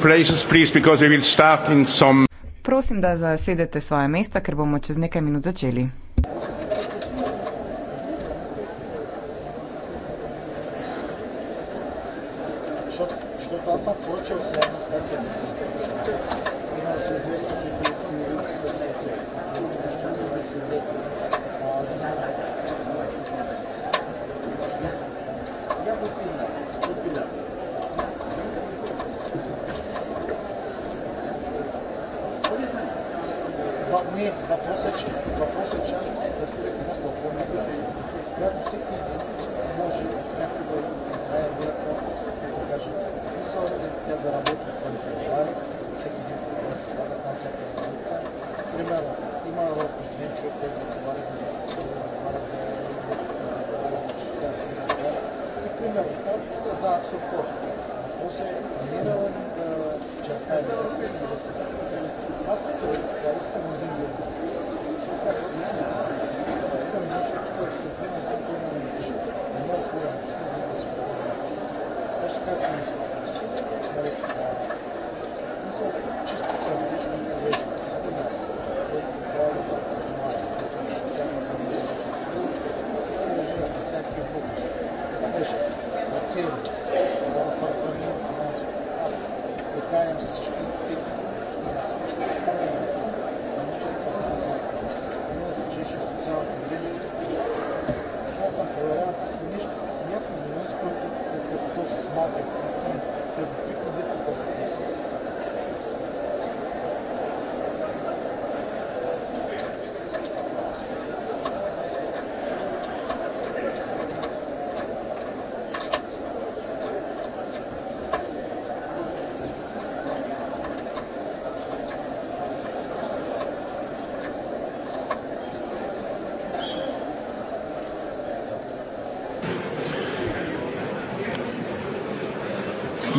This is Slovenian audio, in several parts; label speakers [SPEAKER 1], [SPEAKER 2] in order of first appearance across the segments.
[SPEAKER 1] places, please, some...
[SPEAKER 2] Prosim, da zasedete svoje mesta, ker bomo čez nekaj minut začeli.
[SPEAKER 1] Что-то посадка, что-то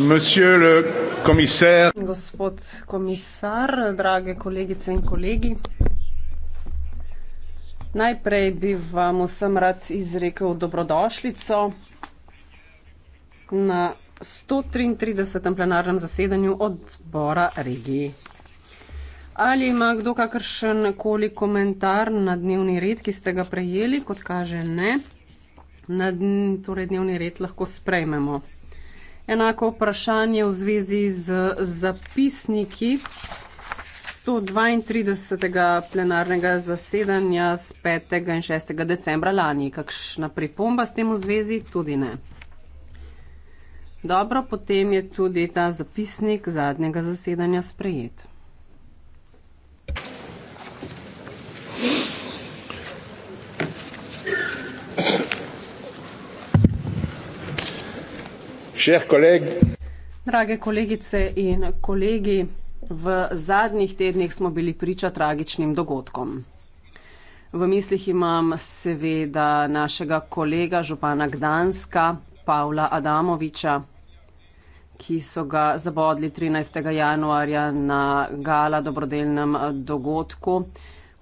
[SPEAKER 1] Monsieur le commissaire.
[SPEAKER 3] Gospod komisar, drage kolegice in kolegi. Najprej bi vam vsem rad izrekel dobrodošlico na 133. plenarnem zasedanju odbora regiji. Ali ima kdo kakršen koli komentar na dnevni red, ki ste ga prejeli? Kot kaže, ne. Na dn, torej dnevni red lahko sprejmemo. Enako vprašanje v zvezi z zapisniki 132. plenarnega zasedanja z 5. in 6. decembra lani. Kakšna pripomba s tem v zvezi? Tudi ne. Dobro, potem je tudi ta zapisnik zadnjega zasedanja sprejet. Drage kolegice in kolegi, v zadnjih tednih smo bili priča tragičnim dogodkom. V mislih imam seveda našega kolega župana Gdanska, Pavla Adamoviča, ki so ga zabodli 13. januarja na gala dobrodelnem dogodku.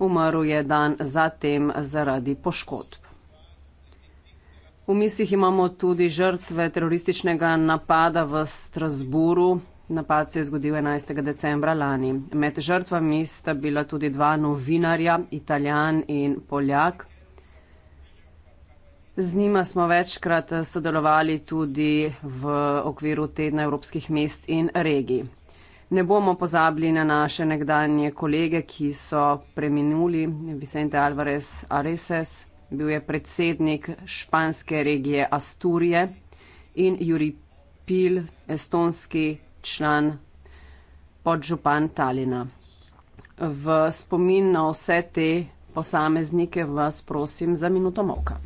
[SPEAKER 3] Umrl je dan zatem zaradi poškodb. V mislih imamo tudi žrtve terorističnega napada v Strasburu. Napad se je zgodil 11. decembra lani. Med žrtvami sta bila tudi dva novinarja, italijan in poljak. Z njima smo večkrat sodelovali tudi v okviru tedna evropskih mest in regij. Ne bomo pozabili na naše nekdanje kolege, ki so preminuli, Vicente Alvarez Areses bil je predsednik španske regije Asturije in Juri Pil, estonski član podžupan Talina. V spomin na vse te posameznike vas prosim za minuto moka.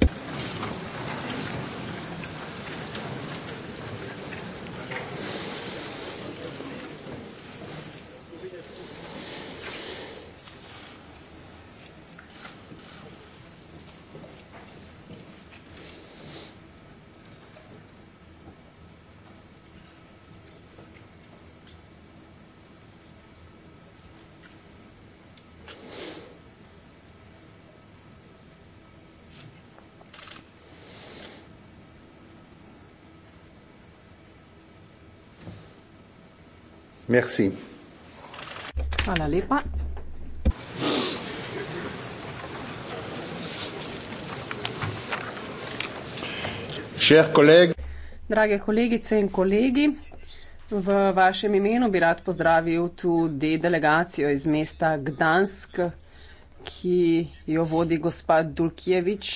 [SPEAKER 1] Merci.
[SPEAKER 2] Hvala lepa.
[SPEAKER 3] Drage kolegice in kolegi, v vašem imenu bi rad pozdravil tudi delegacijo iz mesta Gdansk, ki jo vodi gospod Dulkjevič,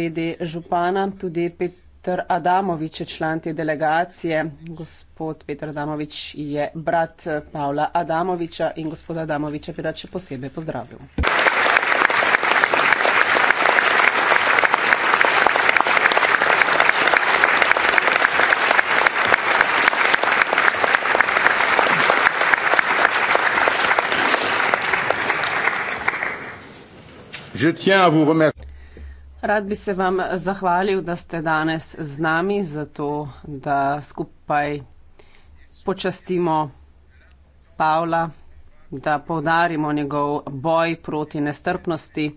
[SPEAKER 3] vede župana, tudi Peter Adamovič je član te delegacije. Gospod Peter Adamovič je brat eh, Pavla Adamoviča in gospoda Adamoviča bi rad še posebej pozdravil.
[SPEAKER 1] Je tiens à vous remercier.
[SPEAKER 3] Rad bi se vam zahvalil, da ste danes z nami, zato da skupaj počastimo Pavla, da povdarimo njegov boj proti nestrpnosti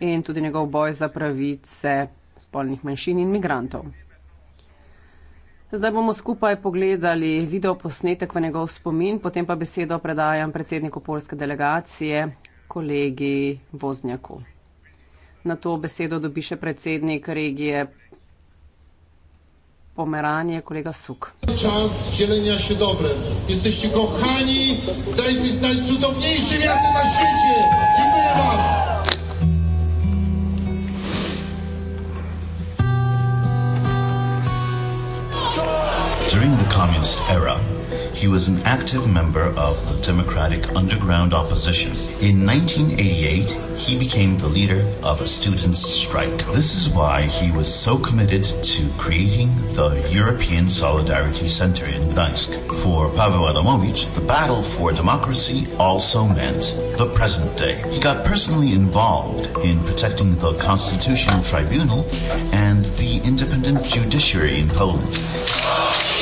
[SPEAKER 3] in tudi njegov boj za pravice spolnih manjšin in migrantov. Zdaj bomo skupaj pogledali video posnetek v njegov spomin, potem pa besedo predajam predsedniku polske delegacije, kolegi Vozniaku na to besedo dobi še predsednik regije Pomeranje, kolega Suk.
[SPEAKER 1] Čas zelenja še dobre. Ste še kohani, da ste najcudovnejši mesto na svetu. Dziękuję vam.
[SPEAKER 4] During the communist era, he was an active member of the Democratic Underground Opposition. In 1988, he became the leader of a students' strike. This is why he was so committed to creating the European Solidarity Center in Gdańsk. For Paweł Adamowicz, the battle for democracy also meant the present day. He got personally involved in protecting the Constitutional Tribunal and the independent judiciary in Poland. Oh, yeah.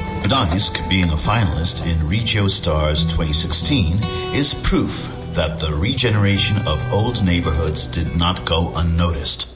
[SPEAKER 4] Gdansk being a finalist in Regio Stars 2016 is proof that the regeneration of old neighborhoods did not go unnoticed.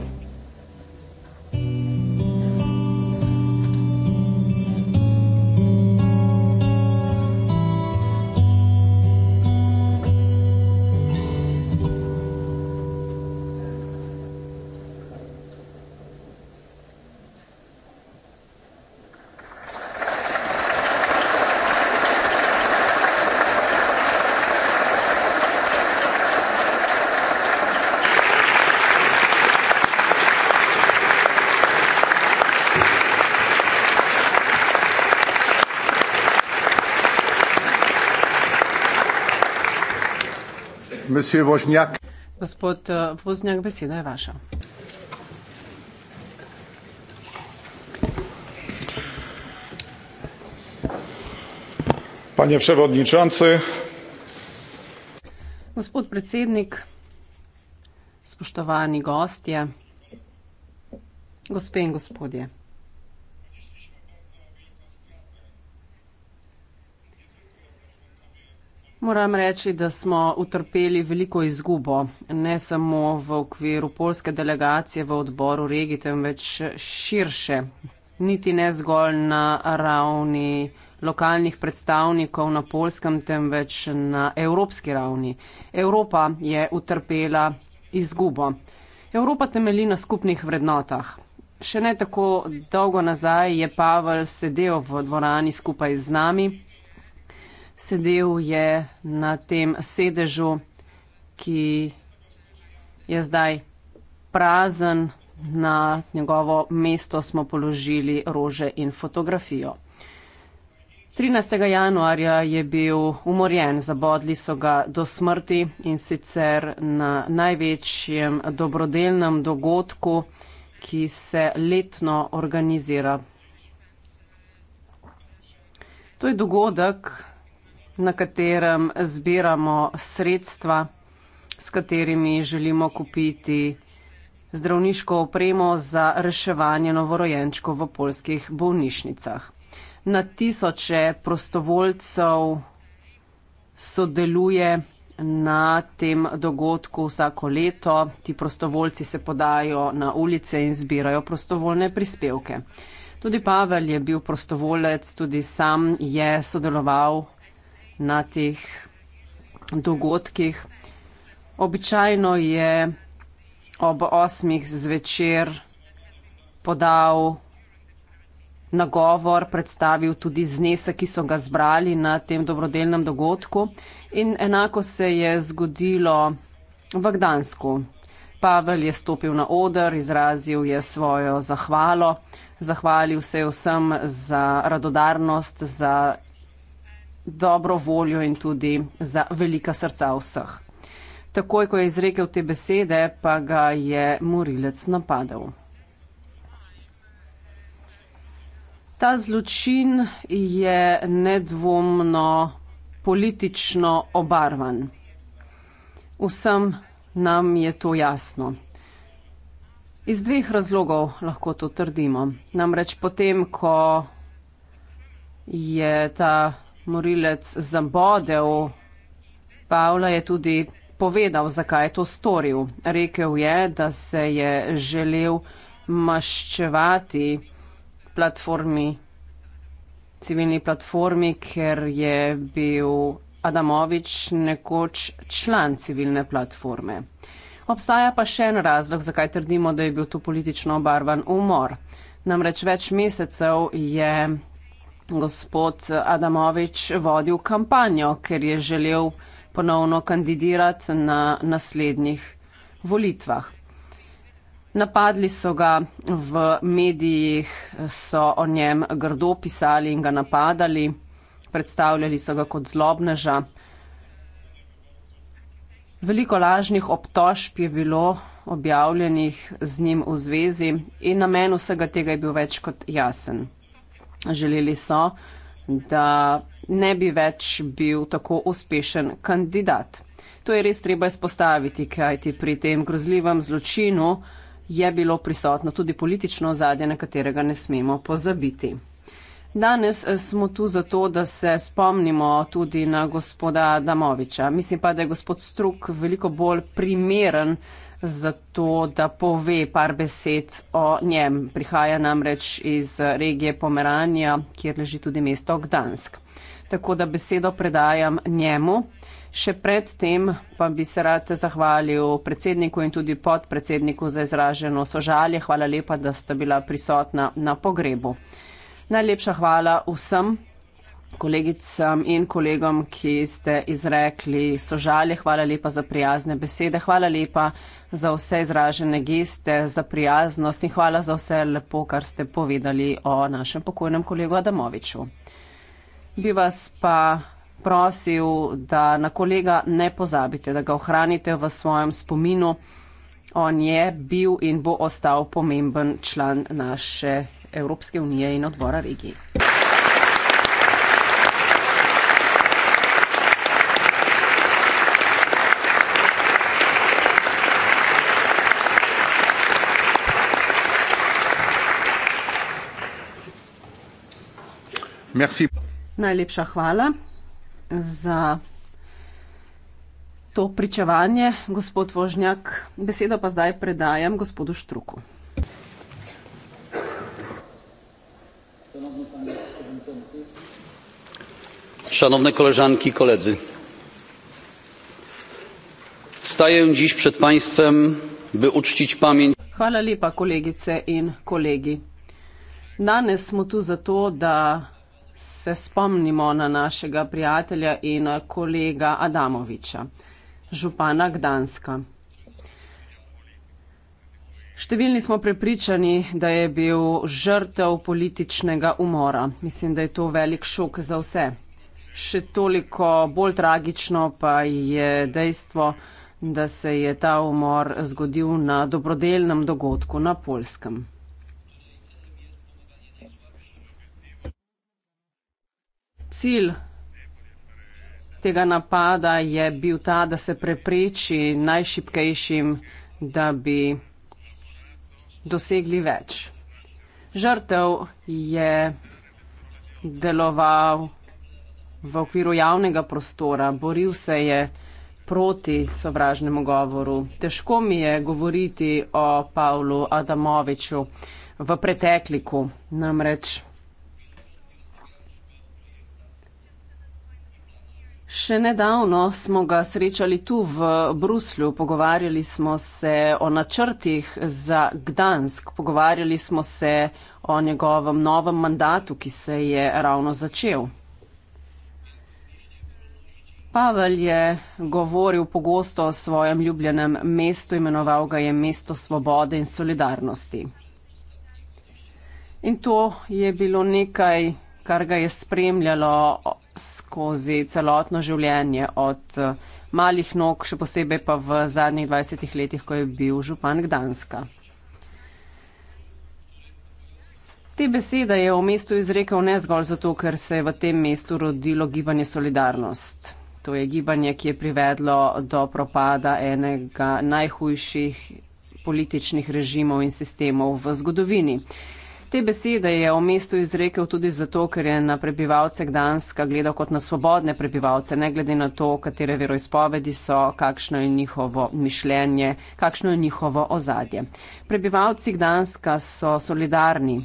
[SPEAKER 1] Gospod
[SPEAKER 3] Vozniak, eh, beseda je vaša.
[SPEAKER 1] Panie przewodniczący.
[SPEAKER 5] Gospod
[SPEAKER 3] predsednik, spoštovani gostje, gospe in gospodje. Moram reči, da smo utrpeli veliko izgubo, ne samo v okviru polske delegacije v odboru regij, temveč širše, niti ne zgolj na ravni lokalnih predstavnikov na polskem, temveč na evropski ravni. Evropa je utrpela izgubo. Evropa temeli na skupnih vrednotah. Še ne tako dolgo nazaj je Pavel sedel v dvorani skupaj z nami, sedel je na tem sedežu, ki je zdaj prazen, na njegovo mesto smo položili rože in fotografijo. 13. januarja je bil umorjen, zabodli so ga do smrti in sicer na največjem dobrodelnem dogodku, ki se letno organizira. To je dogodek, na katerem zbiramo sredstva, s katerimi želimo kupiti zdravniško opremo za reševanje novorojenčkov v polskih bolnišnicah. Na tisoče prostovoljcev sodeluje na tem dogodku vsako leto. Ti prostovoljci se podajo na ulice in zbirajo prostovoljne prispevke. Tudi Pavel je bil prostovolec, tudi sam je sodeloval na teh dogodkih. Običajno je ob 8. zvečer podal nagovor, predstavil tudi znesek, ki so ga zbrali na tem dobrodelnem dogodku. In enako se je zgodilo v Gdansku. Pavel je stopil na oder, izrazil je svojo zahvalo, zahvalil se je vsem za radodarnost, za dobro voljo in tudi za velika srca vseh. Takoj, ko je izrekel te besede, pa ga je morilec napadel. Ta zločin je nedvomno politično obarvan. Vsem nam je to jasno. Iz dveh razlogov lahko to trdimo. Namreč potem, ko je ta morilec zabodel. Pavla je tudi povedal, zakaj je to storil. Rekel je, da se je želel maščevati platformi, civilni platformi, ker je bil Adamovič nekoč član civilne platforme. Obstaja pa še en razlog, zakaj trdimo, da je bil to politično obarvan umor. Namreč več mesecev je gospod Adamovič vodil kampanjo, ker je želel ponovno kandidirati na naslednjih volitvah. Napadli so ga v medijih, so o njem grdo pisali in ga napadali, predstavljali so ga kot zlobneža. Veliko lažnih obtožb je bilo objavljenih z njim v zvezi in namen vsega tega je bil več kot jasen. Želeli so, da ne bi več bil tako uspešen kandidat. To je res treba izpostaviti, kajti pri tem grozljivem zločinu je bilo prisotno tudi politično ozadje, na katerega ne smemo pozabiti. Danes eh, smo tu zato, da se spomnimo tudi na gospoda Damoviča. Mislim pa, da je gospod Struk veliko bolj primeren zato, da pove par besed o njem. Prihaja namreč iz regije Pomeranja, kjer leži tudi mesto Gdansk. Tako da besedo predajam njemu. Še predtem pa bi se rad zahvalil predsedniku in tudi podpredsedniku za izraženo sožalje. Hvala lepa, da sta bila prisotna na pogrebu. Najlepša hvala vsem kolegicam in kolegom, ki ste izrekli sožalje. Hvala lepa za prijazne besede, hvala lepa za vse izražene geste, za prijaznost in hvala za vse lepo, kar ste povedali o našem pokojnem kolegu Adamoviču. Bi vas pa prosil, da na kolega ne pozabite, da ga ohranite v svojem spominu. On je bil in bo ostal pomemben član naše Evropske unije in odbora regije. Merci. Najlepša hvala za to pričevanje, gospod Vožnjak. Besedo pa zdaj predajam gospodu Štruku.
[SPEAKER 6] Szanowne koleżanki i koledzy, staję dziś przed Państwem, by uczcić pamięć.
[SPEAKER 3] Chwała lipa, kolegice i kolegi. Danes smo tu za to, da se spomnimo na našega prijatelja in kolega Adamoviča, župana Gdanska. Številni smo prepričani, da je bil žrtev političnega umora. Mislim, da je to velik šok za vse. Še toliko bolj tragično pa je dejstvo, da se je ta umor zgodil na dobrodelnem dogodku na Polskem. cilj tega napada je bil ta, da se prepreči najšipkejšim, da bi dosegli več. Žrtev je deloval v okviru javnega prostora, boril se je proti sovražnemu govoru. Težko mi je govoriti o Pavlu Adamoviču v pretekliku, namreč Še nedavno smo ga srečali tu v Bruslju, pogovarjali smo se o načrtih za Gdansk, pogovarjali smo se o njegovem novem mandatu, ki se je ravno začel. Pavel je govoril pogosto o svojem ljubljenem mestu, imenoval ga je mesto svobode in solidarnosti. In to je bilo nekaj, kar ga je spremljalo skozi celotno življenje, od eh, malih nog, še posebej pa v zadnjih 20 letih, ko je bil župan Gdanska. Te besede je v mestu izrekel ne zgolj zato, ker se je v tem mestu rodilo gibanje Solidarnost. To je gibanje, ki je privedlo do propada enega najhujših političnih režimov in sistemov v zgodovini. Te besede je o mestu izrekel tudi zato, ker je na prebivalce Gdanska gledal kot na svobodne prebivalce, ne glede na to, katere veroizpovedi so, kakšno je njihovo mišljenje, kakšno je njihovo ozadje. Prebivalci Gdanska so solidarni,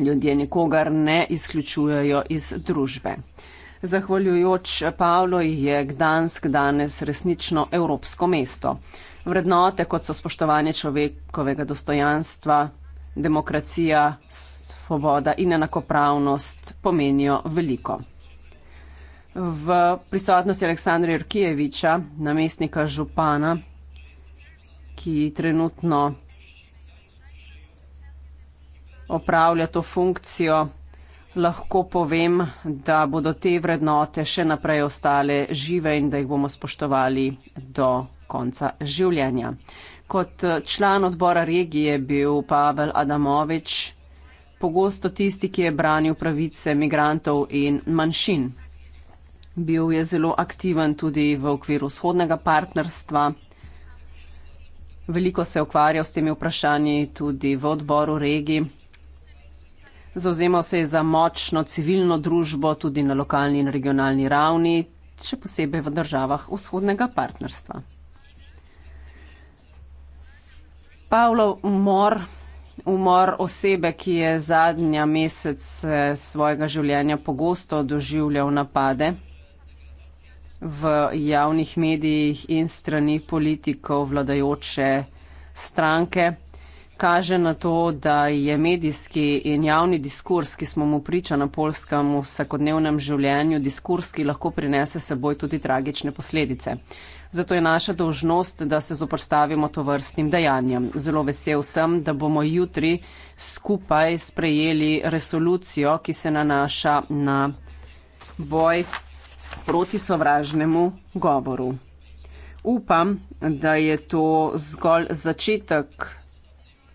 [SPEAKER 3] ljudje nikogar ne izključujejo iz družbe. Zahvaljujoč Pavlo je Gdansk danes resnično evropsko mesto. Vrednote, kot so spoštovanje človekovega dostojanstva, demokracija, svoboda in enakopravnost pomenijo veliko. V prisotnosti Aleksandra Jurkijeviča, namestnika župana, ki trenutno opravlja to funkcijo, lahko povem, da bodo te vrednote še naprej ostale žive in da jih bomo spoštovali do konca življenja. Kot eh, član odbora regije je bil Pavel Adamovič pogosto tisti, ki je branil pravice migrantov in manjšin. Bil je zelo aktiven tudi v okviru vzhodnega partnerstva. Veliko se je ukvarjal s temi vprašanji tudi v odboru regiji. Zauzemal se je za močno civilno družbo tudi na lokalni in regionalni ravni, še posebej v državah vzhodnega partnerstva. Pavlo, umor, umor osebe, ki je zadnja mesec eh, svojega življenja pogosto doživljal napade v javnih medijih in strani politikov vladajoče stranke, kaže na to, da je medijski in javni diskurs, ki smo mu priča na polskem vsakodnevnem življenju, diskurs, ki lahko prinese seboj tudi tragične posledice zato je naša dožnost, da se zoprstavimo to vrstnim dejanjem. Zelo vesel sem, da bomo jutri skupaj sprejeli resolucijo, ki se nanaša na boj proti sovražnemu govoru. Upam, da je to zgolj začetek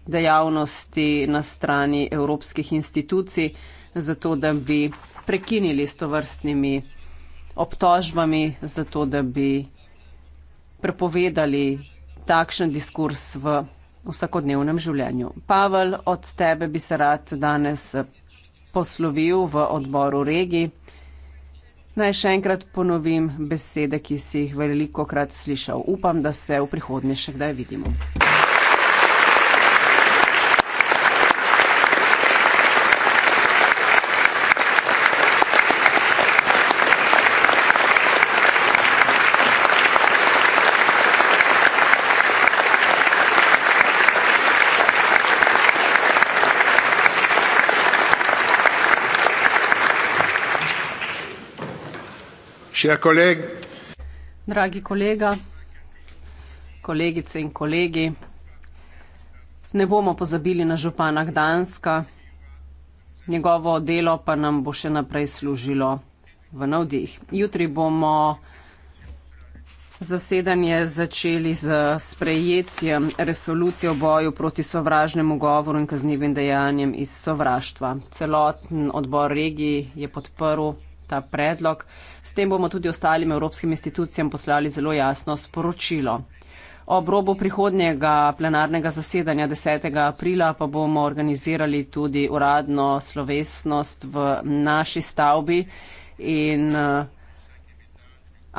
[SPEAKER 3] dejavnosti na strani evropskih institucij, zato da bi prekinili s to vrstnimi obtožbami, zato da bi prepovedali takšen diskurs v vsakodnevnem življenju. Pavel, od tebe bi se rad danes poslovil v odboru regi. Naj še enkrat ponovim besede, ki si jih veliko krat slišal. Upam, da se v prihodnje še kdaj vidimo. Cher collègue. Dragi kolega, kolegice in kolegi, ne bomo pozabili na župana Gdanska, njegovo delo pa nam bo še naprej služilo v navdih. Jutri bomo zasedanje začeli z sprejetjem resolucije o boju proti sovražnemu govoru in kaznivim dejanjem iz sovraštva. Celoten odbor regiji je podprl ta predlog. S tem bomo tudi ostalim evropskim institucijam poslali zelo jasno sporočilo. Ob robu prihodnjega plenarnega zasedanja 10. aprila pa bomo organizirali tudi uradno slovesnost v naši stavbi in eh,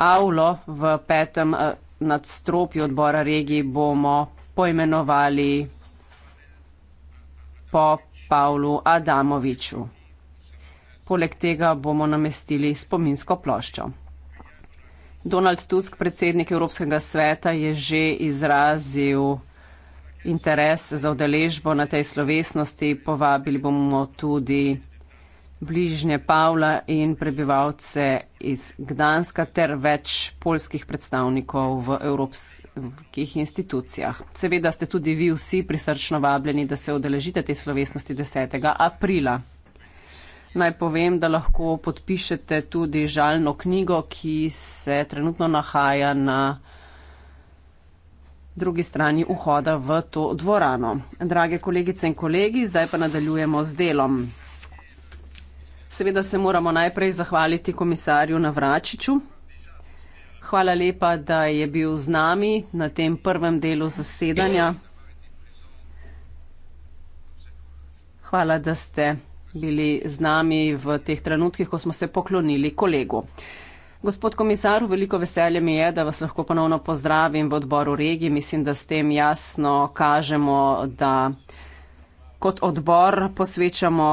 [SPEAKER 3] avlo v petem eh, nadstropju odbora regiji bomo poimenovali po Pavlu Adamoviču poleg tega bomo namestili spominsko ploščo. Donald Tusk, predsednik Evropskega sveta, je že izrazil interes za udeležbo na tej slovesnosti. Povabili bomo tudi bližnje Pavla in prebivalce iz Gdanska ter več polskih predstavnikov v evropskih institucijah. Seveda ste tudi vi vsi prisrčno vabljeni, da se udeležite te slovesnosti 10. aprila. Naj povem, da lahko podpišete tudi žalno knjigo, ki se trenutno nahaja na drugi strani vhoda v to dvorano. Drage kolegice in kolegi, zdaj pa nadaljujemo z delom. Seveda se moramo najprej zahvaliti komisarju Navračiču. Hvala lepa, da je bil z nami na tem prvem delu zasedanja. Hvala, da ste bili z nami v teh trenutkih, ko smo se poklonili kolegu. Gospod komisar, veliko veselje mi je, da vas lahko ponovno pozdravim v odboru regi. Mislim, da s tem jasno kažemo, da kot odbor posvečamo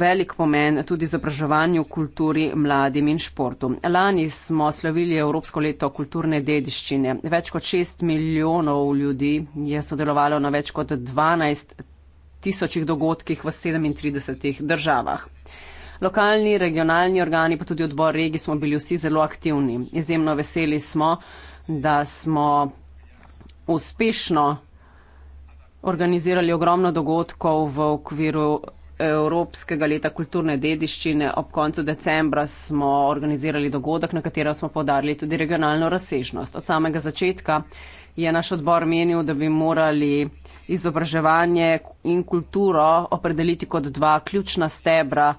[SPEAKER 3] velik pomen tudi izobraževanju, kulturi, mladim in športu. Lani smo slavili Evropsko leto kulturne dediščine. Več kot 6 milijonov ljudi je sodelovalo na več kot 12 tisočih dogodkih v 37 državah. Lokalni, regionalni organi, pa tudi odbor regi smo bili vsi zelo aktivni. Izjemno veseli smo, da smo uspešno organizirali ogromno dogodkov v okviru Evropskega leta kulturne dediščine. Ob koncu decembra smo organizirali dogodek, na katerem smo podarili tudi regionalno razsežnost. Od samega začetka je naš odbor menil, da bi morali izobraževanje in kulturo opredeliti kot dva ključna stebra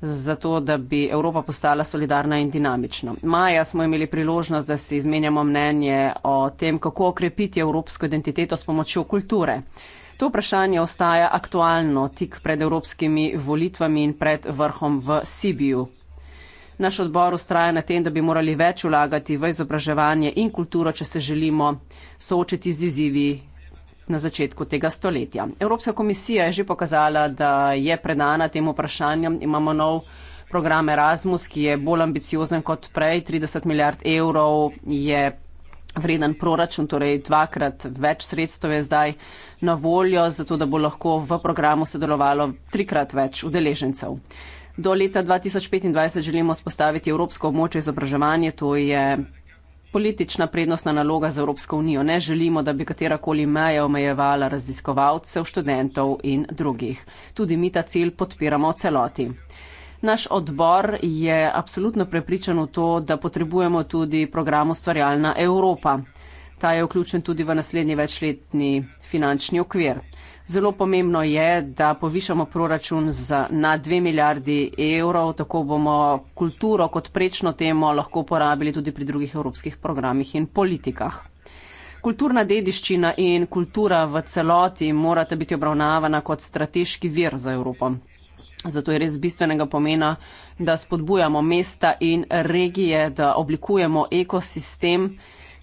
[SPEAKER 3] za to, da bi Evropa postala solidarna in dinamična. Maja smo imeli priložnost, da si izmenjamo mnenje o tem, kako okrepiti evropsko identiteto s pomočjo kulture. To vprašanje ostaja aktualno tik pred evropskimi volitvami in pred vrhom v Sibiju. Naš odbor ustraja na tem, da bi morali več vlagati v izobraževanje in kulturo, če se želimo soočiti z izzivi na začetku tega stoletja. Evropska komisija je že pokazala, da je predana tem vprašanjem. Imamo nov program Erasmus, ki je bolj ambiciozen kot prej. 30 milijard evrov je vreden proračun, torej dvakrat več sredstev je zdaj na voljo, zato da bo lahko v programu sodelovalo trikrat več udeležencev. Do leta 2025 želimo spostaviti Evropsko območje izobraževanje, to je politična prednostna naloga za Evropsko unijo. Ne želimo, da bi katerakoli meja omejevala raziskovalcev, študentov in drugih. Tudi mi ta cilj podpiramo v celoti. Naš odbor je absolutno prepričan v to, da potrebujemo tudi program Ustvarjalna Evropa. Ta je vključen tudi v naslednji večletni finančni okvir. Zelo pomembno je, da povišamo proračun za, na 2 milijardi evrov, tako bomo kulturo kot prečno temo lahko uporabili tudi pri drugih evropskih programih in politikah. Kulturna dediščina in kultura v celoti morata biti obravnavana kot strateški vir za Evropo. Zato je res bistvenega pomena, da spodbujamo mesta in regije, da oblikujemo ekosistem,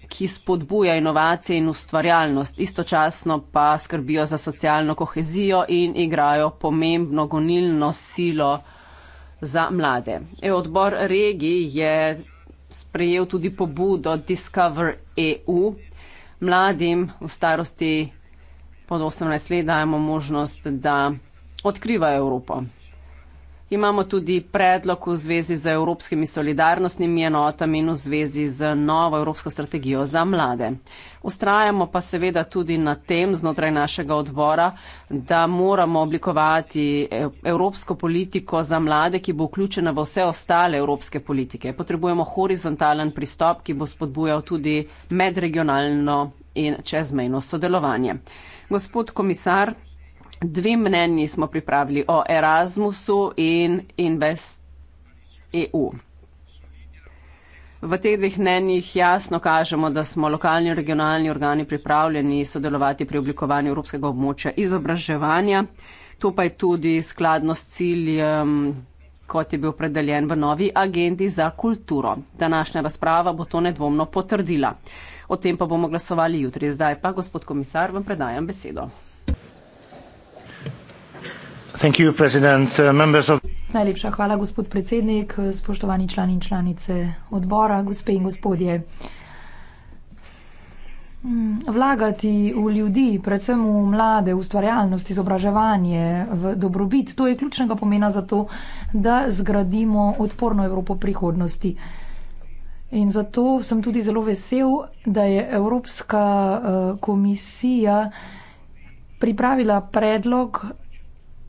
[SPEAKER 3] ki spodbuja inovacije in ustvarjalnost, istočasno pa skrbijo za socialno kohezijo in igrajo pomembno gonilno silo za mlade. E, odbor regij je sprejel tudi pobudo Discover EU. Mladim v starosti pod 18 let dajemo možnost, da odkrivajo Evropo. Imamo tudi predlog v zvezi z evropskimi solidarnostnimi enotami in v zvezi z novo evropsko strategijo za mlade. Ustrajamo pa seveda tudi na tem znotraj našega odbora, da moramo oblikovati evropsko politiko za mlade, ki bo vključena v vse ostale evropske politike. Potrebujemo horizontalen pristop, ki bo spodbujal tudi medregionalno in čezmejno sodelovanje. Gospod komisar, dve mnenji smo pripravili o Erasmusu in InvestEU. V teh dveh mnenjih jasno kažemo, da smo lokalni in regionalni organi pripravljeni sodelovati pri oblikovanju evropskega območja izobraževanja. To pa je tudi skladno s ciljem, kot je bil predeljen v novi agendi za kulturo. Današnja razprava bo to nedvomno potrdila. O tem pa bomo glasovali jutri.
[SPEAKER 7] Zdaj pa, gospod komisar, vam predajam besedo.
[SPEAKER 1] Uh,
[SPEAKER 7] Najlepša hvala, gospod predsednik, spoštovani člani in članice odbora, gospe in gospodje. Mm, vlagati v ljudi, predvsem v mlade, v ustvarjalnost, izobraževanje, v dobrobit, to je ključnega pomena za to, da zgradimo odporno Evropo prihodnosti. In zato sem tudi zelo vesel, da je Evropska uh, komisija pripravila predlog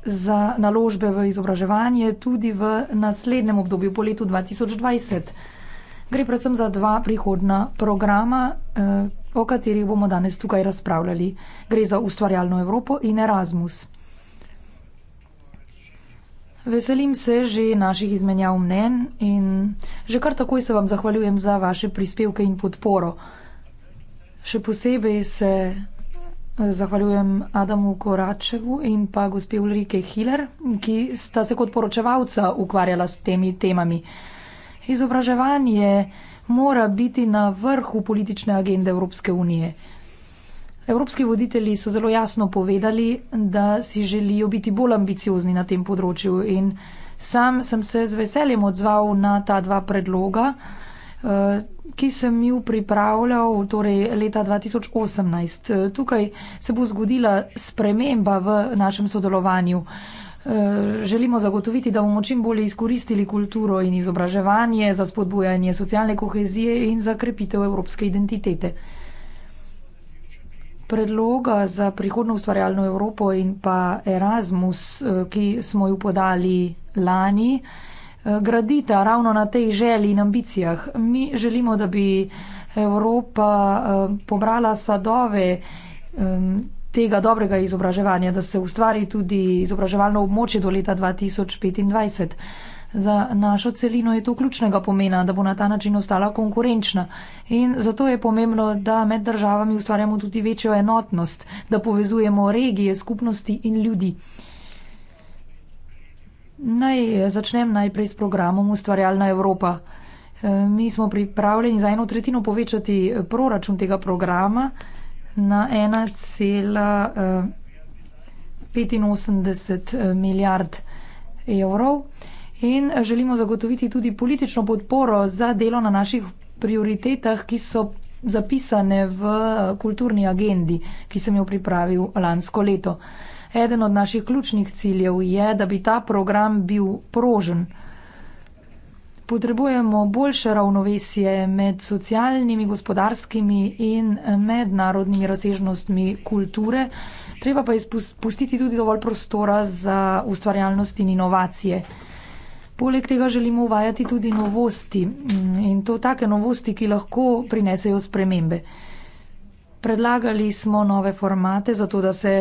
[SPEAKER 7] za naložbe v izobraževanje tudi v naslednjem obdobju po letu 2020. Gre predvsem za dva prihodna programa, eh, o katerih bomo danes tukaj razpravljali. Gre za ustvarjalno Evropo in Erasmus. Veselim se že naših izmenjav mnen in že kar takoj se vam zahvaljujem za vaše prispevke in podporo. Še posebej se zahvaljujem Adamu Koračevu in pa gospe Ulrike Hiller, ki sta se kot poročevalca ukvarjala s temi temami. Izobraževanje mora biti na vrhu politične agende Evropske unije. Evropski voditelji so zelo jasno povedali, da si želijo biti bolj ambiciozni na tem področju in sam sem se z veseljem odzval na ta dva predloga. Eh, ki sem ju pripravljal torej leta 2018. Eh, tukaj se bo zgodila sprememba v našem sodelovanju. Eh, želimo zagotoviti, da bomo čim bolje izkoristili kulturo in izobraževanje za spodbujanje socialne kohezije in za krepitev evropske identitete. Predloga za prihodno ustvarjalno Evropo in pa Erasmus, ki smo ju podali lani, Eh, gradita ravno na tej želji in ambicijah. Mi želimo, da bi Evropa eh, pobrala sadove tega dobrega izobraževanja, da se ustvari tudi izobraževalno območje do leta 2025. Za našo celino je to ključnega pomena, da bo na ta način ostala konkurenčna. In zato je pomembno, da med državami ustvarjamo tudi večjo enotnost, da povezujemo regije, skupnosti in ljudi. Naj eh, začnem najprej s programom Ustvarjalna Evropa. Eh, mi smo pripravljeni za eno tretjino povečati eh, proračun tega programa na 1,85 milijard evrov in želimo zagotoviti tudi politično podporo za delo na naših prioritetah, ki so zapisane v kulturni agendi, ki sem jo pripravil lansko leto. Eden od naših ključnih ciljev je, da bi ta program bil prožen. Potrebujemo boljše ravnovesje med socialnimi, gospodarskimi in mednarodnimi razsežnostmi kulture, treba pa izpustiti tudi dovolj prostora za ustvarjalnost in inovacije. Poleg tega želimo uvajati tudi novosti in to take novosti, ki lahko prinesejo spremembe. Predlagali smo nove formate, zato da se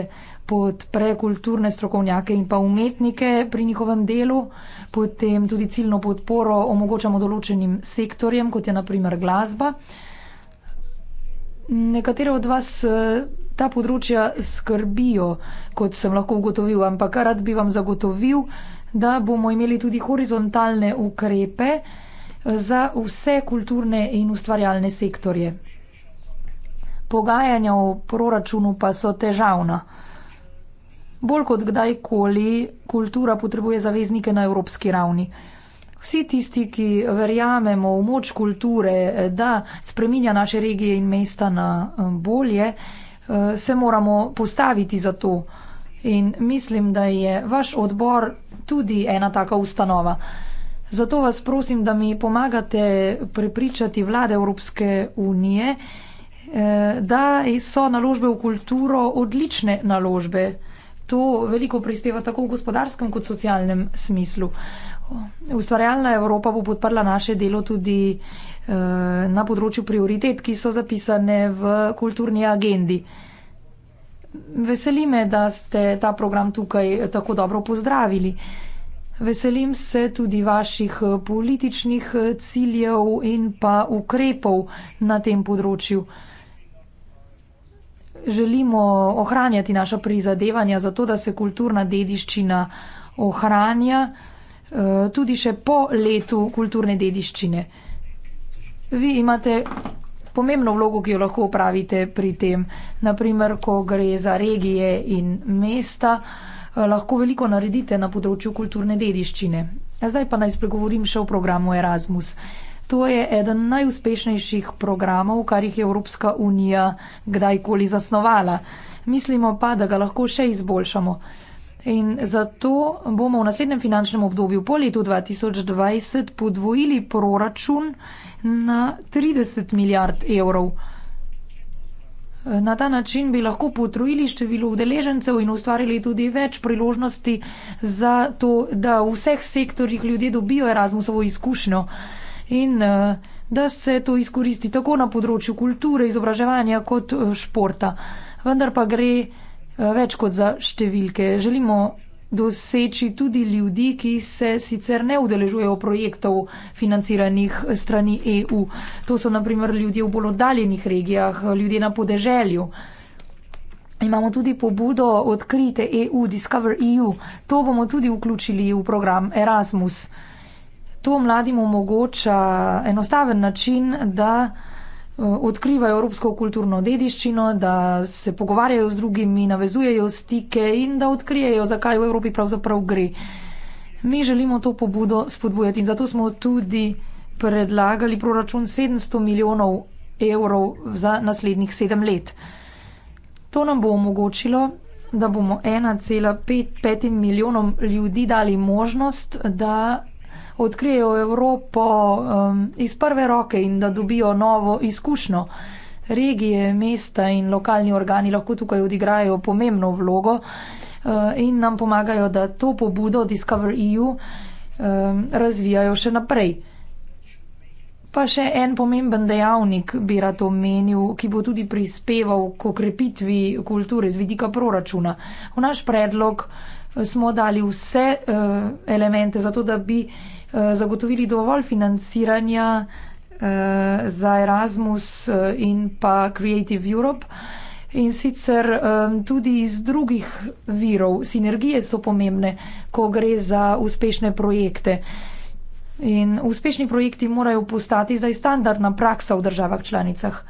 [SPEAKER 7] podpre kulturne strokovnjake in pa umetnike pri njihovem delu, potem tudi ciljno podporo omogočamo določenim sektorjem, kot je naprimer glasba. Nekatere od vas eh, ta področja skrbijo, kot sem lahko ugotovil, ampak rad bi vam zagotovil, da bomo imeli tudi horizontalne ukrepe eh, za vse kulturne in ustvarjalne sektorje. Pogajanja o proračunu pa so težavna. Bolj kot kdajkoli, kultura potrebuje zaveznike na evropski ravni. Vsi tisti, ki verjamemo v moč kulture, da spreminja naše regije in mesta na eh, bolje, eh, se moramo postaviti za to. In mislim, da je vaš odbor tudi ena taka ustanova. Zato vas prosim, da mi pomagate prepričati vlade Evropske unije, eh, da so naložbe v kulturo odlične naložbe to veliko prispeva tako v gospodarskem kot socialnem smislu. Ustvarjalna Evropa bo podprla naše delo tudi eh, na področju prioritet, ki so zapisane v kulturni agendi. Veselim me, da ste ta program tukaj eh, tako dobro pozdravili. Veselim se tudi vaših eh, političnih ciljev in pa ukrepov na tem področju želimo ohranjati naša prizadevanja za to, da se kulturna dediščina ohranja eh, tudi še po letu kulturne dediščine. Vi imate pomembno vlogo, ki jo lahko upravite pri tem. Naprimer, ko gre za regije in mesta, eh, lahko veliko naredite na področju kulturne dediščine. Zdaj pa naj spregovorim še o programu Erasmus. To je eden najuspešnejših programov, kar jih je Evropska unija kdajkoli zasnovala. Mislimo pa, da ga lahko še izboljšamo. In zato bomo v naslednjem finančnem obdobju po letu 2020 podvojili proračun na 30 milijard evrov. Na ta način bi lahko potrojili število udeležencev in ustvarili tudi več priložnosti za to, da v vseh sektorjih ljudje dobijo Erasmusovo izkušnjo in eh, da se to izkoristi tako na področju kulture, izobraževanja kot eh, športa. Vendar pa gre eh, več kot za številke. Želimo doseči tudi ljudi, ki se sicer ne udeležujejo projektov financiranih strani EU. To so naprimer ljudje v bolj oddaljenih regijah, ljudje na podeželju. Imamo tudi pobudo odkrite EU, Discover EU. To bomo tudi vključili v program Erasmus to mladim omogoča enostaven način, da eh, odkrivajo evropsko kulturno dediščino, da se pogovarjajo z drugimi, navezujejo stike in da odkrijejo, zakaj v Evropi pravzaprav gre. Mi želimo to pobudo spodbujati in zato smo tudi predlagali proračun 700 milijonov evrov za naslednjih sedem let. To nam bo omogočilo, da bomo 1,5 milijonom ljudi dali možnost, da odkrijejo Evropo um, iz prve roke in da dobijo novo izkušnjo. Regije, mesta in lokalni organi lahko tukaj odigrajo pomembno vlogo uh, in nam pomagajo, da to pobudo Discover EU um, razvijajo še naprej. Pa še en pomemben dejavnik bi rad omenil, ki bo tudi prispeval k okrepitvi kulture z vidika proračuna. V naš predlog smo dali vse uh, elemente za to, da bi uh, Eh, zagotovili dovolj financiranja eh, za Erasmus eh, in pa Creative Europe. In sicer um, tudi iz drugih virov, sinergije so pomembne, ko gre za uspešne projekte. In uspešni projekti morajo postati zdaj standardna praksa v državah članicah.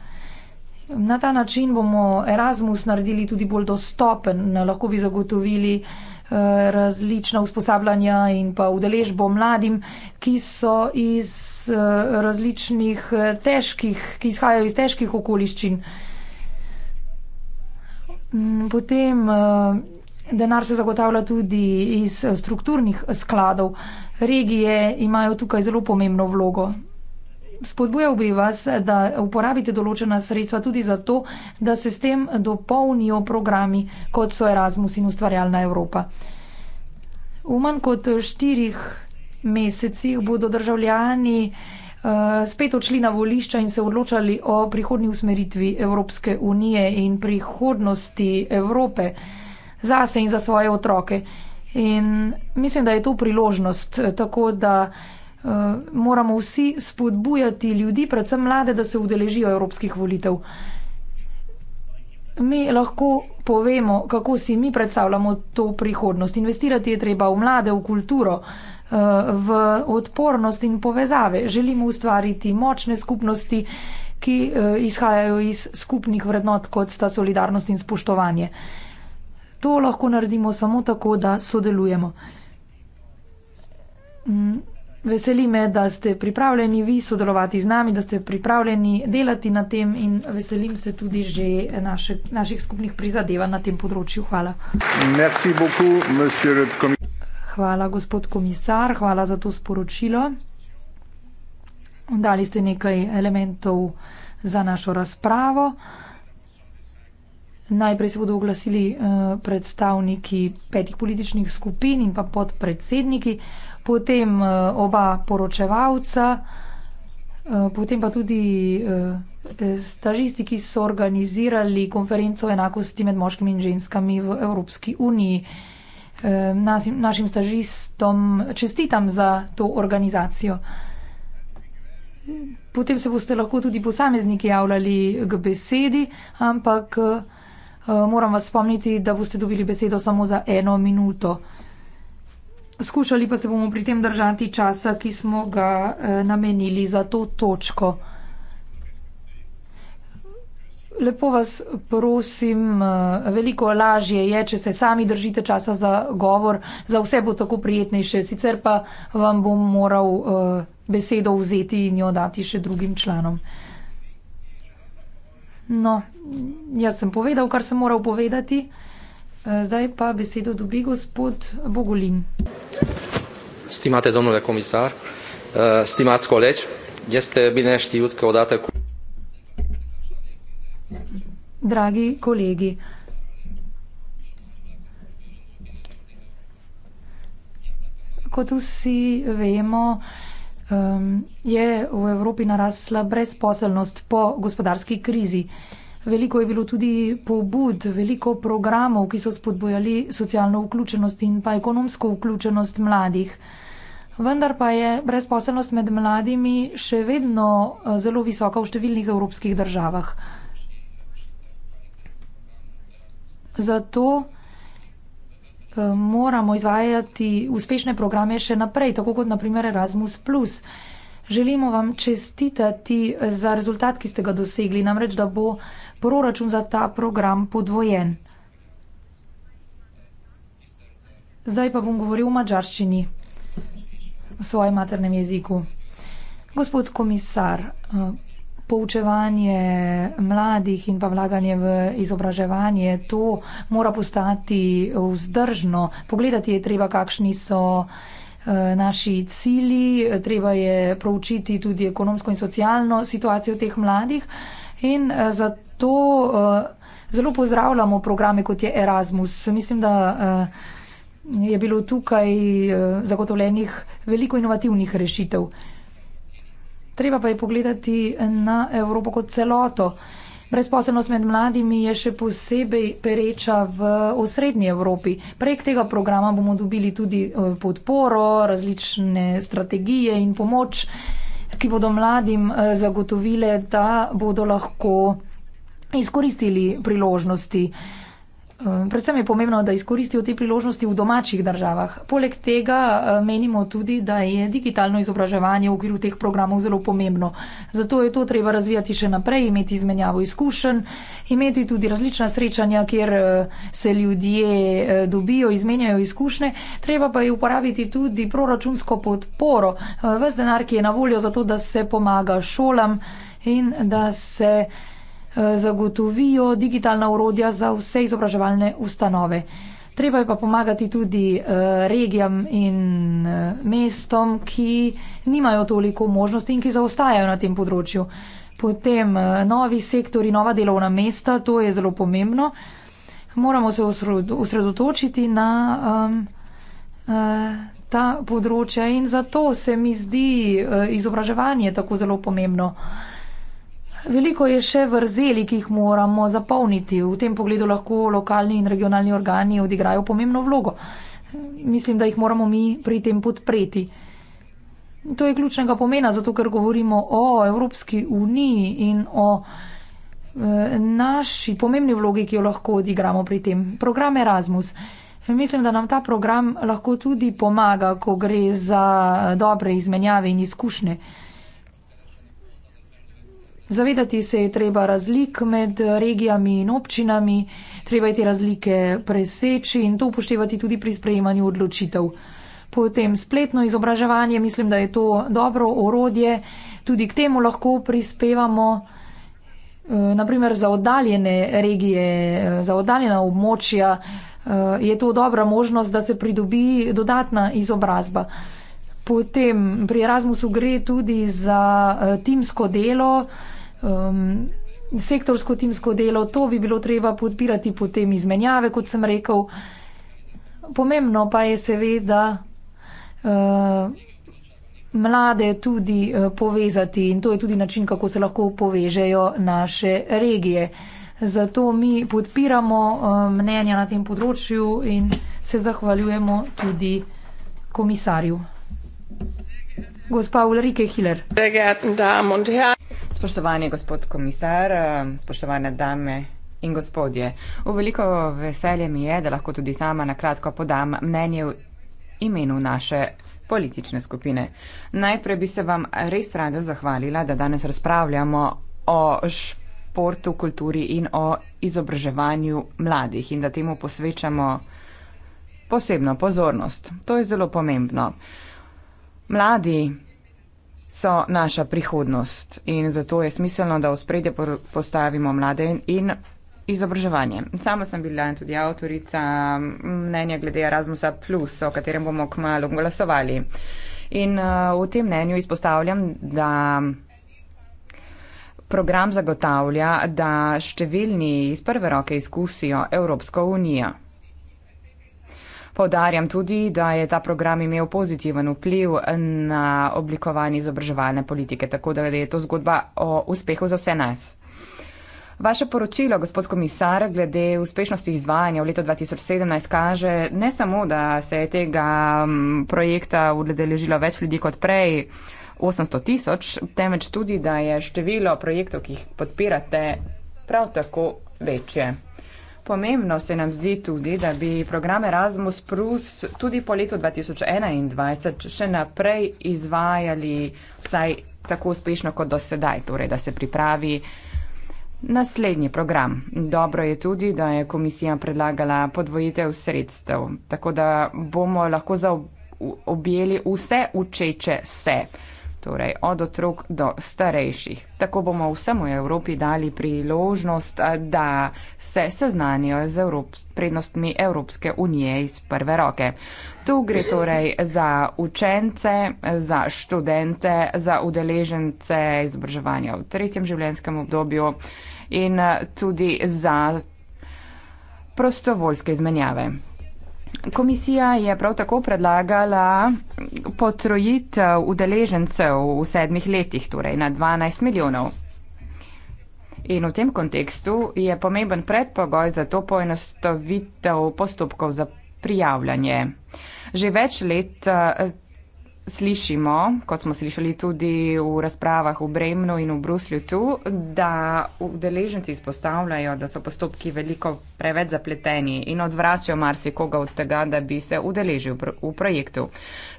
[SPEAKER 7] Na ta način bomo Erasmus naredili tudi bolj dostopen, lahko bi zagotovili uh, različna usposabljanja in pa udeležbo mladim, ki so iz eh, različnih eh, težkih, ki izhajajo iz težkih okoliščin. Mm, potem eh, denar se zagotavlja tudi iz strukturnih skladov. Regije imajo tukaj zelo pomembno vlogo spodbujal bi vas, da uporabite določena sredstva tudi zato, da se s tem dopolnijo programi, kot so Erasmus in ustvarjalna Evropa. V manj kot štirih mesecih bodo državljani eh, spet odšli na volišča in se odločali o prihodnji usmeritvi Evropske unije in prihodnosti Evrope za se in za svoje otroke. In mislim, da je to priložnost, tako da Eh, moramo vsi spodbujati ljudi, predvsem mlade, da se udeležijo evropskih volitev. Mi lahko povemo, kako si mi predstavljamo to prihodnost. Investirati je treba v mlade, v kulturo, eh, v odpornost in povezave. Želimo ustvariti močne skupnosti, ki eh, izhajajo iz skupnih vrednot, kot sta solidarnost in spoštovanje. To lahko naredimo samo tako, da sodelujemo. Mm, Veseli me, da ste pripravljeni vi sodelovati z nami, da ste pripravljeni delati na tem in veselim se tudi že naše, naših skupnih prizadevanj na tem področju. Hvala.
[SPEAKER 1] Merci beaucoup, monsieur le commissaire.
[SPEAKER 7] Hvala, gospod komisar, hvala za to sporočilo. Dali ste nekaj elementov za našo razpravo. Najprej se bodo oglasili eh, predstavniki petih političnih skupin in pa podpredsedniki potem eh, oba poročevalca, eh, potem pa tudi eh, stažisti, ki so organizirali konferenco o enakosti med moškimi in ženskami v Evropski uniji. Nasim, našim stažistom čestitam za to organizacijo. Potem se boste lahko tudi posamezniki javljali k besedi, ampak moram vas spomniti, da boste dobili besedo samo za eno minuto skušali pa se bomo pri tem držati časa, ki smo ga eh, namenili za to točko. Lepo vas prosim, eh, veliko lažje je, če se sami držite časa za govor, za vse bo tako prijetnejše, sicer pa vam bom moral eh, besedo vzeti in jo dati še drugim članom. No, jaz sem povedal, kar sem moral povedati. Eh, zdaj pa besedo dobi gospod Bogolin.
[SPEAKER 8] Stimate domnule komisar, eh, stimat skoleč, jeste bi nešti jutke odate...
[SPEAKER 7] Dragi kolegi, kot vsi vemo, eh, je v Evropi narasla brezposelnost po gospodarski krizi. Veliko je bilo tudi pobud, veliko programov, ki so spodbojali socialno vključenost in pa ekonomsko vključenost mladih. Vendar pa je brezposelnost med mladimi še vedno eh, zelo visoka v številnih evropskih državah. Zato eh, moramo izvajati uspešne programe še naprej, tako kot naprimer Erasmus. Želimo vam čestitati za rezultat, ki ste ga dosegli, namreč da bo proračun za ta program podvojen. Zdaj pa bom govoril v madžarščini, v svojem maternem jeziku. Gospod komisar, eh, poučevanje mladih in pa vlaganje v izobraževanje, to mora postati vzdržno. Pogledati je treba, kakšni so eh, naši cili, treba je proučiti tudi ekonomsko in socialno situacijo teh mladih. In eh, zato to eh, zelo pozdravljamo programe, kot je Erasmus. Mislim, da eh, je bilo tukaj eh, zagotovljenih veliko inovativnih rešitev. Treba pa je pogledati na Evropo kot celoto. Brezposelnost med mladimi je še posebej pereča v osrednji Evropi. Prek tega programa bomo dobili tudi podporo, različne strategije in pomoč, ki bodo mladim zagotovile, da bodo lahko izkoristili priložnosti. Um, predvsem je pomembno, da izkoristijo te priložnosti v domačih državah. Poleg tega uh, menimo tudi, da je digitalno izobraževanje v okviru teh programov zelo pomembno. Zato je to treba razvijati še naprej, imeti izmenjavo izkušenj, imeti tudi različna srečanja, kjer uh, se ljudje uh, dobijo, izmenjajo izkušnje. Treba pa je uporabiti tudi proračunsko podporo, ves denar, ki je na voljo za to, da se pomaga šolam in da se. Eh, zagotovijo digitalna urodja za vse izobraževalne ustanove. Treba je pa pomagati tudi eh, regijam in eh, mestom, ki nimajo toliko možnosti in ki zaostajajo na tem področju. Potem novi sektori, nova delovna mesta, to je zelo pomembno. Moramo se osredotočiti na um, uh, ta področja in zato se mi zdi uh, izobraževanje tako zelo pomembno. Uh, Veliko je še vrzeli, ki jih moramo zapolniti. V tem pogledu lahko lokalni in regionalni organi odigrajo pomembno vlogo. Mislim, da jih moramo mi pri tem podpreti. To je ključnega pomena, zato ker govorimo o Evropski uniji in o eh, naši pomembni vlogi, ki jo lahko odigramo pri tem. Program Erasmus. Mislim, da nam ta program lahko tudi pomaga, ko gre za dobre izmenjave in izkušnje. Zavedati se je treba razlik med regijami in občinami, treba je te razlike preseči in to upoštevati tudi pri sprejemanju odločitev. Potem spletno izobraževanje, mislim, da je to dobro orodje, tudi k temu lahko prispevamo, eh, naprimer za oddaljene regije, eh, za oddaljena območja, eh, je to dobra možnost, da se pridobi dodatna izobrazba. Potem pri Erasmusu gre tudi za timsko delo, um, sektorsko timsko delo, to bi bilo treba podpirati potem izmenjave, kot sem rekel. Pomembno pa je seveda uh, mlade tudi uh, povezati in to je tudi način, kako se lahko povežejo naše regije. Zato mi podpiramo uh, mnenja na tem področju in se zahvaljujemo tudi komisarju. Gospa Ulrike Hiller.
[SPEAKER 2] Spoštovani gospod komisar, eh, spoštovane dame in gospodje, v veliko veselje mi je, da lahko tudi sama na kratko podam mnenje v imenu naše politične skupine. Najprej bi se vam res rada zahvalila, da danes razpravljamo o športu, kulturi in o izobraževanju mladih in da temu posvečamo posebno pozornost. To je zelo pomembno. Mladi so naša prihodnost in zato je smiselno, da v spredje postavimo mlade in izobraževanje. Sama sem bila in tudi avtorica mnenja glede Erasmusa, o katerem bomo k malu glasovali. In uh, v tem mnenju izpostavljam, da program zagotavlja, da številni iz prve roke izkusijo Evropsko unijo. Povdarjam tudi, da je ta program imel pozitiven vpliv na oblikovanje izobraževalne politike, tako da je to zgodba o uspehu za vse nas. Vaše poročilo, gospod komisar, glede uspešnosti izvajanja v letu 2017 kaže ne samo, da se je tega mm, projekta udeležilo več ljudi kot prej, 800 tisoč, temveč tudi, da je število projektov, ki jih podpirate, prav tako večje pomembno se nam zdi tudi, da bi program Erasmus Plus tudi po letu 2021 še naprej izvajali vsaj tako uspešno kot do sedaj, torej da se pripravi naslednji program. Dobro je tudi, da je komisija predlagala podvojitev sredstev, tako da bomo lahko zaobjeli vse učeče se. Uh, torej od otrok do starejših. Tako bomo vsemu Evropi dali priložnost, eh, da se seznanijo z Evrop prednostmi Evropske unije iz prve roke. Tu gre torej za učence, za študente, za udeležence izobraževanja v tretjem življenjskem obdobju in eh, tudi za prostovoljske izmenjave. Komisija je prav tako predlagala potrojitev udeležencev v sedmih letih, torej na 12 milijonov. In v tem kontekstu je pomemben predpogoj za to poenostavitev postopkov za prijavljanje. Že več let eh, slišimo, kot smo slišali tudi v razpravah v Bremnu in v Bruslju, tu, da udeleženci izpostavljajo, da so postopki veliko preveč zapleteni in odvračajo marsikoga od tega, da bi se udeležil v projektu.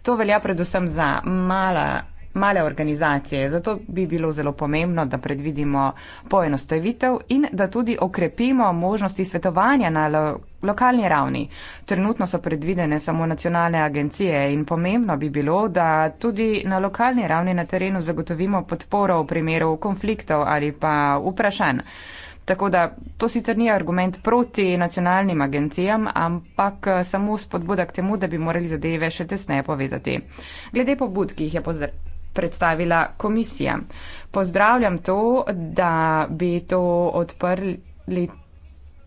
[SPEAKER 2] To velja predvsem za mala male organizacije. Zato bi bilo zelo pomembno, da predvidimo poenostavitev in da tudi okrepimo možnosti svetovanja na lo lokalni ravni. Trenutno so predvidene samo nacionalne agencije in pomembno bi bilo, da tudi na lokalni ravni na terenu zagotovimo podporo v primeru konfliktov ali pa vprašanj. Tako da to sicer ni argument proti nacionalnim agencijam, ampak eh, samo spodbuda k temu, da bi morali zadeve še tesneje povezati. Glede pobud, ki jih je predstavila komisija. Pozdravljam to, da bi to odprli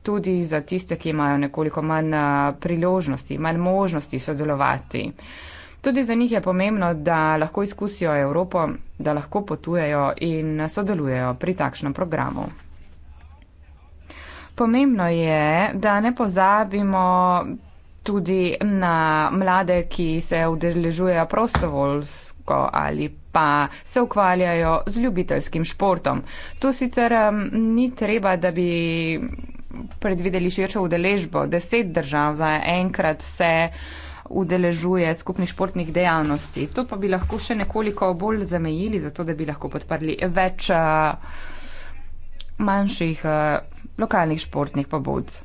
[SPEAKER 2] tudi za tiste, ki imajo nekoliko manj priložnosti, manj možnosti sodelovati. Tudi za njih je pomembno, da lahko izkusijo Evropo, da lahko potujejo in sodelujejo pri takšnem programu. Pomembno je, da ne pozabimo tudi na mlade, ki se udeležujejo prostovoljsko ženska ali pa se ukvarjajo z ljubiteljskim športom. Tu sicer um, ni treba, da bi predvideli širšo udeležbo. Deset držav za enkrat se udeležuje skupnih športnih dejavnosti. To pa bi lahko še nekoliko bolj zamejili, zato da bi lahko podprli več uh, manjših uh, lokalnih športnih pobudc.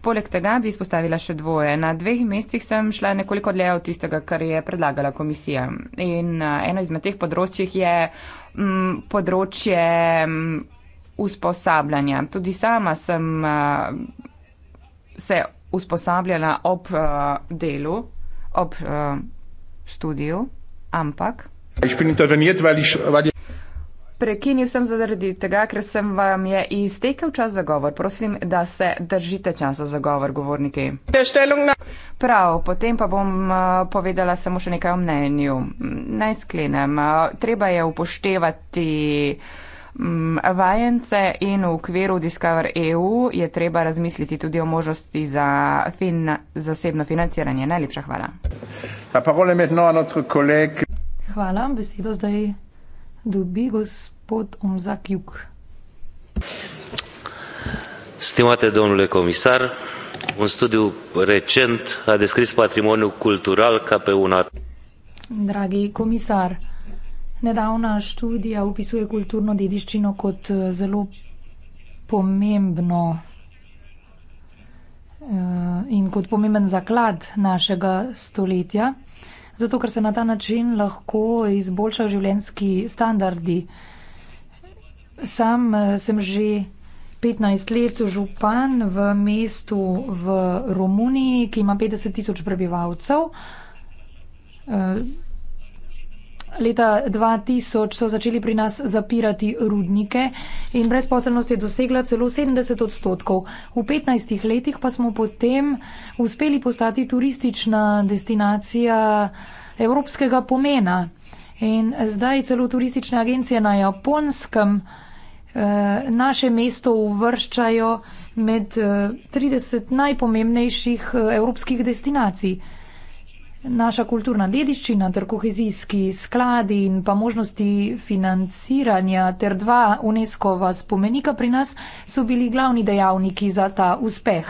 [SPEAKER 2] Poleg tega bi izpostavila še dvoje. Na dveh mestih sem šla nekoliko dlje od tistega, kar je predlagala komisija. In eh, eno izmed teh področjih je m, mm, področje m, mm, usposabljanja. Tudi sama sem a, eh, se usposabljala ob a, eh, delu, ob a, študiju, ampak.
[SPEAKER 1] Ich bin interveniert, weil ich, weil ich
[SPEAKER 2] Prekinil sem zaradi tega, ker sem vam je iztekel čas za govor. Prosim, da se držite časa za govor, govorniki. Prav, potem pa bom eh, povedala samo še nekaj o mnenju. Naj sklenem. Eh, treba je upoštevati mm, vajence in v okviru Discover EU je treba razmisliti tudi o možnosti za fin zasebno financiranje. Najlepša hvala.
[SPEAKER 7] Hvala, besedo zdaj dobi gospod Omzak Juk.
[SPEAKER 8] Stimate domnule comisar, un studiu recent a descris patrimoniul cultural ca pe un at-
[SPEAKER 7] Dragi comisar, nedavna študija opisuje kulturno dediščino kot eh, zelo pomembno eh, in kot pomemben zaklad našega stoletja zato ker se na ta način lahko izboljšajo življenski standardi. Sam eh, sem že 15 let župan v mestu v Romuniji, ki ima 50 tisoč prebivalcev. Eh, Leta 2000 so začeli pri nas zapirati rudnike in brezposelnost je dosegla celo 70 odstotkov. V 15 letih pa smo potem uspeli postati turistična destinacija evropskega pomena. In zdaj celo turistične agencije na japonskem eh, naše mesto uvrščajo med 30 eh, najpomembnejših eh, evropskih destinacij naša kulturna dediščina ter kohezijski skladi in pa možnosti financiranja ter dva UNESCO-va spomenika pri nas so bili glavni dejavniki za ta uspeh.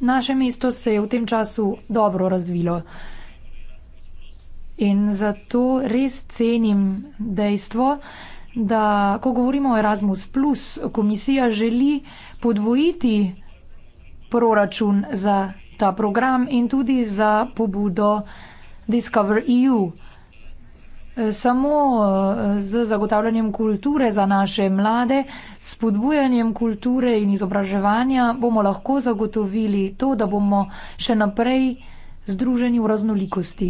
[SPEAKER 7] Naše mesto se je v tem času dobro razvilo in zato res cenim dejstvo, da ko govorimo o Erasmus, komisija želi podvojiti proračun za ta program in tudi za pobudo Discover EU. Samo eh, z zagotavljanjem kulture za naše mlade, spodbujanjem kulture in izobraževanja bomo lahko zagotovili to, da bomo še naprej združeni v raznolikosti.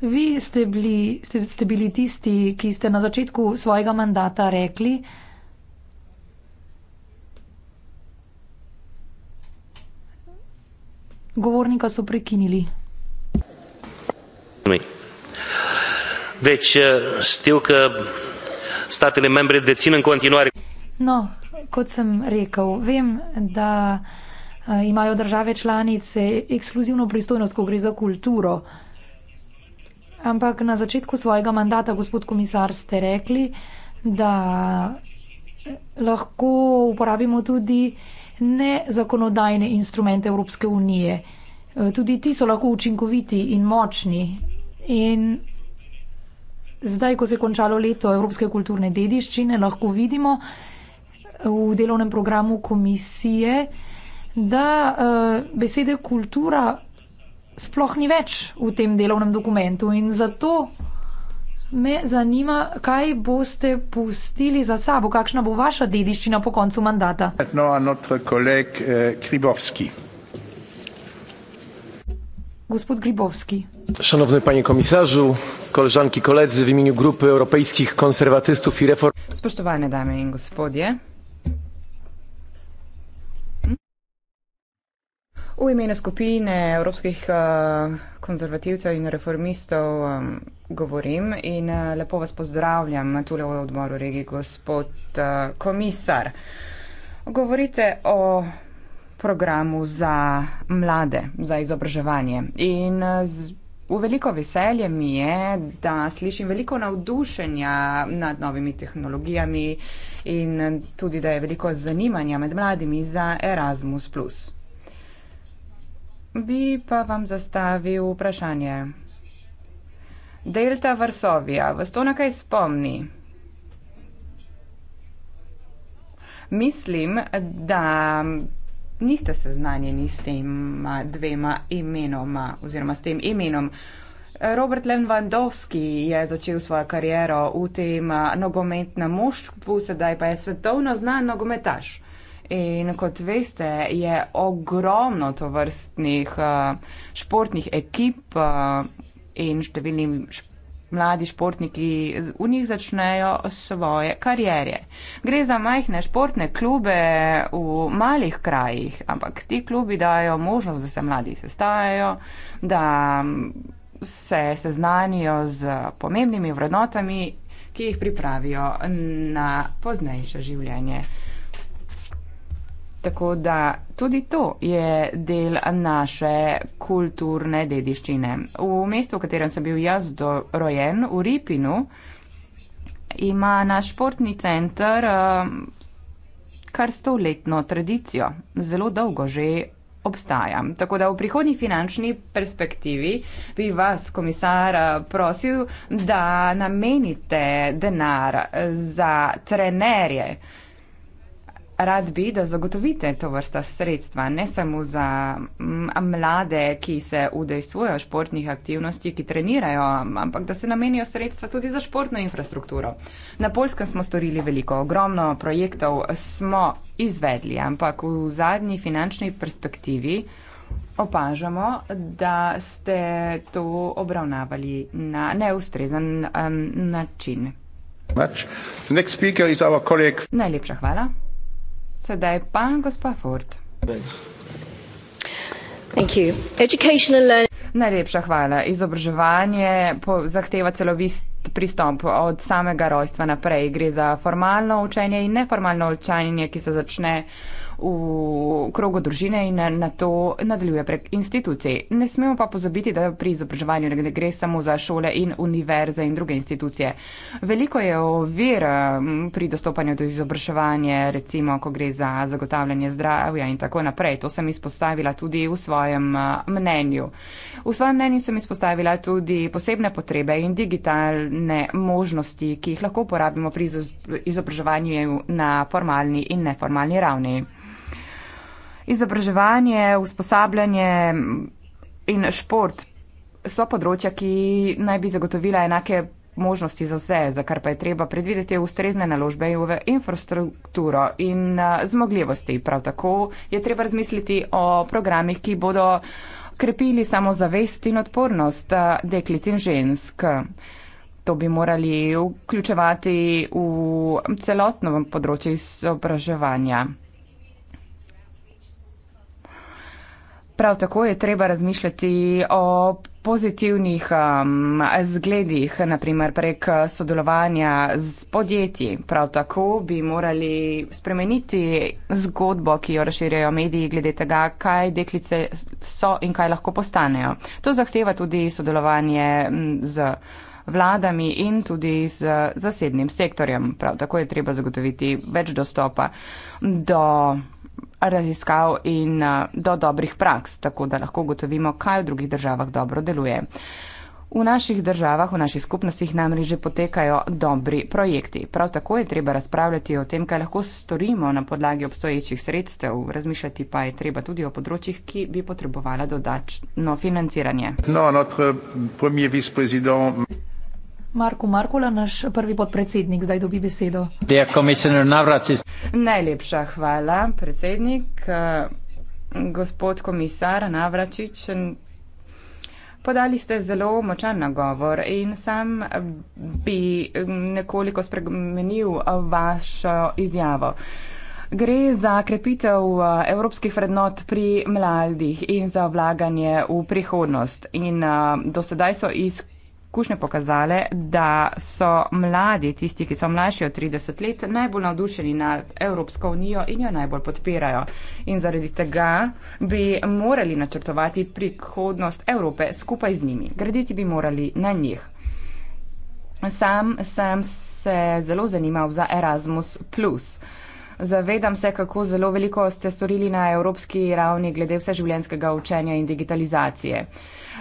[SPEAKER 7] Vi ste bili, ste, ste bili tisti, ki ste na začetku svojega mandata rekli, Govornika so prekinili. Eh, no, kot sem rekel, vem, da eh, imajo države članice ekskluzivno pristojnost, ko gre za kulturo. Ampak na začetku svojega mandata, gospod komisar, ste rekli, da eh, lahko uporabimo tudi ne zakonodajne instrumente Evropske unije. E, tudi ti so lahko učinkoviti in močni. In zdaj, ko se je končalo leto Evropske kulturne dediščine, lahko vidimo e, v delovnem programu komisije, da e, besede kultura sploh ni več v tem delovnem dokumentu in zato Me zanima, kaj boste pustili za sabo, kakšna bo vaša dediščina po koncu mandata. No, Gospod Gribovski.
[SPEAKER 9] Szanowny panie komisarzu, koleżanki, koledzy, w imieniu grupy europejskich konserwatystów i reform.
[SPEAKER 2] Spoczywane damy i gospodzie. Hm? U imienia skupiny europejskich. Uh... Eh, konzervativcev in reformistov um, govorim in uh, lepo vas pozdravljam na tule v odboru regi, gospod uh, komisar. Govorite o programu za mlade, za izobraževanje in uh, z, v veliko veselje mi je, da slišim veliko navdušenja nad novimi tehnologijami in uh, tudi, da je veliko zanimanja med mladimi za Erasmus bi pa vam zastavil vprašanje. Delta Varsovija, vas to nekaj spomni? Mislim, da niste seznanjeni s tema dvema imenoma oziroma s tem imenom. Robert Lewandowski je začel svojo kariero v tem nogometnem moštvu, sedaj pa je svetovno znan nogometaš. In kot veste, je ogromno tovrstnih uh, športnih ekip uh, in številni športniki. Mladi športniki v njih začnejo svoje karijere. Gre za majhne športne klube v malih krajih, ampak ti klubi dajo možnost, da se mladi sestajajo, da mm, se seznanijo z pomembnimi vrednotami, ki jih pripravijo na poznejše življenje. Tako da tudi to je del naše kulturne dediščine. V mestu, v katerem sem bil jaz rojen, v Ripinu, ima naš športni center eh, kar stoletno tradicijo. Zelo dolgo že. Obstajam. Tako da v prihodnji finančni perspektivi bi vas, komisar, eh, prosil, da namenite denar eh, za trenerje, uh, rad bi, da zagotovite to vrsta sredstva, ne samo za mlade, ki se udejstvujejo športnih aktivnosti, ki trenirajo, ampak da se namenijo sredstva tudi za športno infrastrukturo. Na Polskem smo storili veliko, ogromno projektov smo izvedli, ampak v zadnji finančni perspektivi opažamo, da ste to obravnavali na neustrezen um, način. Najlepša hvala. Sedaj pa gospa Ford. Najlepša hvala. Izobraževanje zahteva celovist pristop od samega rojstva naprej. Gre za formalno učenje in neformalno učenje, ki se začne v krogu družine in na to nadaljuje prek institucij. Ne smemo pa pozabiti, da pri izobraževanju ne gre samo za šole in univerze in druge institucije. Veliko je ovir pri dostopanju do izobraževanja, recimo, ko gre za zagotavljanje zdravja in tako naprej. To sem izpostavila tudi v svojem mnenju. V svojem mnenju sem izpostavila tudi posebne potrebe in digitalne možnosti, ki jih lahko uporabimo pri izobraževanju na formalni in neformalni ravni izobraževanje, usposabljanje in šport so področja, ki naj bi zagotovila enake možnosti za vse, za kar pa je treba predvideti ustrezne naložbe in v infrastrukturo in zmogljivosti. Prav tako je treba razmisliti o programih, ki bodo krepili samo zavest in odpornost deklic in žensk. To bi morali vključevati v celotno področje izobraževanja. Prav tako je treba razmišljati o pozitivnih um, zgledih, naprimer prek sodelovanja z podjetji. Prav tako bi morali spremeniti zgodbo, ki jo razširjajo mediji glede tega, kaj deklice so in kaj lahko postanejo. To zahteva tudi sodelovanje z vladami in tudi z zasebnim sektorjem. Prav tako je treba zagotoviti več dostopa do raziskav in eh, do dobrih praks, tako da lahko ugotovimo, kaj v drugih državah dobro deluje. V naših državah, v naših skupnostih namreč že potekajo dobri projekti. Prav tako je treba razpravljati o tem, kaj lahko storimo na podlagi obstoječih sredstev, razmišljati pa je treba tudi o področjih, ki bi potrebovala dodatno financiranje.
[SPEAKER 1] No,
[SPEAKER 7] Marko Markula, naš prvi podpredsednik, zdaj dobi besedo. Najlepša hvala, predsednik.
[SPEAKER 2] Gospod komisar Navračič, podali ste zelo močan nagovor in sam bi nekoliko spremenil vašo izjavo. Gre za krepitev evropskih vrednot pri mladih in za vlaganje v prihodnost. In uh, do sedaj so izkušnje izkušnje pokazale, da so mladi, tisti, ki so mlajši od 30 let, najbolj navdušeni nad Evropsko unijo in jo najbolj podpirajo. In zaradi tega bi morali načrtovati prihodnost Evrope skupaj z njimi. Graditi bi morali na njih. Sam sem se zelo zanimal za Erasmus. Zavedam se, kako zelo veliko ste storili na evropski ravni glede vseživljenskega učenja in digitalizacije.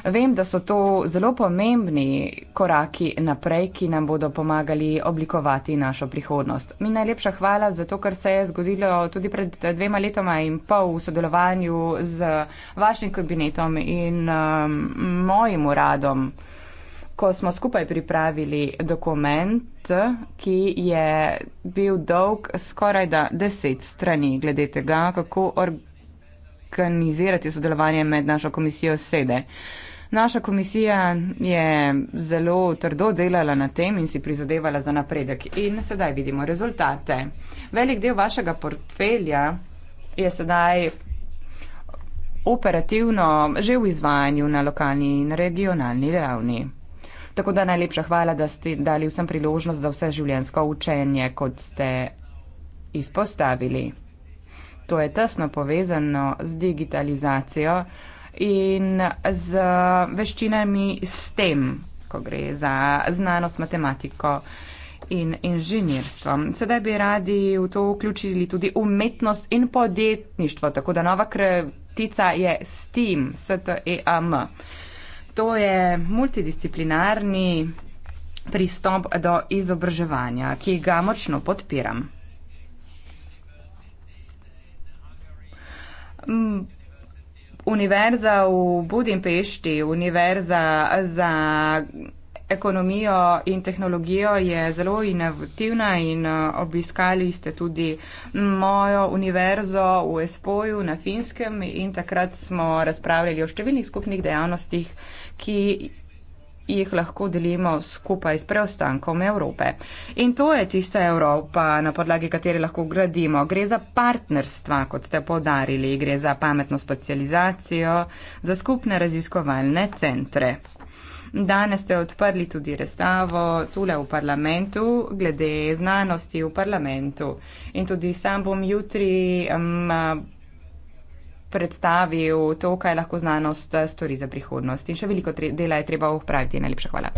[SPEAKER 2] Vem, da so to zelo pomembni koraki naprej, ki nam bodo pomagali oblikovati našo prihodnost. Mi najlepša hvala za to, kar se je zgodilo tudi pred dvema letoma in pol v sodelovanju z vašim kabinetom in um, mojim uradom, ko smo skupaj pripravili dokument, ki je bil dolg skoraj da deset strani glede tega, kako organizirati sodelovanje med našo komisijo sede. Naša komisija je zelo trdo delala na tem in si prizadevala za napredek in sedaj vidimo rezultate. Velik del vašega portfelja je sedaj operativno že v izvajanju na lokalni in regionalni ravni. Tako da najlepša hvala, da ste dali vsem priložnost za vse življensko učenje, kot ste izpostavili. To je tesno povezano z digitalizacijo in z veščinami STEM, ko gre za znanost, matematiko in inženirstvo. Sedaj bi radi v to vključili tudi umetnost in podjetništvo, tako da nova kratica je STEAM, STEAM. To je multidisciplinarni pristop do izobraževanja, ki ga močno podpiram. Univerza v Budimpešti, Univerza za ekonomijo in tehnologijo je zelo inovativna in eh, obiskali ste tudi mojo univerzo v Espoju na Finskem in takrat smo razpravljali o številnih skupnih dejavnostih, ki jih lahko delimo skupaj s preostankom Evrope. In to je tista Evropa, na podlagi katere lahko gradimo. Gre za partnerstva, kot ste podarili, gre za pametno specializacijo, za skupne raziskovalne centre. Danes ste odprli tudi razstavo tule v parlamentu, glede znanosti v parlamentu. In tudi sam bom jutri. Um, predstavil to, kaj lahko znanost eh, stori za prihodnost. In še veliko dela je treba upraviti. Najlepša hvala.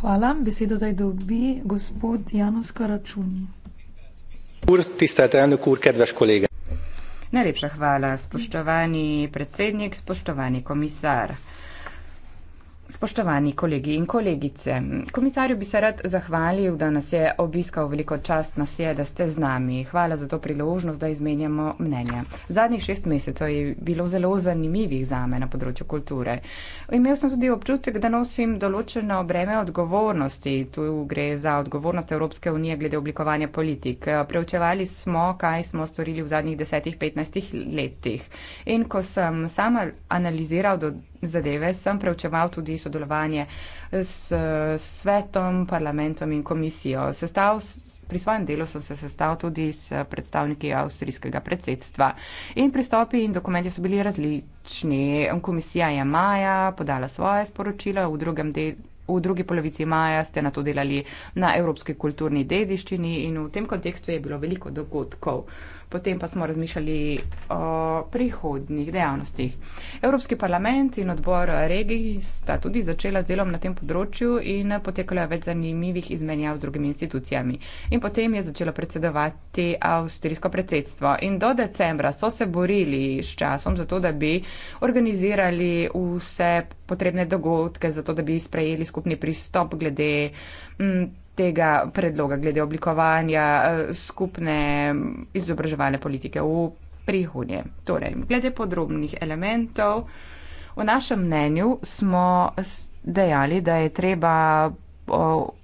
[SPEAKER 7] Hvala. Besedo zdaj dobi gospod Janus Karačun.
[SPEAKER 2] Najlepša hvala, spoštovani predsednik, spoštovani komisar. Spoštovani kolegi in kolegice, komisarju bi se rad zahvalil, da nas je obiskal veliko čast nas je, da ste z nami. Hvala za to priložnost, da izmenjamo mnenja. Zadnjih šest mesecev je bilo zelo zanimivih za me na področju kulture. Imel sem tudi občutek, da nosim določeno breme odgovornosti. Tu gre za odgovornost Evropske unije glede oblikovanja politik. Preučevali smo, kaj smo storili v zadnjih desetih, petnajstih letih. In ko sem sama analiziral do zadeve, sem preučeval tudi sodelovanje s svetom, parlamentom in komisijo. Sestav, pri svojem delu sem se sestal tudi s predstavniki avstrijskega predsedstva. In pristopi in dokumenti so bili različni. Komisija je maja podala svoje sporočilo, v drugem delu. V drugi polovici maja ste na to delali na Evropski kulturni dediščini in v tem kontekstu je bilo veliko dogodkov. Uh, potem pa smo razmišljali o prihodnih dejavnostih. Evropski parlament in odbor regij sta tudi začela z delom na tem področju in potekalo je več zanimivih izmenjav z drugimi institucijami. In potem je začelo predsedovati avstrijsko predsedstvo. In do decembra so se borili s časom za to, da bi organizirali vse potrebne dogodke, za to, da bi sprejeli skupni pristop glede. Mm, tega predloga glede oblikovanja eh, skupne izobraževalne politike v prihodnje. Torej, glede podrobnih elementov, v našem mnenju smo dejali, da je treba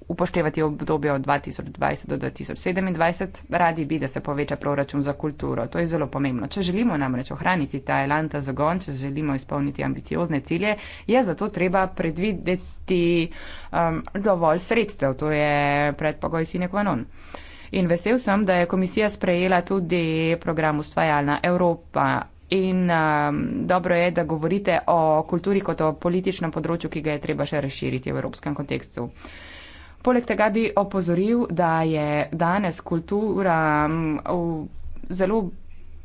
[SPEAKER 2] upoštevati obdobje od 2020 do 2027. Radi bi, da se poveča proračun za kulturo. To je zelo pomembno. Če želimo namreč ohraniti ta elanta zagon, če želimo izpolniti ambiciozne cilje, je zato treba predvideti um, dovolj sredstev. To je predpogoj sine qua non. In vesel sem, da je komisija sprejela tudi program Ustvarjalna Evropa In um, dobro je, da govorite o kulturi kot o političnem področju, ki ga je treba še razširiti v evropskem kontekstu. Poleg tega bi opozoril, da je danes kultura um, zelo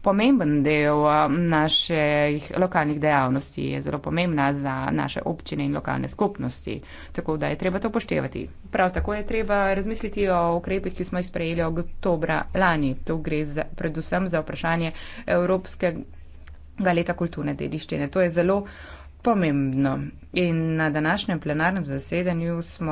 [SPEAKER 2] pomemben del um, naših lokalnih dejavnosti, je zelo pomembna za naše občine in lokalne skupnosti, tako da je treba to poštevati. Prav tako je treba razmisliti o ukrepih, ki smo jih sprejeli oktobra lani. Tu gre za, predvsem za vprašanje evropske ga leta kulturne dediščine. To je zelo pomembno. In na današnjem plenarnem zasedanju smo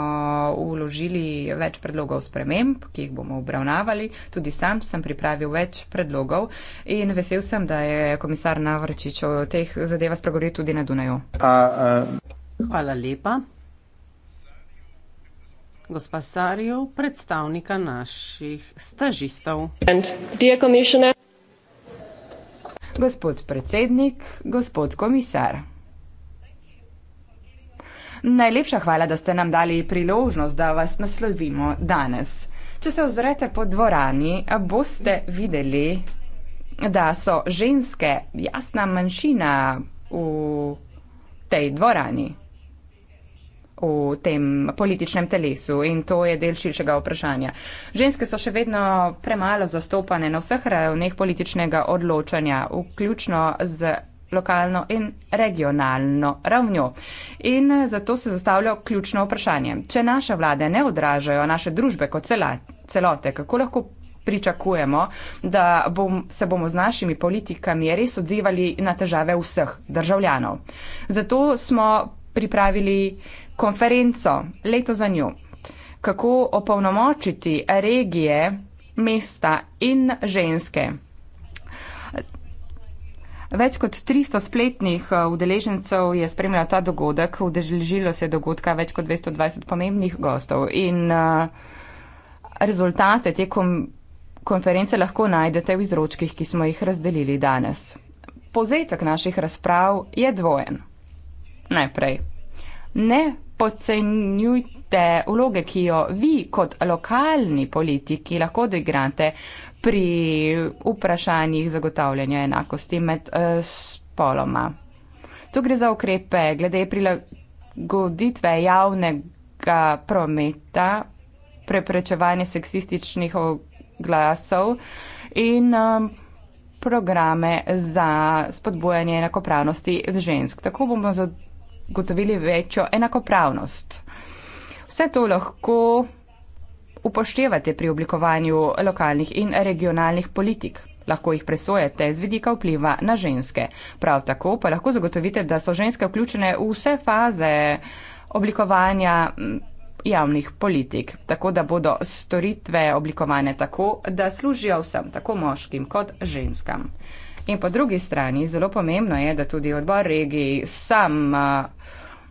[SPEAKER 2] uložili več predlogov sprememb, ki jih bomo obravnavali. Tudi sam sem pripravil več predlogov in vesel sem, da je komisar Navrčič o teh zadevah spregovoril tudi na Dunaju.
[SPEAKER 1] A, a...
[SPEAKER 3] Hvala lepa. Gospa Sarijo, predstavnika naših stažistov. And dear commissioner
[SPEAKER 2] gospod predsednik, gospod komisar. Najlepša hvala, da ste nam dali priložnost, da vas naslovimo danes. Če se ozrete po dvorani, boste videli, da so ženske jasna manjšina v tej dvorani v tem političnem telesu in to je del širšega vprašanja. Ženske so še vedno premalo zastopane na vseh ravneh političnega odločanja, vključno z lokalno in regionalno ravnjo. In zato se zastavlja ključno vprašanje. Če naše vlade ne odražajo naše družbe kot celote, kako lahko pričakujemo, da bom, se bomo z našimi politikami res odzivali na težave vseh državljanov. Zato smo pripravili konferenco, leto za njo, kako opolnomočiti regije, mesta in ženske. Več kot 300 spletnih eh, udeležencev je spremljalo ta dogodek, udeležilo se je dogodka več kot 220 pomembnih gostov in eh, rezultate te konference lahko najdete v izročkih, ki smo jih razdelili danes. Povzetek naših razprav je dvojen. Najprej, ne podcenjujte vloge, ki jo vi kot lokalni politiki lahko doigrate pri vprašanjih zagotavljanja enakosti med eh, spoloma. Tu gre za ukrepe glede prilagoditve javnega prometa, preprečevanje seksističnih oglasov in eh, programe za spodbojanje enakopravnosti žensk. Tako bomo zadovoljni zagotovili večjo enakopravnost. Vse to lahko upoštevate pri oblikovanju lokalnih in regionalnih politik. Lahko jih presojate z vidika vpliva na ženske. Prav tako pa lahko zagotovite, da so ženske vključene v vse faze oblikovanja javnih politik, tako da bodo storitve oblikovane tako, da služijo vsem, tako moškim kot ženskam. In po drugi strani, zelo pomembno je, da tudi odbor regiji sam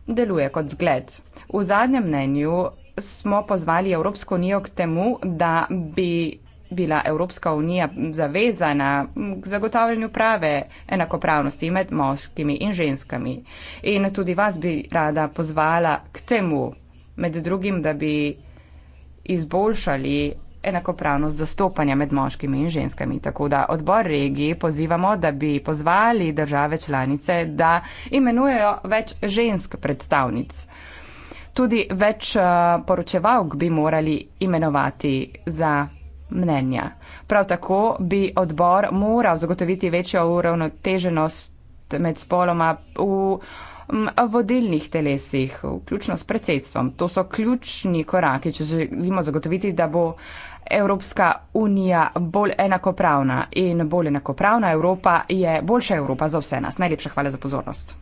[SPEAKER 2] deluje kot zgled. V zadnjem mnenju smo pozvali Evropsko unijo k temu, da bi bila Evropska unija zavezana k zagotavljanju prave enakopravnosti med moškimi in ženskami. In tudi vas bi rada pozvala k temu, med drugim, da bi izboljšali enakopravnost zastopanja med moškimi in ženskami. Tako da odbor regiji pozivamo, da bi pozvali države članice, da imenujejo več žensk predstavnic. Tudi več eh, poročevalk bi morali imenovati za mnenja. Prav tako bi odbor moral zagotoviti večjo uravnoteženost med spoloma v vodilnih telesih, vključno s predsedstvom. To so ključni koraki, če želimo zagotoviti, da bo uh, Evropska unija bolj enakopravna in bolj enakopravna Evropa je boljša Evropa za vse nas. Najlepša hvala za pozornost.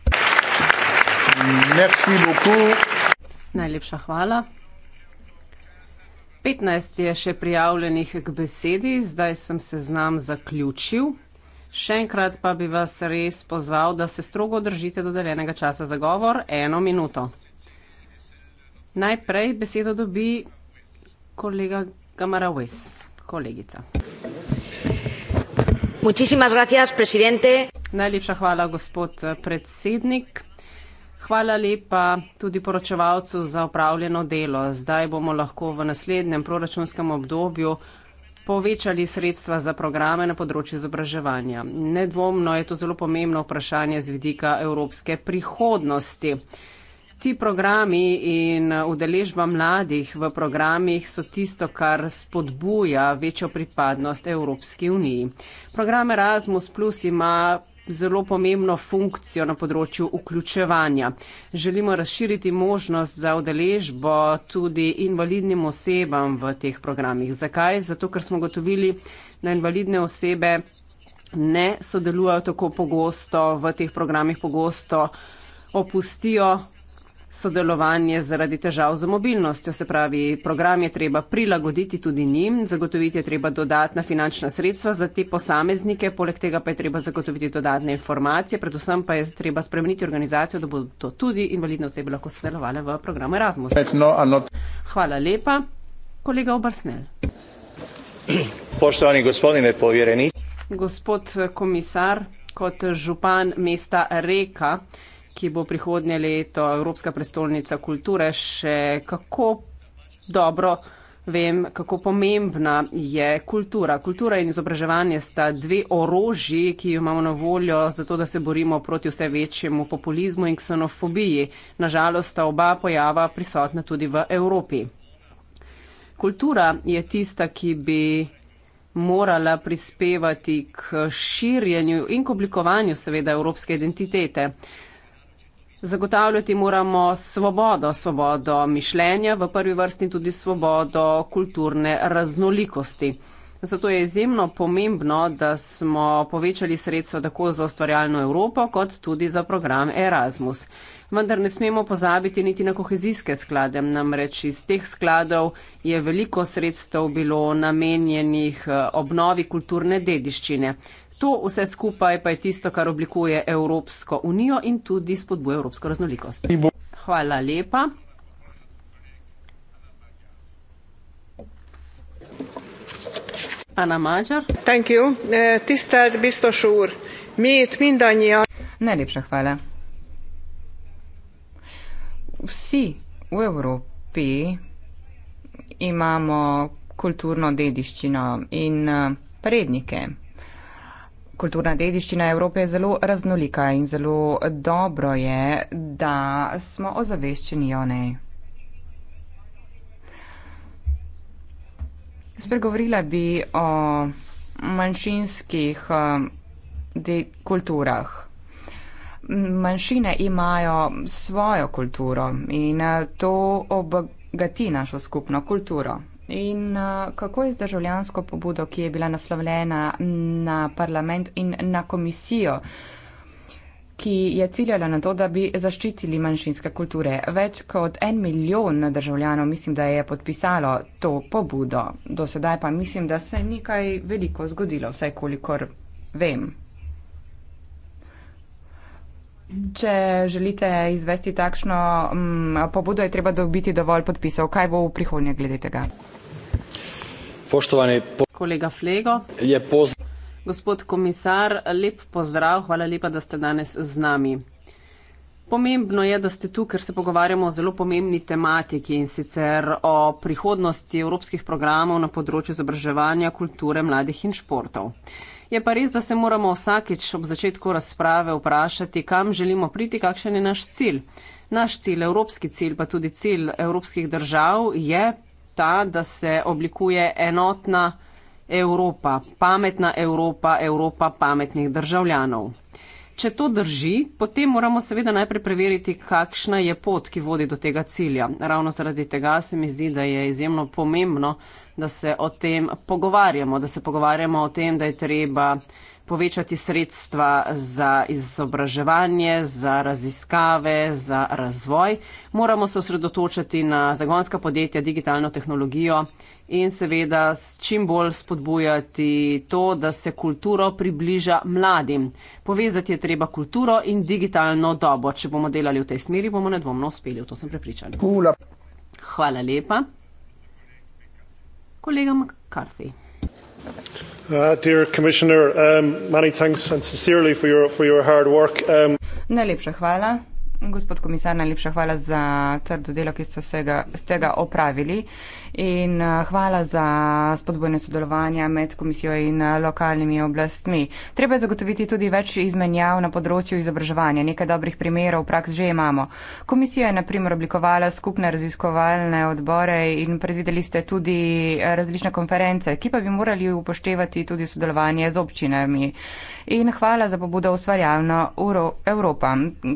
[SPEAKER 2] Merci
[SPEAKER 3] Najlepša hvala. 15 je še prijavljenih k besedi, zdaj sem se z nam zaključil. Še enkrat pa bi vas res pozval, da se strogo držite dodeljenega časa za govor, eno minuto. Najprej besedo dobi kolega Cámara Wes, colegica.
[SPEAKER 7] Muchísimas gracias,
[SPEAKER 3] presidente. Najlepša hvala, gospod predsednik. Hvala lepa tudi poročevalcu za upravljeno delo. Zdaj bomo lahko v naslednjem proračunskem obdobju povečali sredstva za programe na področju izobraževanja. Nedvomno je to zelo pomembno vprašanje z vidika evropske prihodnosti. Ti programi in udeležba mladih v programih so tisto, kar spodbuja večjo pripadnost Evropski uniji. Program Erasmus Plus ima zelo pomembno funkcijo na področju vključevanja. Želimo razširiti možnost za udeležbo tudi invalidnim osebam v teh programih. Zakaj? Zato, ker smo gotovili, da invalidne osebe ne sodelujo tako pogosto v teh programih, pogosto opustijo sodelovanje zaradi težav z mobilnostjo. Se pravi, program je treba prilagoditi tudi njim, zagotoviti je treba dodatna finančna sredstva za te posameznike, poleg tega pa je treba zagotoviti dodatne informacije, predvsem pa je treba spremeniti organizacijo, da bodo to tudi invalidne osebe lahko sodelovali v programu Erasmus. No, Hvala lepa, kolega Obrsnel.
[SPEAKER 1] Poštovani gospodine povjerenik.
[SPEAKER 3] Gospod komisar, kot župan mesta Reka, ki bo prihodnje leto Evropska prestolnica kulture, še kako dobro vem, kako pomembna je kultura. Kultura in izobraževanje sta dve orožji, ki jo imamo na voljo za to, da se borimo proti vse večjemu populizmu in ksenofobiji. Nažalost sta oba pojava prisotna tudi v Evropi. Kultura je tista, ki bi morala prispevati k širjenju in k oblikovanju seveda evropske identitete. Zagotavljati moramo svobodo, svobodo mišljenja, v prvi vrsti tudi svobodo kulturne raznolikosti. Zato je izjemno pomembno, da smo povečali sredstva tako za ustvarjalno Evropo, kot tudi za program Erasmus. Vendar ne smemo pozabiti niti na kohezijske sklade, namreč iz teh skladov je veliko sredstev bilo namenjenih eh, obnovi kulturne dediščine. To vse skupaj pa je tisto, kar oblikuje Evropsko unijo in tudi spodbuja evropsko raznolikost. Hvala lepa. Ana Mađar. Thank you. Eh, tisztelt biztos úr,
[SPEAKER 2] mi itt mindannyian. Najlepša hvala. Vsi v Evropi imamo kulturno dediščino in eh, prednike, Kulturna dediščina Evrope je zelo raznolika in zelo dobro je, da smo ozaveščeni o njej. Spregovorila bi o manjšinskih eh, kulturah. Manjšine imajo svojo kulturo in eh, to obogati našo skupno kulturo. In uh, kako je z državljansko pobudo, ki je bila naslovljena na parlament in na komisijo, ki je ciljala na to, da bi zaščitili manjšinske kulture? Več kot en milijon državljanov mislim, da je podpisalo to pobudo. Do sedaj pa mislim, da se je nekaj veliko zgodilo, vsaj kolikor vem. Če želite izvesti takšno m, mm, pobudo, je treba dobiti dovolj podpisov. Kaj bo v prihodnje glede tega?
[SPEAKER 3] Poštovani po kolega Flego. Je poz Gospod komisar, lep pozdrav, hvala lepa, da ste danes z nami. Pomembno je, da ste tu, ker se pogovarjamo o zelo pomembni tematiki in sicer o prihodnosti evropskih programov na področju izobraževanja, kulture, mladih in športov. Je pa res, da se moramo vsakeč ob začetku razprave vprašati, kam želimo priti, kakšen je naš cilj. Naš cilj, evropski cilj, pa tudi cilj evropskih držav je ta, da se oblikuje enotna Evropa, pametna Evropa, Evropa pametnih državljanov. Če to drži, potem moramo seveda najprej preveriti, kakšna je pot, ki vodi do tega cilja. Ravno zaradi tega se mi zdi, da je izjemno pomembno, da se o tem pogovarjamo, da se pogovarjamo o tem, da je treba povečati sredstva za izobraževanje, za raziskave, za razvoj. Moramo se osredotočiti na zagonska podjetja, digitalno tehnologijo in seveda čim bolj spodbujati to, da se kulturo približa mladim. Povezati je treba kulturo in digitalno dobo. Če bomo delali v tej smeri, bomo nedvomno uspeli, v to sem prepričan. Hvala lepa. Kolega McCarthy.
[SPEAKER 4] Uh, dear Commissioner, um, many thanks and sincerely for your, for your hard work. Um.
[SPEAKER 2] Najlepša hvala. Gospod komisar, najlepša hvala za trdo delo, ki ste, ga, ste ga opravili in eh, hvala za spodbojne sodelovanja med komisijo in eh, lokalnimi oblastmi. Treba je zagotoviti tudi več izmenjav na področju izobraževanja. Nekaj dobrih primerov praks že imamo. Komisija je naprimer oblikovala skupne raziskovalne odbore in predvideli ste tudi eh, različne konference, ki pa bi morali upoštevati tudi sodelovanje z občinami. In hvala za pobudo ustvarjalno Evropa.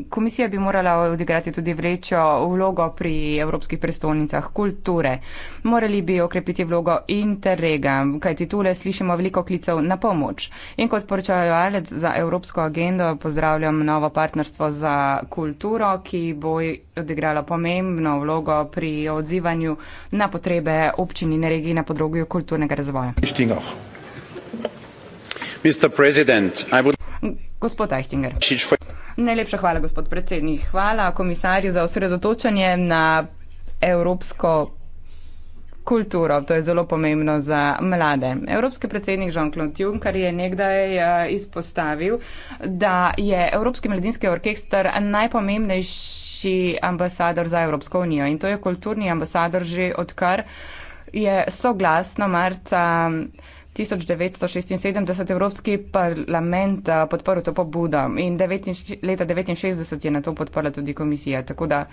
[SPEAKER 2] Komisija bi morala odigrati tudi vrečo vlogo pri evropskih prestolnicah kulture morali bi okrepiti vlogo interrega, kajti tule slišimo veliko klicev na pomoč. In kot poročajalec za Evropsko agendo pozdravljam novo partnerstvo za kulturo, ki bo odigrala pomembno vlogo pri odzivanju na potrebe občini in regiji na področju kulturnega razvoja. Gospod Eichtinger. Najlepša hvala, gospod predsednik. Hvala komisarju za osredotočanje na evropsko kulturo. To je zelo pomembno za mlade. Evropski predsednik Jean-Claude Juncker je nekdaj eh, izpostavil, da je Evropski mladinski orkester najpomembnejši ambasador za Evropsko unijo in to je kulturni ambasador že odkar je soglasno marca. 1976 Evropski parlament eh, podprl to pobudo in 19, leta 1969 je na to podprla tudi komisija. Tako da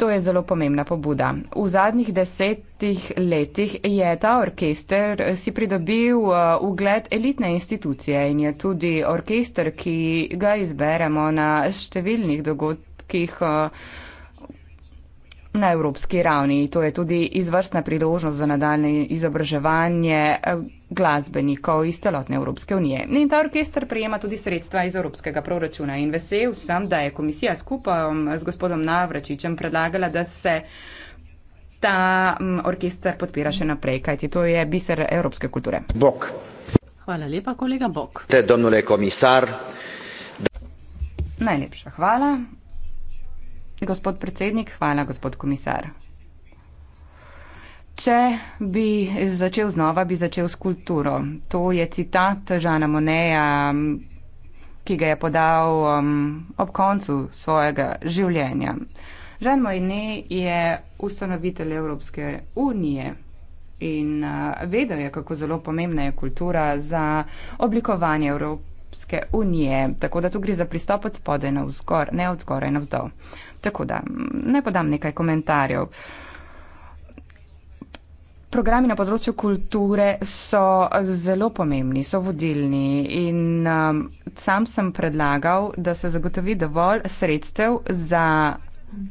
[SPEAKER 2] To je zelo pomembna pobuda. V zadnjih desetih letih je ta orkester eh, si pridobil eh, ugled elitne institucije in je tudi orkester, ki ga izberemo na številnih dogodkih. Eh, na evropski ravni. To je tudi izvrstna priložnost za nadaljne izobraževanje eh, glasbenikov iz celotne Evropske unije. In ta orkester prejema tudi sredstva iz evropskega proračuna. In vesel sem, da je komisija skupaj eh, z gospodom Navračičem predlagala, da se ta mm, orkester podpira še naprej, kajti to je biser evropske kulture. Bok. Hvala
[SPEAKER 3] lepa, kolega
[SPEAKER 2] Bok.
[SPEAKER 10] Te, domnule komisar.
[SPEAKER 2] Najlepša hvala gospod predsednik, hvala, gospod komisar. Če bi začel znova, bi začel s kulturo. To je citat Žana Moneja, ki ga je podal um, ob koncu svojega življenja. Žan Mojne je ustanovitelj Evropske unije in uh, vedel je, kako zelo pomembna je kultura za oblikovanje Evropske unije. Tako da tu gre za pristop od spodaj na vzgor, ne od zgoraj na vzdolj. Tako da, naj podam nekaj komentarjev. Programi na področju kulture so zelo pomembni, so vodilni in um, sam sem predlagal, da se zagotovi dovolj sredstev za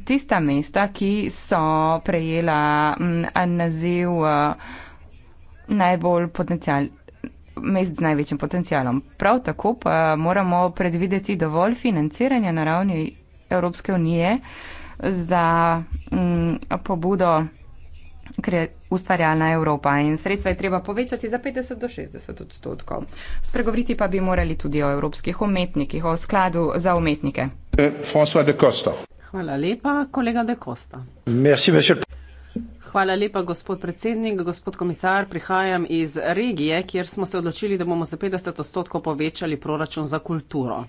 [SPEAKER 2] tista mesta, ki so prejela um, naziv uh, najbolj potencijal, mest z največjim potencijalom. Prav tako pa moramo predvideti dovolj financiranja na ravni Evropske unije za m, mm, pobudo kre, ustvarjalna Evropa in sredstva je treba povečati za 50 do 60 odstotkov. Spregovoriti pa bi morali tudi o evropskih umetnikih, o skladu za umetnike.
[SPEAKER 1] Eh, François de Costa.
[SPEAKER 2] Hvala lepa,
[SPEAKER 3] kolega de Costa. Merci, Hvala lepa, gospod predsednik, gospod komisar. Prihajam iz regije, kjer smo se odločili, da bomo za 50 odstotkov povečali proračun za kulturo.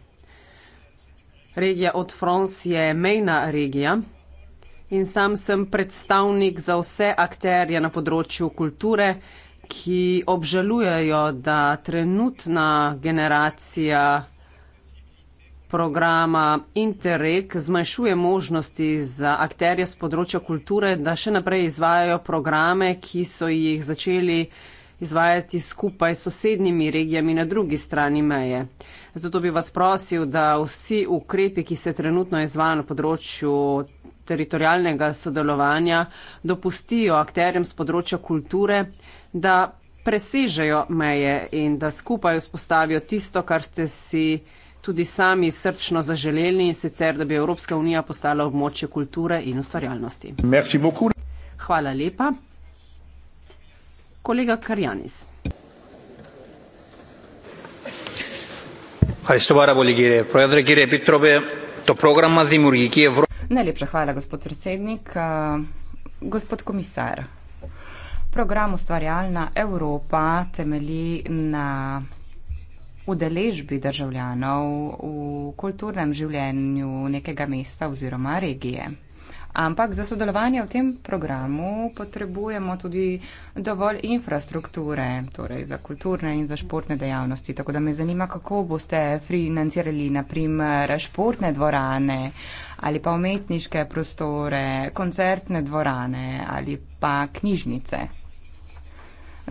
[SPEAKER 3] Regija od France je mejna regija in sam sem predstavnik za vse akterje na področju kulture, ki obžalujejo, da trenutna generacija programa Interreg zmanjšuje možnosti za akterje z področja kulture, da še naprej izvajajo programe, ki so jih začeli izvajati skupaj s sosednjimi regijami na drugi strani meje. Zato bi vas prosil, da vsi ukrepi, ki se trenutno izvajo na področju teritorijalnega sodelovanja, dopustijo akterjem z področja kulture, da presežejo meje in da skupaj vzpostavijo tisto, kar ste si tudi sami srčno zaželeli in sicer, da bi Evropska unija postala območje kulture in ustvarjalnosti. Hvala lepa. Kolega Karjanis.
[SPEAKER 6] Ευχαριστώ πάρα πολύ κύριε Πρόεδρε. Κύριε Επίτροπε, το πρόγραμμα Δημιουργική Ευρώπη...
[SPEAKER 3] Najlepša
[SPEAKER 2] hvala, gospod predsednik. Gospod komisar, program Ustvarjalna Evropa temelji na udeležbi državljanov v kulturnem življenju nekega mesta oziroma regije. Ampak za sodelovanje v tem programu potrebujemo tudi dovolj infrastrukture, torej za kulturne in za športne dejavnosti. Tako da me zanima, kako boste financirali naprimer športne dvorane ali pa umetniške prostore, koncertne dvorane ali pa knjižnice.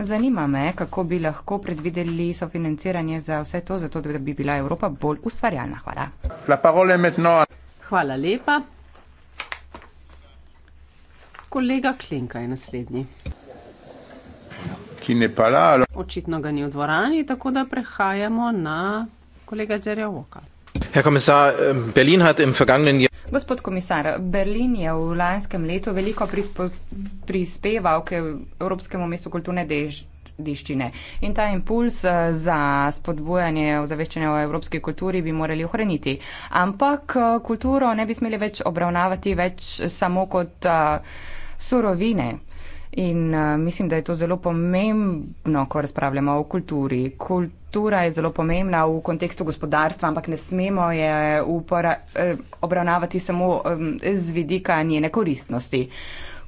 [SPEAKER 2] Zanima me, kako bi lahko predvideli sofinanciranje za vse to, zato da bi bila
[SPEAKER 3] Evropa bolj ustvarjalna. Hvala. Hvala lepa. Kolega Klinka je naslednji.
[SPEAKER 6] Ki ne pala.
[SPEAKER 3] Očitno ga ni v dvorani, tako da prehajamo na kolega Džerja Voka.
[SPEAKER 11] Ähm,
[SPEAKER 3] Gospod komisar, Berlin
[SPEAKER 2] je v lanskem letu veliko prispeval k Evropskemu mestu kulturne deščine in ta impuls äh, za spodbujanje ozaveščanja o evropski kulturi bi morali ohraniti. Ampak äh, kulturo ne bi smeli več obravnavati več samo kot. Uh, surovine. In uh, mislim, da je to zelo pomembno, ko razpravljamo o kulturi. Kultura je zelo pomembna v kontekstu gospodarstva, ampak ne smemo je upora, eh, obravnavati samo eh, z vidika njene koristnosti.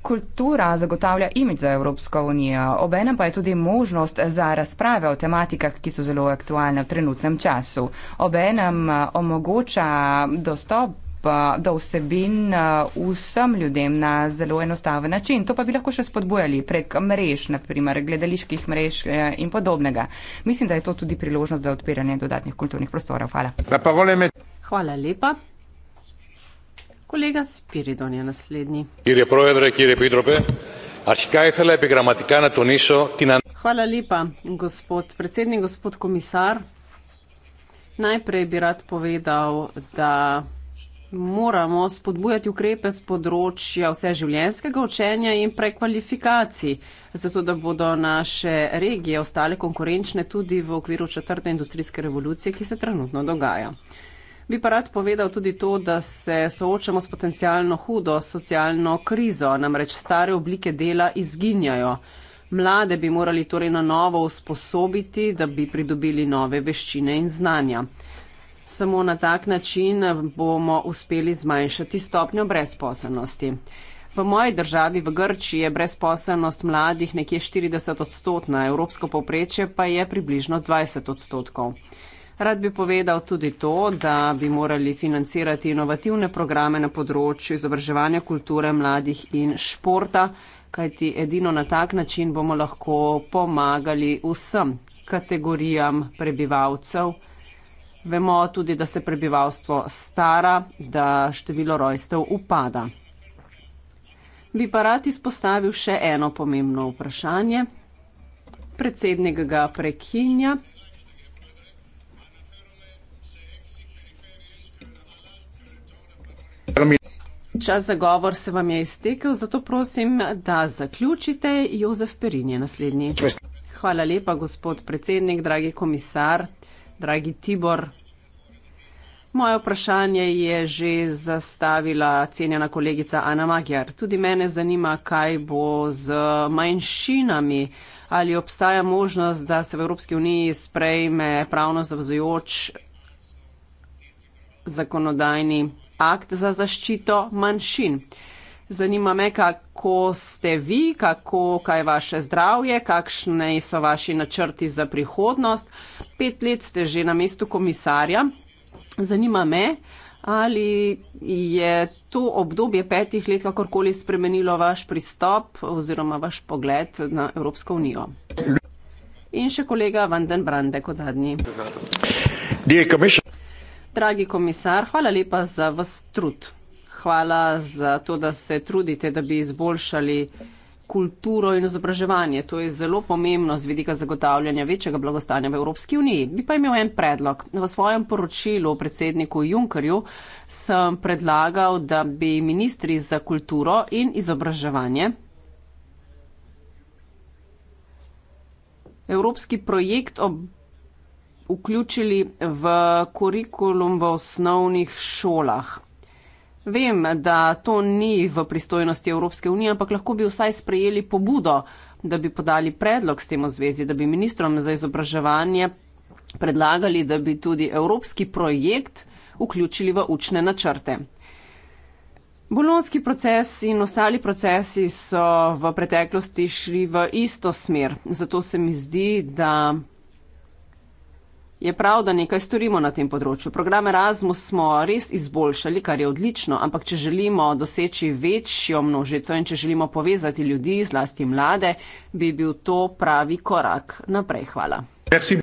[SPEAKER 2] Kultura zagotavlja imidž za Evropsko unijo, obenem pa je tudi možnost za razprave o tematikah, ki so zelo aktualne v trenutnem času. Obenem eh, omogoča dostop do vsebin uh, vsem ljudem na zelo enostaven način. To pa bi lahko še spodbujali prek mrež, naprimer gledaliških mrež eh, in podobnega. Mislim, da je to tudi priložnost za odpiranje dodatnih kulturnih
[SPEAKER 3] prostorov. Hvala. Hvala lepa. Kolega Spiridon
[SPEAKER 1] je naslednji. Kjer je projedre, kjer je pitrope?
[SPEAKER 3] Hvala lepa, gospod predsednik, gospod komisar. Najprej bi rad povedal, da moramo spodbujati ukrepe z področja vseživljenjskega učenja in prekvalifikacij, zato da bodo naše regije ostale konkurenčne tudi v okviru četrte industrijske revolucije, ki se trenutno dogaja. Bi pa rad povedal tudi to, da se soočamo s potencialno hudo socialno krizo, namreč stare oblike dela izginjajo. Mlade bi morali torej na novo usposobiti, da bi pridobili nove veščine in znanja. Samo na tak način bomo uspeli zmanjšati stopnjo brezposelnosti. V moji državi, v Grči, je brezposelnost mladih nekje 40 odstotna, evropsko poprečje pa je približno 20 odstotkov. Rad bi povedal tudi to, da bi morali financirati inovativne programe na področju izobraževanja kulture mladih in športa, kajti edino na tak način bomo lahko pomagali vsem kategorijam prebivalcev. Vemo tudi, da se prebivalstvo stara, da število rojstev upada. Bi pa rad izpostavil še eno pomembno vprašanje. Predsednik ga prekinja. Čas za govor se vam je iztekel, zato prosim, da zaključite. Jozef Perin je naslednji. Hvala lepa, gospod predsednik, dragi komisar dragi Tibor. Moje vprašanje je že zastavila cenjena kolegica Ana Magjar. Tudi mene zanima, kaj bo z manjšinami. Ali obstaja možnost, da se v Evropski uniji sprejme pravno zavzujoč zakonodajni akt za zaščito manjšin? Zanima me, kako ste vi, kako je vaše zdravje, kakšne so vaši načrti za prihodnost. Pet let ste že na mestu komisarja. Zanima me, ali je to obdobje petih let kakorkoli spremenilo vaš pristop oziroma vaš pogled na Evropsko unijo. In še kolega Vanden Brande kot zadnji. Dragi komisar, hvala lepa za vas trud hvala za to, da se trudite, da bi izboljšali kulturo in izobraževanje. To je zelo pomembno z vidika zagotavljanja večjega blagostanja v Evropski uniji. Bi pa imel en predlog. V svojem poročilu predsedniku Junkerju sem predlagal, da bi ministri za kulturo in izobraževanje evropski projekt ob vključili v kurikulum v osnovnih šolah. Vem, da to ni v pristojnosti Evropske unije, ampak lahko bi vsaj sprejeli pobudo, da bi podali predlog s tem v zvezi, da bi ministrom za izobraževanje predlagali, da bi tudi evropski projekt vključili v učne načrte. Bolonski proces in ostali procesi so v preteklosti šli v isto smer, zato se mi zdi, da Je prav, da nekaj storimo na tem področju. Program Erasmus smo res izboljšali, kar je odlično, ampak če želimo doseči večjo množico in če želimo povezati ljudi, zlasti mlade, bi bil to pravi korak naprej. Hvala. Merci.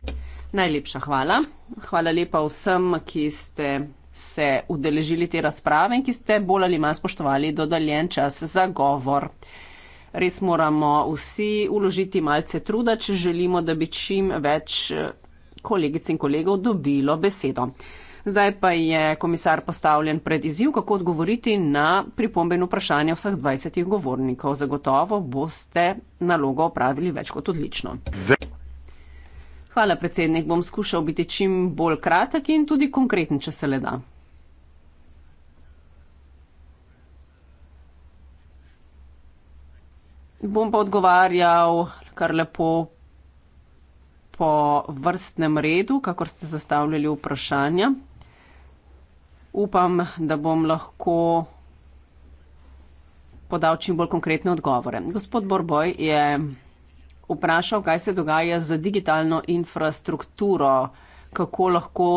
[SPEAKER 3] Najlepša hvala. Hvala lepa vsem, ki ste se udeležili te razprave in ki ste bolj ali manj spoštovali dodaljen čas za govor. Res moramo vsi uložiti malce truda, če želimo, da bi čim več kolegic in kolegov dobilo besedo. Zdaj pa je komisar postavljen pred izziv, kako odgovoriti na pripombe in vprašanja vseh 20 govornikov. Zagotovo boste nalogo opravili več kot odlično. Hvala, predsednik. Bom skušal biti čim bolj kratek in tudi konkreten, če se le da. Bom pa odgovarjal kar lepo po vrstnem redu, kakor ste zastavljali vprašanja. Upam, da bom lahko podal čim bolj konkretne odgovore. Gospod Borboj je vprašal, kaj se dogaja z digitalno infrastrukturo, kako lahko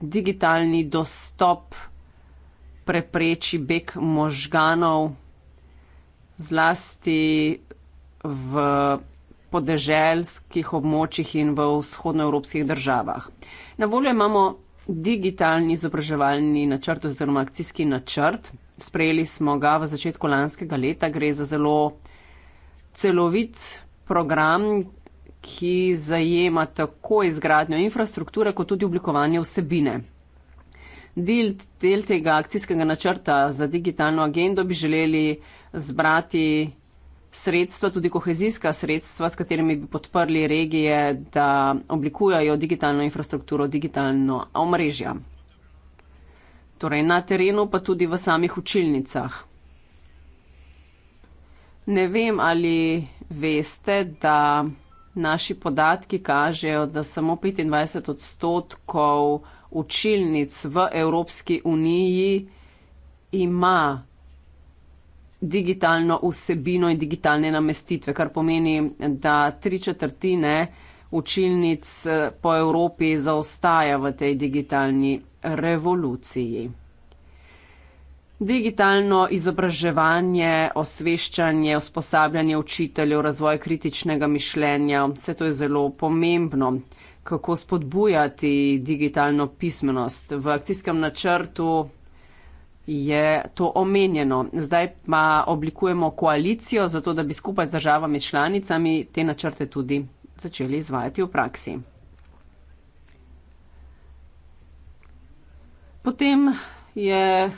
[SPEAKER 3] digitalni dostop prepreči beg možganov zlasti v podeželskih območjih in v vzhodnoevropskih državah. Na voljo imamo digitalni izobraževalni načrt oziroma akcijski načrt. Sprejeli smo ga v začetku lanskega leta. Gre za zelo celovit program, ki zajema tako izgradnjo infrastrukture, kot tudi oblikovanje vsebine. Del, del tega akcijskega načrta za digitalno agendo bi želeli zbrati sredstva, tudi kohezijska sredstva, s katerimi bi podprli regije, da oblikujajo digitalno infrastrukturo, digitalno omrežja. Torej na terenu, pa tudi v samih učilnicah. Ne vem, ali veste, da naši podatki kažejo, da samo 25 odstotkov učilnic v Evropski uniji ima digitalno vsebino in digitalne namestitve, kar pomeni, da tri četrtine učilnic eh, po Evropi zaostaja v tej digitalni revoluciji. Digitalno izobraževanje, osveščanje, usposabljanje učiteljev, razvoj kritičnega mišljenja, vse to je zelo pomembno. Kako spodbujati digitalno pismenost? V akcijskem načrtu je to omenjeno. Zdaj pa oblikujemo koalicijo, zato da bi skupaj z državami članicami te načrte tudi začeli izvajati v praksi. Potem je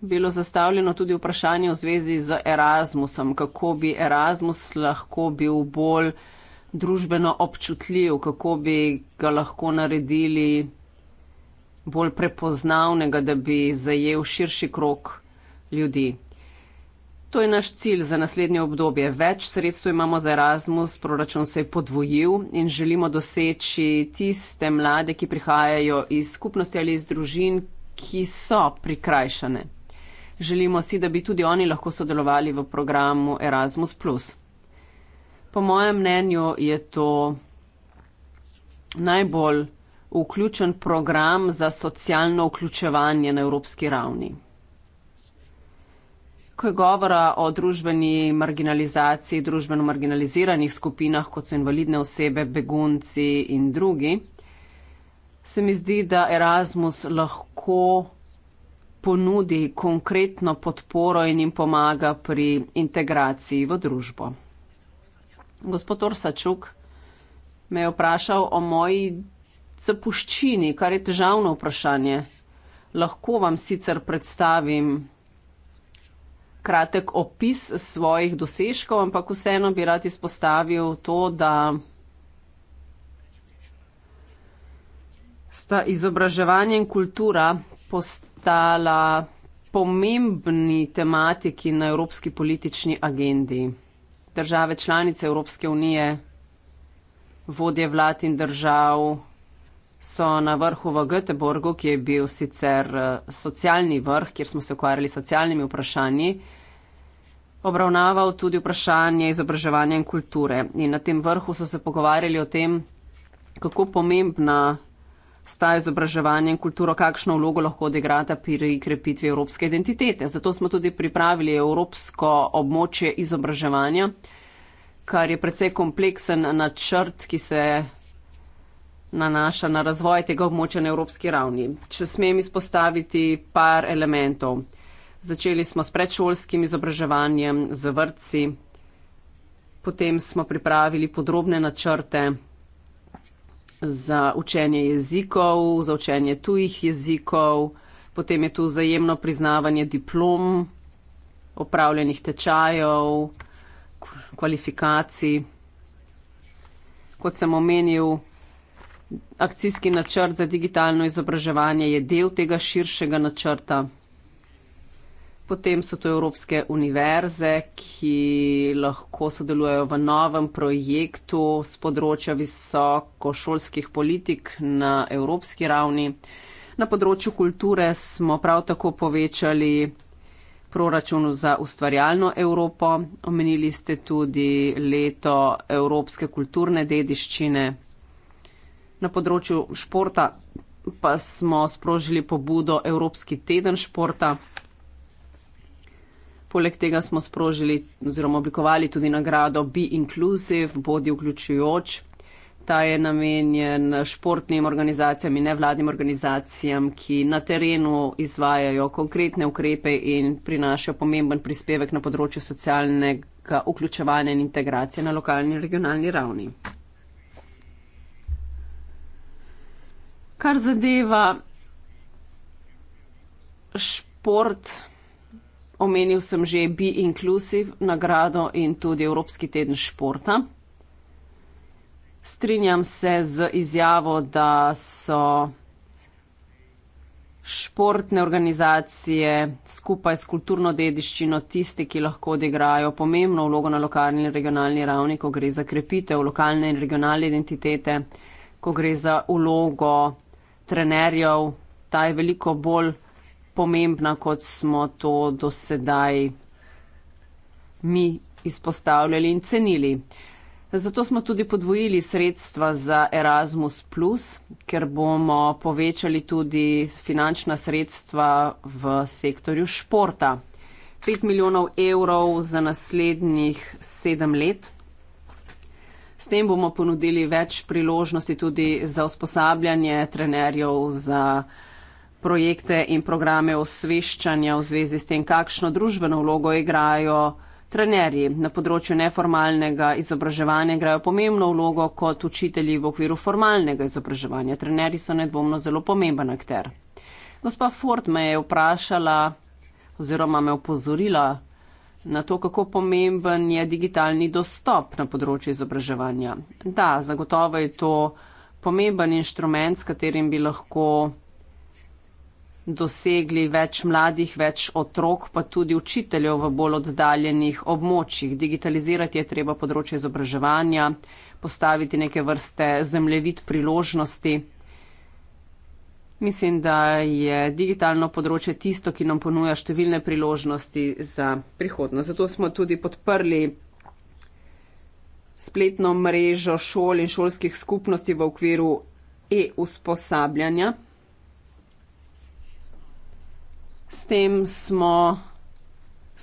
[SPEAKER 3] bilo zastavljeno tudi vprašanje v zvezi z Erasmusom, kako bi Erasmus lahko bil bolj družbeno občutljiv, kako bi ga lahko naredili bolj prepoznavnega, da bi zajel širši krok ljudi. To je naš cilj za naslednje obdobje. Več sredstev imamo za Erasmus, proračun se je podvojil in želimo doseči tiste mlade, ki prihajajo iz skupnosti ali iz družin, ki so prikrajšane. Želimo si, da bi tudi oni lahko sodelovali v programu Erasmus. Po mojem mnenju je to najbolj vključen program za socialno vključevanje na evropski ravni. Ko je govora o družbeni marginalizaciji, družbeno marginaliziranih skupinah, kot so invalidne osebe, begunci in drugi, se mi zdi, da Erasmus lahko ponudi konkretno podporo in jim pomaga pri integraciji v družbo. Gospod Orsačuk me je vprašal o moji zapuščini, kar je težavno vprašanje. Lahko vam sicer predstavim kratek opis svojih dosežkov, ampak vseeno bi rad izpostavil to, da sta izobraževanje in kultura postala pomembni tematiki na evropski politični agendi. Države članice Evropske unije, vodje vlad in držav, so na vrhu v Göteborgu, ki je bil sicer eh, socialni vrh, kjer smo se ukvarjali s socialnimi vprašanji, obravnaval tudi vprašanje izobraževanja in kulture. In na tem vrhu so se pogovarjali o tem, kako pomembna sta izobraževanje in kulturo, kakšno vlogo lahko odigrata pri krepitvi evropske identitete. Zato smo tudi pripravili evropsko območje izobraževanja, kar je precej kompleksen načrt, ki se nanaša na razvoj tega območja na evropski ravni. Če smem izpostaviti par elementov. Začeli smo s predšolskim izobraževanjem, z vrtci, potem smo pripravili podrobne načrte za učenje jezikov, za učenje tujih jezikov, potem je tu zajemno priznavanje diplom, opravljenih tečajev, kvalifikacij. Kot sem omenil, akcijski načrt za digitalno izobraževanje je del tega širšega načrta. Potem so tu evropske univerze, ki lahko sodelujejo v novem projektu z področja visokošolskih politik na evropski ravni. Na področju kulture smo prav tako povečali proračun za ustvarjalno Evropo. Omenili ste tudi leto evropske kulturne dediščine. Na področju športa pa smo sprožili pobudo Evropski teden športa. Poleg tega smo sprožili oziroma oblikovali tudi nagrado Be Inclusive, bodi vključujoč. Ta je namenjen športnim organizacijam in nevladnim organizacijam, ki na terenu izvajajo konkretne ukrepe in prinašajo pomemben prispevek na področju socialnega vključevanja in integracije na lokalni in regionalni ravni. Kar zadeva šport, omenil sem že Be Inclusive nagrado in tudi Evropski teden športa. Strinjam se z izjavo, da so športne organizacije skupaj s kulturno dediščino tiste, ki lahko odigrajo pomembno vlogo na lokalni in regionalni ravni, ko gre za krepitev lokalne in regionalne identitete, ko gre za vlogo trenerjev, ta je veliko bolj pomembna, kot smo to do sedaj mi izpostavljali in cenili. Zato smo tudi podvojili sredstva za Erasmus, ker bomo povečali tudi finančna sredstva v sektorju športa. 5 milijonov evrov za naslednjih sedem let. S tem bomo ponudili več priložnosti tudi za usposabljanje trenerjev, za projekte in programe osveščanja v zvezi s tem, kakšno družbeno vlogo igrajo trenerji. Na področju neformalnega izobraževanja igrajo pomembno vlogo kot učitelji v okviru formalnega izobraževanja. Trenerji so nedvomno zelo pomemben akter. Gospa Ford me je vprašala oziroma me opozorila, na to, kako pomemben je digitalni dostop na področju izobraževanja. Da, zagotovo je to pomemben inštrument, s katerim bi lahko dosegli več mladih, več otrok, pa tudi učiteljev v bolj oddaljenih območjih. Digitalizirati je treba področje izobraževanja, postaviti neke vrste zemljevid priložnosti. Mislim, da je digitalno področje tisto, ki nam ponuja številne priložnosti za prihodnost. Zato smo tudi podprli spletno mrežo šol in šolskih skupnosti v okviru e-usposabljanja. S tem smo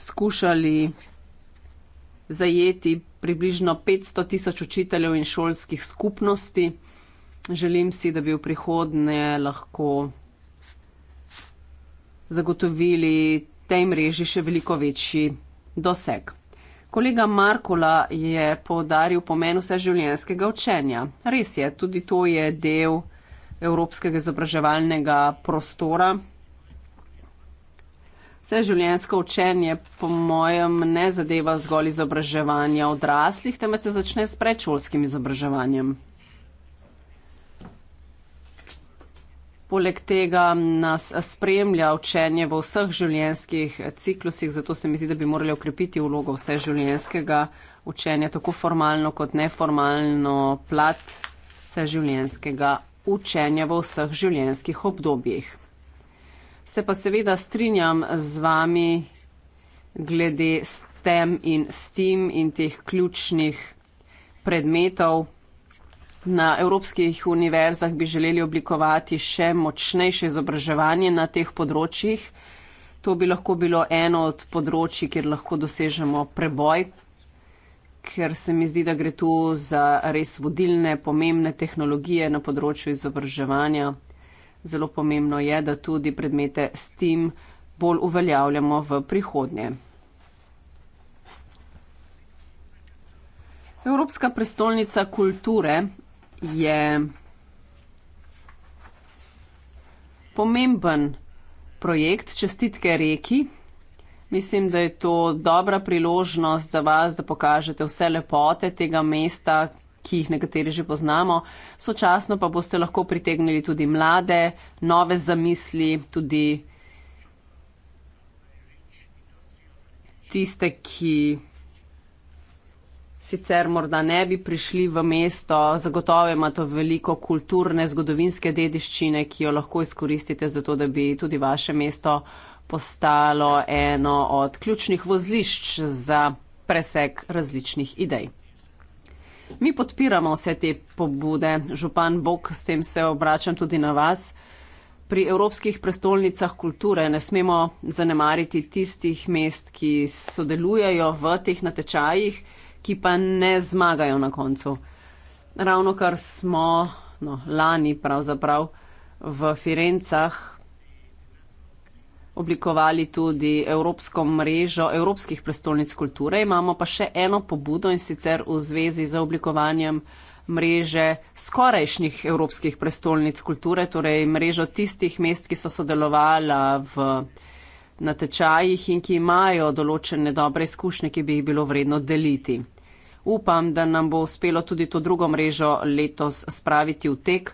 [SPEAKER 3] skušali zajeti približno 500 tisoč učiteljev in šolskih skupnosti. Želim si, da bi v prihodnje lahko zagotovili tej mreži še veliko večji doseg. Kolega Markula je povdaril pomen vseživljenjskega učenja. Res je, tudi to je del evropskega izobraževalnega prostora. Vseživljenjsko učenje po mojem ne zadeva zgolj izobraževanja odraslih, temveč se začne s predšolskim izobraževanjem. Poleg tega nas spremlja učenje v vseh življenjskih ciklusih, zato se mi zdi, da bi morali okrepiti vlogo vse življenjskega učenja, tako formalno kot neformalno plat vse življenjskega učenja v vseh življenjskih obdobjih. Se pa seveda strinjam z vami glede STEM in STEAM in teh ključnih predmetov. Na evropskih univerzah bi želeli oblikovati še močnejše izobraževanje na teh področjih. To bi lahko bilo eno od področji, kjer lahko dosežemo preboj, ker se mi zdi, da gre tu za res vodilne, pomembne tehnologije na področju izobraževanja. Zelo pomembno je, da tudi predmete s tem bolj uveljavljamo v prihodnje. Evropska prestolnica kulture je pomemben projekt Čestitke reki. Mislim, da je to dobra priložnost za vas, da pokažete vse lepote tega mesta, ki jih nekateri že poznamo. Sočasno pa boste lahko pritegnili tudi mlade, nove zamisli, tudi tiste, ki sicer morda ne bi prišli v mesto, zagotovo ima to veliko kulturne, zgodovinske dediščine, ki jo lahko izkoristite za to, da bi tudi vaše mesto postalo eno od ključnih vozlišč za presek različnih idej. Mi podpiramo vse te pobude, župan Bok, s tem se obračam tudi na vas. Pri evropskih prestolnicah kulture ne smemo zanemariti tistih mest, ki sodelujejo v teh natečajih ki pa ne zmagajo na koncu. Ravno kar smo no, lani pravzaprav v Firencah oblikovali tudi Evropsko mrežo Evropskih prestolnic kulture, imamo pa še eno pobudo in sicer v zvezi z oblikovanjem mreže skorajšnjih Evropskih prestolnic kulture, torej mrežo tistih mest, ki so sodelovala v na tečajih in ki imajo določene dobre izkušnje, ki bi jih bilo vredno deliti. Upam, da nam bo uspelo tudi to drugo mrežo letos spraviti v tek.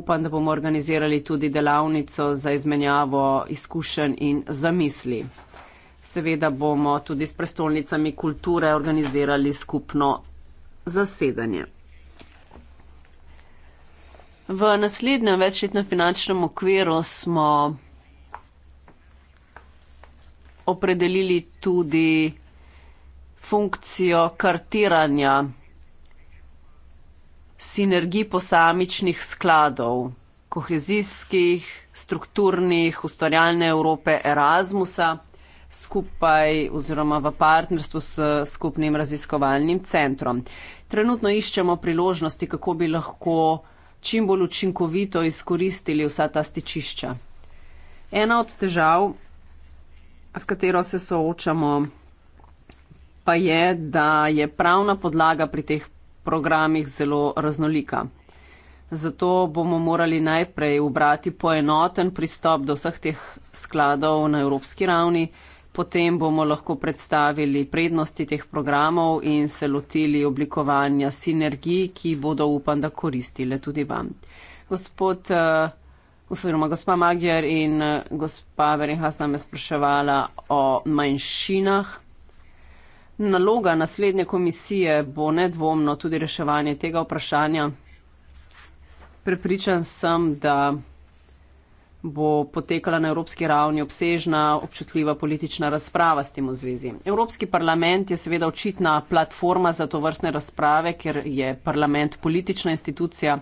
[SPEAKER 3] Upam, da bomo organizirali tudi delavnico za izmenjavo izkušenj in zamisli. Seveda bomo tudi s prestolnicami kulture organizirali skupno zasedanje. V naslednjem večletnem finančnem okviru smo opredelili tudi funkcijo kartiranja sinergij posamičnih skladov, kohezijskih, strukturnih, ustvarjalne Evrope Erasmusa skupaj oziroma v partnerstvu s skupnim raziskovalnim centrom. Trenutno iščemo priložnosti, kako bi lahko čim bolj učinkovito izkoristili vsa ta stičišča. Ena od težav s katero se soočamo, pa je, da je pravna podlaga pri teh programih zelo raznolika. Zato bomo morali najprej ubrati poenoten pristop do vseh teh skladov na evropski ravni, potem bomo lahko predstavili prednosti teh programov in se lotili oblikovanja sinergij, ki bodo upam, da koristile tudi vam. Gospod eh, oziroma gospa Magyar in eh, gospa Verjeha sta me spraševala o manjšinah. Naloga naslednje komisije bo nedvomno tudi reševanje tega vprašanja. Prepričan sem, da bo potekala na evropski ravni obsežna, občutljiva politična razprava s tem v zvezi. Evropski parlament je seveda očitna platforma za to vrstne razprave, ker je parlament politična institucija,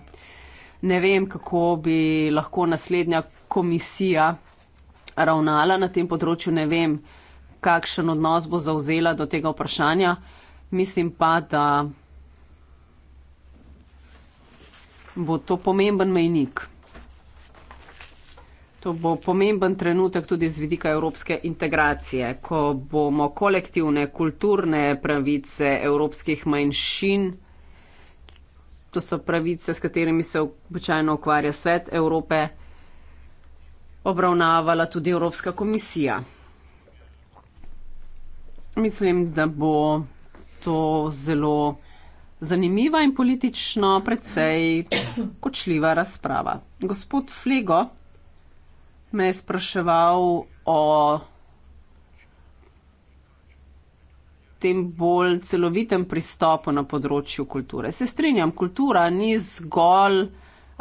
[SPEAKER 3] ne vem, kako bi lahko naslednja komisija ravnala na tem področju, ne vem, kakšen odnos bo zauzela do tega vprašanja. Mislim pa, da bo to pomemben mejnik. To bo pomemben trenutek tudi z vidika evropske integracije, ko bomo kolektivne kulturne pravice evropskih manjšin to so pravice, s katerimi se običajno ukvarja svet Evrope, obravnavala tudi Evropska komisija. Mislim, da bo to zelo zanimiva in politično precej kočljiva razprava. Gospod Flego me je spraševal o tem bolj celovitem pristopu na področju kulture. Se strinjam, kultura ni zgolj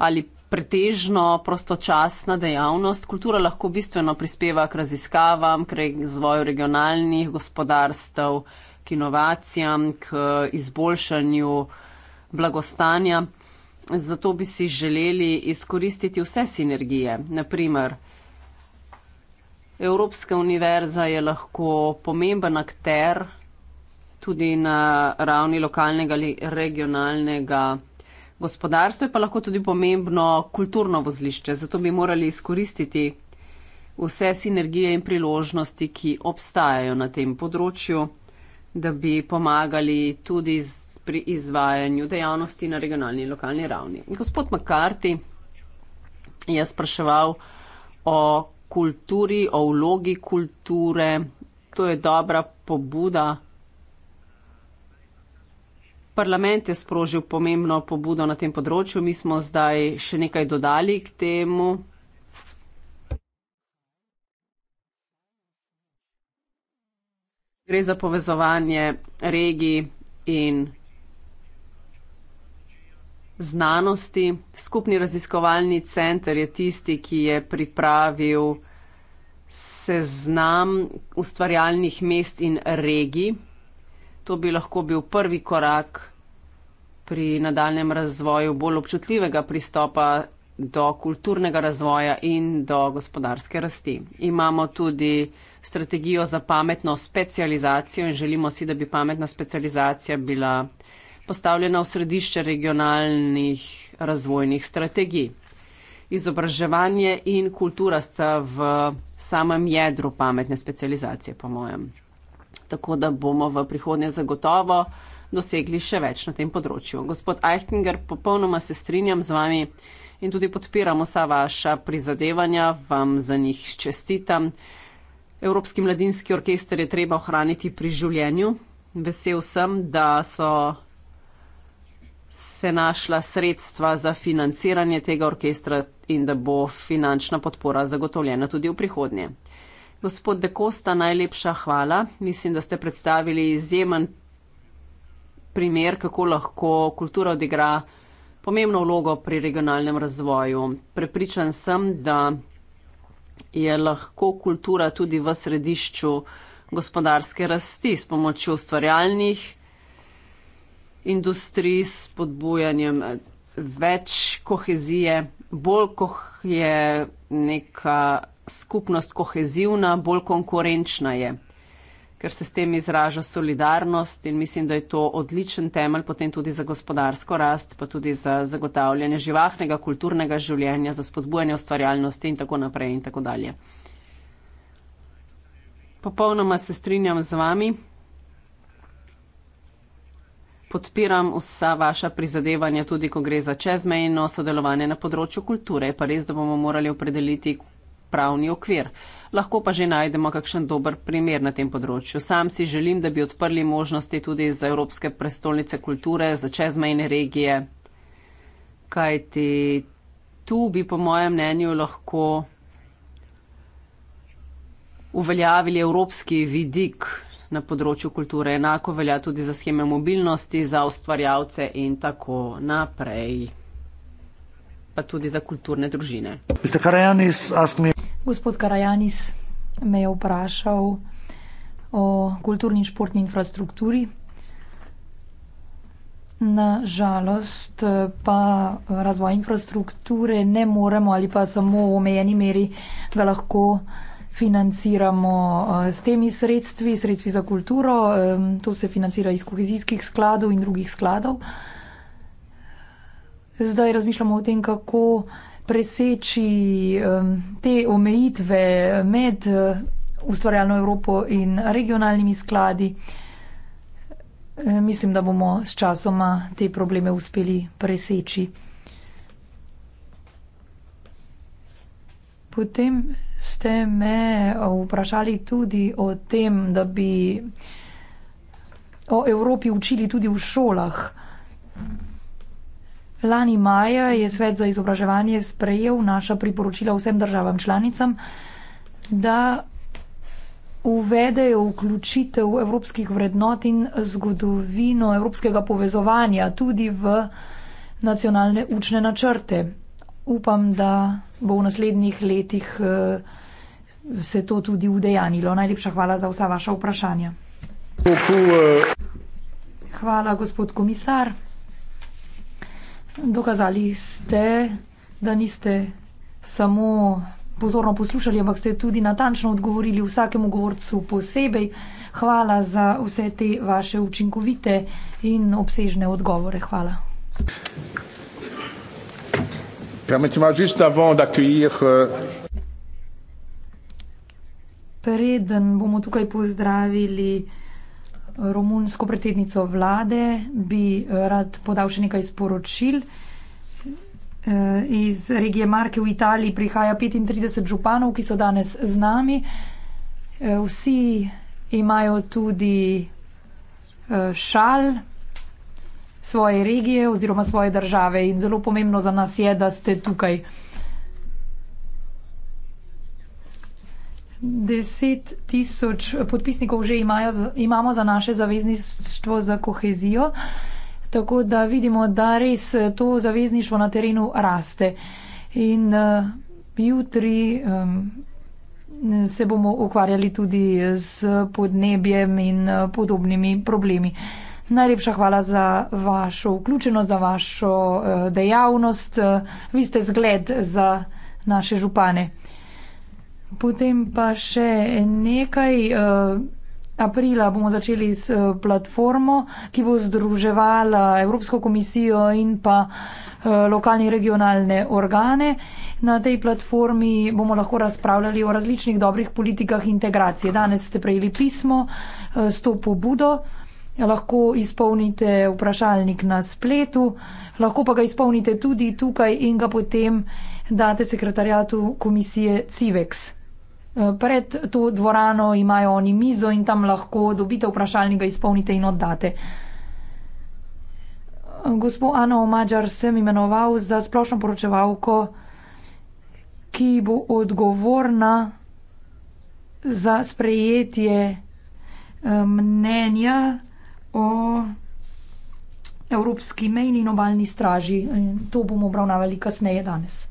[SPEAKER 3] ali pretežno prostočasna dejavnost. Kultura lahko bistveno prispeva k raziskavam, k razvoju regionalnih gospodarstv, k inovacijam, k izboljšanju blagostanja. Zato bi si želeli izkoristiti vse sinergije. Naprimer, Evropska univerza je lahko pomemben akter tudi na ravni lokalnega ali regionalnega gospodarstva, je pa lahko tudi pomembno kulturno vozlišče. Zato bi morali izkoristiti vse sinergije in priložnosti, ki obstajajo na tem področju, da bi pomagali tudi pri izvajanju dejavnosti na regionalni in lokalni ravni. Gospod Makarti je spraševal o kulturi, o vlogi kulture. To je dobra pobuda. Parlament je sprožil pomembno pobudo na tem področju. Mi smo zdaj še nekaj dodali k temu. Gre za povezovanje regij in znanosti. Skupni raziskovalni center je tisti, ki je pripravil seznam ustvarjalnih mest in regij to bi lahko bil prvi korak pri nadaljem razvoju bolj občutljivega pristopa do kulturnega razvoja in do gospodarske rasti. Imamo tudi strategijo za pametno specializacijo in želimo si, da bi pametna specializacija bila postavljena v središče regionalnih razvojnih strategij. Izobraževanje in kultura sta v samem jedru pametne specializacije, po mojem tako da bomo v prihodnje zagotovo dosegli še več na tem področju. Gospod Eichinger, popolnoma se strinjam z vami in tudi podpiram vsa vaša prizadevanja, vam za njih čestitam. Evropski mladinski orkester je treba ohraniti pri življenju. Vesel sem, da so se našla sredstva za financiranje tega orkestra in da bo finančna podpora zagotovljena tudi v prihodnje. Gospod De Costa, najlepša hvala. Mislim, da ste predstavili izjemen primer, kako lahko kultura odigra pomembno vlogo pri regionalnem razvoju. Prepričan sem, da je lahko kultura tudi v središču gospodarske rasti s pomočjo ustvarjalnih industrij, spodbujanjem več kohezije bolj ko je neka skupnost kohezivna, bolj konkurenčna je, ker se s tem izraža solidarnost in mislim, da je to odličen temelj potem tudi za gospodarsko rast, pa tudi za zagotavljanje živahnega kulturnega življenja, za spodbujanje ustvarjalnosti in tako naprej in tako dalje. Popolnoma se strinjam z vami podpiram vsa vaša prizadevanja, tudi ko gre za čezmejno sodelovanje na področju kulture. Pa res, da bomo morali opredeliti pravni okvir. Lahko pa že najdemo kakšen dober primer na tem področju. Sam si želim, da bi odprli možnosti tudi za Evropske prestolnice kulture, za čezmejne regije, kajti tu bi, po mojem mnenju, lahko uveljavili evropski vidik na področju kulture. Enako velja tudi za scheme mobilnosti, za ustvarjalce in tako naprej. Pa tudi za kulturne družine.
[SPEAKER 7] Gospod Karajanis me je vprašal o kulturni in športni infrastrukturi. Nažalost pa razvoj infrastrukture ne moremo ali pa samo v omejeni meri ga lahko financiramo eh, s temi sredstvi, sredstvi za kulturo, to se financira iz kohezijskih skladov in drugih skladov. Zdaj razmišljamo o tem, kako preseči te omejitve med eh, ustvarjalno Evropo in regionalnimi skladi. Eh, mislim, da bomo s časoma te probleme uspeli preseči. Potem ste me vprašali tudi o tem, da bi o Evropi učili tudi v šolah. Lani maja je Svet za izobraževanje sprejel naša priporočila vsem državam članicam, da uvedejo vključitev evropskih vrednot in zgodovino evropskega povezovanja tudi v nacionalne učne načrte upam, da bo v naslednjih letih eh, se to tudi udejanilo. Najlepša hvala za vsa vaša vprašanja. Hvala, gospod komisar. Dokazali ste, da niste samo pozorno poslušali, ampak ste tudi natančno odgovorili vsakemu govorcu posebej. Hvala za vse te vaše učinkovite in obsežne odgovore. Hvala.
[SPEAKER 1] Permettez-moi juste avant d'accueillir. Euh,
[SPEAKER 7] Preden bomo tukaj pozdravili romunsko predsednico vlade, bi eh, rad podal še nekaj sporočil. Eh, iz regije Marke v Italiji prihaja 35 županov, ki so danes z nami. Eh, vsi imajo tudi šal, svoje regije oziroma svoje države in zelo pomembno za nas je, da ste tukaj. Deset tisoč podpisnikov že imajo, imamo za naše zavezništvo za kohezijo, tako da vidimo, da res to zavezništvo na terenu raste. In uh, jutri um, se bomo ukvarjali tudi s podnebjem in uh, podobnimi problemi. Uh, Najlepša hvala za vašo vključenost, za vašo eh, dejavnost. Eh, vi ste zgled za naše župane. Potem pa še nekaj. Eh, aprila bomo začeli s platformo, ki bo združevala Evropsko komisijo in pa lokalne regionalne organe. Na tej platformi bomo lahko razpravljali o različnih dobrih politikah integracije. Danes ste prejeli pismo s to pobudo lahko izpolnite vprašalnik na spletu, lahko pa ga izpolnite tudi tukaj in ga potem date sekretarjatu komisije CIVEX. Eh, pred to dvorano imajo oni mizo in tam lahko dobite vprašalnik, ga izpolnite in oddate. Gospod Ana Omađar sem imenoval za splošno poročevalko, ki bo odgovorna za sprejetje eh, mnenja o Evropski mejni in obaljni straži. In to bomo obravnavali kasneje danes.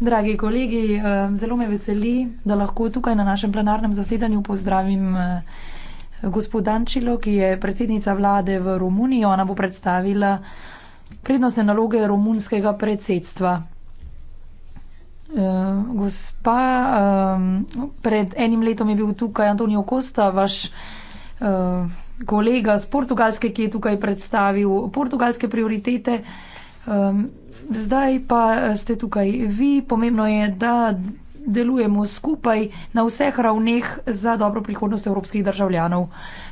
[SPEAKER 7] Dragi kolegi, eh, zelo me veseli, da lahko tukaj na našem plenarnem zasedanju pozdravim eh, gospod Dančilo, ki je predsednica vlade v Romuniji. Ona bo predstavila prednostne naloge romunskega predsedstva. Eh, gospa, pred enim letom je bil tukaj Antonijo Kosta, vaš kolega z Portugalske, ki je tukaj predstavil portugalske prioritete. Zdaj pa eh, ste tukaj vi. Pomembno je, da delujemo skupaj na vseh ravneh za dobro prihodnost evropskih državljanov.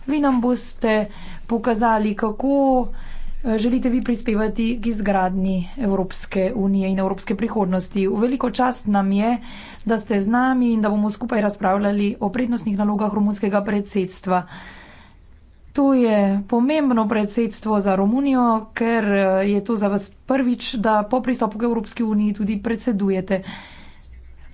[SPEAKER 7] Vi nam boste pokazali, kako eh, želite vi prispevati k izgradni Evropske unije in evropske prihodnosti. V veliko čast nam je, da ste z nami in da bomo skupaj razpravljali o prednostnih nalogah rumunskega predsedstva. To je pomembno predsedstvo za Romunijo, ker eh, je to za vas prvič, da po pristopu k Evropski uniji tudi predsedujete.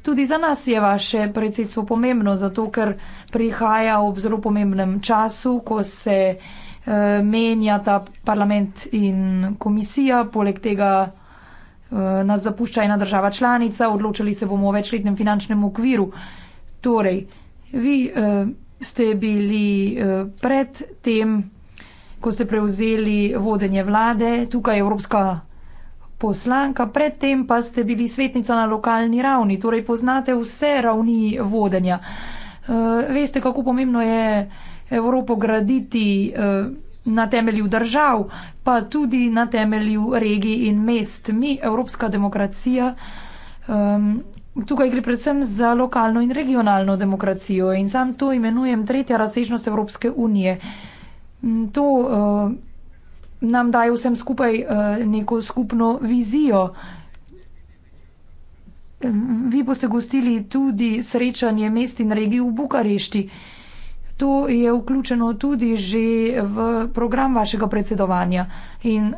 [SPEAKER 7] Tudi za nas je vaše predsedstvo pomembno, zato ker prihaja ob zelo pomembnem času, ko se eh, menja ta parlament in komisija, poleg tega eh, nas zapušča ena država članica, odločili se bomo o večletnem finančnem okviru. Torej, vi ste bili eh, pred tem, ko ste prevzeli vodenje vlade, tukaj Evropska poslanka, predtem pa ste bili svetnica na lokalni ravni, torej poznate vse ravni vodenja. Eh, veste, kako pomembno je Evropo graditi eh, na temelju držav, pa tudi na temelju regij in mest. Mi, Evropska demokracija, ehm, Tukaj gre predvsem za lokalno in regionalno demokracijo in sam to imenujem tretja razsežnost Evropske unije. Mm, to uh, nam daje vsem skupaj uh, neko skupno vizijo. Vi boste gostili tudi srečanje mest in regij v Bukarešti. To je vključeno tudi že v program vašega predsedovanja. In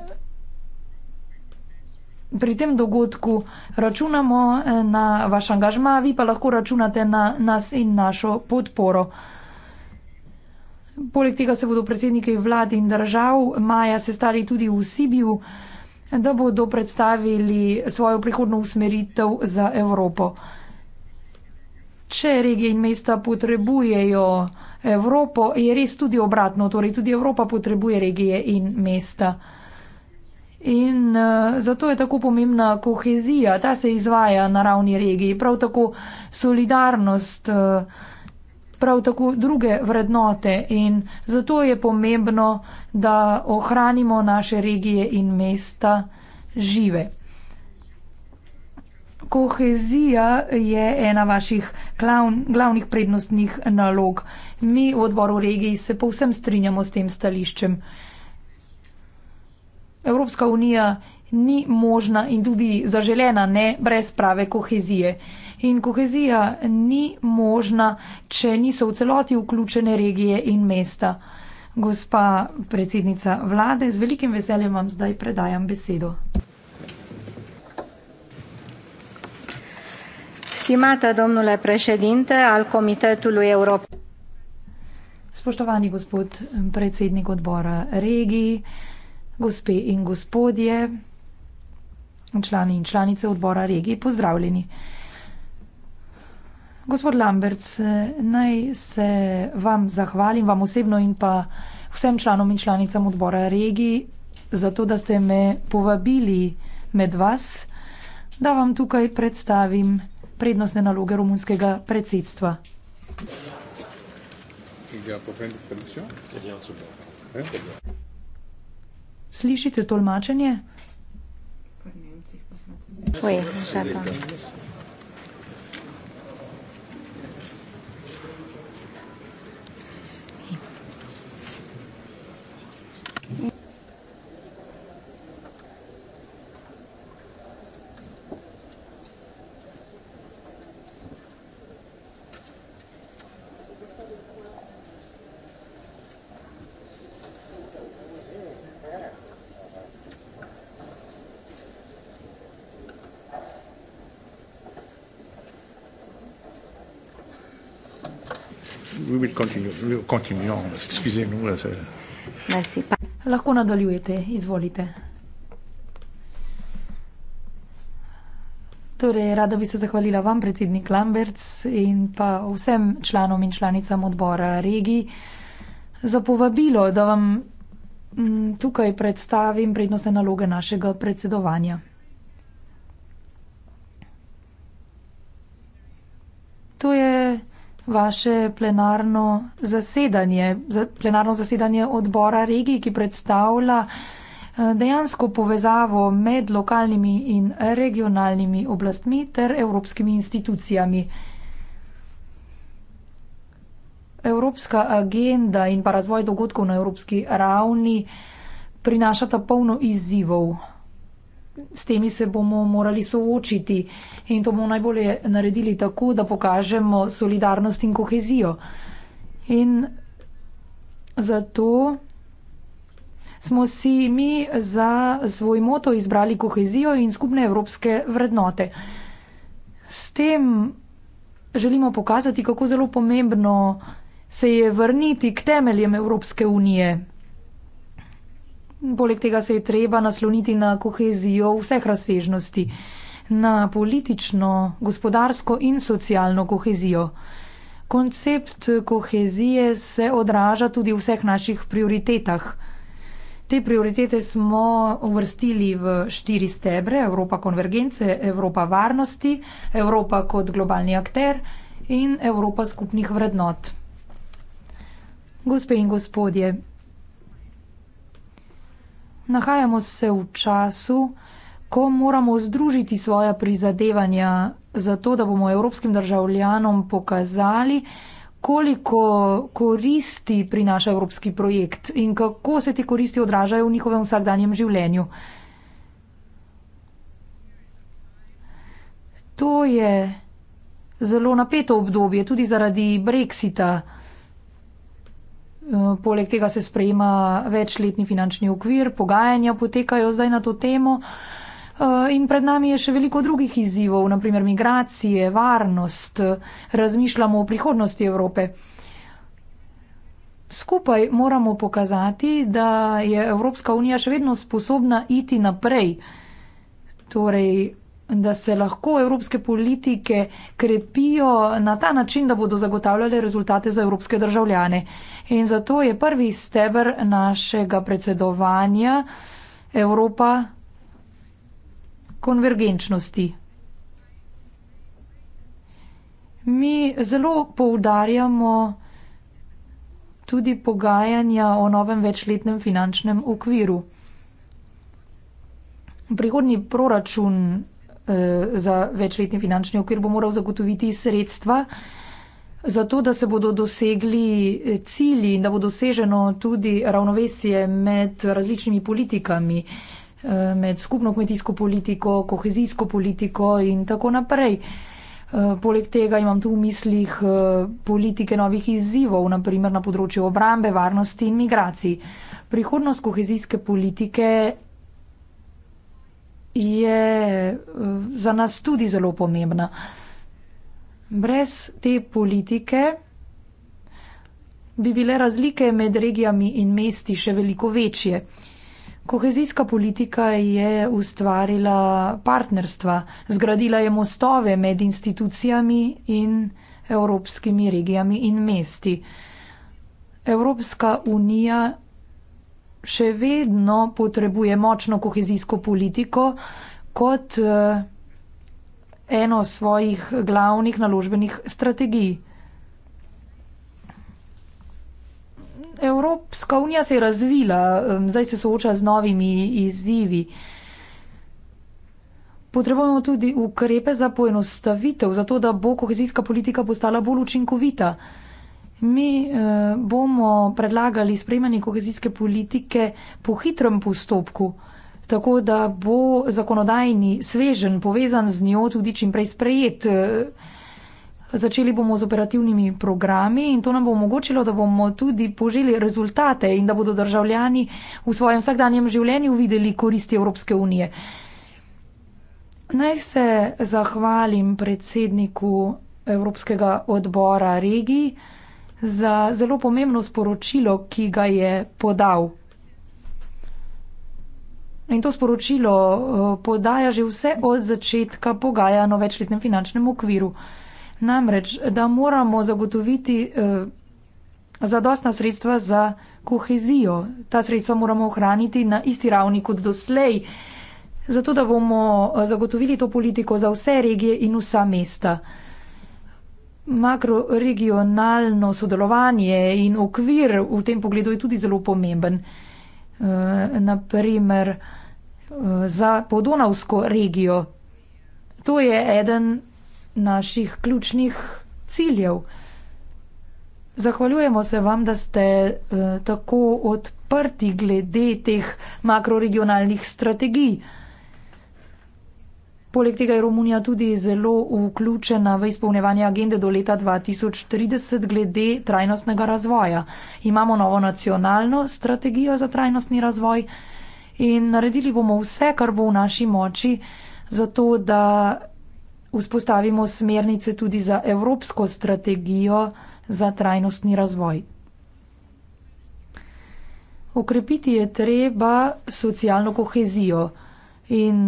[SPEAKER 7] pri tem dogodku računamo eh, na vaš angažma, vi pa lahko računate na nas in našo podporo. Poleg tega se bodo predsedniki vlad in držav maja sestali tudi v Sibiu, da bodo predstavili svojo prihodno usmeritev za Evropo. Če regije in mesta potrebujejo Evropo, je res tudi obratno, torej tudi Evropa potrebuje regije in mesta. In uh, zato je tako pomembna kohezija, ta se izvaja na ravni regiji, prav tako solidarnost, uh, prav tako druge vrednote. In zato je pomembno, da ohranimo naše regije in mesta žive. Kohezija je ena vaših klavn, glavnih prednostnih nalog. Mi v odboru regiji se povsem strinjamo s tem stališčem. Evropska unija ni možna in tudi zaželena ne brez prave kohezije. In kohezija ni možna, če niso v celoti vključene regije in mesta. Gospa predsednica vlade, z velikim veseljem vam zdaj predajam besedo.
[SPEAKER 11] Stimata, domnule prešedinte, al komitetulu Evrope.
[SPEAKER 7] Spoštovani gospod predsednik odbora regiji, Gospe in gospodje, člani in članice odbora regije, pozdravljeni. Gospod Lamberts, naj se vam zahvalim, vam osebno in pa vsem članom in članicam odbora regije, zato da ste me povabili med vas, da vam tukaj predstavim prednostne naloge romunskega predsedstva. Ja, Slišite tolmačenje? Oui, j'attends.
[SPEAKER 1] Continu, continu, continuons, excusez-nous.
[SPEAKER 7] Merci. Eh, Lahko nadaljujete, izvolite. Torej, rada bi se zahvalila vam, predsednik Lamberts, in pa vsem članom in članicam odbora Regi za povabilo, da vam mm, tukaj predstavim prednostne naloge našega predsedovanja. To je vaše plenarno zasedanje, plenarno zasedanje odbora regij, ki predstavlja eh, dejansko povezavo med lokalnimi in regionalnimi oblastmi ter evropskimi institucijami. Evropska agenda in pa razvoj dogodkov na evropski ravni prinašata polno izzivov s temi se bomo morali soočiti in to bomo najbolje naredili tako, da pokažemo solidarnost in kohezijo. In zato smo si mi za svoj moto izbrali kohezijo in skupne evropske vrednote. S tem želimo pokazati, kako zelo pomembno se je vrniti k temeljem Evropske unije. Poleg tega se je treba nasloniti na kohezijo vseh razsežnosti, na politično, gospodarsko in socialno kohezijo. Koncept kohezije se odraža tudi v vseh naših prioritetah. Te prioritete smo uvrstili v štiri stebre: Evropa konvergence, Evropa varnosti, Evropa kot globalni akter in Evropa skupnih vrednot. Gospe in gospodje, nahajamo se v času, ko moramo združiti svoja prizadevanja za to, da bomo evropskim državljanom pokazali, koliko koristi prinaša evropski projekt in kako se te koristi odražajo v njihovem vsakdanjem življenju. To je zelo napeto obdobje, tudi zaradi brexita. Eh, poleg tega se sprejema večletni finančni okvir, pogajanja potekajo zdaj na to temo. Eh, in pred nami je še veliko drugih izzivov, naprimer migracije, varnost, razmišljamo o prihodnosti Evrope. Skupaj moramo pokazati, da je Evropska unija še vedno sposobna iti naprej. Torej, da se lahko evropske politike krepijo na ta način, da bodo zagotavljale rezultate za evropske državljane. In zato je prvi stebr našega predsedovanja Evropa konvergenčnosti. Mi zelo poudarjamo tudi pogajanja o novem večletnem finančnem okviru. Prihodni proračun Eh, za večletni finančni okvir bo moral zagotoviti sredstva, zato da se bodo dosegli eh, cilji in da bo doseženo tudi ravnovesje med različnimi politikami, eh, med skupno kmetijsko politiko, kohezijsko politiko in tako naprej. Poleg tega imam tu v mislih politike novih izzivov, naprimer na področju obrambe, varnosti in migracij. Prihodnost kohezijske politike je eh, za nas tudi zelo pomembna. Brez te politike bi bile razlike med regijami in mesti še veliko večje. Kohezijska politika je ustvarila partnerstva, zgradila je mostove med institucijami in evropskimi regijami in mesti. Evropska unija še vedno potrebuje močno kohezijsko politiko kot eh, eno svojih glavnih naložbenih strategij. Evropska unija se je razvila, eh, zdaj se sooča z novimi izzivi. Potrebujemo tudi ukrepe za poenostavitev, zato da bo kohezijska politika postala bolj učinkovita. Mi eh, bomo predlagali sprejmanje kohezijske politike po hitrem postopku, tako da bo zakonodajni svežen povezan z njo tudi čim prej sprejet. Eh, začeli bomo z operativnimi programi in to nam bo omogočilo, da bomo tudi požili rezultate in da bodo državljani v svojem vsakdanjem življenju videli koristi Evropske unije. Naj se zahvalim predsedniku Evropskega odbora regiji za zelo pomembno sporočilo, ki ga je podal. In to sporočilo eh, podaja že vse od začetka pogajanja o večletnem finančnem okviru. Namreč, da moramo zagotoviti eh, zadostna sredstva za kohezijo. Ta sredstva moramo ohraniti na isti ravni kot doslej, zato da bomo eh, zagotovili to politiko za vse regije in vsa mesta makroregionalno sodelovanje in okvir v tem pogledu je tudi zelo pomemben. Eh, Naprimer, eh, za podonavsko regijo. To je eden naših ključnih ciljev. Zahvaljujemo se vam, da ste eh, tako odprti glede teh makroregionalnih strategij. Poleg tega je Romunija tudi zelo vključena v izpolnevanje agende do leta 2030 glede trajnostnega razvoja. Imamo novo nacionalno strategijo za trajnostni razvoj in naredili bomo vse, kar bo v naši moči, zato da vzpostavimo smernice tudi za evropsko strategijo za trajnostni razvoj. Okrepiti je treba socialno kohezijo in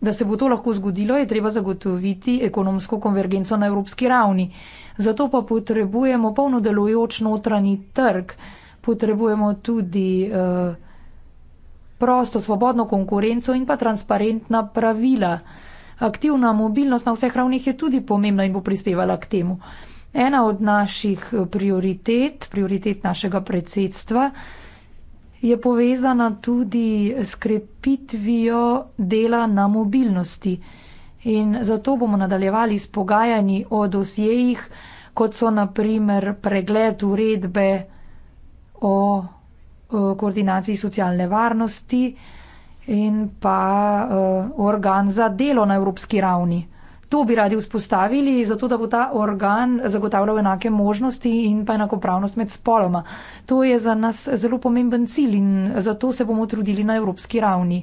[SPEAKER 7] Da se bo to lahko zgodilo, je treba zagotoviti ekonomsko konvergenco na evropski ravni. Zato pa potrebujemo polno delojoč notranji trg, potrebujemo tudi eh, prosto, svobodno konkurenco in pa transparentna pravila. Aktivna mobilnost na vseh ravnih je tudi pomembna in bo prispevala k temu. Ena od naših prioritet, prioritet našega predsedstva, je povezana tudi s krepitvijo dela na mobilnosti. In zato bomo nadaljevali s pogajanji o dosjejih, kot so naprimer pregled uredbe o koordinaciji socialne varnosti in pa e, organ za delo na evropski ravni. To bi radi vzpostavili, zato da bo ta organ zagotavljal enake možnosti in pa enakopravnost med spoloma. To je za nas zelo pomemben cilj in zato se bomo trudili na evropski ravni.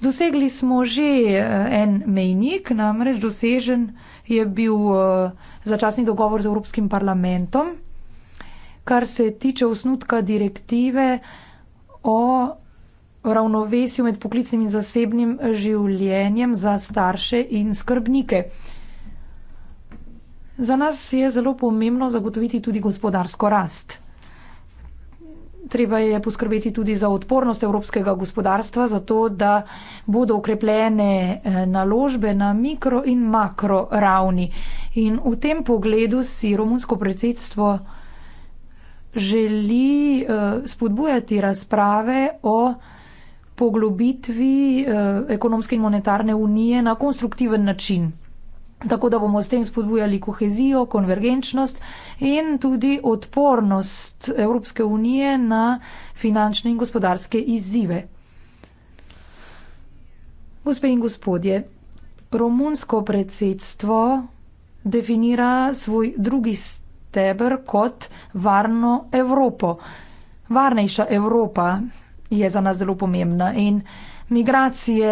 [SPEAKER 7] Dosegli smo že eh, en mejnik, namreč dosežen je bil eh, začasni dogovor z Evropskim parlamentom, kar se tiče osnutka direktive o ravnovesju med poklicnim in zasebnim življenjem za starše in skrbnike. Za nas je zelo pomembno zagotoviti tudi gospodarsko rast. Treba je poskrbeti tudi za odpornost evropskega gospodarstva, zato da bodo ukrepljene eh, naložbe na mikro in makro ravni. In v tem pogledu si romunsko predsedstvo želi eh, spodbujati razprave o poglobitvi eh, ekonomske in monetarne unije na konstruktiven način. Tako da bomo s tem spodbujali kohezijo, konvergenčnost in tudi odpornost Evropske unije na finančne in gospodarske izzive. Gospe in gospodje, romunsko predsedstvo definira svoj drugi steber kot varno Evropo. Varnejša Evropa, je za nas zelo pomembna. In migracije,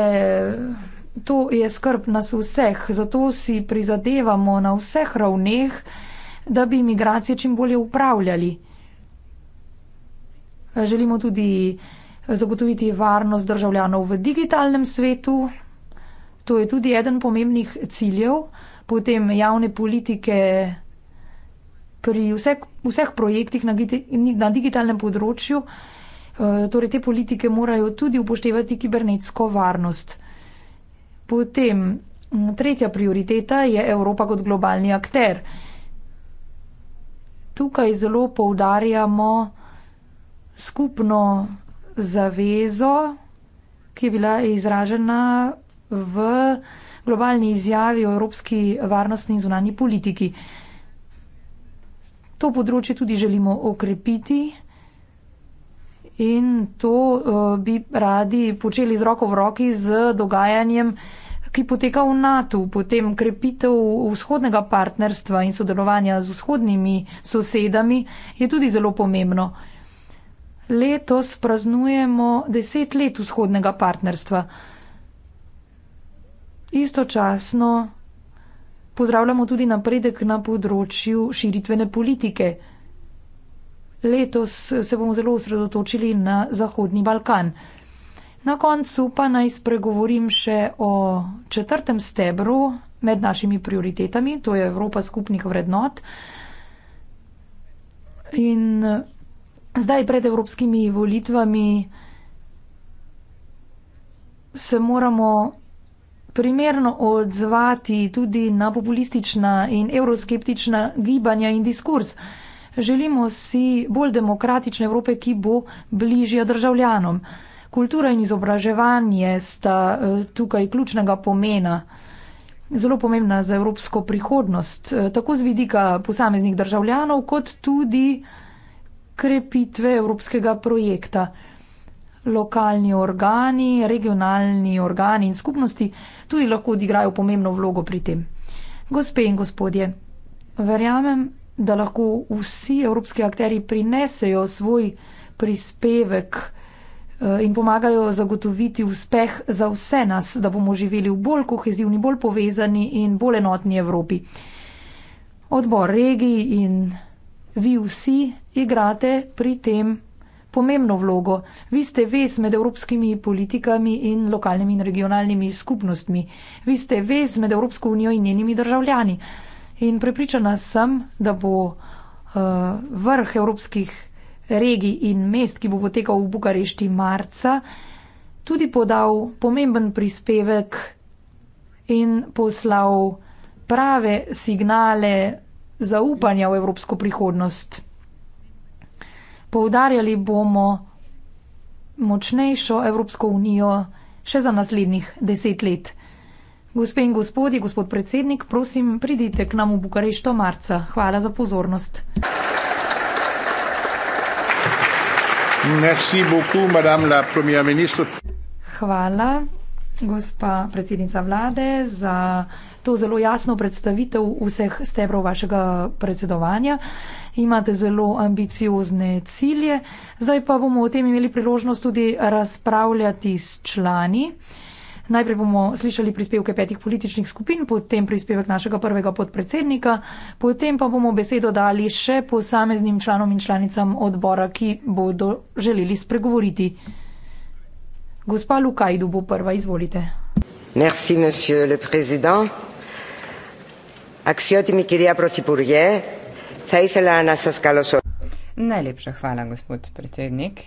[SPEAKER 7] to je skrb nas vseh, zato si prizadevamo na vseh ravneh, da bi migracije čim bolje upravljali. Želimo tudi zagotoviti varnost državljanov v digitalnem svetu. To je tudi eden pomembnih ciljev, potem javne politike pri vseh, vseh projektih na, na digitalnem področju. Eh, torej te politike morajo tudi upoštevati kibernetsko varnost. Potem, mm, tretja prioriteta je Evropa kot globalni akter. Tukaj zelo poudarjamo skupno zavezo, ki je bila izražena v globalni izjavi o evropski varnostni in zunanji politiki. To področje tudi želimo okrepiti in to eh, bi radi počeli z roko v roki z dogajanjem, ki poteka v NATO, potem krepitev vzhodnega partnerstva in sodelovanja z vzhodnimi sosedami je tudi zelo pomembno. Letos praznujemo deset let vzhodnega partnerstva. Istočasno pozdravljamo tudi napredek na področju širitvene politike. Letos se bomo zelo osredotočili na Zahodni Balkan. Na koncu pa naj spregovorim še o četrtem stebru med našimi prioritetami, to je Evropa skupnih vrednot. In zdaj pred evropskimi volitvami se moramo primerno odzvati tudi na populistična in euroskeptična gibanja in diskurs. Želimo si bolj demokratične Evrope, ki bo bližja državljanom. Kultura in izobraževanje sta eh, tukaj ključnega pomena, zelo pomembna za evropsko prihodnost, eh, tako z vidika posameznih državljanov, kot tudi krepitve evropskega projekta. Lokalni organi, regionalni organi in skupnosti tudi lahko odigrajo pomembno vlogo pri tem. Gospe in gospodje, verjamem, da lahko vsi evropski akteri prinesejo svoj prispevek eh, in pomagajo zagotoviti uspeh za vse nas, da bomo živeli v bolj kohezivni, bolj povezani in bolj enotni Evropi. Odbor regij in vi vsi igrate pri tem pomembno vlogo. Vi ste vez med evropskimi politikami in lokalnimi in regionalnimi skupnostmi. Vi ste vez med Evropsko unijo in njenimi državljani. In prepričana sem, da bo eh, vrh evropskih regij in mest, ki bo potekal v Bukarešti marca, tudi podal pomemben prispevek in poslal prave signale zaupanja v evropsko prihodnost. Poudarjali bomo močnejšo Evropsko unijo še za naslednjih deset let. Gospe in gospodi, gospod predsednik, prosim, pridite k nam v Bukarešto marca. Hvala za pozornost.
[SPEAKER 1] Merci beaucoup, madame la première ministre.
[SPEAKER 7] Hvala, gospa predsednica vlade, za to zelo jasno predstavitev vseh stebrov vašega predsedovanja. Imate zelo ambiciozne cilje. Zdaj pa bomo o tem imeli priložnost tudi razpravljati s člani. Najprej bomo slišali prispevke petih političnih skupin, potem prispevek našega prvega podpredsednika, potem pa bomo besedo dali še posameznim članom in članicam odbora, ki bodo želeli spregovoriti. Gospa Lukajdu bo prva, izvolite.
[SPEAKER 5] Merci, monsieur le président. Axiot Mikiria Protipurje, Fejfela Anasaskalosov.
[SPEAKER 2] Najlepša hvala, gospod predsednik.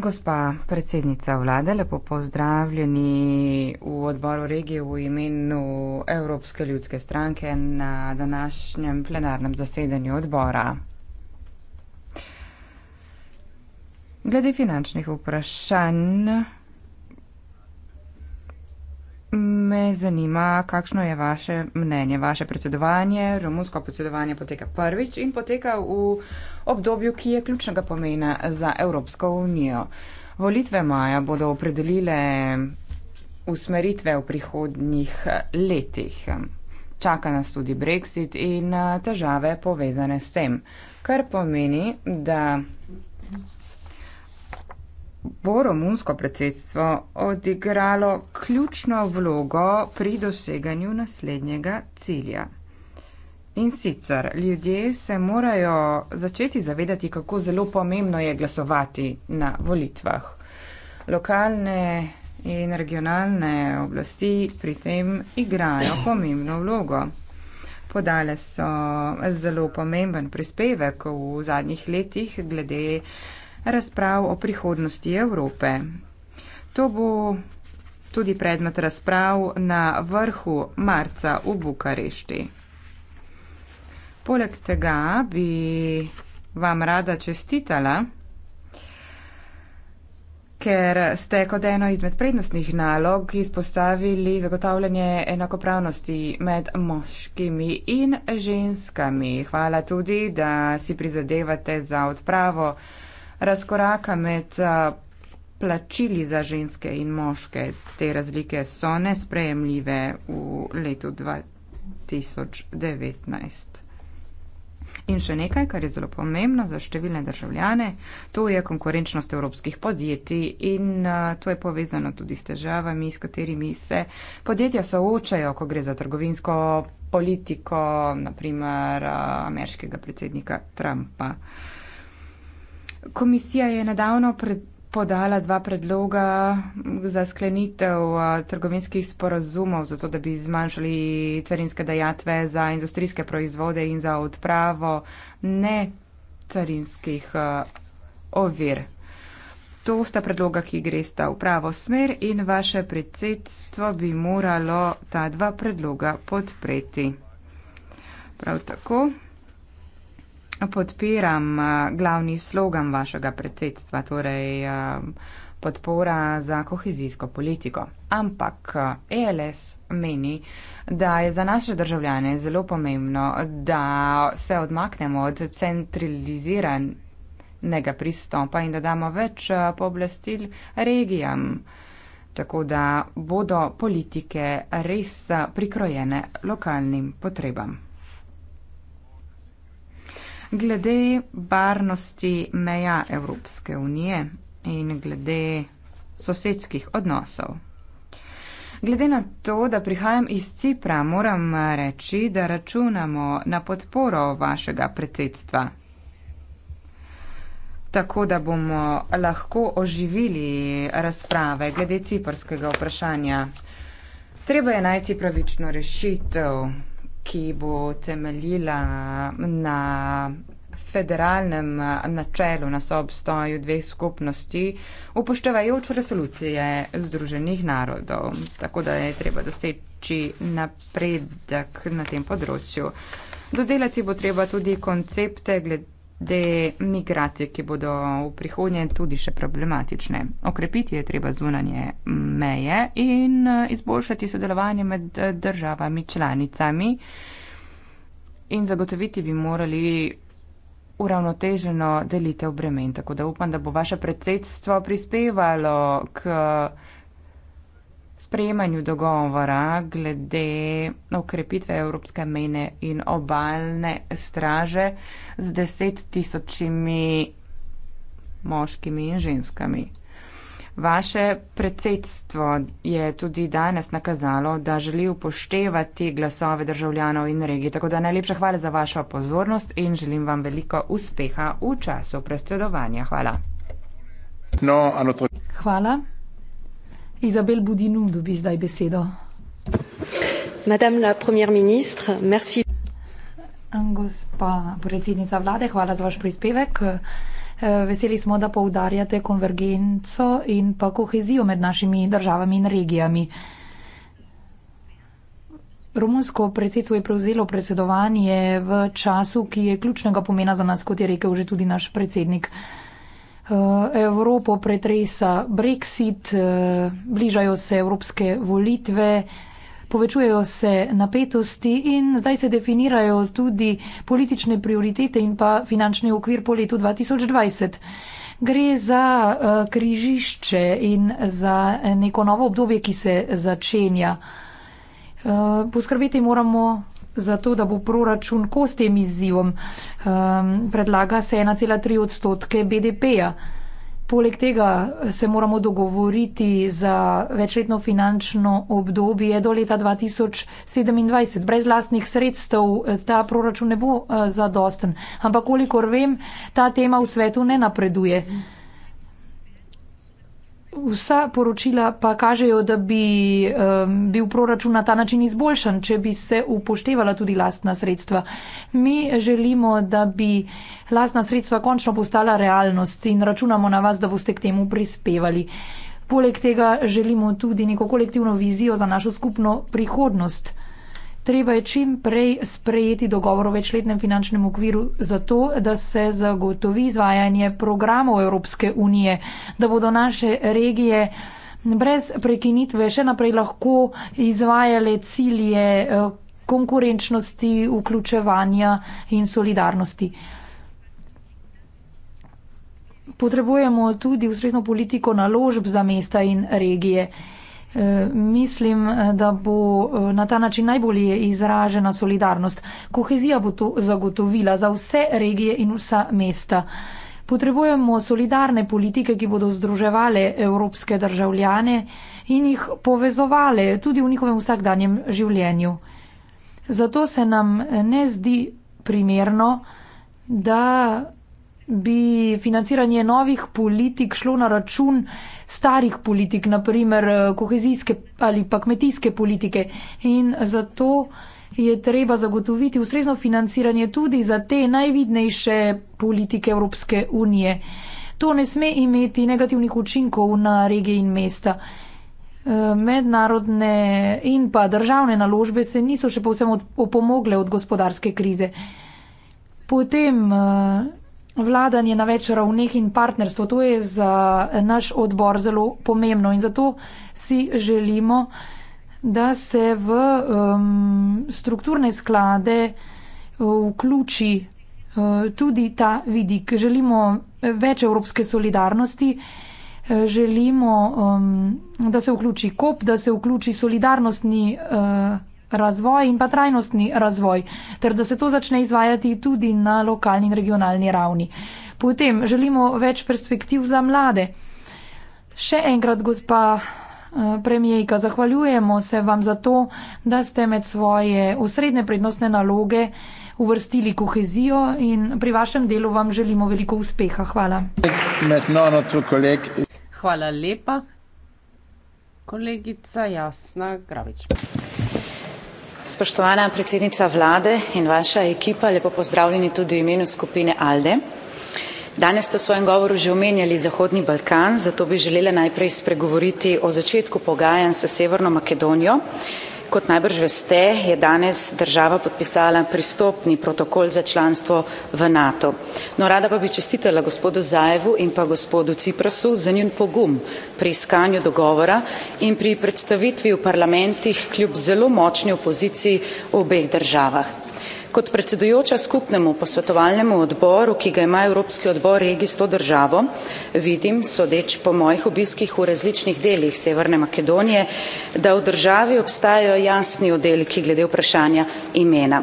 [SPEAKER 2] Gospa predsednica vlade, lepo pozdravljeni v odboru regije v imenu Evropske ljudske stranke na današnjem plenarnem zasedanju odbora. Glede finančnih vprašanj. Me zanima, kakšno je vaše mnenje, vaše predsedovanje. Romunsko predsedovanje poteka prvič in poteka v obdobju, ki je ključnega pomena za Evropsko unijo. Volitve maja bodo opredelile usmeritve v prihodnjih letih. Čaka nas tudi Brexit in eh, težave povezane s tem, kar pomeni, da bo romunsko predsedstvo odigralo ključno vlogo pri doseganju naslednjega cilja. In sicer ljudje se morajo začeti zavedati, kako zelo pomembno je glasovati na volitvah. Lokalne in regionalne oblasti pri tem igrajo pomembno vlogo. Podale so zelo pomemben prispevek v zadnjih letih glede razprav o prihodnosti Evrope. To bo tudi predmet razprav na vrhu marca v Bukarešti. Poleg tega bi vam rada čestitala, ker ste kot eno izmed prednostnih nalog izpostavili zagotavljanje enakopravnosti med moškimi in ženskami. Hvala tudi, da si prizadevate za odpravo razkoraka med plačili za ženske in moške. Te razlike so nesprejemljive v letu 2019. In še nekaj, kar je zelo pomembno za številne državljane, to je konkurenčnost evropskih podjetij in to je povezano tudi s težavami, s katerimi se podjetja soočajo, ko gre za trgovinsko politiko, naprimer ameriškega predsednika Trumpa. Komisija je nedavno pred, podala dva predloga za sklenitev uh, trgovinskih sporazumov, zato da bi zmanjšali carinske dejatve za industrijske proizvode in za odpravo ne carinskih uh, ovir. To sta predloga, ki gresta v pravo smer in vaše predsedstvo bi moralo ta dva predloga podpreti. Prav tako podpiram eh, glavni slogan vašega predsedstva, torej eh, podpora za kohezijsko politiko. Ampak ELS eh, e meni, da je za naše državljane zelo pomembno, da se odmaknemo od centraliziranega pristopa in da damo več pooblastil regijam, tako da bodo politike res prikrojene lokalnim potrebam glede varnosti meja Evropske unije in glede sosedskih odnosov. Glede na to, da prihajam iz Cipra, moram eh, reči, da računamo na podporo vašega predsedstva, tako da bomo lahko oživili razprave glede ciprskega vprašanja. Treba je najti pravično rešitev ki bo temeljila na federalnem načelu na soobstoju dveh skupnosti, upoštevajoč resolucije Združenih narodov. Tako da je treba doseči napredek na tem področju. Dodelati bo treba tudi koncepte glede da je migracije, ki bodo v prihodnje tudi še problematične. Okrepiti je treba zunanje meje in eh, izboljšati sodelovanje med eh, državami članicami in zagotoviti bi morali uravnoteženo delitev bremen. Tako da upam, da bo vaše predsedstvo prispevalo k sprejemanju dogovora glede okrepitve Evropske mejne in obaljne straže z deset tisočimi moškimi in ženskami. Vaše predsedstvo je tudi danes nakazalo, da želi upoštevati glasove državljanov in regij. Tako da najlepša hvala za vašo pozornost in želim vam veliko uspeha v času predsedovanja. Hvala.
[SPEAKER 1] No, no
[SPEAKER 7] hvala. Izabel Budinu dobi zdaj besedo. Madame la première ministre, merci. Gospa predsednica vlade, hvala za vaš prispevek. Eh, veseli smo, da poudarjate konvergenco in pa kohezijo med našimi državami in regijami. Romunsko predsedstvo je prevzelo predsedovanje v času, ki je ključnega pomena za nas, kot je rekel že tudi naš predsednik. Eh, Evropo pretresa Brexit, eh, bližajo se evropske volitve, povečujejo se napetosti in zdaj se definirajo tudi politične prioritete in pa finančni okvir po letu 2020. Gre za eh, križišče in za neko novo obdobje, ki se začenja. Poskrbeti moramo zato, da bo proračun ko s tem izzivom. Um, predlaga se 1,3 odstotke BDP-ja. Poleg tega eh, se moramo dogovoriti za večletno finančno obdobje do leta 2027. Brez lastnih sredstev eh, ta proračun ne bo eh, zadosten. Ampak kolikor vem, ta tema v svetu ne napreduje. Mm vsa poročila pa kažejo, da bi um, bil proračun na ta način izboljšan, če bi se upoštevala tudi lastna sredstva. Mi želimo, da bi lastna sredstva končno postala realnost in računamo na vas, da boste k temu prispevali. Poleg tega želimo tudi neko kolektivno vizijo za našo skupno prihodnost treba je čim prej sprejeti dogovor o večletnem finančnem okviru za to, da se zagotovi izvajanje programov Evropske unije, da bodo naše regije brez prekinitve še naprej lahko izvajale cilje eh, konkurenčnosti, vključevanja in solidarnosti. Potrebujemo tudi ustrezno politiko naložb za mesta in regije. Eh, mislim, eh, da bo eh, na ta način najbolje izražena solidarnost. Kohezija bo to zagotovila za vse regije in vsa mesta. Potrebujemo solidarne politike, ki bodo združevale evropske državljane in jih povezovale tudi v njihovem vsakdanjem življenju. Zato se nam ne zdi primerno, da bi financiranje novih politik šlo na račun eh, starih politik, naprimer eh, kohezijske ali pa kmetijske politike. In zato je treba zagotoviti ustrezno financiranje tudi za te najvidnejše politike Evropske unije. To ne sme imeti negativnih učinkov na regije in mesta. Eh, mednarodne in pa državne naložbe se niso še povsem opomogle od gospodarske krize. Potem eh, vladanje na več ravneh in partnerstvo. To je za naš odbor zelo pomembno in zato si želimo, da se v um, strukturne sklade uh, vključi uh, tudi ta vidik. Želimo eh, več evropske solidarnosti, eh, želimo, um, da se vključi KOP, da se vključi solidarnostni eh, razvoj in pa trajnostni razvoj, ter da se to začne izvajati tudi na lokalni in regionalni ravni. Potem želimo več perspektiv za mlade. Še enkrat, gospa eh, premijejka, zahvaljujemo se vam za to, da ste med svoje osrednje prednostne naloge uvrstili kohezijo in pri vašem delu vam želimo veliko uspeha. Hvala.
[SPEAKER 3] Hvala lepa, kolegica Jasna Gravič.
[SPEAKER 11] Spoštovana predsednica vlade in vaša ekipa, lepo pozdravljeni tudi v imenu skupine ALDE. Danes ste v svojem govoru že omenjali Zahodni Balkan, zato bi želela najprej spregovoriti o začetku pogajanj s Severno Makedonijo. Kot najbrž veste, je danes država podpisala pristopni protokol za članstvo v NATO. No, rada pa bi čestitela gospodu Zajevu in pa gospodu Ciprasu za njun pogum pri iskanju dogovora in pri predstavitvi v parlamentih kljub zelo močni opoziciji v obeh državah. Kot predsedujoča skupnemu posvetovalnemu odboru, ki ga ima Evropski odbor regij s to državo, vidim, sodeč po mojih obiskih v različnih delih Severne Makedonije, da v državi obstajajo jasni oddelki glede vprašanja imena.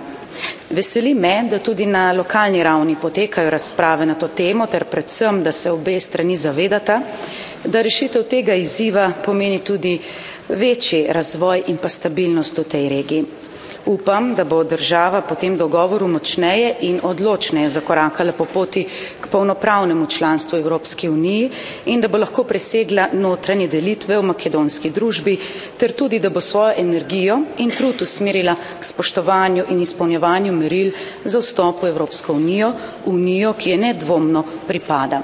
[SPEAKER 11] Veseli me, da tudi na lokalni ravni potekajo razprave na to temo ter predvsem, da se obe strani zavedata, da rešitev tega izziva pomeni tudi večji razvoj in pa stabilnost v tej regiji. Upam, da bo država po tem dogovoru močneje in odločneje zakorakala po poti k polnopravnemu članstvu Evropske unije in da bo lahko presegla notranje delitve v makedonski družbi ter tudi, da bo svojo energijo in trud usmerila k spoštovanju in izpolnjevanju meril za vstop v Evropsko unijo, unijo, ki je nedvomno pripada.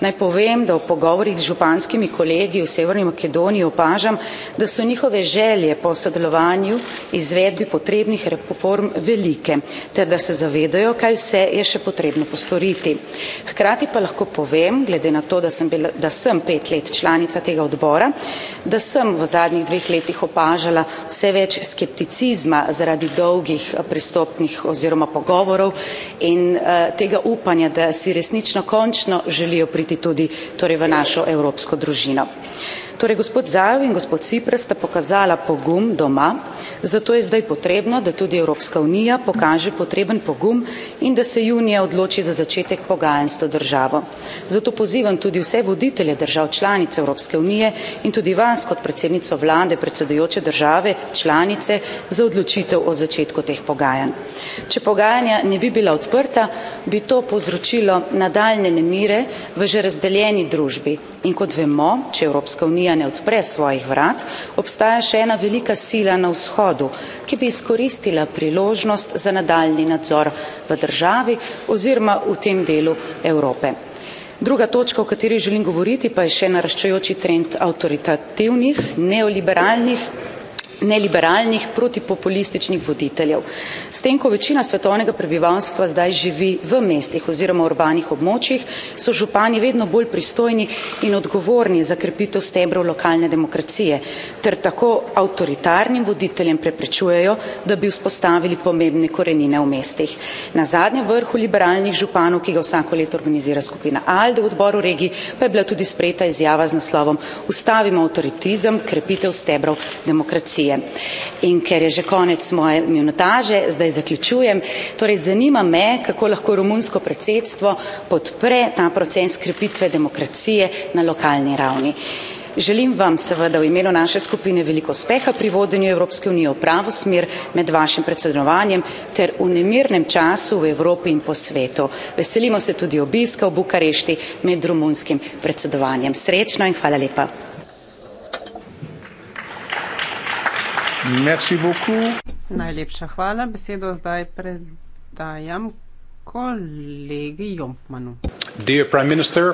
[SPEAKER 11] Naj povem, da v pogovorih z županskimi kolegi v Severni Makedoniji opažam, da so njihove želje po sodelovanju izvedbi potrebnih reform velike, ter da se zavedajo, kaj vse je še potrebno postoriti. Hkrati pa lahko povem, glede na to, da sem, bila, da sem pet let članica tega odbora, da sem v zadnjih dveh letih opažala vse več skepticizma zaradi dolgih eh, pristopnih oziroma pogovorov in uh, tega upanja, da si resnično končno želijo priti tudi torej v našo evropsko družino. Torej, gospod Zajev in gospod Cipres sta pokazala pogum doma, zato je zdaj potrebno, da tudi Evropska unija pokaže potreben pogum in da se junija odloči za začetek pogajanj s to državo. Zato pozivam tudi vse voditelje držav članic Evropske unije in tudi vas kot predsednico vlade, predsedujoče države, članice za odločitev o začetku teh pogajanj. Če pogajanja ne bi bila odprta, bi to povzročilo nadaljne nemire v že razdeljeni družbi. In kot vemo, če Evropska unija unija ne odpre svojih vrat, obstaja še ena velika sila na vzhodu, ki bi izkoristila priložnost za nadaljni nadzor v državi oziroma v tem delu Evrope. Druga točka, o kateri želim govoriti, pa je še naraščajoči trend avtoritativnih, neoliberalnih neliberalnih, protipopulističnih voditeljev. S tem, ko večina svetovnega prebivalstva zdaj živi v mestih oziroma urbanih območjih, so župani vedno bolj pristojni in odgovorni za krepitev stebrov lokalne demokracije ter tako avtoritarnim voditeljem preprečujejo, da bi vzpostavili pomembne korenine v mestih. Na zadnjem vrhu liberalnih županov, ki ga vsako leto organizira skupina ALDE v odboru regi, pa je bila tudi sprejeta izjava z naslovom Ustavimo avtoritizem, krepitev stebrov demokracije korupcije. In ker je že konec moje minutaže, zdaj zaključujem. Torej, zanima me, kako lahko romunsko predsedstvo podpre ta proces skrepitve demokracije na lokalni ravni. Želim vam seveda v imenu naše skupine veliko uspeha pri vodenju Evropske unije v pravo smer med vašim predsedovanjem ter v nemirnem času v Evropi in po svetu. Veselimo se tudi obiska v Bukarešti med romunskim predsedovanjem. Srečno in hvala lepa. Merci beaucoup.
[SPEAKER 3] Najlepša hvala. Besedo zdaj predajam kolegi Jompmanu.
[SPEAKER 1] Dear Prime Minister,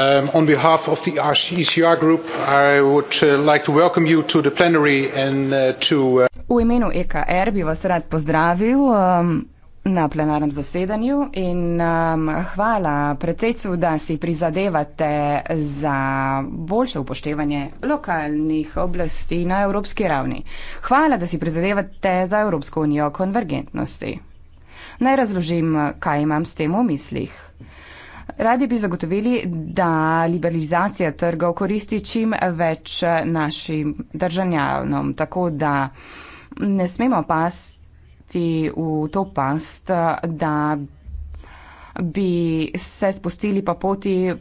[SPEAKER 1] um, on behalf of the ECR e group, I would uh, like to welcome you to the plenary and uh, to. Uh...
[SPEAKER 2] V imenu EKR bi vas rad pozdravil. Um, na plenarnem zasedanju in um, hvala predsedcu, da si prizadevate za boljše upoštevanje lokalnih oblasti na evropski ravni. Hvala, da si prizadevate za Evropsko unijo konvergentnosti. Naj razložim, kaj imam s tem v mislih. Radi bi zagotovili, da liberalizacija trgov koristi čim več našim državljanom, tako da ne smemo pasti pasti v to past, da bi se spustili po poti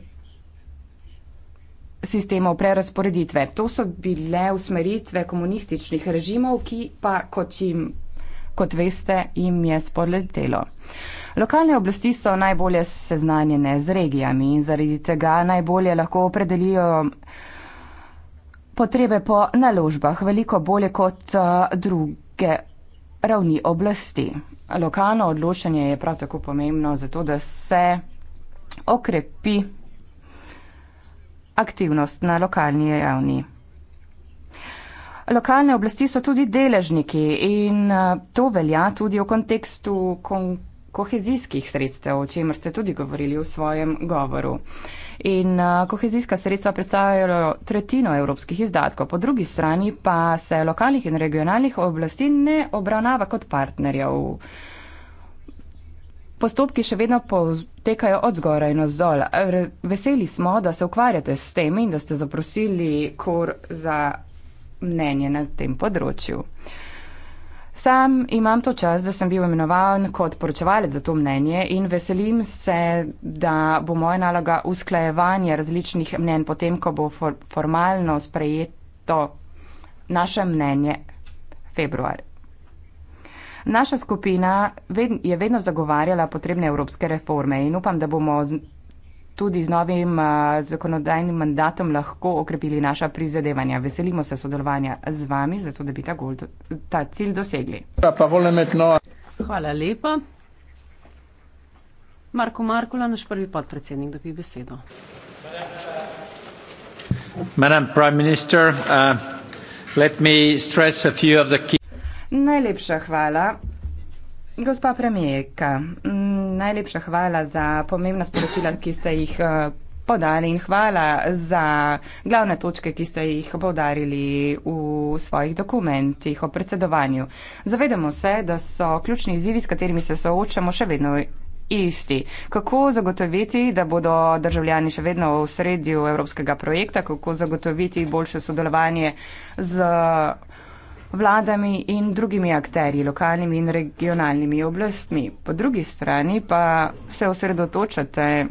[SPEAKER 2] sistemov prerasporeditve. To so bile usmeritve komunističnih režimov, ki pa, kot, jim, kot veste, jim je spodletelo. Lokalne oblasti so najbolje seznanjene z regijami in zaradi tega najbolje lahko opredelijo potrebe po naložbah, veliko bolje kot eh, druge ravni oblasti. Lokalno odločanje je prav tako pomembno zato, da se okrepi aktivnost na lokalni ravni. Lokalne oblasti so tudi deležniki in eh, to velja tudi v kontekstu konkurenčnosti kohezijskih sredstev, o čemer ste tudi govorili v svojem govoru. In kohezijska sredstva predstavljajo tretjino evropskih izdatkov, po drugi strani pa se lokalnih in regionalnih oblasti ne obravnava kot partnerjev. Postopki še vedno potekajo od zgoraj in od zdol. Veseli smo, da se ukvarjate s tem in da ste zaprosili kor za mnenje na tem področju. Uh, Sam imam to čas, da sem bil imenovan kot poročevalec za to mnenje in veselim se, da bo moja naloga usklajevanje različnih mnen potem, ko bo for formalno sprejeto naše mnenje februar. Naša skupina ved je vedno zagovarjala potrebne evropske reforme in upam, da bomo tudi z novim eh, zakonodajnim mandatom lahko okrepili naša prizadevanja. Veselimo se sodelovanja z vami, zato
[SPEAKER 3] da bi ta, gold, ta cilj dosegli. Hvala lepa. Marko Markula, naš prvi podpredsednik, dobi besedo.
[SPEAKER 6] Minister, uh, key...
[SPEAKER 2] Najlepša hvala. Gospa premijerka, najlepša hvala za pomembna sporočila, ki ste jih eh, podali in hvala za glavne točke, ki ste jih povdarili v svojih dokumentih o predsedovanju. Zavedamo se, da so ključni izzivi, s katerimi se soočamo, še vedno isti. Kako zagotoviti, da bodo državljani še vedno v sredju evropskega projekta, kako zagotoviti boljše sodelovanje z vladami in drugimi akterji, lokalnimi in regionalnimi oblastmi. Po drugi strani pa se osredotočate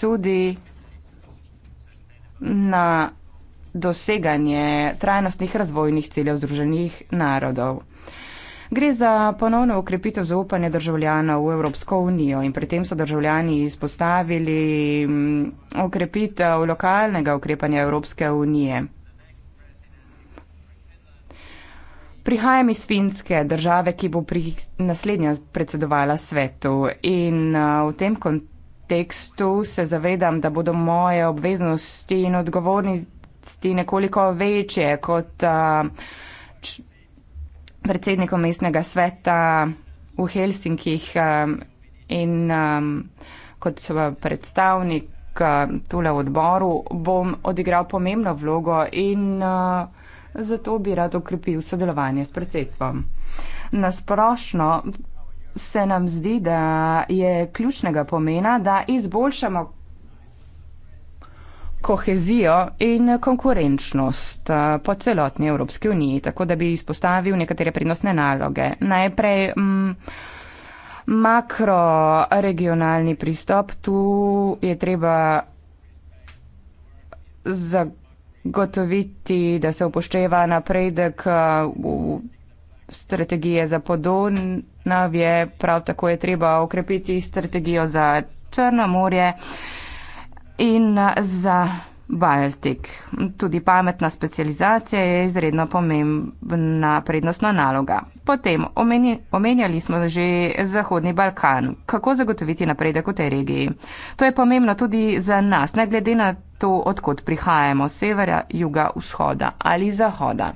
[SPEAKER 2] tudi na doseganje trajnostnih razvojnih ciljev združenih narodov. Gre za ponovno ukrepitev zaupanja državljanov v Evropsko unijo in pri tem so državljani izpostavili ukrepitev mm, lokalnega ukrepanja Evropske unije. Prihajam iz Finske, države, ki bo pri naslednja predsedovala svetu in uh, v tem kontekstu se zavedam, da bodo moje obveznosti in odgovornosti nekoliko večje kot uh, predsednikom mestnega sveta v Helsinkih um, in um, kot uh, predstavnik uh, tule odboru bom odigral pomembno vlogo in uh, zato bi rad okrepil sodelovanje s predsedstvom. Nasprošno se nam zdi, da je ključnega pomena, da izboljšamo kohezijo in konkurenčnost eh, po celotni Evropski uniji, tako da bi izpostavil nekatere prednostne naloge. Najprej m, mm, makroregionalni pristop, tu je treba zagotoviti, gotoviti, da se upošteva napredek uh, v strategije za podonavje, prav tako je treba okrepiti strategijo za Črno morje in uh, za Baltik. Tudi pametna specializacija je izredno pomembna prednostna naloga. Potem omeni, omenjali smo že Zahodni Balkan. Kako zagotoviti napredek v tej regiji? To je pomembno tudi za nas, ne glede na to, odkot prihajamo, severa, juga, vzhoda ali zahoda.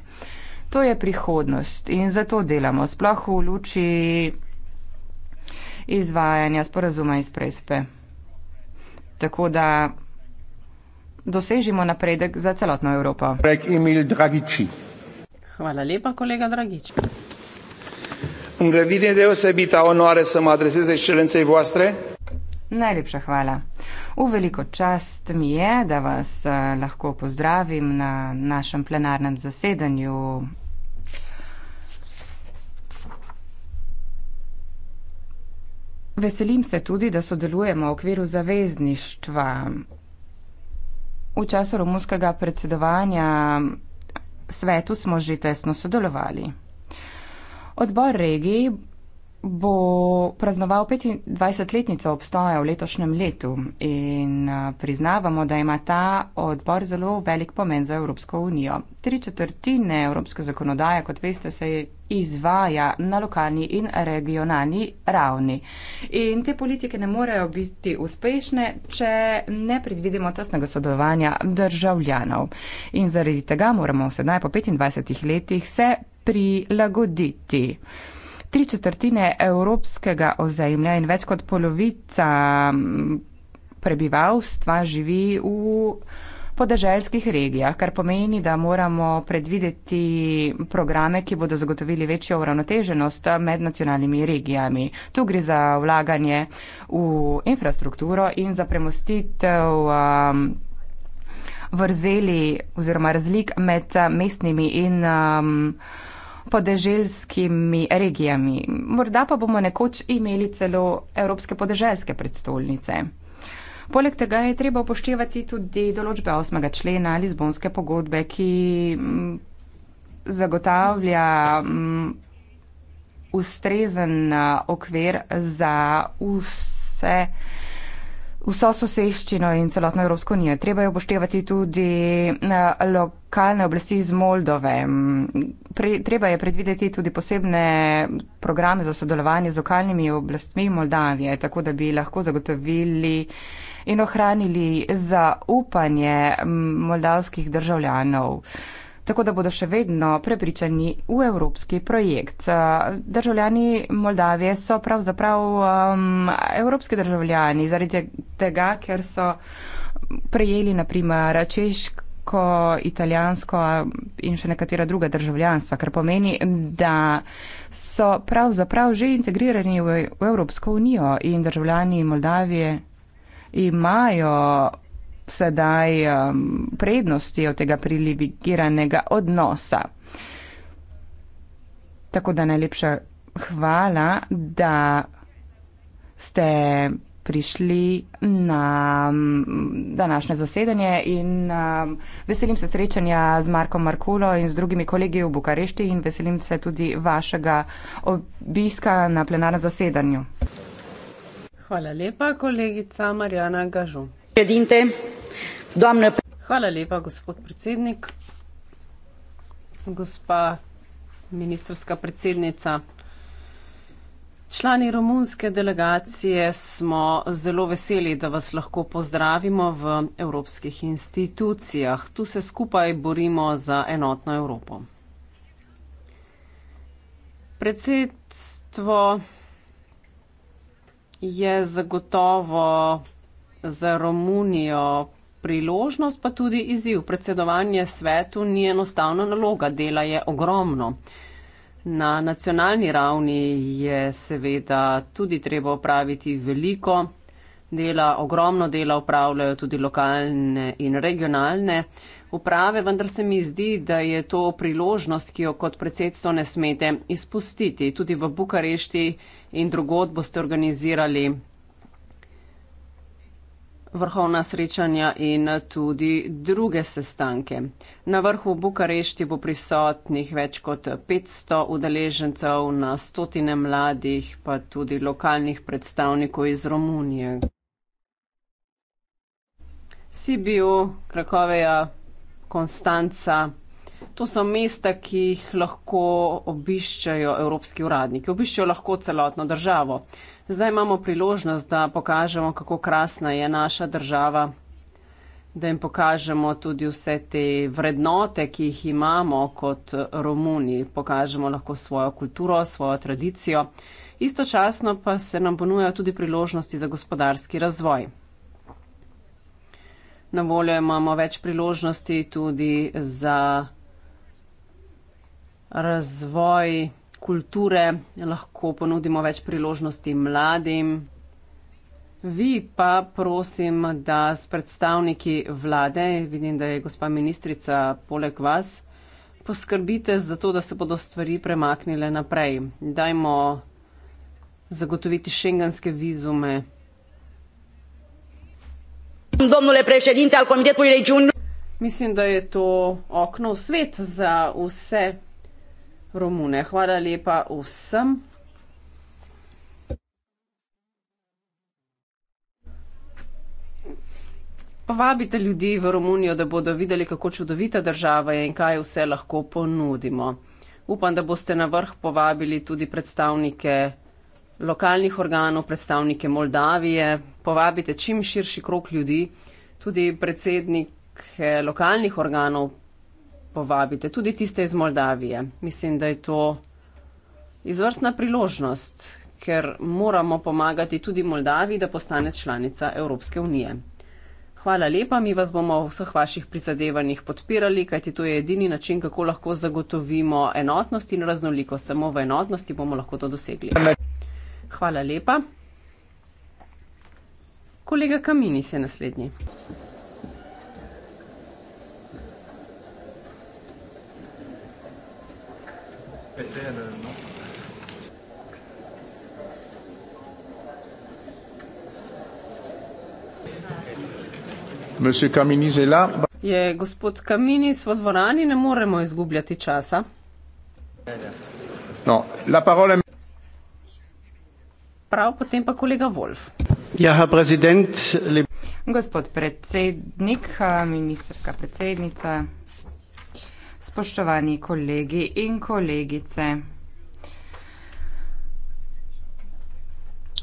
[SPEAKER 2] To je prihodnost in zato delamo sploh v luči izvajanja sporazuma iz prespe. Tako da dosežimo napredek za celotno Evropo. Hvala lepa, kolega Dragič.
[SPEAKER 8] Un gravidine de osebita onoare să mă adreseze excelenței voastre,
[SPEAKER 2] Najlepša hvala. V veliko čast mi je, da vas eh, lahko pozdravim na našem plenarnem zasedanju. Veselim se tudi, da sodelujemo v okviru zavezništva. V času romunskega predsedovanja svetu smo že tesno sodelovali. Odbor regiji bo praznoval 25-letnico obstoja v letošnjem letu in eh, priznavamo, da ima ta odbor zelo velik pomen za Evropsko unijo. Tri četrtine evropske zakonodaje, kot veste, se izvaja na lokalni in regionalni ravni. In te politike ne morejo biti uspešne, če ne predvidimo tesnega sodelovanja državljanov. In zaradi tega moramo sedaj po 25 letih se prilagoditi tri četrtine evropskega ozemlja in več kot polovica prebivalstva živi v podeželskih regijah, kar pomeni, da moramo predvideti programe, ki bodo zagotovili večjo uravnoteženost med nacionalnimi regijami. Tu gre za vlaganje v infrastrukturo in za premostitev. Um, vrzeli oziroma razlik med mestnimi in um, podeželskimi regijami. Morda pa bomo nekoč imeli celo evropske podeželske predstolnice. Poleg tega je treba upoštevati tudi določbe 8. člena Lizbonske pogodbe, ki mm, zagotavlja mm, ustrezen okvir za vse vso soseščino in celotno Evropsko unijo. Treba je upoštevati tudi eh, lokalne oblasti iz Moldove. Pre, treba je predvideti tudi posebne programe za sodelovanje z lokalnimi oblastmi Moldavije, tako da bi lahko zagotovili in ohranili zaupanje moldavskih državljanov. Uh, tako da bodo še vedno prepričani v evropski projekt. Eh, državljani Moldavije so pravzaprav um, evropski državljani zaradi tega, ker so prejeli naprimer češk italijansko in še nekatera druga državljanstva, kar pomeni, da so pravzaprav že integrirani v Evropsko unijo in državljani Moldavije imajo sedaj um, prednosti od tega privilegiranega odnosa. Tako da najlepša hvala, da ste prišli na um, današnje zasedanje in um, veselim se srečanja z Markom Markulo in z drugimi kolegi v Bukarešti in veselim se tudi vašega obiska na plenarnem zasedanju.
[SPEAKER 3] Hvala lepa, kolegica Marjana Gažum hvala lepa gospod predsednik gospa ministrska predsednica člani romunske delegacije smo zelo veseli da vas lahko pozdravimo v evropskih institucijah tu se skupaj borimo za enotno evropo predsedstvo je zagotovo za Romunijo priložnost, pa tudi izziv. Predsedovanje svetu ni enostavna naloga, dela je ogromno. Na nacionalni ravni je seveda tudi treba opraviti veliko dela, ogromno dela upravljajo tudi lokalne in regionalne uprave, vendar se mi zdi, da je to priložnost, ki jo kot predsedstvo ne smete izpustiti. Tudi v Bukarešti in drugod boste organizirali vrhovna srečanja in tudi druge sestanke. Na vrhu Bukarešti bo prisotnih več kot 500 udeležencev, na stotine mladih, pa tudi lokalnih predstavnikov iz Romunije. Sibiu, Krakoveja, Konstanca. To so mesta, ki jih lahko obiščajo evropski uradniki, obiščajo lahko celotno državo. Uh, Zdaj imamo priložnost, da pokažemo, kako krasna je naša država, da jim pokažemo tudi vse te vrednote, ki jih imamo kot Romuni, pokažemo lahko svojo kulturo, svojo tradicijo. Istočasno pa se nam ponujajo tudi priložnosti za gospodarski razvoj. Na voljo imamo več priložnosti tudi za razvoj kulture lahko ponudimo več priložnosti mladim. Vi pa prosim, da s predstavniki vlade, vidim, da je gospa ministrica poleg vas, poskrbite za to, da se bodo stvari premaknile naprej. Dajmo zagotoviti šengenske vizume. Mislim, da je to okno v svet za vse Romune. Hvala lepa vsem. Povabite ljudi v Romunijo, da bodo videli, kako čudovita država je in kaj vse lahko ponudimo. Upam, da boste na vrh povabili tudi predstavnike lokalnih organov, predstavnike Moldavije. Povabite čim širši krok ljudi, tudi predsednike lokalnih organov, povabite, tudi tiste iz Moldavije. Mislim, da je to izvrstna priložnost, ker moramo pomagati tudi Moldaviji, da postane članica Evropske unije. Hvala lepa, mi vas bomo v vseh vaših prizadevanjih podpirali, kajti to je edini način, kako lahko zagotovimo enotnost in raznolikost. Samo v enotnosti bomo lahko to dosegli. Hvala lepa. Kolega Kamini se naslednji.
[SPEAKER 5] PTN. No?
[SPEAKER 1] Monsieur Kamini je tukaj.
[SPEAKER 3] Je gospod Kamini v dvorani, ne moremo izgubljati časa.
[SPEAKER 1] No, la parole je.
[SPEAKER 3] Prav potem pa kolega Wolf.
[SPEAKER 1] Ja, ha, gospod
[SPEAKER 2] predsednik, ministerska predsednica spoštovani kolegi in kolegice.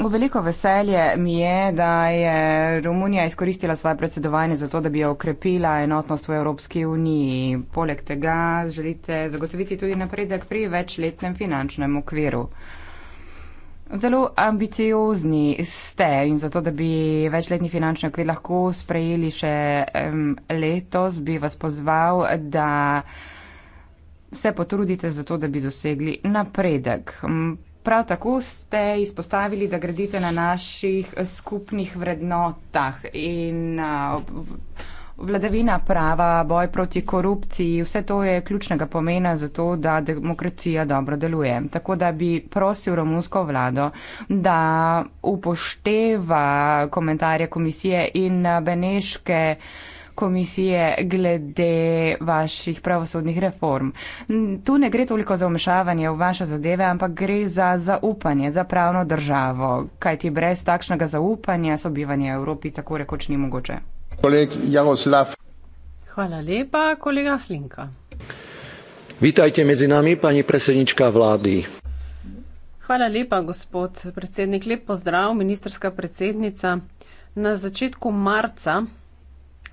[SPEAKER 2] V veliko veselje mi je, da je Romunija izkoristila svoje predsedovanje za to, da bi jo okrepila enotnost v Evropski uniji. Poleg tega želite zagotoviti tudi napredek pri večletnem finančnem okviru. Zelo ambiciozni ste in zato, da bi večletni finančni okvir lahko sprejeli še letos, bi vas pozval, da se potrudite za to, da bi dosegli napredek. Prav tako ste izpostavili, da gradite na naših skupnih vrednotah in vladavina prava, boj proti korupciji, vse to je ključnega pomena za to, da demokracija dobro deluje. Tako da bi prosil romunsko vlado, da upošteva komentarje komisije in beneške komisije glede vaših pravosodnih reform. Tu ne gre toliko za umešavanje v vaše zadeve, ampak gre za zaupanje, za pravno državo, kajti brez takšnega zaupanja sobivanje Evropi tako rekoč ni mogoče.
[SPEAKER 6] Kolek Jaroslav.
[SPEAKER 3] Hvala lepa, kolega Hlinka.
[SPEAKER 10] Vitajte med nami, pani predsednička vladi.
[SPEAKER 3] Hvala lepa, gospod predsednik. Lep pozdrav, ministerska predsednica. Na začetku marca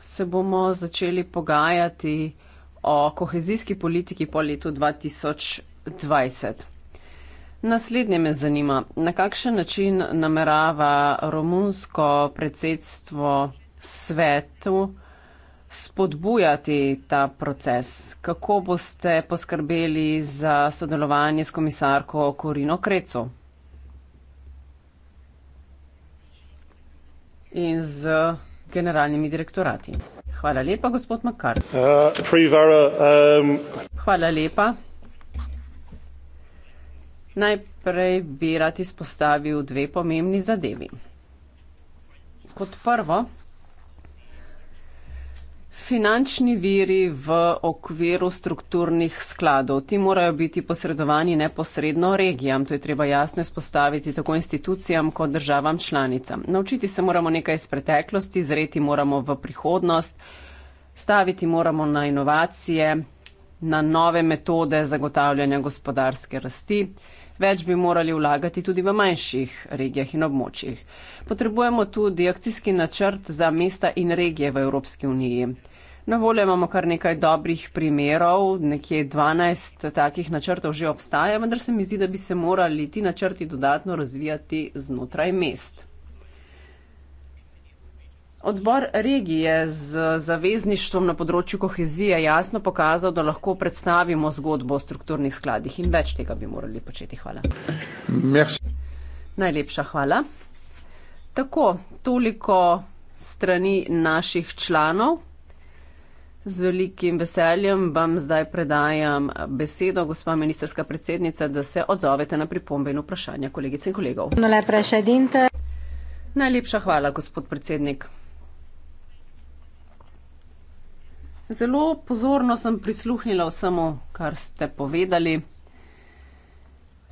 [SPEAKER 3] se bomo začeli pogajati o kohezijski politiki po letu 2020. Naslednje me zanima, na kakšen način namerava romunsko predsedstvo svetu spodbujati ta proces? Kako boste poskrbeli za sodelovanje s komisarko Korino Krecu in z generalnimi direktorati. Hvala lepa, gospod Makar.
[SPEAKER 4] Uh, um...
[SPEAKER 3] Hvala lepa. Najprej bi rad izpostavil dve pomembni zadevi. Kot prvo, finančni viri v okviru strukturnih skladov. Ti morajo biti posredovani neposredno regijam, to je treba jasno izpostaviti tako institucijam kot državam članicam. Naučiti se moramo nekaj iz preteklosti, zreti moramo v prihodnost, staviti moramo na inovacije, na nove metode zagotavljanja gospodarske rasti. Več bi morali vlagati tudi v manjših regijah in območjih. Potrebujemo tudi akcijski načrt za mesta in regije v Evropski uniji. Na voljo imamo kar nekaj dobrih primerov, nekje 12 takih načrtov že obstaja, vendar se mi zdi, da bi se morali ti načrti dodatno razvijati znotraj mest. Odbor regije z zavezništvom na področju kohezije jasno pokazal, da lahko predstavimo zgodbo o strukturnih skladih in več tega bi morali početi. Hvala. Merci. Najlepša hvala. Tako, toliko strani naših članov. Z velikim veseljem vam zdaj predajam besedo, gospa ministerska predsednica, da se odzovete na pripombe in vprašanja kolegic in
[SPEAKER 11] kolegov. No, Najlepša
[SPEAKER 3] hvala, gospod predsednik. Zelo pozorno sem prisluhnila vsemu, kar ste povedali.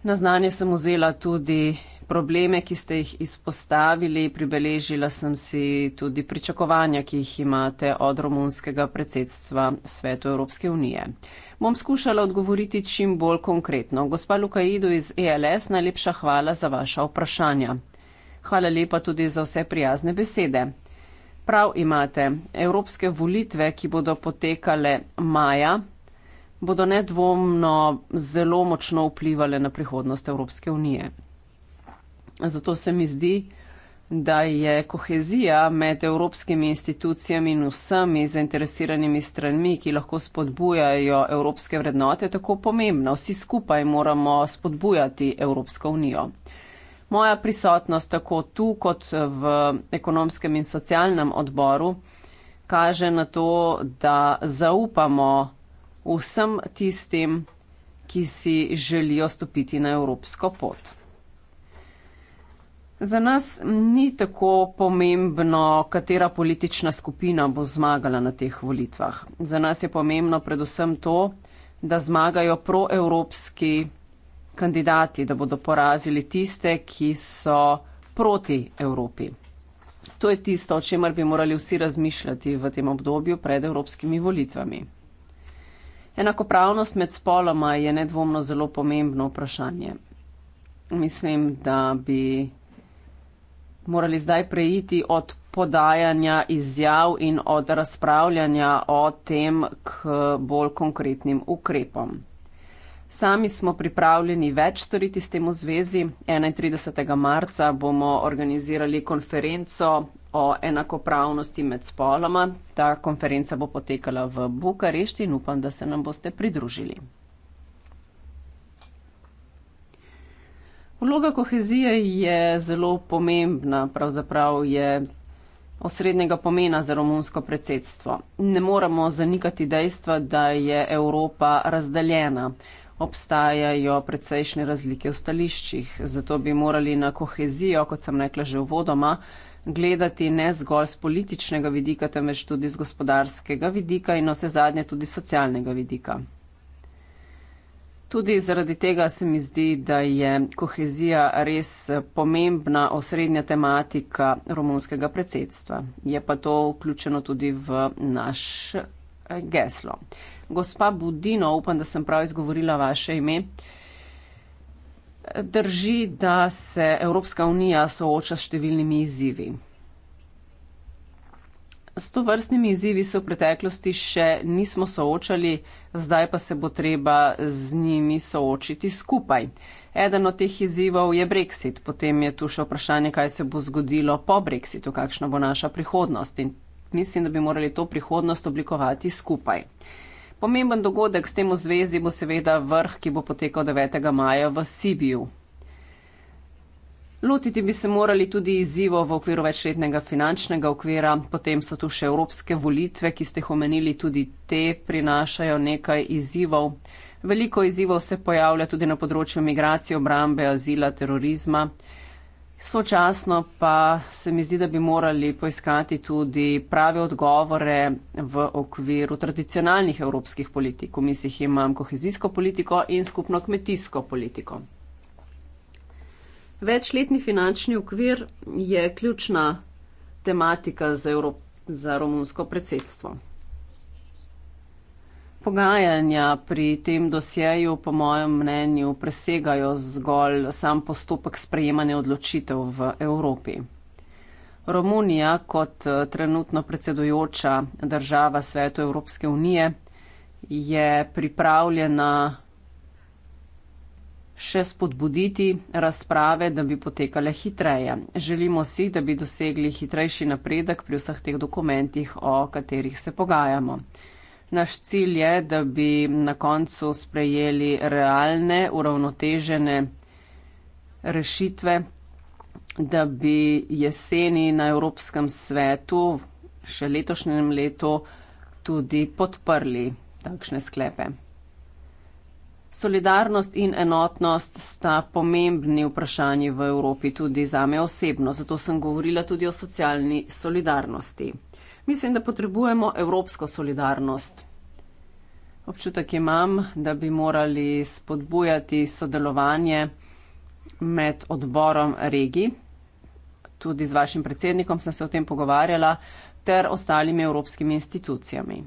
[SPEAKER 3] Na znanje sem vzela tudi probleme, ki ste jih izpostavili, pribeležila sem si tudi pričakovanja, ki jih imate od romunskega predsedstva Svetu Evropske unije. Bom skušala odgovoriti čim bolj konkretno. Gospa Lukaidu iz ELS, najlepša hvala za vaša vprašanja. Hvala lepa tudi za vse prijazne besede. Prav imate, evropske volitve, ki bodo potekale maja, bodo nedvomno zelo močno vplivali na prihodnost Evropske unije. Zato se mi zdi, da je kohezija med evropskimi institucijami in vsemi zainteresiranimi stranmi, ki lahko spodbujajo evropske vrednote, tako pomembna. Vsi skupaj moramo spodbujati Evropsko unijo. Moja prisotnost tako tu kot v ekonomskem in socialnem odboru kaže na to, da zaupamo vsem tistim, ki si želijo stopiti na evropsko pot. Za nas ni tako pomembno, katera politična skupina bo zmagala na teh volitvah. Za nas je pomembno predvsem to, da zmagajo proevropski kandidati, da bodo porazili tiste, ki so proti Evropi. To je tisto, o čemer bi morali vsi razmišljati v tem obdobju pred evropskimi volitvami. Enakopravnost med spoloma je nedvomno zelo pomembno vprašanje. Mislim, da bi morali zdaj preiti od podajanja izjav in od razpravljanja o tem k bolj konkretnim ukrepom. Sami smo pripravljeni več storiti s tem v zvezi. 31. marca bomo organizirali konferenco o enakopravnosti med spoloma. Ta konferenca bo potekala v Bukarešti in upam, da se nam boste pridružili. Vloga kohezije je zelo pomembna, pravzaprav je osrednjega pomena za romunsko predsedstvo. Ne moremo zanikati dejstva, da je Evropa razdeljena. Obstajajo precejšnje razlike v stališčih, zato bi morali na kohezijo, kot sem rekla že uvodoma, gledati ne zgolj z političnega vidika, temveč tudi z gospodarskega vidika in vse zadnje tudi socialnega vidika. Tudi zaradi tega se mi zdi, da je kohezija res pomembna osrednja tematika romunskega predsedstva. Je pa to vključeno tudi v naš eh, geslo. Gospa Budino, upam, da sem prav izgovorila vaše ime. Drži, da se Evropska unija sooča s številnimi izzivi. S to vrstnimi izzivi se v preteklosti še nismo soočali, zdaj pa se bo treba z njimi soočiti skupaj. Eden od teh izzivov je Brexit, potem je tu še vprašanje, kaj se bo zgodilo po Brexitu, kakšna bo naša prihodnost in mislim, da bi morali to prihodnost oblikovati skupaj. Pomemben dogodek s tem v zvezi bo seveda vrh, ki bo potekal 9. maja v Sibiju, Lotiti bi se morali tudi izzivo v okviru večletnega finančnega okvira, potem so tu še evropske volitve, ki ste jih omenili, tudi te prinašajo nekaj izzivov. Veliko izzivov se pojavlja tudi na področju migracije, obrambe, azila, terorizma. Sočasno pa se mi zdi, da bi morali poiskati tudi prave odgovore v okviru tradicionalnih evropskih politik. V mislih imam kohezijsko politiko in skupno kmetijsko politiko. Večletni finančni okvir je ključna tematika za, Evrop za romunsko predsedstvo. Pogajanja pri tem dosjeju, po mojem mnenju, presegajo zgolj sam postopek sprejemanja odločitev v Evropi. Romunija kot trenutno predsedujoča država Svetu Evropske unije je pripravljena še spodbuditi razprave, da bi potekale hitreje. Želimo si, da bi dosegli hitrejši napredek pri vseh teh dokumentih, o katerih se pogajamo. Naš cilj je, da bi na koncu sprejeli realne, uravnotežene rešitve, da bi jeseni na Evropskem svetu še letošnjem letu tudi podprli takšne sklepe. Solidarnost in enotnost sta pomembni vprašanji v Evropi tudi za me osebno, zato sem govorila tudi o socialni solidarnosti. Mislim, da potrebujemo evropsko solidarnost. Občutek imam, da bi morali spodbujati sodelovanje med odborom regij, tudi z vašim predsednikom sem se o tem pogovarjala, ter ostalimi evropskimi institucijami.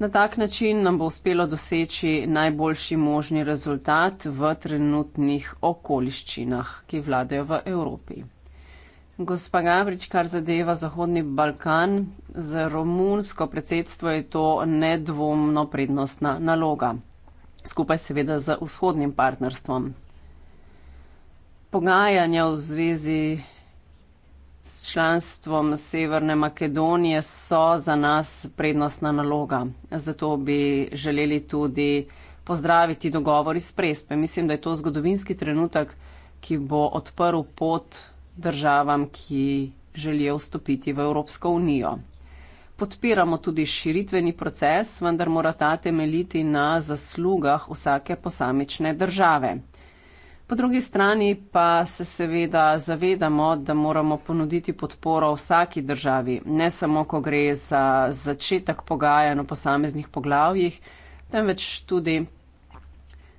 [SPEAKER 3] Na tak način nam bo uspelo doseči najboljši možni rezultat v trenutnih okoliščinah, ki vladajo v Evropi. Gospa Gabrič, kar zadeva Zahodni Balkan, za romunsko predsedstvo je to nedvomno prednostna naloga, skupaj seveda z vzhodnim partnerstvom. Pogajanja v zvezi s članstvom Severne Makedonije so za nas prednostna naloga. Zato bi želeli tudi pozdraviti dogovor iz Prespe. Mislim, da je to zgodovinski trenutek, ki bo odprl pot državam, ki želijo vstopiti v Evropsko unijo. Podpiramo tudi širitveni proces, vendar mora ta temeljiti na zaslugah vsake posamične države. Po drugi strani pa se seveda zavedamo, da moramo ponuditi podporo vsaki državi, ne samo, ko gre za začetek pogajanj o posameznih poglavjih, temveč tudi,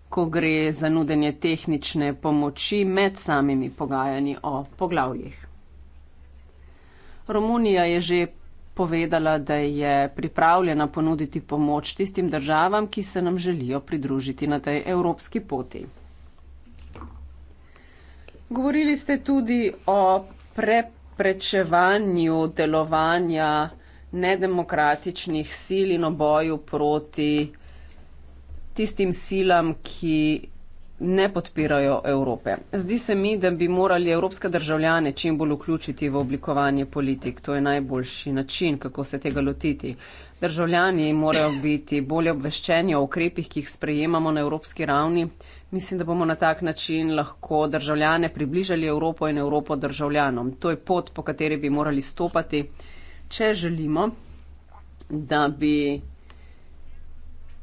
[SPEAKER 3] ko gre za nudenje tehnične pomoči med samimi pogajanji o poglavjih. Romunija je že povedala, da je pripravljena ponuditi pomoč tistim državam, ki se nam želijo pridružiti na tej evropski poti. Govorili ste tudi o preprečevanju delovanja nedemokratičnih sil in o boju proti tistim silam, ki ne podpirajo Evrope. Zdi se mi, da bi morali evropske državljane čim bolj vključiti v oblikovanje politik. To je najboljši način, kako se tega lotiti. Državljani morajo biti bolje obveščeni o ukrepih, ki jih sprejemamo na evropski ravni. Mislim, da bomo na tak način lahko državljane približali Evropo in Evropo državljanom. To je pot, po kateri bi morali stopati, če želimo, da bi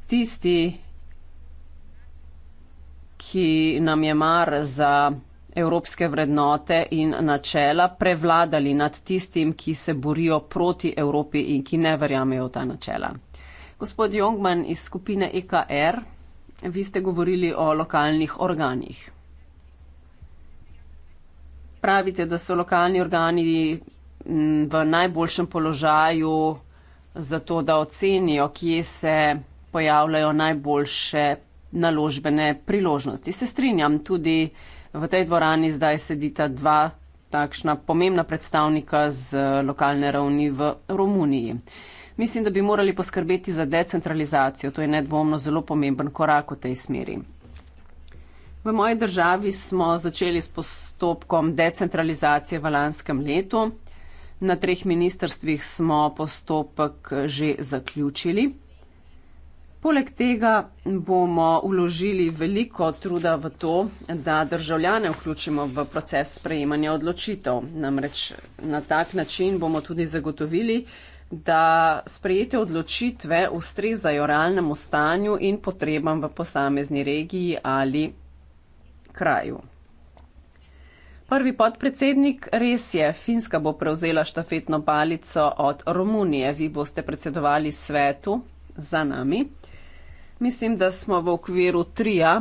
[SPEAKER 3] tisti, ki nam je mar za evropske vrednote in načela, prevladali nad tistim, ki se borijo proti Evropi in ki ne verjamejo v ta načela. Gospod Jongman iz skupine EKR. Vi ste govorili o lokalnih organih. Pravite, da so lokalni organi v najboljšem položaju za to, da ocenijo, kje se pojavljajo najboljše naložbene priložnosti. Se strinjam, tudi v tej dvorani zdaj sedita dva takšna pomembna predstavnika z lokalne ravni v Romuniji. Mislim, da bi morali poskrbeti za decentralizacijo. To je nedvomno zelo pomemben korak v tej smeri. V moji državi smo začeli s postopkom decentralizacije v lanskem letu. Na treh ministrstvih smo postopek že zaključili. Poleg tega bomo uložili veliko truda v to, da državljane vključimo v proces sprejemanja odločitev. Namreč na tak način bomo tudi zagotovili, da sprejete odločitve ustrezajo realnemu stanju in potrebam v posamezni regiji ali kraju. Prvi podpredsednik, res je, Finska bo prevzela štafetno palico od Romunije, vi boste predsedovali svetu za nami. Mislim, da smo v okviru trija,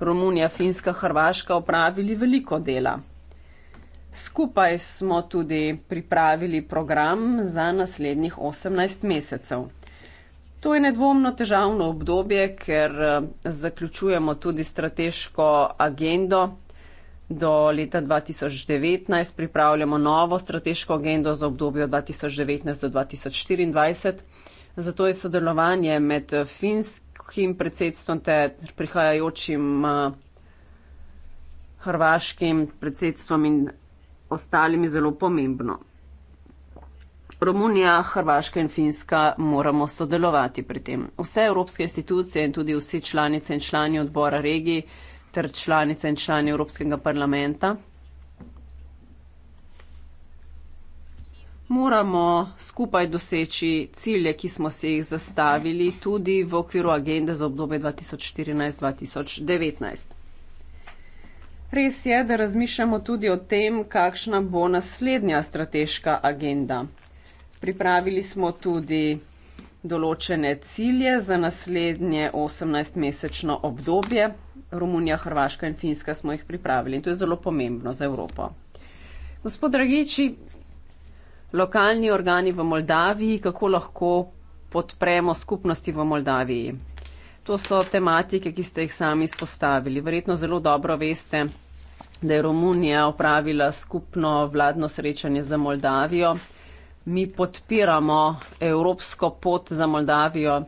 [SPEAKER 3] Romunija, Finska, Hrvaška, opravili veliko dela. Skupaj smo tudi pripravili program za naslednjih 18 mesecev. To je nedvomno težavno obdobje, ker eh, zaključujemo tudi strateško agendo. Do leta 2019 pripravljamo novo strateško agendo za obdobje 2019 do 2024. Zato je sodelovanje med eh, finskim predsedstvom ter prihajajočim eh, hrvaškim predsedstvom in ostalimi zelo pomembno. Romunija, Hrvaška in Finska moramo sodelovati pri tem. Vse evropske institucije in tudi vsi članice in člani odbora regij ter članice in člani Evropskega parlamenta moramo skupaj doseči cilje, ki smo si jih zastavili tudi v okviru agende za obdobje 2014-2019 res je, da razmišljamo tudi o tem, kakšna bo naslednja strateška agenda. Pripravili smo tudi določene cilje za naslednje 18-mesečno obdobje. Romunija, Hrvaška in Finska smo jih pripravili in to je zelo pomembno za Evropo. Gospod Dragiči, lokalni organi v Moldaviji, kako lahko podpremo skupnosti v Moldaviji? To so tematike, ki ste jih sami izpostavili. Verjetno zelo dobro veste, da je Romunija opravila skupno vladno srečanje za Moldavijo. Mi podpiramo evropsko pot za Moldavijo.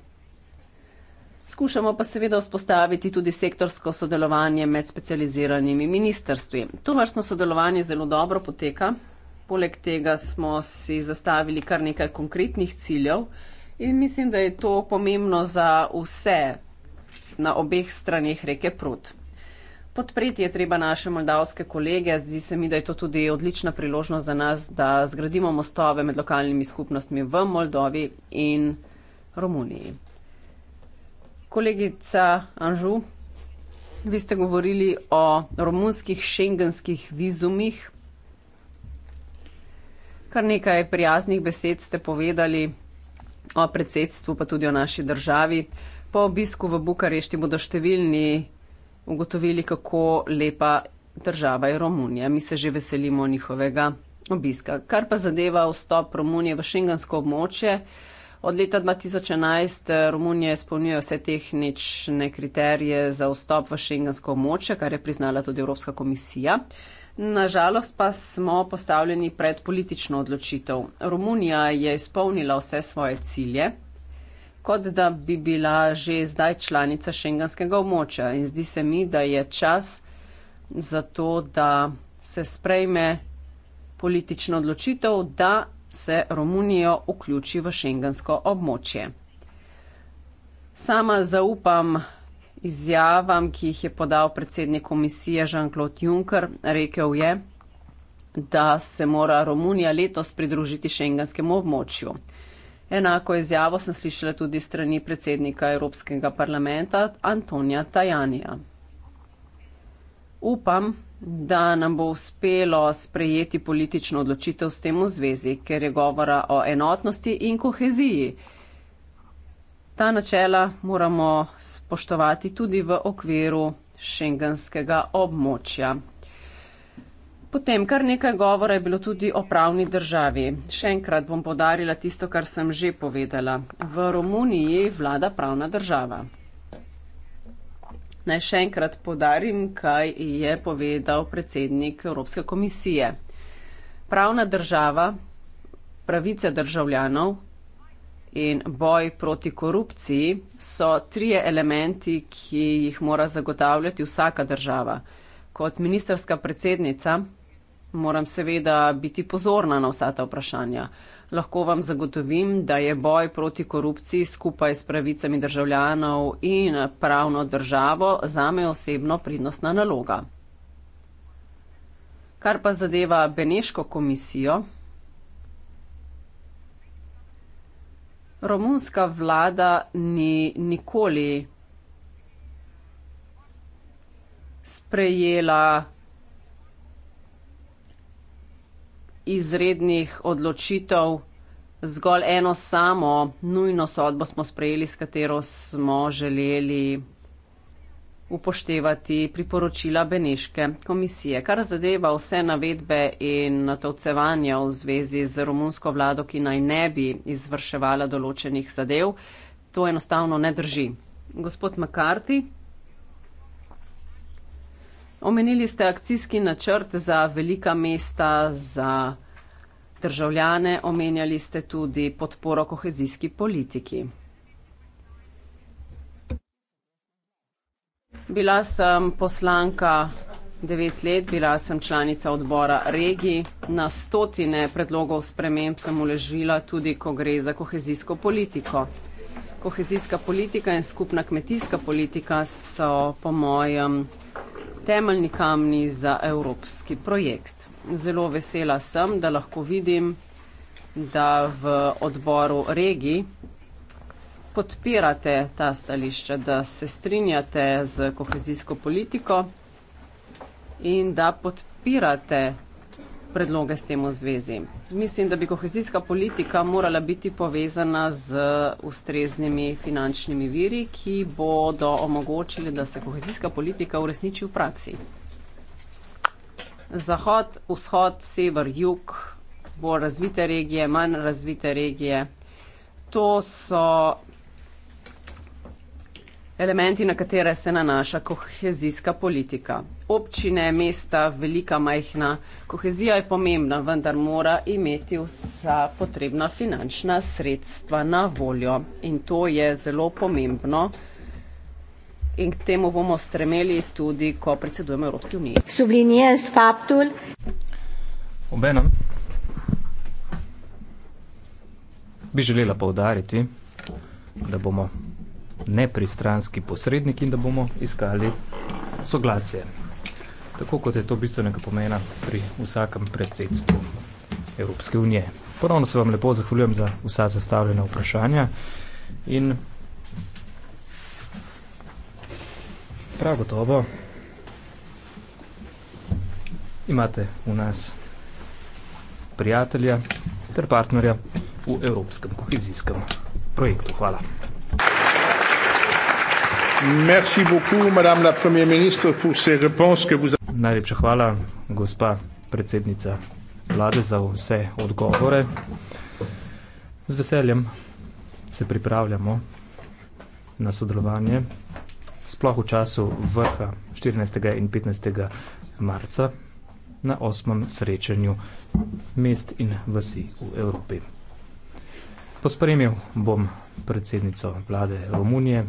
[SPEAKER 3] Skušamo pa seveda vzpostaviti tudi sektorsko sodelovanje med specializiranimi ministrstvi. To vrstno sodelovanje zelo dobro poteka. Poleg tega smo si zastavili kar nekaj konkretnih ciljev in mislim, da je to pomembno za vse na obeh stranih reke Prut. Podpreti je treba naše moldavske kolege. Zdi se mi, da je to tudi odlična priložnost za nas, da zgradimo mostove med lokalnimi skupnostmi v Moldovi in Romuniji. Kolegica Anžu, vi ste govorili o romunskih šengenskih vizumih. Kar nekaj prijaznih besed ste povedali o predsedstvu, pa tudi o naši državi. Po obisku v Bukarešti bodo številni ugotovili, kako lepa država je Romunija. Mi se že veselimo njihovega obiska. Kar pa zadeva vstop Romunije v šengansko območje, od leta 2011 eh, Romunija izpolnjuje vse tehnične kriterije za vstop v šengansko območje, kar je priznala tudi Evropska komisija. Nažalost pa smo postavljeni pred politično odločitev. Romunija je izpolnila vse svoje cilje kot da bi bila že zdaj članica šengenskega območja. In zdi se mi, da je čas za to, da se sprejme politično odločitev, da se Romunijo vključi v šengensko območje. Sama zaupam izjavam, ki jih je podal predsednik komisije Jean-Claude Juncker. Rekel je, da se mora Romunija letos pridružiti šengenskemu območju. Enako izjavo sem slišala tudi strani predsednika Evropskega parlamenta Antonija Tajanija. Upam, da nam bo uspelo sprejeti politično odločitev s tem v zvezi, ker je govora o enotnosti in koheziji. Ta načela moramo spoštovati tudi v okviru šengenskega območja. Potem kar nekaj govora je bilo tudi o pravni državi. Še enkrat bom podarila tisto, kar sem že povedala. V Romuniji vlada pravna država. Naj še enkrat podarim, kaj je povedal predsednik Evropske komisije. Pravna država, pravice državljanov in boj proti korupciji so trije elementi, ki jih mora zagotavljati vsaka država. Kot ministerska predsednica Moram seveda biti pozorna na vsa ta vprašanja. Lahko vam zagotovim, da je boj proti korupciji skupaj s pravicami državljanov in pravno državo zame osebno prednostna naloga. Kar pa zadeva Beneško komisijo. Romunska vlada ni nikoli sprejela izrednih odločitev, zgolj eno samo nujno sodbo smo sprejeli, s katero smo želeli upoštevati priporočila Beneške komisije. Kar zadeva vse navedbe in natovcevanja v zvezi z romunsko vlado, ki naj ne bi izvrševala določenih zadev, to enostavno ne drži. Gospod McCarthy. Omenili ste akcijski načrt za velika mesta, za državljane, omenjali ste tudi podporo kohezijski politiki. Bila sem poslanka devet let, bila sem članica odbora regij, na stotine predlogov sprememb sem uležila tudi, ko gre za kohezijsko politiko. Kohezijska politika in skupna kmetijska politika so po mojem temeljni kamni za evropski projekt. Zelo vesela sem, da lahko vidim, da v odboru regij podpirate ta stališča, da se strinjate s kohezijsko politiko in da podpirate predloge s tem v zvezi. Mislim, da bi kohezijska politika morala biti povezana z ustreznimi finančnimi viri, ki bodo omogočili, da se kohezijska politika uresniči v praksi. Zahod, vzhod, sever, jug, bolj razvite regije, manj razvite regije. To so elementi, na katere se nanaša kohezijska politika občine, mesta, velika, majhna. Kohezija je pomembna, vendar mora imeti vsa potrebna finančna sredstva na voljo. In to je zelo pomembno. In k temu bomo stremeli tudi, ko predsedujemo Evropski uniji.
[SPEAKER 8] Subliniens faptul. Obenem bi želela povdariti, da bomo nepristranski posredniki in da bomo iskali soglasje tako kot je to bistvenega pomena pri vsakem predsedstvu Evropske unije. Ponovno se vam lepo zahvaljujem za vsa zastavljena vprašanja in prav gotovo imate v nas prijatelja ter partnerja v Evropskem kohezijskem projektu. Hvala. Merci beaucoup, Madame la Première ministre, pour ces réponses que vous avez najlepša hvala, gospa predsednica vlade, za vse odgovore. Z veseljem se pripravljamo na sodelovanje, sploh v času vrha 14. in 15. marca na osmem srečanju mest in vasi v Evropi. Pospremil bom predsednico vlade Romunije,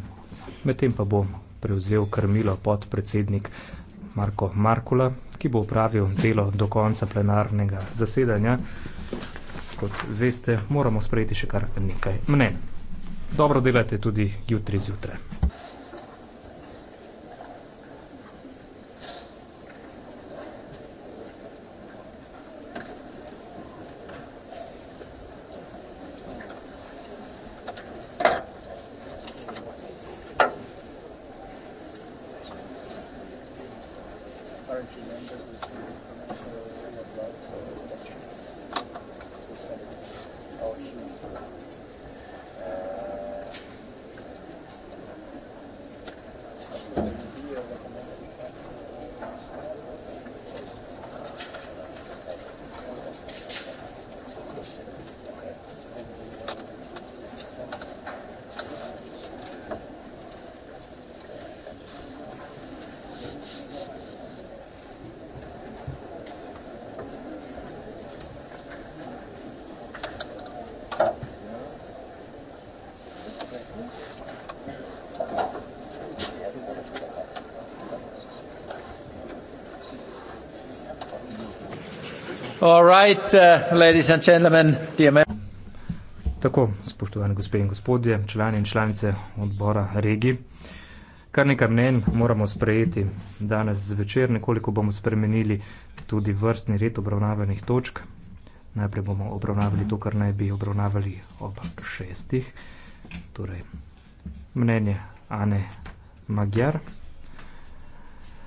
[SPEAKER 8] medtem pa bom prevzel krmilo pod predsednik vlade Marko Markula, ki bo upravil delo do konca plenarnega zasedanja. Kot veste, moramo sprejeti še kar nekaj mnen. Dobro delate tudi jutri zjutraj.
[SPEAKER 6] Eh,
[SPEAKER 8] Tako, spoštovane gospe in gospodje, člani in članice odbora Regi, kar nekaj mnen moramo sprejeti danes zvečer, nekoliko bomo spremenili tudi vrstni red obravnavanih točk. Najprej bomo obravnavali to, kar naj bi obravnavali ob šestih, torej mnenje Ane Magjar.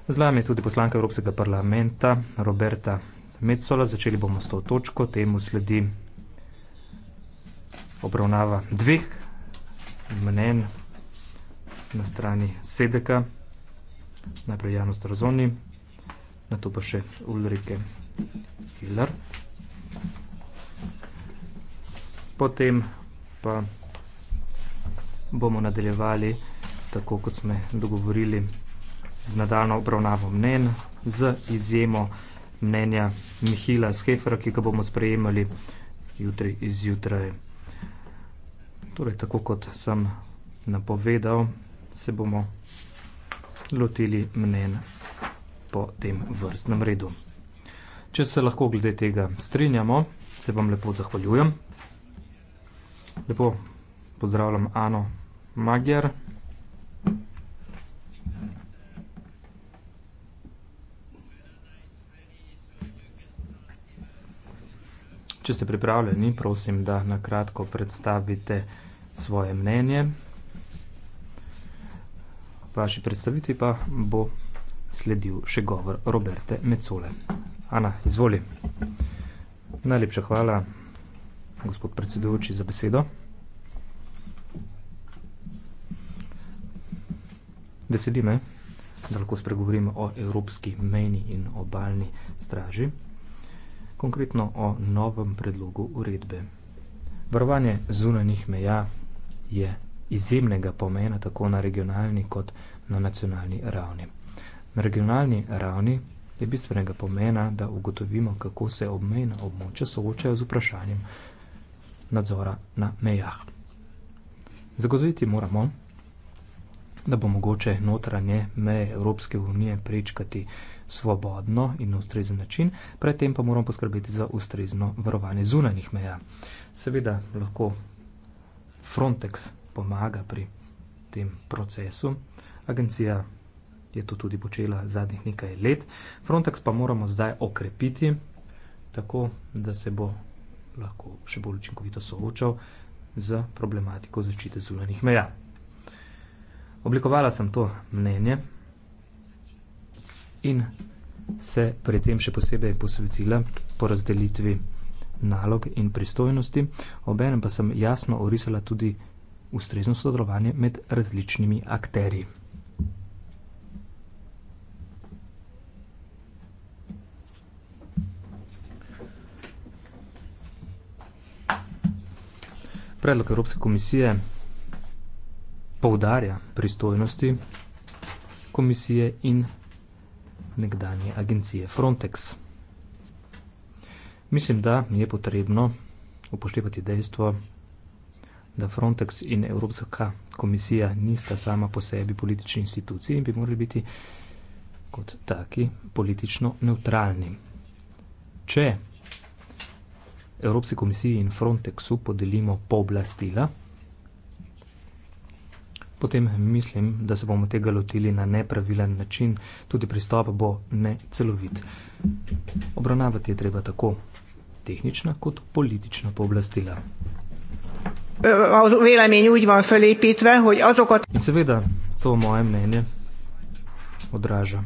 [SPEAKER 8] Z nami je tudi poslanka Evropskega parlamenta Roberta Metsola, začeli bomo s to točko, temu sledi obravnava dveh mnen na strani Sedeka, najprej Janus Drazoni, na to pa še Ulrike Hiller. Potem pa bomo nadaljevali tako, kot sme dogovorili z nadaljno obravnavo mnen, z izjemo mnen, mnenja Mihila Skefera, ki ga bomo sprejemali jutri izjutraj. Torej, tako kot sem napovedal, se bomo lotili mnen po tem vrstnem redu. Če se lahko glede tega strinjamo, se vam lepo zahvaljujem. Lepo pozdravljam Ano Magyar, Če ste pripravljeni, prosim, da na kratko predstavite svoje mnenje. Vaši predstavitvi pa bo sledil še govor Roberte Mecole. Ana, izvoli. Najlepša hvala, gospod predsedujoči, za besedo. Veseli me, da lahko spregovorim o Evropski mejni in obaljni straži konkretno o novem predlogu uredbe. Varovanje zunanjih meja je izjemnega pomena tako na regionalni kot na nacionalni ravni. Na regionalni ravni je bistvenega pomena, da ugotovimo, kako se obmejna območja soočajo z vprašanjem nadzora na mejah. Zagotoviti moramo, da bo mogoče notranje meje Evropske unije prečkati svobodno in na ustrezen način, predtem pa moramo poskrbeti za ustrezno varovanje zunanjih meja. Seveda lahko Frontex pomaga pri tem procesu, agencija je to tudi počela zadnjih nekaj let. Frontex pa moramo zdaj okrepiti, tako da se bo lahko še bolj učinkovito soočal z problematiko zaščite zunanjih meja. Oblikovala sem to mnenje in se pri tem še posebej posvetila po razdelitvi nalog in pristojnosti, obenem pa sem jasno orisala tudi ustrezno sodelovanje med različnimi akterji. Predlog Evropske komisije poudarja pristojnosti komisije in nekdanje agencije Frontex. Mislim, da je potrebno upoštevati dejstvo, da Frontex in Evropska komisija nista sama po sebi politični instituciji in bi morali biti kot taki politično neutralni. Če Evropski komisiji in Frontexu podelimo pooblastila, po potem mislim, da se bomo tega lotili na nepravilen način, tudi pristop bo necelovit. Obravnavati je treba tako tehnična kot politična pooblastila. A vélemény úgy van fölépítve, hogy azokat... In seveda, to moje mnenje odraža.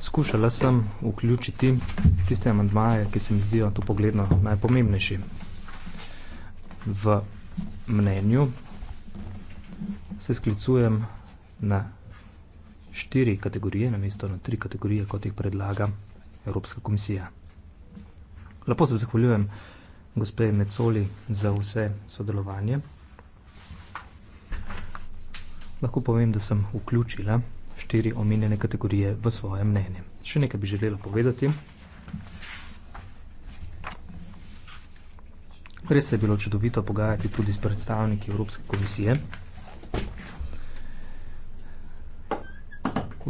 [SPEAKER 8] Skušala sem vključiti tiste amandmaje, ki se mi zdijo to pogledno najpomembnejši v mnenju se sklicujem na štiri kategorije, namesto na tri kategorije, kot jih predlaga Evropska komisija. Lepo se zahvaljujem gospe Mecoli za vse sodelovanje. Lahko povem, da sem vključila štiri omenjene kategorije v svoje mnenje. Še nekaj bi želela povedati. Res se je bilo čudovito pogajati tudi s predstavniki Evropske komisije.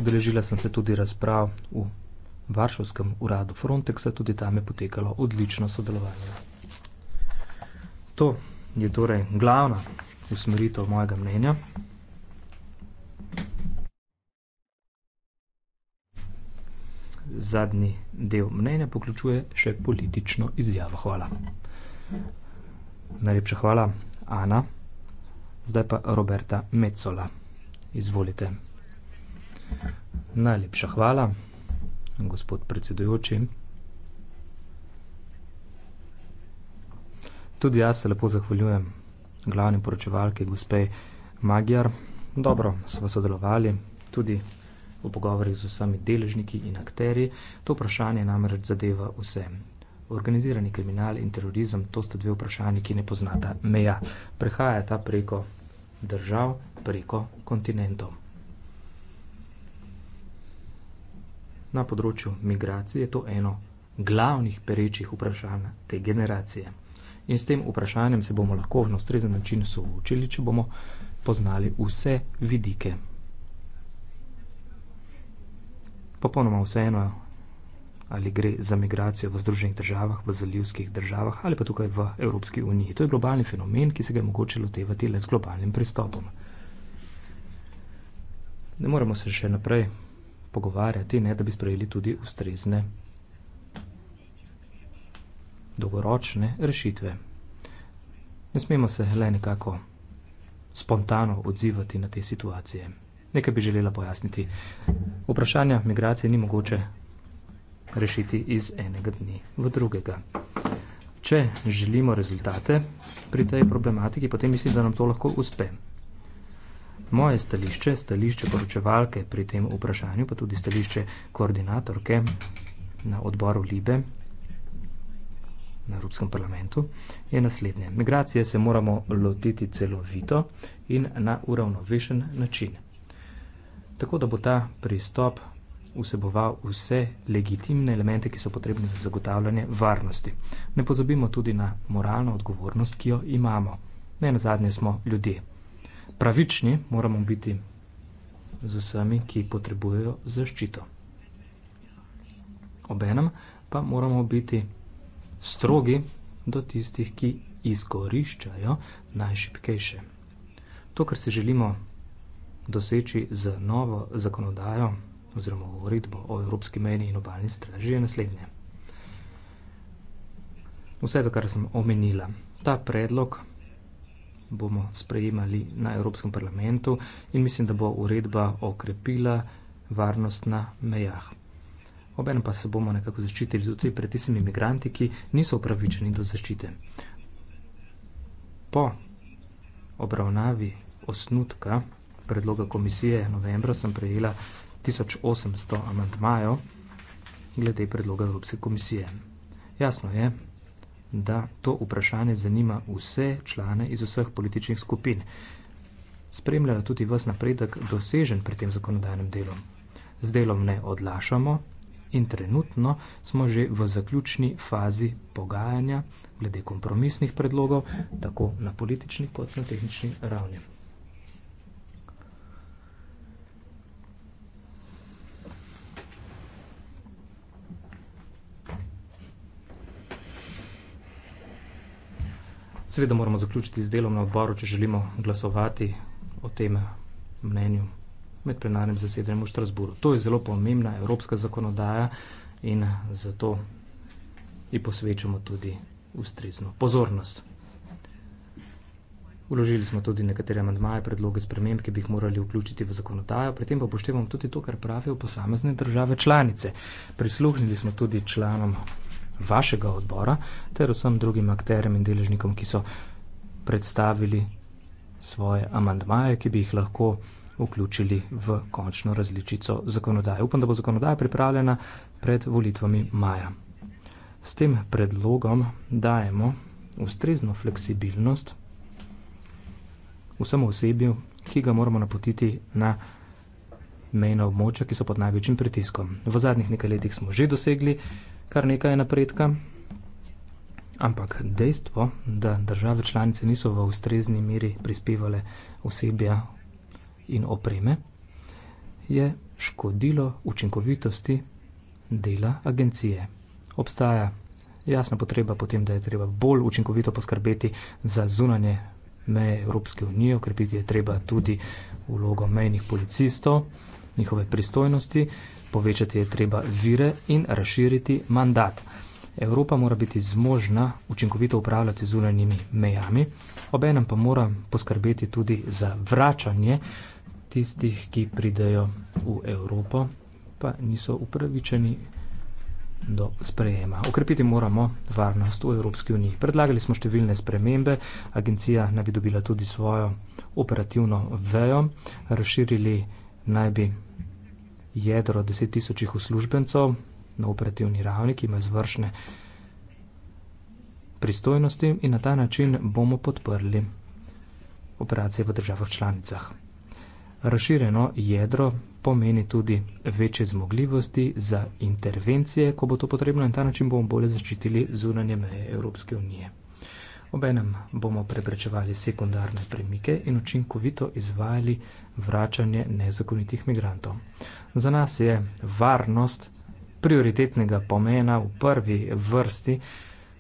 [SPEAKER 8] Udeležila sem se tudi razprav v Varšavskem uradu Frontexa, tudi tam je potekalo odlično sodelovanje. To je torej glavna usmeritev mojega mnenja. Zadnji del mnenja poključuje še politično izjavo. Hvala. Najlepša hvala, Ana. Zdaj pa Roberta Mecola. Izvolite. Hvala. Najlepša hvala, gospod predsedujoči. Tudi jaz se lepo zahvaljujem glavni poročevalki, gospe Magjar. Dobro smo sodelovali tudi v pogovorih z vsemi deležniki in akteri. To vprašanje namreč zadeva vse. Organizirani kriminal in terorizem, to sta dve vprašanji, ki ne poznata meja. Prehajata preko držav, preko kontinentov. na področju migracij je to eno glavnih perečih vprašanj te generacije. In s tem vprašanjem se bomo lahko na ustrezen način soočili, če bomo poznali vse vidike. Popolnoma vseeno, ali gre za migracijo v Združenih državah, v zalivskih državah ali pa tukaj v Evropski uniji. To je globalni fenomen, ki se ga je mogoče lotevati le z globalnim pristopom. Ne moremo se še naprej pogovarjati, ne, da bi sprejeli tudi ustrezne dolgoročne rešitve. Ne smemo se le nekako spontano odzivati na te situacije. Nekaj bi želela pojasniti. Vprašanja migracije ni mogoče rešiti iz enega dne v drugega. Če želimo rezultate pri tej problematiki, potem mislim, da nam to lahko uspe moje stališče, stališče poročevalke pri tem vprašanju, pa tudi stališče koordinatorke na odboru Libe na Evropskem parlamentu, je naslednje. Migracije se moramo lotiti celovito in na uravnovešen način. Tako da bo ta pristop vseboval vse legitimne elemente, ki so potrebni za zagotavljanje varnosti. Ne pozabimo tudi na moralno odgovornost, ki jo imamo. Ne na zadnje smo ljudje pravični moramo biti z vsemi, ki potrebujejo zaščito. Obenem pa moramo biti strogi do tistih, ki izkoriščajo najšipkejše. To, kar se želimo doseči z novo zakonodajo oziroma uredbo o Evropski meni in obalni straži, je naslednje. Vse to, kar sem omenila, ta predlog bomo sprejemali na Evropskem parlamentu in mislim, da bo uredba okrepila varnost na mejah. Obenem pa se bomo nekako zaščitili tudi pred tistimi imigranti, ki niso upravičeni do zaščite. Po obravnavi osnutka predloga komisije novembra sem prejela 1800 amantmajev glede predloga Evropske komisije. Jasno je, da to vprašanje zanima vse člane iz vseh političnih skupin. Spremljajo tudi vas napredek dosežen pri tem zakonodajnem delu. Z delom ne odlašamo in trenutno smo že v zaključni fazi pogajanja glede kompromisnih predlogov, tako na politični kot na tehnični ravni. Seveda moramo zaključiti z delom na odboru, če želimo glasovati o tem mnenju med plenarnim zasedanjem v Štrasburu. To je zelo pomembna evropska zakonodaja in zato ji posvečamo tudi ustrezno pozornost. Uložili smo tudi nekatere amandmaje, predloge sprememb, ki bi jih morali vključiti v zakonodajo, pri tem pa upoštevamo tudi to, kar pravijo posamezne države članice. Prisluhnili smo tudi članom vašega odbora ter vsem drugim akterjem in deležnikom, ki so predstavili svoje amandmaje, ki bi jih lahko vključili v končno različico zakonodaje. Upam, da bo zakonodaja pripravljena pred volitvami maja. S tem predlogom dajemo ustrezno fleksibilnost vsemu osebju, ki ga moramo napotiti na mejna območja, ki so pod največjim pritiskom. V zadnjih nekaj letih smo že dosegli kar nekaj napredka. Ampak dejstvo, da države članice niso v ustrezni meri prispevale osebja in opreme, je škodilo učinkovitosti dela agencije. Obstaja jasna potreba potem, da je treba bolj učinkovito poskrbeti za zunanje meje Evropske unije, okrepiti je treba tudi vlogo mejnih policistov, njihove pristojnosti, Povečati je treba vire in razširiti mandat. Evropa mora biti zmožna učinkovito upravljati zunanjimi mejami, obenem pa mora poskrbeti tudi za vračanje tistih, ki pridejo v Evropo, pa niso upravičeni do sprejema. Okrepiti moramo varnost v Evropski uniji. Predlagali smo številne spremembe, agencija naj bi dobila tudi svojo operativno vejo, razširili naj bi jedro deset tisočih uslužbencov na operativni ravni, ki ima izvršne pristojnosti in na ta način bomo podprli operacije v državah članicah. Razširjeno jedro pomeni tudi večje zmogljivosti za intervencije, ko bo to potrebno in ta način bomo bolje zaščitili zunanje meje Evropske unije. Obenem bomo preprečevali sekundarne premike in učinkovito izvajali vračanje nezakonitih migrantov. Za nas je varnost prioritetnega pomena v prvi vrsti,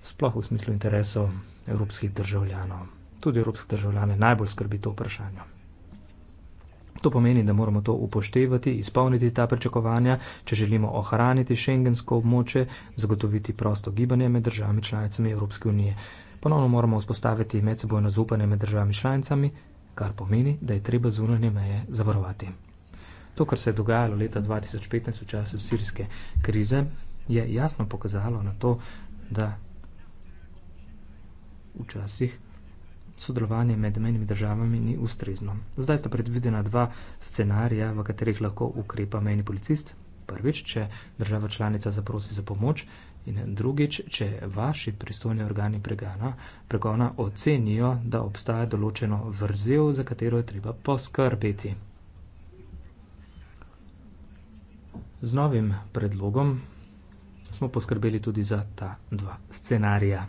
[SPEAKER 8] sploh v smislu interesov evropskih državljanov. Tudi evropske državljane najbolj skrbi to vprašanje. To pomeni, da moramo to upoštevati, izpolniti ta pričakovanja, če želimo ohraniti šengensko območje, zagotoviti prosto gibanje med državami članicami Evropske unije ponovno moramo vzpostaviti medsebojno zaupanje med državami članicami, kar pomeni, da je treba zunanje meje zavarovati. To, kar se je dogajalo leta 2015 v času sirske krize, je jasno pokazalo na to, da včasih sodelovanje med menjimi državami ni ustrezno. Zdaj sta predvidena dva scenarija, v katerih lahko ukrepa menji policist. Prvič, če država članica zaprosi za pomoč, In drugič, če vaši pristojni organi pregana, pregona ocenijo, da obstaja določeno vrzel, za katero je treba poskrbeti. Z novim predlogom smo poskrbeli tudi za ta dva scenarija.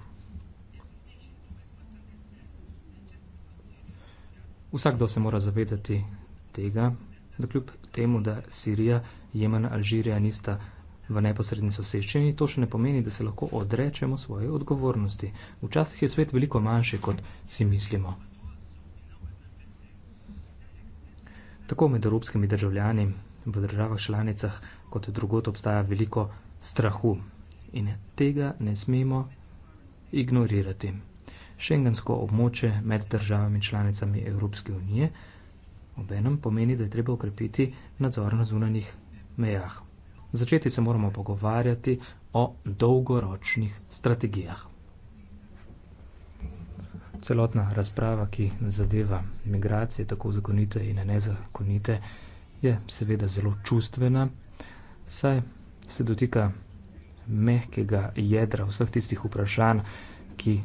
[SPEAKER 8] Vsakdo se mora zavedati tega, da kljub temu, da Sirija, Jemen, Alžirija nista v neposredni soseščini, to še ne pomeni, da se lahko odrečemo svoje odgovornosti. Včasih je svet veliko manjši, kot si mislimo. Tako med evropskimi državljani v državah članicah, kot drugot obstaja veliko strahu in tega ne smemo ignorirati. Šengensko območje med državami članicami Evropske unije obenem pomeni, da je treba ukrepiti nadzor na zunanih mejah začeti se moramo pogovarjati o dolgoročnih strategijah. Celotna razprava, ki zadeva migracije, tako zakonite in nezakonite, je seveda zelo čustvena, saj se dotika mehkega jedra vseh tistih vprašanj, ki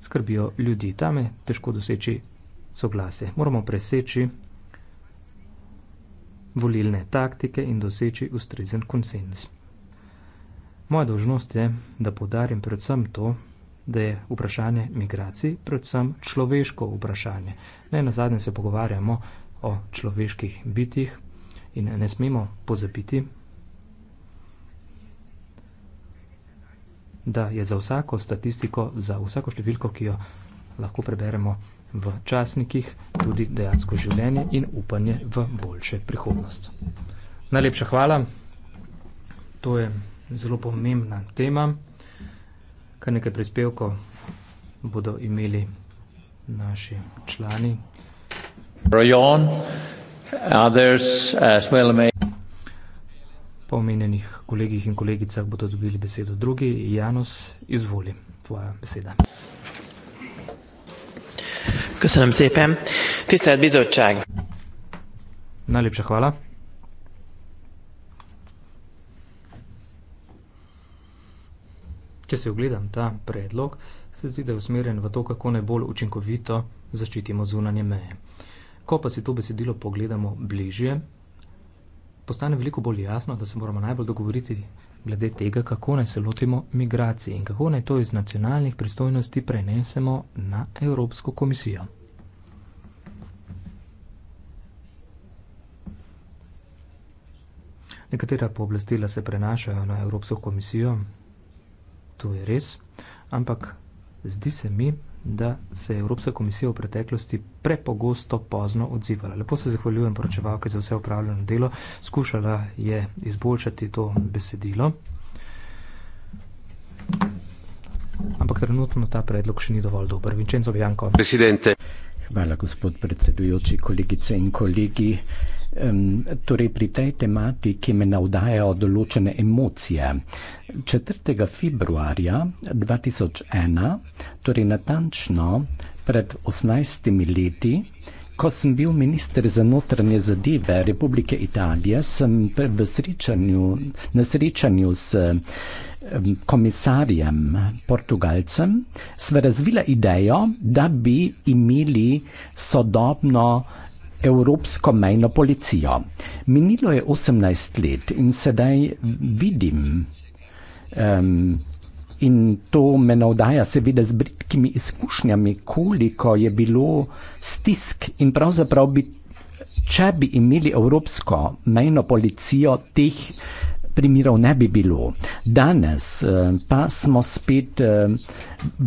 [SPEAKER 8] skrbijo ljudi. Tam je težko doseči soglasje. Moramo preseči volilne taktike in doseči ustrezen konsens. Moja dožnost je, da podarim predvsem to, da je vprašanje migracij predvsem človeško vprašanje. Ne na zadnje se pogovarjamo o človeških bitih in ne smemo pozabiti, da je za vsako statistiko, za vsako številko, ki jo lahko preberemo, v časnikih tudi dejansko življenje in upanje v boljše prihodnost. Najlepša hvala. To je zelo pomembna tema. Kar nekaj prispevkov bodo imeli naši člani. Rajon, others as well may. Po omenjenih kolegih in kolegicah bodo dobili besedo drugi. Janus, izvoli,
[SPEAKER 9] tvoja beseda. Köszönöm szépen. Tisztelt Bizottság!
[SPEAKER 8] Najlepša hvala. Če si ogledam ta predlog, se zdi, da je usmerjen v to, kako najbolj učinkovito zaščitimo zunanje meje. Ko pa si to besedilo pogledamo bližje, postane veliko bolj jasno, da se moramo najbolj dogovoriti glede tega, kako naj se lotimo migracije in kako naj to iz nacionalnih pristojnosti prenesemo na Evropsko komisijo. Nekatera pooblastila se prenašajo na Evropsko komisijo, to je res, ampak zdi se mi, da se je Evropska komisija v preteklosti prepogosto pozno odzivala. Lepo se zahvaljujem poročevalki za vse upravljeno delo. Skušala je izboljšati to besedilo. Ampak trenutno ta
[SPEAKER 10] predlog še ni dovolj dober. Vincenzo Bianco. Presidente. Hvala, gospod predsedujoči, kolegice in kolegi. Um, torej pri tej tematiki me navdajajo določene emocije. 4. februarja 2001, torej natančno pred 18 leti, Ko sem bil minister za notranje zadeve Republike Italije, sem v srečanju, na srečanju s komisarjem Portugalcem sva razvila idejo, da bi imeli sodobno evropsko mejno policijo. Minilo je 18 let in sedaj vidim, um, In to me navdaja, seveda, z britkimi izkušnjami, koliko je bilo stisk. In pravzaprav, bi, če bi imeli evropsko mejno policijo, teh primerov ne bi bilo. Danes eh, pa smo spet eh,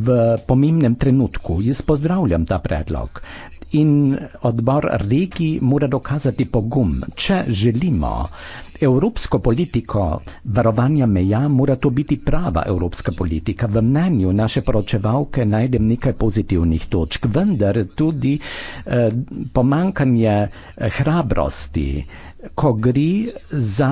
[SPEAKER 10] v pomembnem trenutku. Jaz pozdravljam ta predlog in odbor regi mora dokazati pogum. Če želimo evropsko politiko varovanja meja, mora to biti prava evropska politika. V mnenju naše poročevalke najdem nekaj pozitivnih točk, vendar tudi eh, pomankanje eh, hrabrosti, ko gre za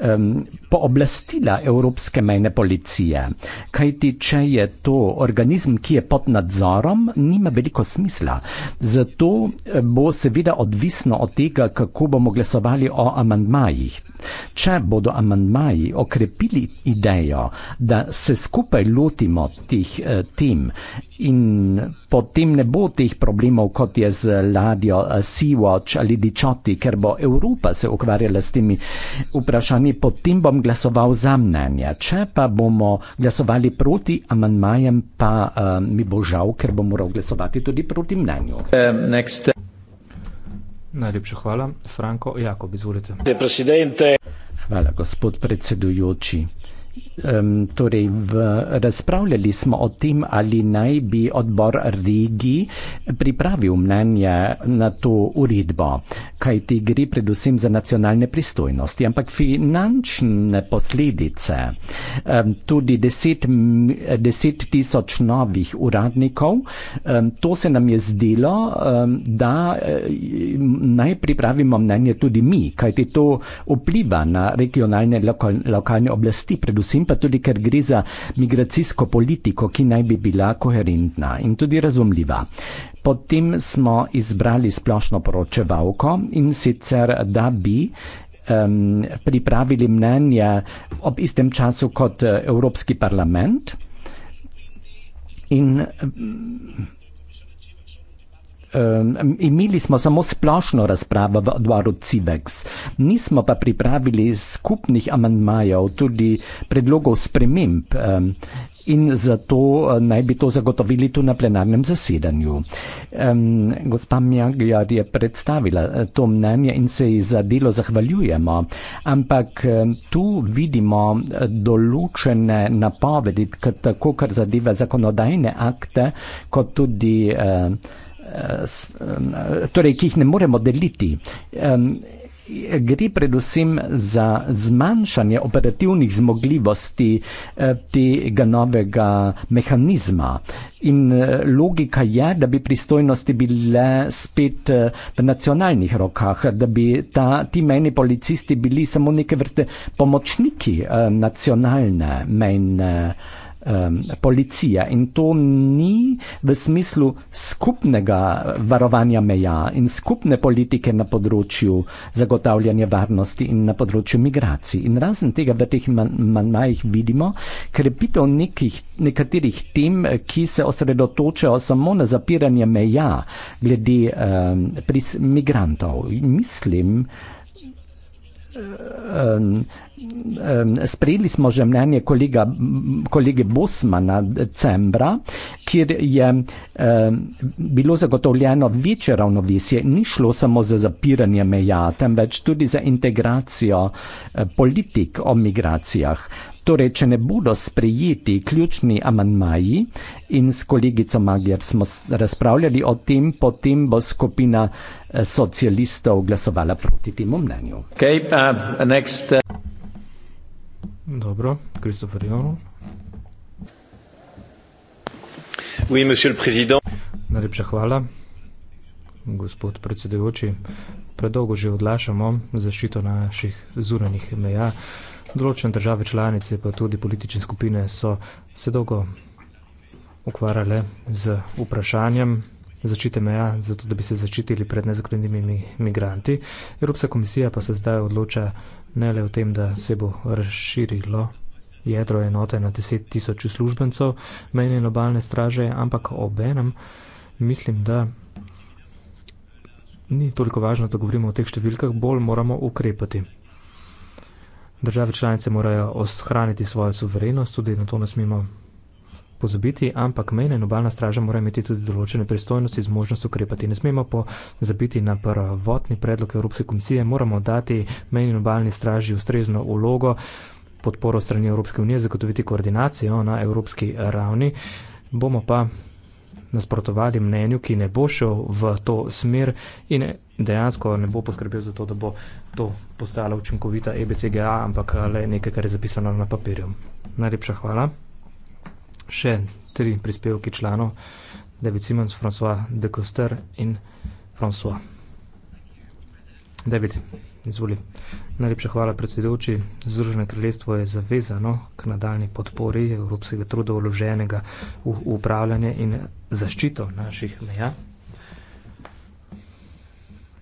[SPEAKER 10] um, pooblastila Evropske mejne policije. Kaj ti, če je to organizem, ki je pod nadzorom, nima veliko smisla. Zato eh, bo seveda odvisno od tega, kako bomo glasovali o amandmajih. Če bodo amandmaji okrepili idejo, da se skupaj lotimo teh eh, tem in potem ne bo teh problemov, kot je z ladjo eh, Sea Watch ali Dichoti, ker bo Evropa se ukvarjala s temi vprašanji, in potem bom glasoval za mnenje. Če pa bomo glasovali proti amandmajem, pa uh, mi bo žal, ker bom moral glasovati tudi proti mnenju.
[SPEAKER 8] Um, Najlepša hvala. Franko, Jakob, izvolite.
[SPEAKER 10] Hvala, gospod predsedujoči. Um, torej v, razpravljali smo o tem, ali naj bi odbor regi pripravil mnenje na to uredbo, kaj ti gre predvsem za nacionalne pristojnosti, ampak finančne posledice. Um, tudi deset, deset tisoč novih uradnikov, um, to se nam je zdelo, um, da um, naj pripravimo mnenje tudi mi, kaj ti to vpliva na regionalne lokal, lokalne oblasti, predvsem predvsem pa tudi, ker gre za migracijsko politiko, ki naj bi bila koherentna in tudi razumljiva. Potem smo izbrali splošno poročevalko in sicer, da bi um, pripravili mnenje ob istem času kot eh, Evropski parlament. In,
[SPEAKER 5] um,
[SPEAKER 10] Um, imeli smo samo splošno razpravo v odboru CIVEX, nismo pa pripravili skupnih amantmajev, tudi predlogov sprememb um, in zato eh, naj bi to zagotovili tudi na plenarnem zasedanju. Um, gospa Mjagjar je predstavila eh, to mnenje in se ji za delo zahvaljujemo, ampak tu vidimo eh, določene napovedi, tako kar zadeva zakonodajne akte, kot tudi uh, torej, ki jih ne moremo deliti. Gre predvsem za zmanjšanje operativnih zmogljivosti eh, tega novega mehanizma. In eh, logika je, da bi pristojnosti bile spet eh, v nacionalnih rokah, da bi ta, ti mejni policisti bili samo neke vrste pomočniki nacionalne mejne um, policija. In to ni v smislu skupnega varovanja meja in skupne politike na področju zagotavljanja varnosti in na področju migracij. In razen tega v teh manjih vidimo krepitev nekaterih tem, ki se osredotočajo samo na zapiranje meja glede um, migrantov. Mislim, um, Sprejeli smo že mnenje kolega, kolege Bosmana decembra, kjer je eh, bilo zagotovljeno večje ravnovesje. Ni šlo samo za zapiranje meja, temveč tudi za integracijo eh, politik o migracijah. Torej, če ne bodo sprejeti ključni amanmaji in s kolegico Magyar smo razpravljali o tem, potem bo skupina eh, socialistov glasovala proti temu mnenju. Okay, uh, next, uh... Dobro, Kristofer Jonov.
[SPEAKER 2] Oui, monsieur le président.
[SPEAKER 8] Najlepša hvala, gospod predsedujoči. Predolgo že odlašamo zaščito naših zunanjih meja. Določene države članice, pa tudi politične skupine so se dolgo ukvarjale z vprašanjem zaščite meja, zato da bi se zaščitili pred nezakonitimi migranti. Evropska komisija pa se zdaj odloča, ne le v tem, da se bo razširilo jedro enote na 10 tisoč službencov mejne in obalne straže, ampak obenem mislim, da ni toliko važno, da govorimo o teh številkah, bolj moramo ukrepati. Države članice morajo ohraniti svojo suverenost, tudi na to ne smemo pozabiti, ampak mejna in obalna straža mora imeti tudi določene pristojnosti z možnost ukrepati. Ne smemo pozabiti na prvotni predlog Evropske komisije, moramo dati mejni in obalni straži ustrezno ulogo, podporo strani Evropske unije, zagotoviti koordinacijo na evropski ravni. Bomo pa nasprotovali mnenju, ki ne bo šel v to smer in dejansko ne bo poskrbel za to, da bo to postala učinkovita EBCGA, ampak le nekaj, kar je zapisano na papirju. Najlepša hvala še tri prispevki članov, David Simons, François de Coster in François. David, izvoli. Najlepša hvala predsedujoči. Združeno kraljestvo je zavezano k nadaljni podpori evropskega truda vloženega v upravljanje in zaščito naših meja.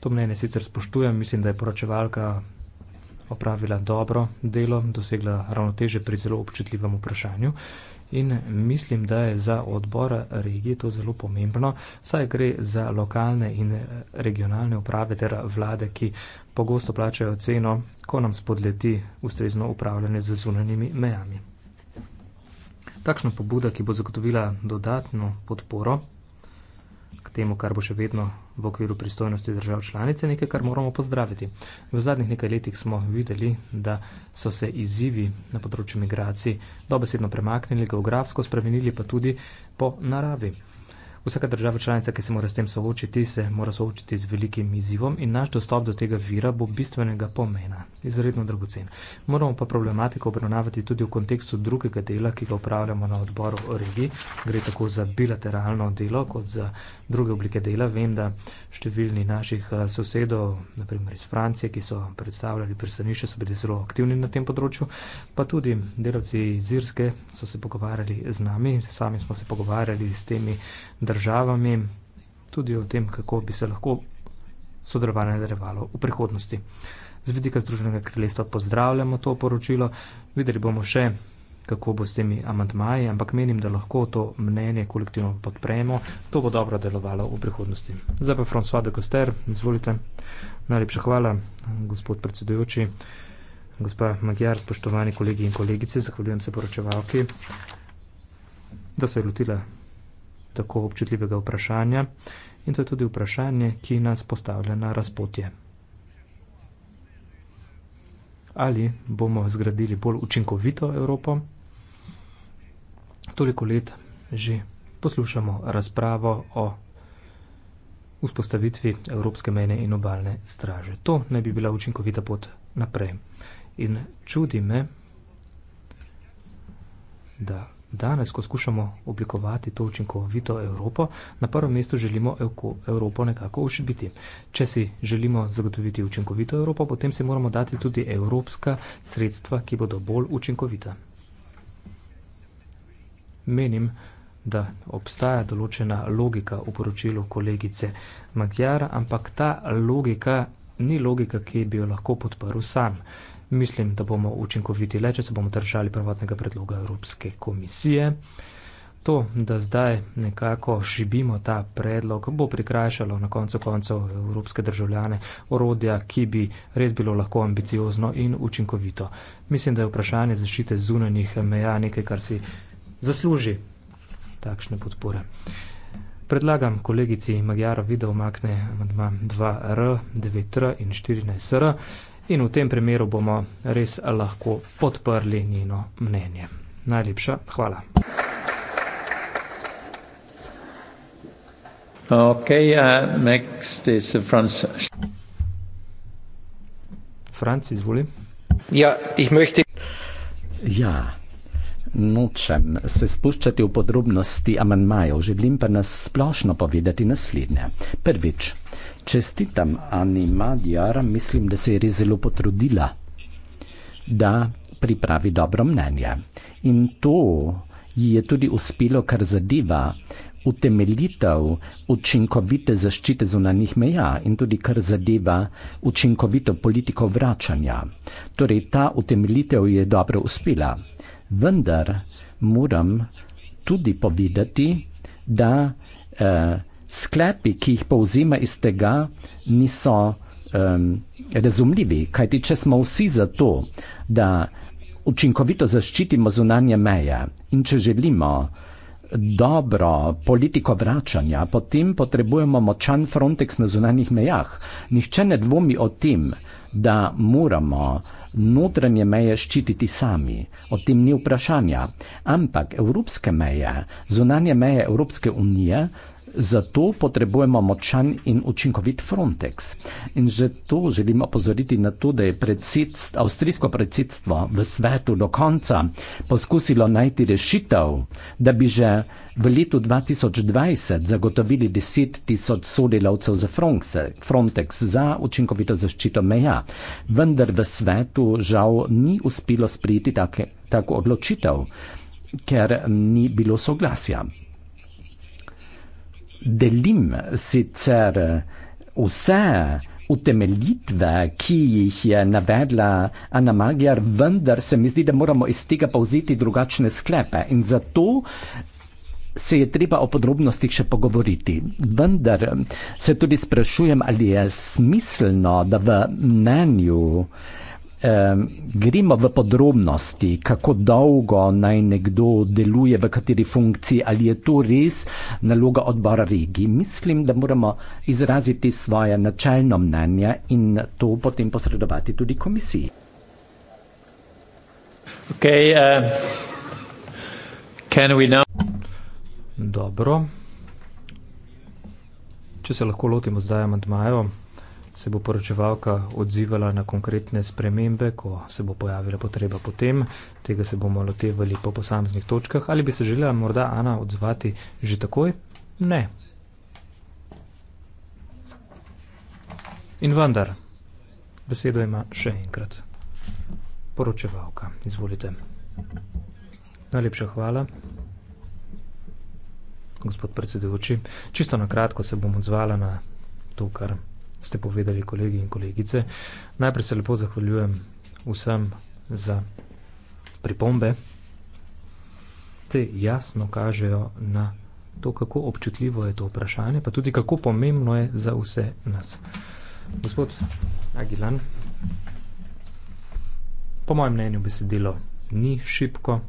[SPEAKER 8] To mnenje sicer spoštujem, mislim, da je poročevalka opravila dobro delo, dosegla ravnoteže pri zelo občutljivem vprašanju in mislim, da je za odbor regije to zelo pomembno, saj gre za lokalne in eh, regionalne uprave ter vlade, ki pogosto plačajo ceno, ko nam spodleti ustrezno upravljanje z zunanjimi mejami. Takšna pobuda, ki bo zagotovila dodatno podporo temu, kar bo še vedno v okviru pristojnosti držav članice, nekaj, kar moramo pozdraviti. V zadnjih nekaj letih smo videli, da so se izzivi na področju migracij dobesedno premaknili, geografsko spremenili pa tudi po naravi. Vsaka država članica, ki se mora s tem soočiti, se mora soočiti z velikim izzivom in naš dostop do tega vira bo bistvenega pomena, izredno dragocen. Moramo pa problematiko obravnavati tudi v kontekstu drugega dela, ki ga upravljamo na odboru o regiji. Gre tako za bilateralno delo, kot za druge oblike dela. Vem, da številni naših eh, sosedov, naprimer iz Francije, ki so predstavljali pristanišče, so bili zelo aktivni na tem področju, pa tudi delavci iz Irske so se pogovarjali z nami, sami smo se pogovarjali s temi državami, tudi o tem, kako bi se lahko sodelovanje nadaljevalo v prihodnosti. Z vidika Združenega kraljestva pozdravljamo to poročilo, videli bomo še, kako bo s temi amantmaji, ampak menim, da lahko to mnenje kolektivno podpremo, to bo dobro delovalo v prihodnosti. Zdaj pa François de Coster, izvolite. Najlepša hvala, gospod predsedujoči, gospa Magyar, spoštovani kolegi in kolegice, zahvaljujem se poročevalki, da se je lotila tako občutljivega vprašanja in to je tudi vprašanje, ki nas postavlja na razpotje. Ali bomo zgradili bolj učinkovito Evropo? Toliko let že poslušamo razpravo o vzpostavitvi Evropske mene in obalne straže. To naj bi bila učinkovita pot naprej. In čudi me, da danes, ko skušamo oblikovati to učinkovito Evropo, na prvem mestu želimo Evropo nekako ošibiti. Če si želimo zagotoviti učinkovito Evropo, potem si moramo dati tudi evropska sredstva, ki bodo bolj učinkovita. Menim, da obstaja določena logika v poročilu kolegice Matjara, ampak ta logika ni logika, ki bi jo lahko podprl sam mislim, da bomo učinkoviti le, če se bomo držali prvotnega predloga Evropske komisije. To, da zdaj nekako šibimo ta predlog, bo prikrajšalo na koncu koncev evropske državljane orodja, ki bi res bilo lahko ambiciozno in učinkovito. Mislim, da je vprašanje zaščite zunanjih meja nekaj, kar si zasluži takšne podpore. Predlagam kolegici Magjaro Vido omakne 2R, 9R in 14R in v tem primeru bomo res lahko podprli njeno mnenje. Najlepša hvala.
[SPEAKER 6] Okay, uh, next is Franz.
[SPEAKER 8] Franz, izvoli.
[SPEAKER 10] Ja, ich möchte... ja, nočem se spuščati v podrobnosti amandmajev, želim pa nas splošno povedati naslednje. Prvič, čestitam Ani Madjar, mislim, da se je res zelo potrudila, da pripravi dobro mnenje. In to ji je tudi uspelo, kar zadeva utemeljitev učinkovite zaščite zunanjih meja in tudi kar zadeva učinkovito politiko vračanja. Torej, ta utemeljitev je dobro uspela. Vendar moram tudi povedati, da eh, sklepi, ki jih povzema iz tega, niso um, razumljivi. Kaj ti, če smo vsi za to, da učinkovito zaščitimo zunanje meje in če želimo dobro politiko vračanja, potem potrebujemo močan Frontex na zunanjih mejah. Nihče ne dvomi o tem, da moramo notranje meje ščititi sami. O tem ni vprašanja. Ampak evropske meje, zunanje meje Evropske unije Zato potrebujemo močan in učinkovit Frontex. In že to želim opozoriti na to, da je predsedst, avstrijsko predsedstvo v svetu do konca poskusilo najti rešitev, da bi že v letu 2020 zagotovili 10 tisoč sodelavcev za Frontex za učinkovito zaščito meja. Vendar v svetu žal ni uspelo sprijeti tako, tako odločitev, ker ni bilo soglasja delim sicer vse utemeljitve, ki jih je navedla Ana Magjar, vendar se mi zdi, da moramo iz tega povziti drugačne sklepe in zato se je treba o podrobnostih še pogovoriti. Vendar se tudi sprašujem, ali je smiselno, da v mnenju uh, Eh, gremo v podrobnosti, kako dolgo naj nekdo deluje, v kateri funkciji, ali je to res naloga odbora regi. Mislim, da moramo izraziti svoje načeljno mnenje in to potem posredovati tudi komisiji.
[SPEAKER 6] Okay, uh,
[SPEAKER 8] Dobro. Če se lahko lotimo zdaj amantmajo se bo poročevalka odzivala na konkretne spremembe, ko se bo pojavila potreba potem, tega se bomo lotevali po posameznih točkah, ali bi se želela morda Ana odzvati že takoj? Ne. In vendar, besedo ima še enkrat poročevalka. Izvolite. Najlepša hvala. Gospod predsedujoči, čisto na kratko se bom odzvala na to, kar ste povedali kolegi in kolegice. Najprej se lepo zahvaljujem vsem za pripombe. Te jasno kažejo na to, kako občutljivo je to vprašanje, pa tudi kako pomembno je za vse nas. Gospod Agilan, po mojem mnenju besedilo ni šipko.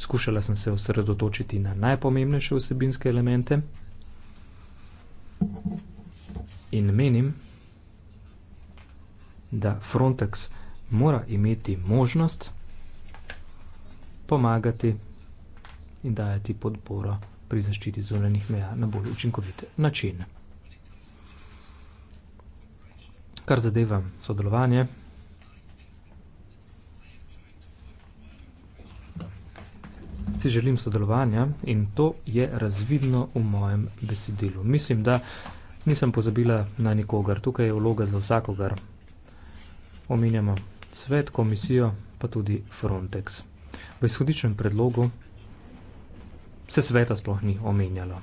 [SPEAKER 8] Skušala sem se osredotočiti na najpomembnejše vsebinske elemente. In menim, da Frontex mora imeti možnost pomagati in dajati podporo pri zaščiti zunanjih meja na bolj učinkovit način. Kar zadeva sodelovanje, si želim sodelovanja in to je razvidno v mojem besedilu. Mislim, da je nisem pozabila na nikogar. Tukaj je vloga za vsakogar. Omenjamo svet, komisijo, pa tudi Frontex. V izhodičnem predlogu se sveta sploh ni omenjalo.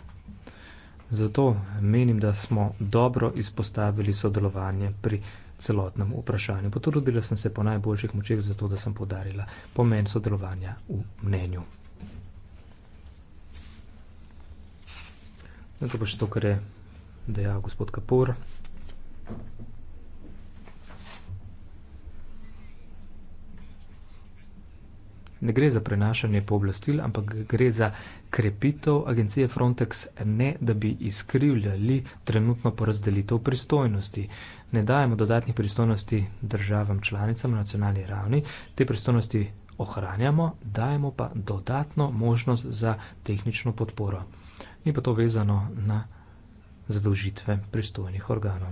[SPEAKER 8] Zato menim, da smo dobro izpostavili sodelovanje pri celotnem vprašanju. Potrudila sem se po najboljših močeh zato, da sem podarila pomen sodelovanja v mnenju. Zato pa še to, kar je dejal gospod Kapur. Ne gre za prenašanje pooblastil, ampak gre za krepitev agencije Frontex, ne da bi izkrivljali trenutno porazdelitev pristojnosti. Ne dajemo dodatnih pristojnosti državam članicam na nacionalni ravni, te pristojnosti ohranjamo, dajemo pa dodatno možnost za tehnično podporo. Ni pa to vezano na zadolžitve pristojnih organov.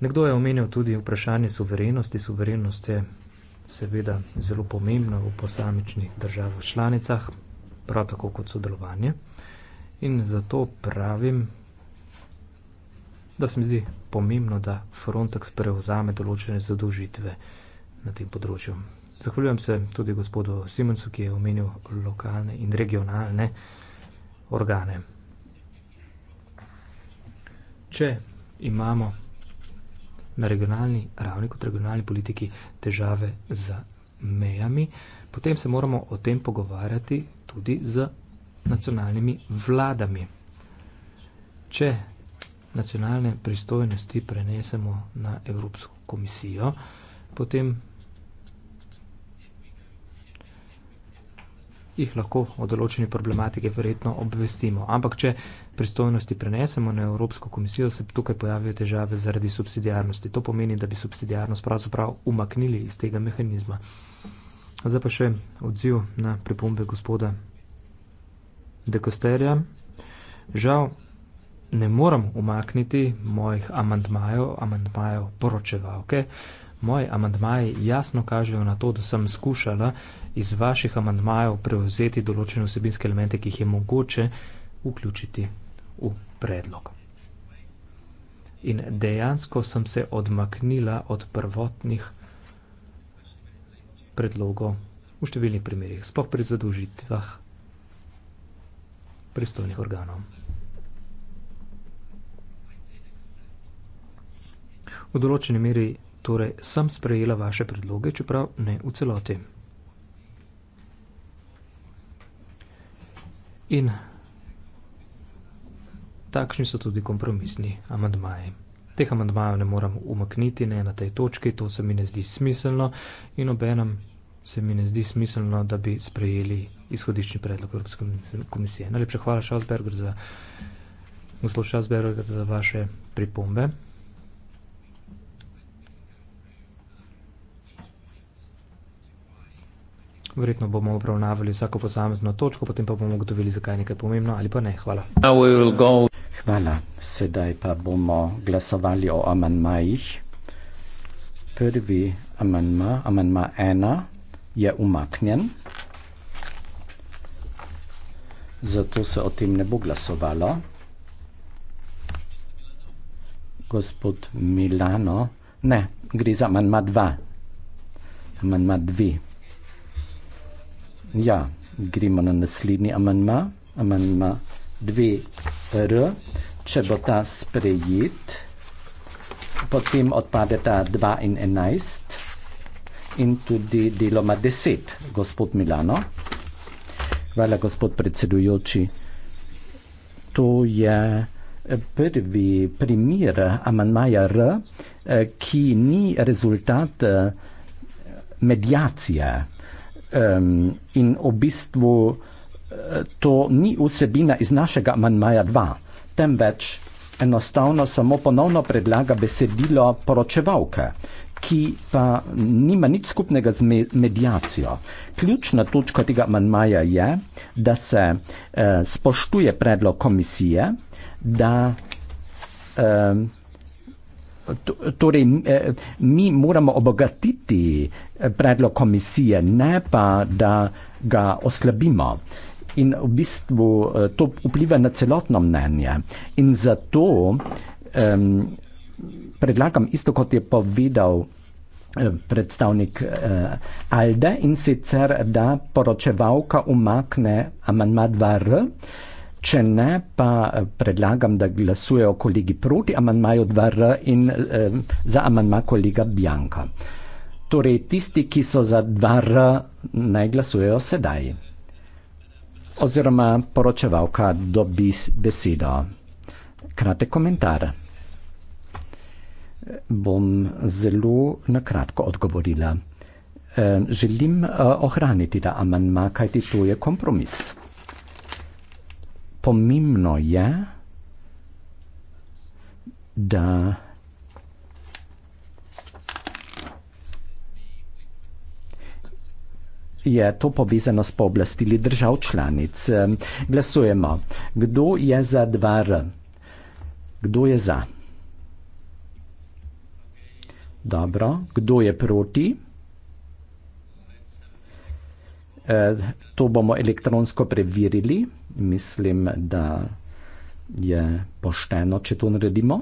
[SPEAKER 8] Nekdo je omenil tudi vprašanje suverenosti. Suverenost je seveda zelo pomembna v posamičnih državah članicah, prav tako kot sodelovanje. In zato pravim, da se mi zdi pomembno, da Frontex prevzame določene zadolžitve na tem področju. Zahvaljujem se tudi gospodu Simonsu, ki je omenil lokalne in regionalne organe. Če imamo na regionalni ravni kot regionalni politiki težave z mejami, potem se moramo o tem pogovarjati tudi z nacionalnimi vladami. Če nacionalne pristojnosti prenesemo na Evropsko komisijo, potem jih lahko o določeni problematiki verjetno obvestimo. Ampak, če pristojnosti prenesemo na Evropsko komisijo, se tukaj pojavijo težave zaradi subsidijarnosti. To pomeni, da bi subsidijarnost pravzaprav umaknili iz tega mehanizma. Zdaj pa še odziv na pripombe gospoda Dekosterja. Žal ne moram umakniti mojih amantmajev, amantmajev poročevalke. Okay? moji amantmaji jasno kažejo na to, da sem skušala iz vaših amantmajev prevzeti določene vsebinske elemente, ki jih je mogoče vključiti v predlog. In dejansko sem se odmaknila od prvotnih predlogov v številnih primerjih, spoh pri zadužitvah pristojnih organov. V določeni meri torej sem sprejela vaše predloge, čeprav ne v celoti. In takšni so tudi kompromisni amadmaji. Teh amadmajev ne moram umakniti, ne na tej točki, to se mi ne zdi smiselno in obenem se mi ne zdi smiselno, da bi sprejeli izhodišnji predlog Evropske komisije. Najlepša hvala Šalsberger za, gospod Šalsberger, za vaše pripombe. Verjetno bomo obravnavali vsako posamezno točko, potem pa bomo ugotovili, zakaj je nekaj pomembno ali pa ne. Hvala.
[SPEAKER 10] Hvala. Sedaj pa bomo glasovali o amenmajih. Prvi amenma, amenma ena, je umaknjen. Zato se o tem ne bo glasovalo. Gospod Milano, ne, gre za manjma dva. Manjma dve. Ja, gremo na naslednji amanma, amanma 2R. Če bo ta sprejet, potem odpade ta 2 in 11 in tudi deloma 10, gospod Milano. Hvala, gospod predsedujoči. To je eh, prvi primer amanmaja R, eh, ki ni rezultat eh, medijacije um, in v bistvu eh, to ni vsebina iz našega manjmaja 2, temveč enostavno samo ponovno predlaga besedilo poročevalke, ki pa nima nič skupnega z medijacijo. Ključna točka tega manjmaja je, da se uh, spoštuje predlog komisije, da um, torej, eh, mi moramo obogatiti eh, predlog komisije, ne pa da ga oslabimo. In v bistvu eh, to vpliva na celotno mnenje. In zato um, predlagam isto, kot je povedal predstavnik uh, Alde in sicer, da poročevalka umakne amanmad VR. Uh, Če ne, pa eh, predlagam, da glasujejo kolegi proti amantmaju 2R in eh, za amantma kolega Bjanka. Torej, tisti, ki so za 2R, naj glasujejo sedaj. Oziroma, poročevalka dobi besedo. Kratek komentar. Bom zelo na kratko odgovorila. Eh, želim eh, ohraniti ta amanma, kajti to je kompromis pomembno je, da je to povezano s pooblastili držav članic. Glasujemo. Kdo je za 2R? Kdo je za? Dobro. Kdo je proti? To bomo elektronsko preverili. Kdo je proti? mislim, da je pošteno, če to naredimo.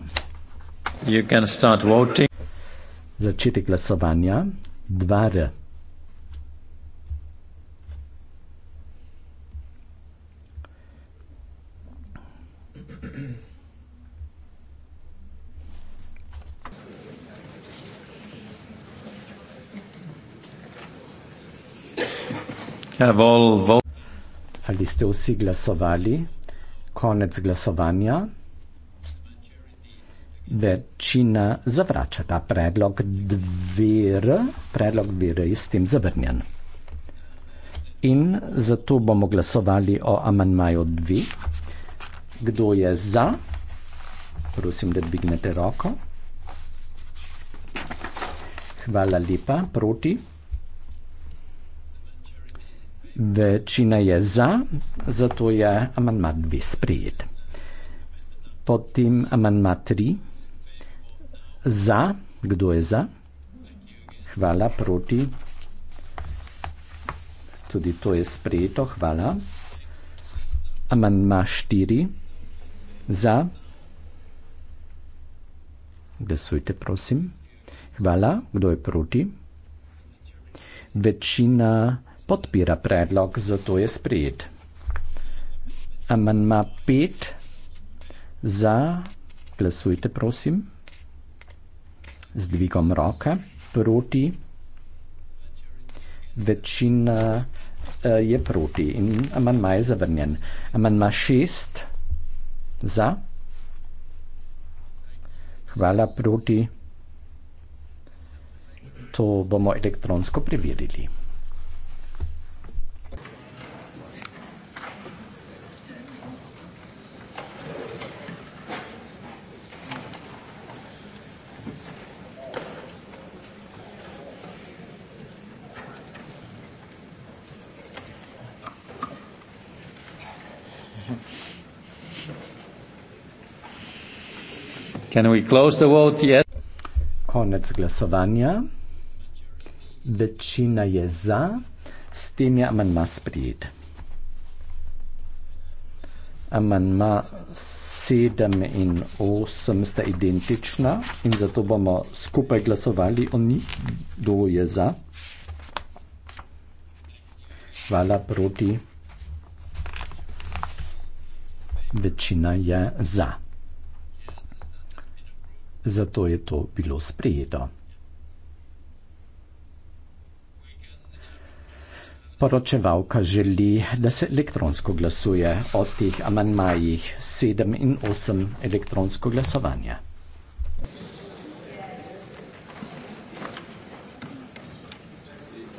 [SPEAKER 10] Začeti glasovanja. 2R. Have all vote. Ali ste vsi glasovali? Konec glasovanja. Večina zavrača ta predlog dvere. Predlog dvere je s tem zavrnjen. In zato bomo glasovali o amanmaju dve. Kdo je za? Prosim, da dvignete roko. Hvala lepa. Proti? Proti? Večina je za, zato je amandma 2 sprejet. Potem amandma 3. Za, kdo je za? Hvala proti. Tudi to je sprejeto, hvala. Amandma 4. Za. Glasujte, prosim. Hvala, kdo je proti? Večina podpira predlog, zato je sprejet. Amanma 5 za, glasujte prosim, z dvigom roke, proti, večina uh, je proti in amanma je zavrnjen. Amanma 6 za, hvala proti, to bomo elektronsko preverili. Can we close the vote yet? Konec glasovanja. Večina je za, s tem je amanma sprijet. Amanma 7 in 8 sta identična in zato bomo skupaj glasovali o njih. Kdo je za? Hvala proti. Večina je za zato je to bilo sprejeto. Poročevalka želi, da se elektronsko glasuje o teh amanmajih 7 in 8 elektronsko glasovanje.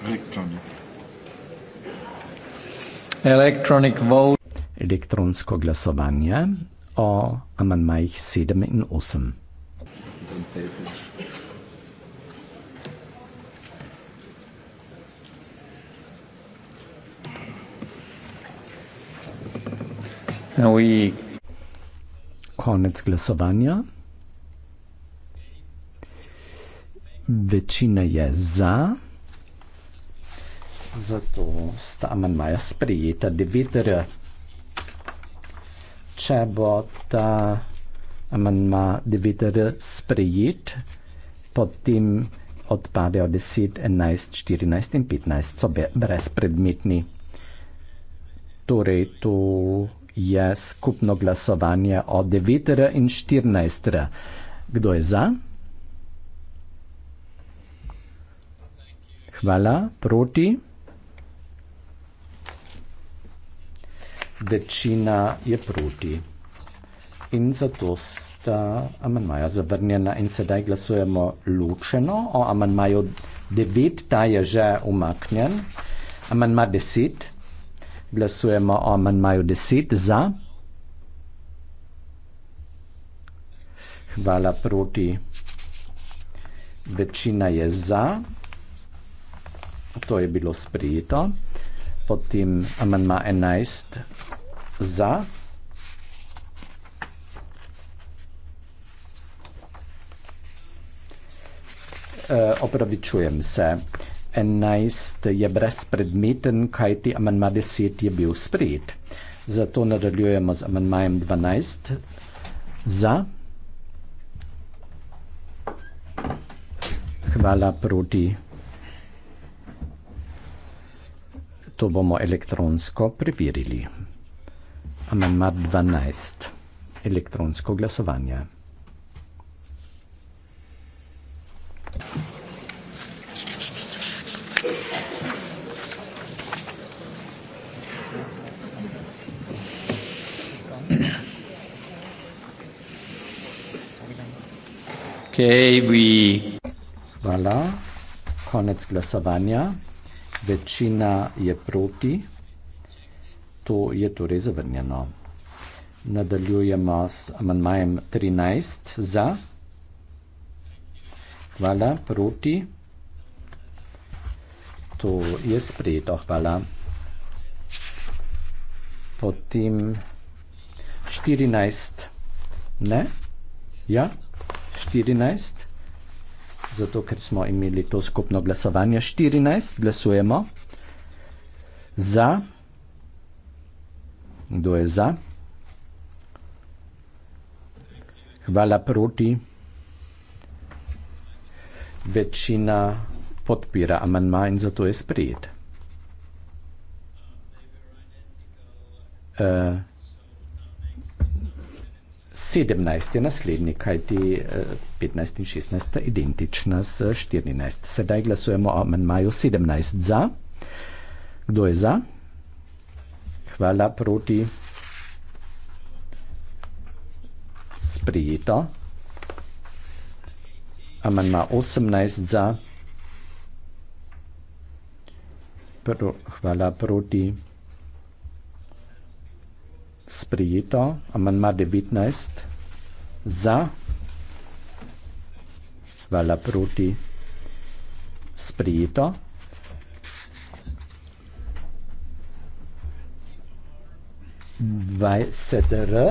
[SPEAKER 10] Electronic. Electronic Elektronsko glasovanje o amanmajih 7 in 8
[SPEAKER 6] gospod Petriš.
[SPEAKER 10] Oui. Konec glasovanja. Večina je za, zato sta amandmaja sprejeta. Devetere, če bo ta amandma 9r sprejet, potem odpadejo 10, 11, 14 in 15, so brezpredmetni. Torej, to je skupno glasovanje o 9r in 14r. Kdo je za? Hvala, proti. Večina je proti in zato sta amandmaja zavrnjena in sedaj glasujemo ločeno o amandmaju 9, ta je že umaknjen. Amandma 10, glasujemo o amandmaju 10 za. Hvala proti. Večina je za. To je bilo sprejeto. Potem amandma 11 za. Eh, opravičujem se. 11 je brezpredmeten, kaj ti amenma 10 je bil sprejet. Zato nadaljujemo z amenmajem 12 za. Hvala proti. To bomo elektronsko preverili. Amenmar 12. Elektronsko glasovanje. Okay, we... Voilà, konec glasovanja. Večina je proti. To je torej zavrnjeno. Nadaljujemo s amandmajem 13 za. Voilà, proti. To je sprejeto, hvala. Potem 14. Ne? Ja, 14. Zato, ker smo imeli to skupno glasovanje. 14, glasujemo. Za. Kdo je za? Hvala proti večina podpira amandma in zato je sprejet. Eh, sedemnajst uh, je naslednji, kajti eh, petnajst uh, in šestnajst sta identična s štirinajst. Sedaj glasujemo o amandmaju sedemnajst za. Kdo je za? Hvala proti. Sprejeto amandma 18 za, pro, hvala proti, sprijeto, amandma 19 za, hvala proti, sprijeto. Dvajset R,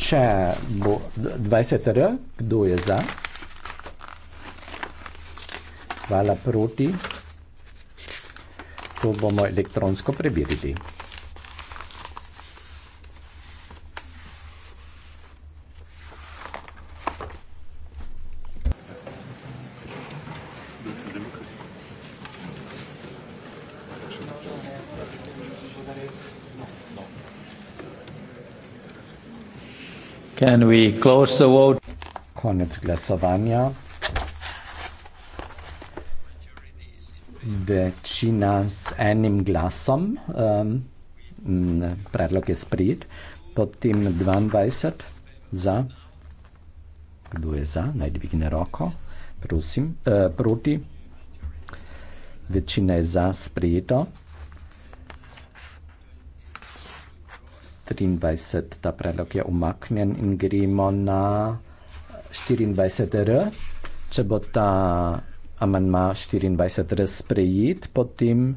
[SPEAKER 10] če bo dvajset R, kdo je za? Dvajset R. Hvala proti. To bomo elektronsko preverili. Can we close the vote? Konec glasovanja. večina s enim glasom, um, predlog je sprejet, potem 22 za, kdo je za, naj dvigne roko, prosim, uh, proti, večina je za sprejeto, 23 ta predlog je umaknjen in gremo na 24 r, če bo ta amandma 24 sprejet, potem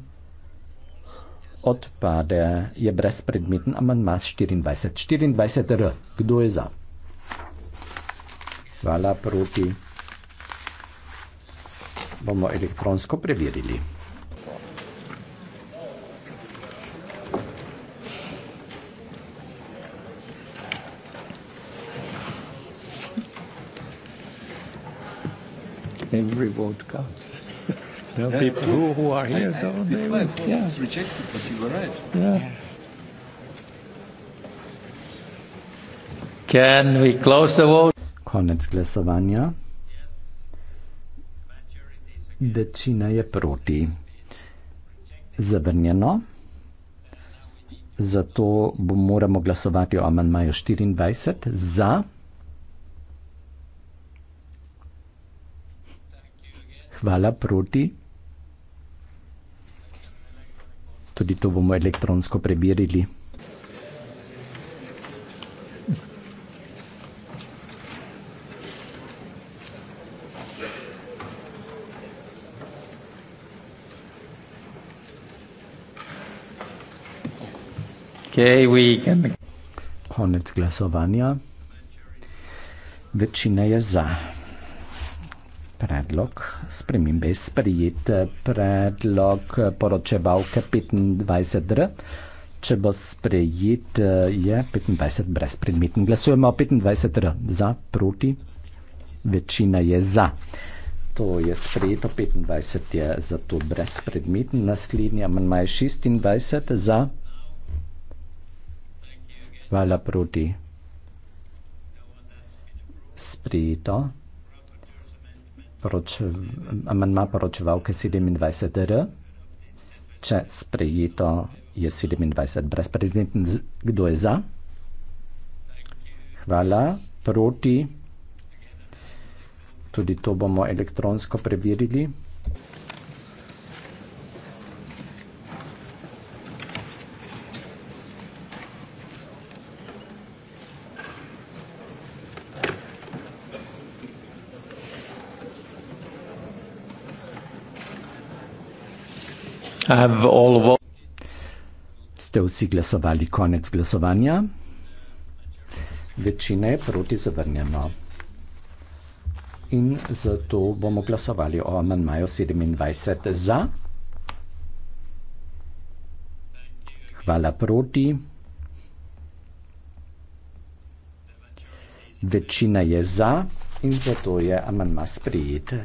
[SPEAKER 10] odpade, je brezpredmeten amandma 24. 24 r. Kdo je za? Hvala proti. Bomo elektronsko preverili.
[SPEAKER 6] every vote counts. there are yeah, people who, who are here, I, I, so they were, vote yeah. was rejected, but you were right. Yeah. Yeah.
[SPEAKER 10] Can we close the vote? Konec glasovanja. Večina je proti. Zavrnjeno. Zato bomo morali glasovati o amandmaju 24 za. Hvala proti. Tudi to bomo elektronsko preverili. Okay, we can... Konec glasovanja. Večina je za predlog spremembe sprijet. Predlog poročevalke 25dr. Če bo sprijet, je 25 brezpredmeten. Glasujemo 25dr. Za, proti. Večina je za. To je sprijeto, 25 je zato brezpredmeten. Naslednji amandma je 26 za. Hvala proti. Sprijeto poroč, amandma poročevalke 27 r. Če sprejeto je 27 brezpredmetno, kdo je za? Hvala. Proti. Tudi to bomo elektronsko preverili. Ste vsi glasovali konec glasovanja? Večina je proti zavrnjeno. In zato bomo glasovali o amanmaju 27 za. Hvala proti. Večina je za in zato je amanma sprijete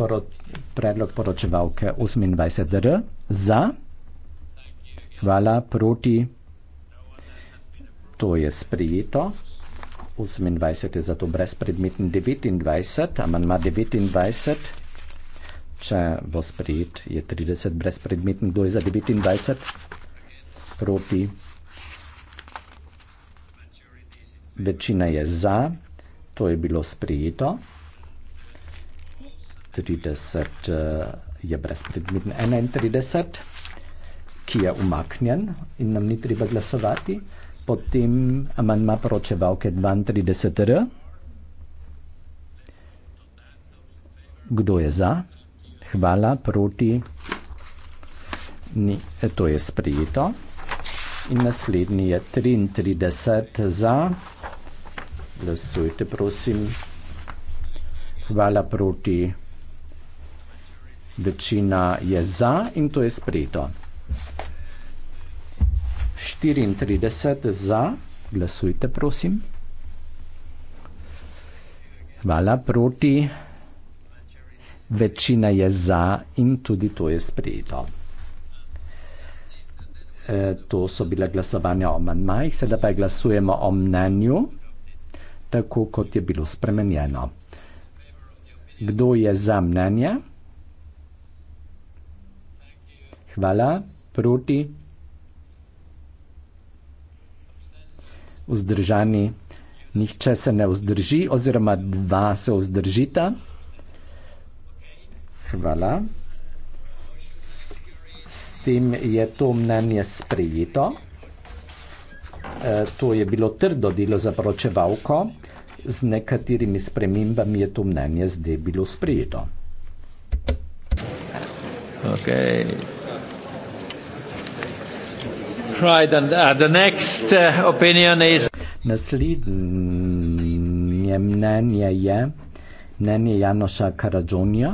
[SPEAKER 10] poro, predlog poročevalke 28DR za. Hvala proti. To je sprejeto. 28 je zato brezpredmeten 29, amandma 29. Če bo sprejet, je 30 brezpredmeten. Kdo je za 29? Proti. Večina je za. To je bilo sprejeto. 30 eh, je brezpredmeten, 31, ki je umaknjen in nam ni treba glasovati, potem amandma poročevalke 32 r. Kdo je za? Hvala, proti. Ni, e, to je sprejeto. In naslednji je 33 za. Glasujte, prosim. Hvala proti. Večina je za in to je sprejeto. 34 za, glasujte prosim. Hvala proti. Večina je za in tudi to je sprejeto. E, to so bile glasovanja o manjmajih, sedaj pa glasujemo o mnenju, tako kot je bilo spremenjeno. Kdo je za mnenje? Hvala, proti, vzdržani, nihče se ne vzdrži, oziroma dva se vzdržita. Hvala. S tem je to mnenje sprejeto. E, to je bilo trdo delo za poročevalko, z nekaterimi spremembami je to mnenje zdaj bilo sprejeto.
[SPEAKER 6] Okay
[SPEAKER 10] pride and uh, the next uh, opinion is naslednje mnenje je mnenje Janoša Karadžonija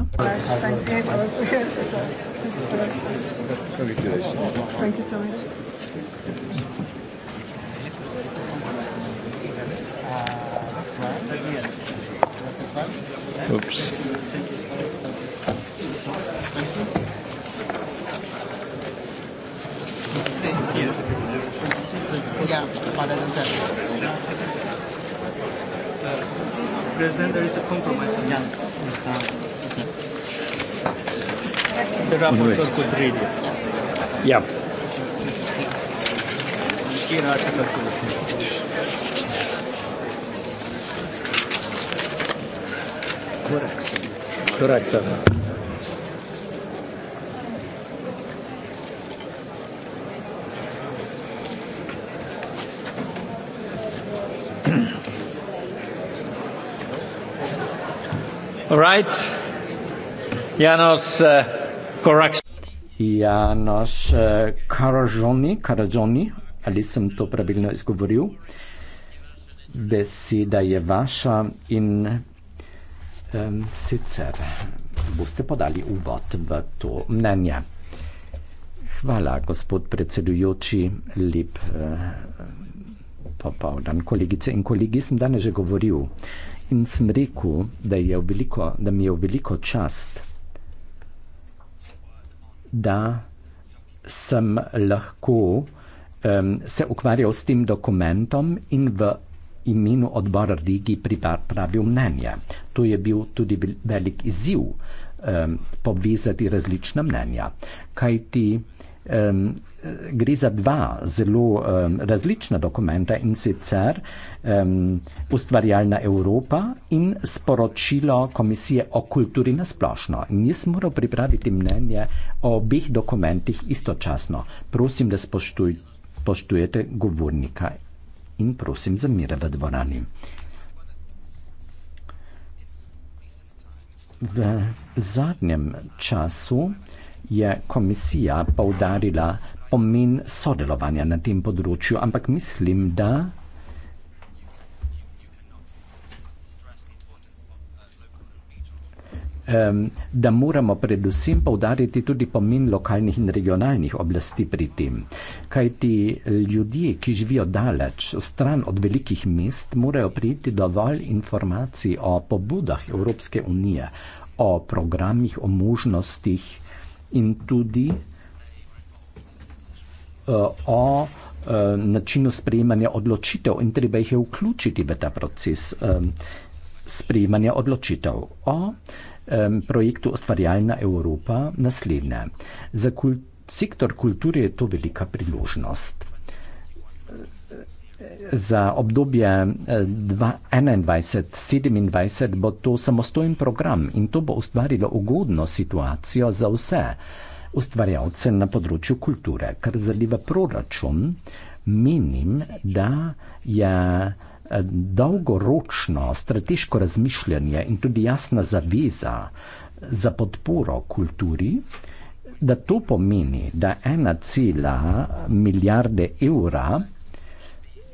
[SPEAKER 6] Oops.
[SPEAKER 8] again, Father than that. President, there is a compromise on ja. yeah.
[SPEAKER 6] The rapporteur could read it. Yeah. Ja. Here are the Correct. Correct, sir.
[SPEAKER 10] Right. Janos, uh, Janos uh, Karažoni, Karažoni, ali sem to pravilno izgovoril, beseda je vaša in um, sicer boste podali uvod v to mnenje. Hvala, gospod predsedujoči, lep uh, popoldan, kolegice in kolegi, sem danes že govoril. In sem rekel, da, je veliko, da mi je v veliko čast, da sem lahko um, se ukvarjal s tem dokumentom in v imenu odbora Rigi pripravil mnenje. To je bil tudi velik izziv um, povezati različna mnenja, kajti um, gre za dva zelo um, različna dokumenta in sicer um, Ustvarjalna Evropa in sporočilo Komisije o kulturi na splošno. Nis moral pripraviti mnenje o obeh dokumentih istočasno. Prosim, da spoštuj, spoštujete govornika in prosim za mire v dvorani. V zadnjem času je komisija poudarila pomen sodelovanja na tem področju, ampak mislim, da da moramo predvsem povdariti tudi pomen lokalnih in regionalnih oblasti pri tem. Kaj ti ljudje, ki živijo daleč, stran od velikih mest, morajo prijeti dovolj informacij o pobudah Evropske unije, o programih, o možnostih, in tudi uh, o uh, načinu sprejemanja odločitev in treba jih je vključiti v ta proces um, sprejemanja odločitev. O um, projektu Ustvarjalna Evropa naslednje. Za kul sektor kulture je to velika priložnost za obdobje 2021-2027 eh, bo to samostojen program in to bo ustvarilo ugodno situacijo za vse ustvarjalce na področju kulture. Kar zadeva proračun, menim, da je eh, dolgoročno strateško razmišljanje in tudi jasna zaveza za podporo kulturi, da to pomeni, da ena cela milijarde evra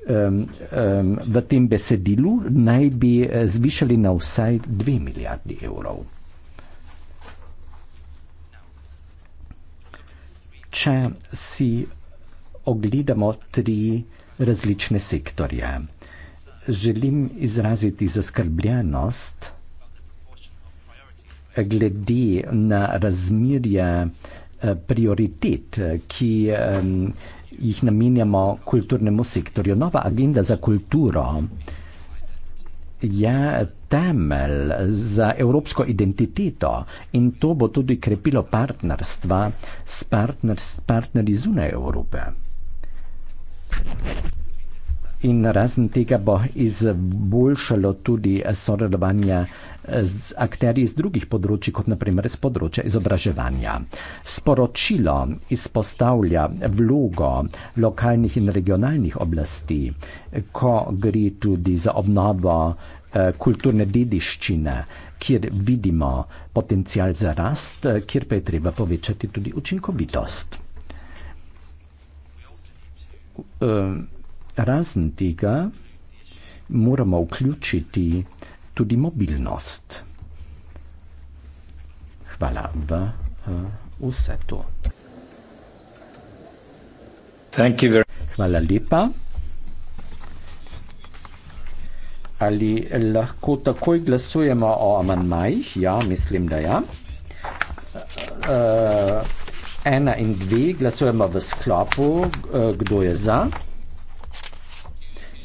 [SPEAKER 10] um, um, v tem besedilu naj bi eh, zvišali na vsaj 2 milijardi evrov. Če si ogledamo tri različne sektorje, želim izraziti zaskrbljenost glede na razmerje eh, prioritet, eh, ki um, jih namenjamo kulturnemu sektorju. Nova agenda za kulturo je temelj za evropsko identiteto in to bo tudi krepilo partnerstva s partner, partnerji zunaj Evrope in razen tega bo izboljšalo tudi sodelovanje z akterji z drugih področji, kot naprimer z področja izobraževanja. Sporočilo izpostavlja vlogo lokalnih in regionalnih oblasti, ko gre tudi za obnovo eh, kulturne dediščine, kjer vidimo potencial za rast, eh, kjer pa je treba povečati tudi učinkovitost. Uh, razen tega moramo vključiti tudi mobilnost. Hvala v eh, vse to. Hvala lepa. Ali lahko takoj glasujemo o amanmajih? Ja, mislim, da ja. Eh, eh, ena in dve glasujemo v sklopu, kdo je za.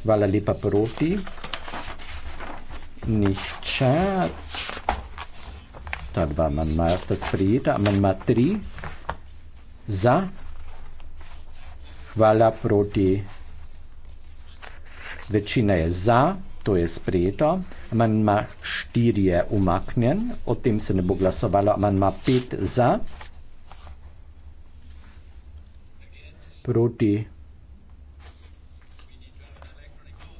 [SPEAKER 10] Hvala lepa proti. Nihče. Ta dva manjmaja sta sprijeta. Manjma tri. Za. Hvala proti. Večina je za, to je sprejeto. Manjma štiri je umaknjen, o tem se ne bo glasovalo. Manjma pet za. Proti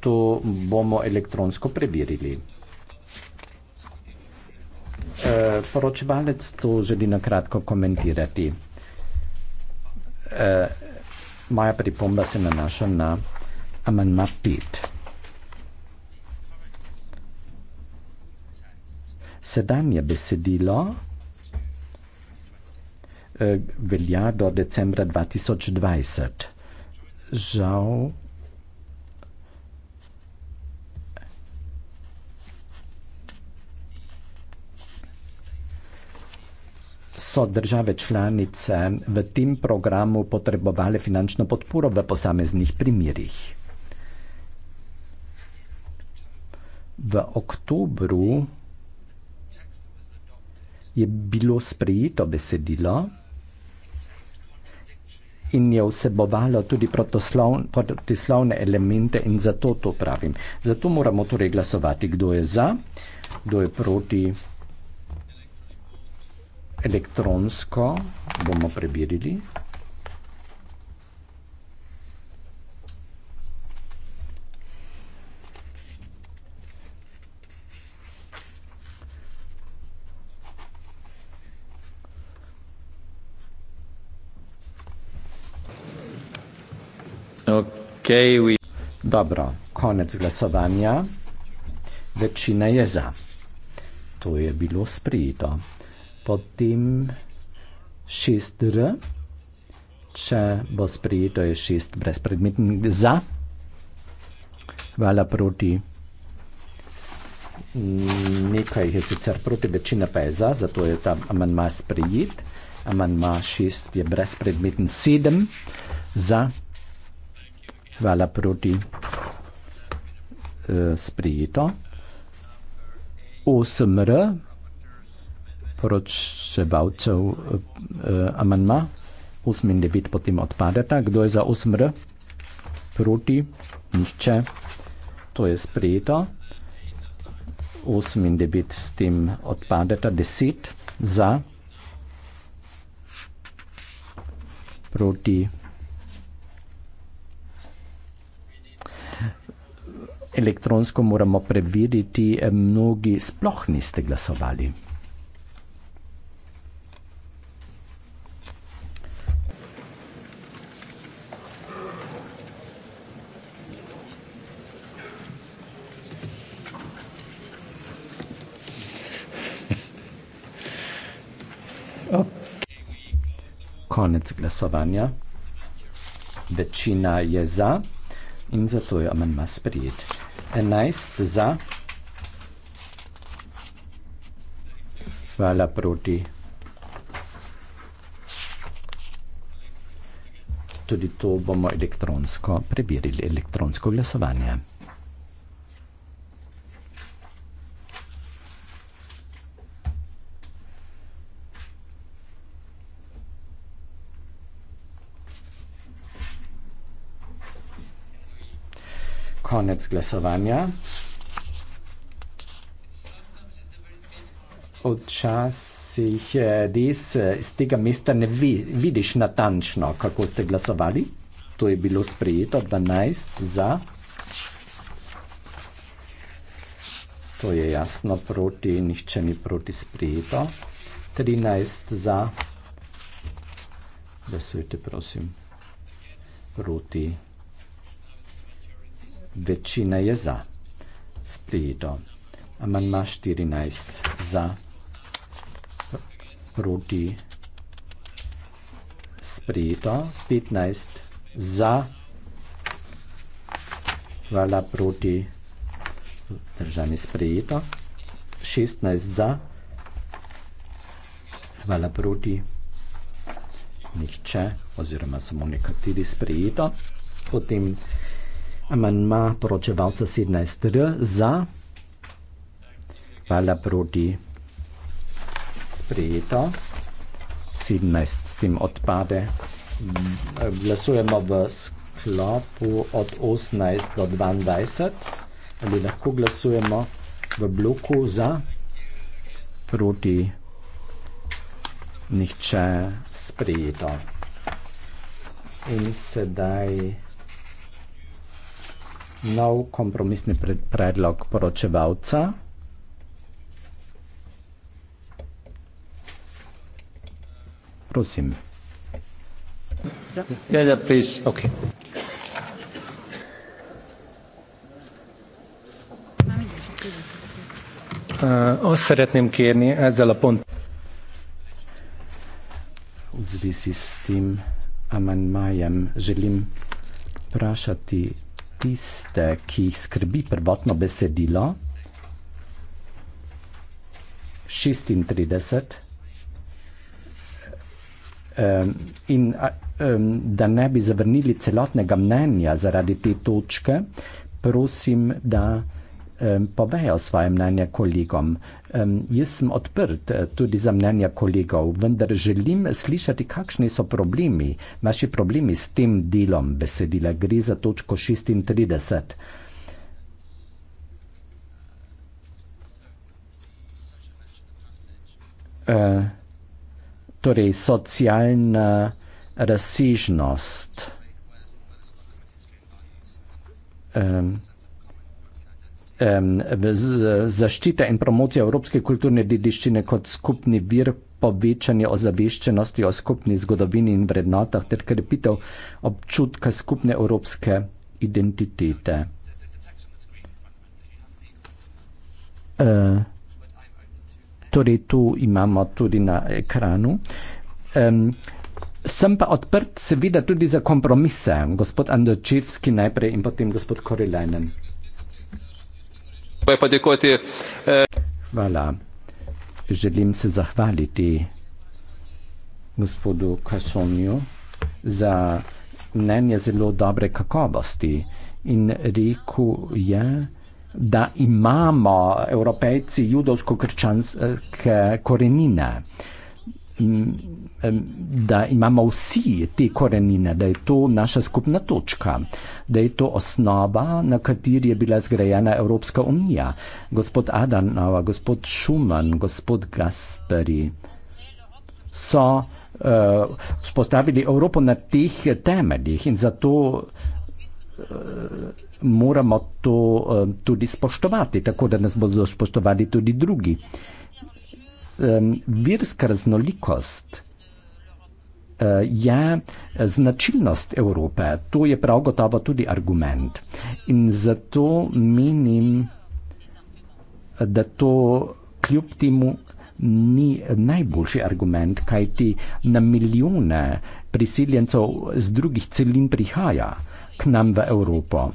[SPEAKER 10] to bomo elektronsko preverili. E, poročevalec to želi nakratko komentirati. E, moja pripomba se nanaša na amanma 5. Sedanje besedilo e, velja do decembra 2020. Žal so države članice v tem programu potrebovale finančno podporo v posameznih primerjih. V oktobru je bilo sprejeto besedilo in je vsebovalo tudi protislovne elemente in zato to pravim. Zato moramo torej glasovati, kdo je za, kdo je proti elektronsko bomo preverili. Okay, we... Dobro, konec glasovanja. Večina je za. To je bilo sprejeto potem 6R, če bo sprejeto, je 6 brezpredmetni za, hvala proti, nekaj je sicer proti, večina pa je za, zato je ta amanma sprejet, amanma 6 je brezpredmetni 7 za, hvala proti, e, sprejeto, 8R, 8R, poročevalcev eh, amanma. 8 in 9 potem odpadata. Kdo je za 8 r? Proti? Nihče. To je sprejeto. 8 in 9 s tem odpadata. 10 za. Proti. Elektronsko moramo preveriti, eh, mnogi sploh niste glasovali. konec glasovanja. Večina je za in zato je amenma sprijet. 11 za. Hvala proti. Tudi to bomo elektronsko preverili, elektronsko glasovanje. konec glasovanja. Včasih eh, res eh, iz tega mesta ne vi, vidiš natančno, kako ste glasovali. To je bilo sprejeto 12 za. To je jasno proti, nihče ni proti sprejeto. 13 za. Glasujte, prosim, proti. Večina je za. Sprejeto. Amanma 14 za. Proti. Sprejeto. 15 za. Hvala proti. Zdržanje sprejeto. 16 za. Hvala proti. Nihče oziroma samo nekateri sprejeto. Potem sprejeto amandma poročevalca 17.r za. Hvala proti. Sprejeto. 17 s tem odpade. Glasujemo v sklopu od 18 do 22. Ali lahko glasujemo v bloku za, proti, nihče sprejeto. In sedaj nov kompromisni predlog poročevalca. Prosim. Ja, ja, please. Ok.
[SPEAKER 6] Uh, azt szeretném
[SPEAKER 10] kérni ezzel eh, a pont. Uzvisi s tým amen májem želim prašati tiste, ki jih skrbi prvotno besedilo, 36, um, in um, da ne bi zavrnili celotnega mnenja zaradi te točke, prosim, da povejo svoje mnenje kolegom. Um, jaz sem odprt eh, tudi za mnenje kolegov, vendar želim slišati, kakšni so problemi, naši problemi s tem delom besedila. Gre za točko 36. Uh, eh, torej, socialna razsežnost. Um, zaščita in promocija evropske kulturne dediščine kot skupni vir povečanja ozaveščenosti o skupni zgodovini in vrednotah ter krepitev občutka skupne evropske identitete. Uh, torej, tu imamo tudi na ekranu. Um, sem pa odprt, seveda, tudi za kompromise, gospod Andrčevski najprej in potem gospod Korilajnen.
[SPEAKER 3] Hvala. Eh,
[SPEAKER 10] Hvala. Želim se zahvaliti gospodu Kasonju za mnenje zelo dobre kakovosti in rekel je, da imamo evropejci judovsko-krščanske korenine da imamo vsi te korenine, da je to naša skupna točka, da je to osnova, na kateri je bila zgrajena Evropska unija. Gospod Adanova, gospod Šuman, gospod Gasperi so uh, eh, spostavili Evropo na teh temeljih in zato uh, moramo to uh, tudi spoštovati, tako da nas bodo spoštovali tudi drugi. Um, virska raznolikost Eh, je značilnost Evrope. To je prav gotovo tudi argument. In zato menim, da to kljub temu ni najboljši argument, kajti na milijone priseljencev z drugih celin prihaja k nam v Evropo.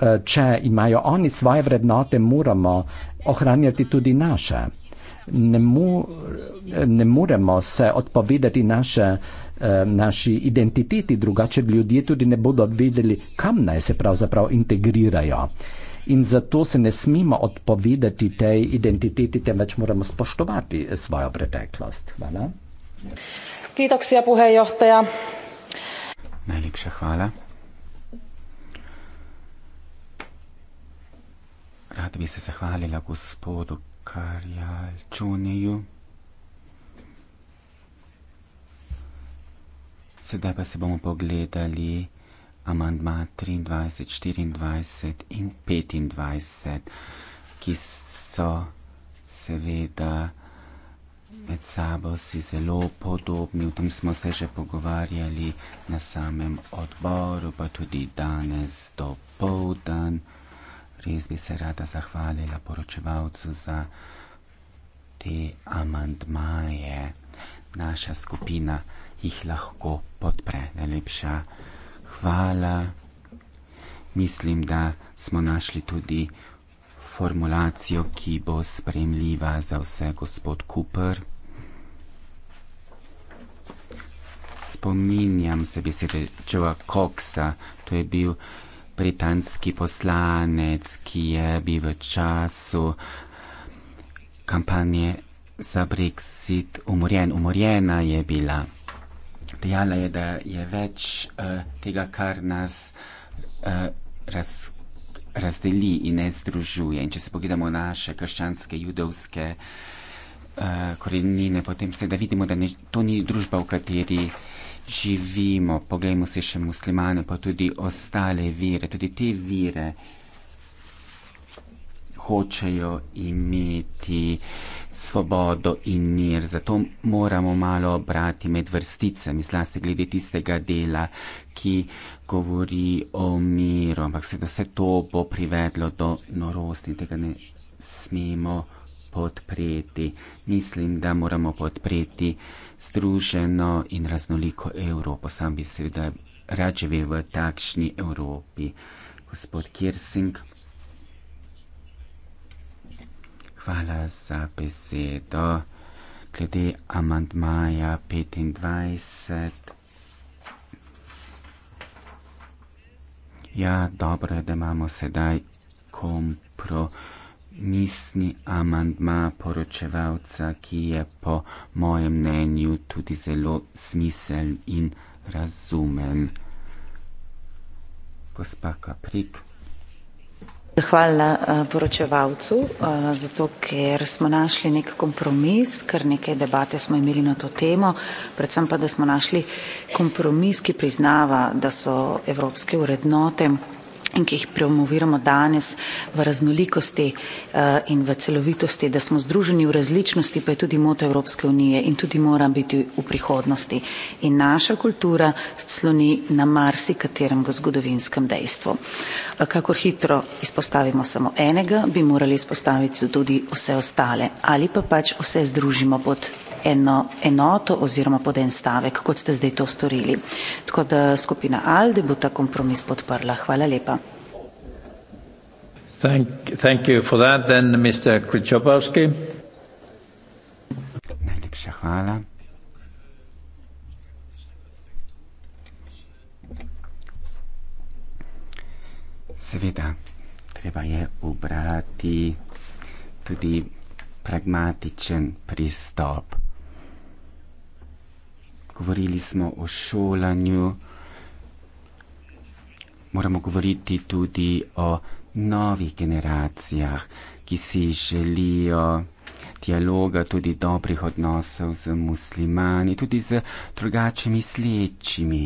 [SPEAKER 10] Eh, če imajo oni svoje vrednote, moramo ohranjati tudi naše ne, mo, ne moremo se odpovedati naše, eh, naši identiteti, drugače ljudje tudi ne bodo vedeli, kam naj se pravzaprav integrirajo. In zato se ne smemo odpovedati tej identiteti, temveč moramo spoštovati svojo preteklost. Hvala.
[SPEAKER 11] Kitoksia, puhejohtaja.
[SPEAKER 9] Najlepša hvala. Rad bi se zahvalila gospodu Karjalčoniju. Sedaj pa se bomo pogledali amandma 23, 24 in 25, ki so seveda med sabo si zelo podobni. O tem smo se že pogovarjali na samem odboru, pa tudi danes do povdan. Res bi se rada zahvalila poročevalcu za te amantmaje. Naša skupina jih lahko podpre. Najlepša hvala. Mislim, da smo našli tudi formulacijo, ki bo spremljiva za vse, gospod Cooper. Spominjam se besede Joa Coxa, to je bil britanski poslanec, ki je bil v času kampanje za Brexit umorjen. Umorjena je bila. Dejala je, da je več uh, tega, kar nas uh, raz, razdeli in ne združuje. In če se pogledamo naše krščanske, judovske uh, korenine, potem se da vidimo, da ne, to ni družba, v kateri uh, živimo, poglejmo si še muslimane, pa tudi ostale vire, tudi te vire hočejo imeti svobodo in mir. Zato moramo malo brati med vrsticami, zlasti glede tistega dela, ki govori o miru, ampak se vse to bo privedlo do norosti in tega ne smemo podpreti. Mislim, da moramo podpreti združeno in raznoliko Evropo. Sam bi seveda rad živel v takšni Evropi. Gospod Kirsing, hvala za besedo. Glede amantmaja 25. Ja, dobro je, da imamo sedaj kompro. Misni amantma poročevalca, ki je po mojem mnenju tudi zelo smiseln in razumen. Gospa Kaprik.
[SPEAKER 11] Zahvala eh, poročevalcu, eh, zato ker smo našli nek kompromis, kar nekaj debate smo imeli na to temo, predvsem pa, da smo našli kompromis, ki priznava, da so evropske urednote in ki jih promoviramo danes v raznolikosti eh, in v celovitosti, da smo združeni v različnosti, pa je tudi moto Evropske unije in tudi mora biti v prihodnosti. In naša kultura sloni na marsikaterem zgodovinskem dejstvu. Eh, kakor hitro izpostavimo samo enega, bi morali izpostaviti tudi vse ostale ali pa pač vse združimo pod eno enoto oziroma pod en stavek, kot ste zdaj to storili. Tako da skupina Alde bo ta kompromis podprla. Hvala lepa.
[SPEAKER 6] Thank, thank that,
[SPEAKER 9] Najlepša hvala. Seveda, treba je ubrati tudi pragmatičen pristop govorili smo o šolanju, moramo govoriti tudi o novih generacijah, ki si želijo dialoga, tudi dobrih odnosov z muslimani, tudi z drugačnimi sledečimi.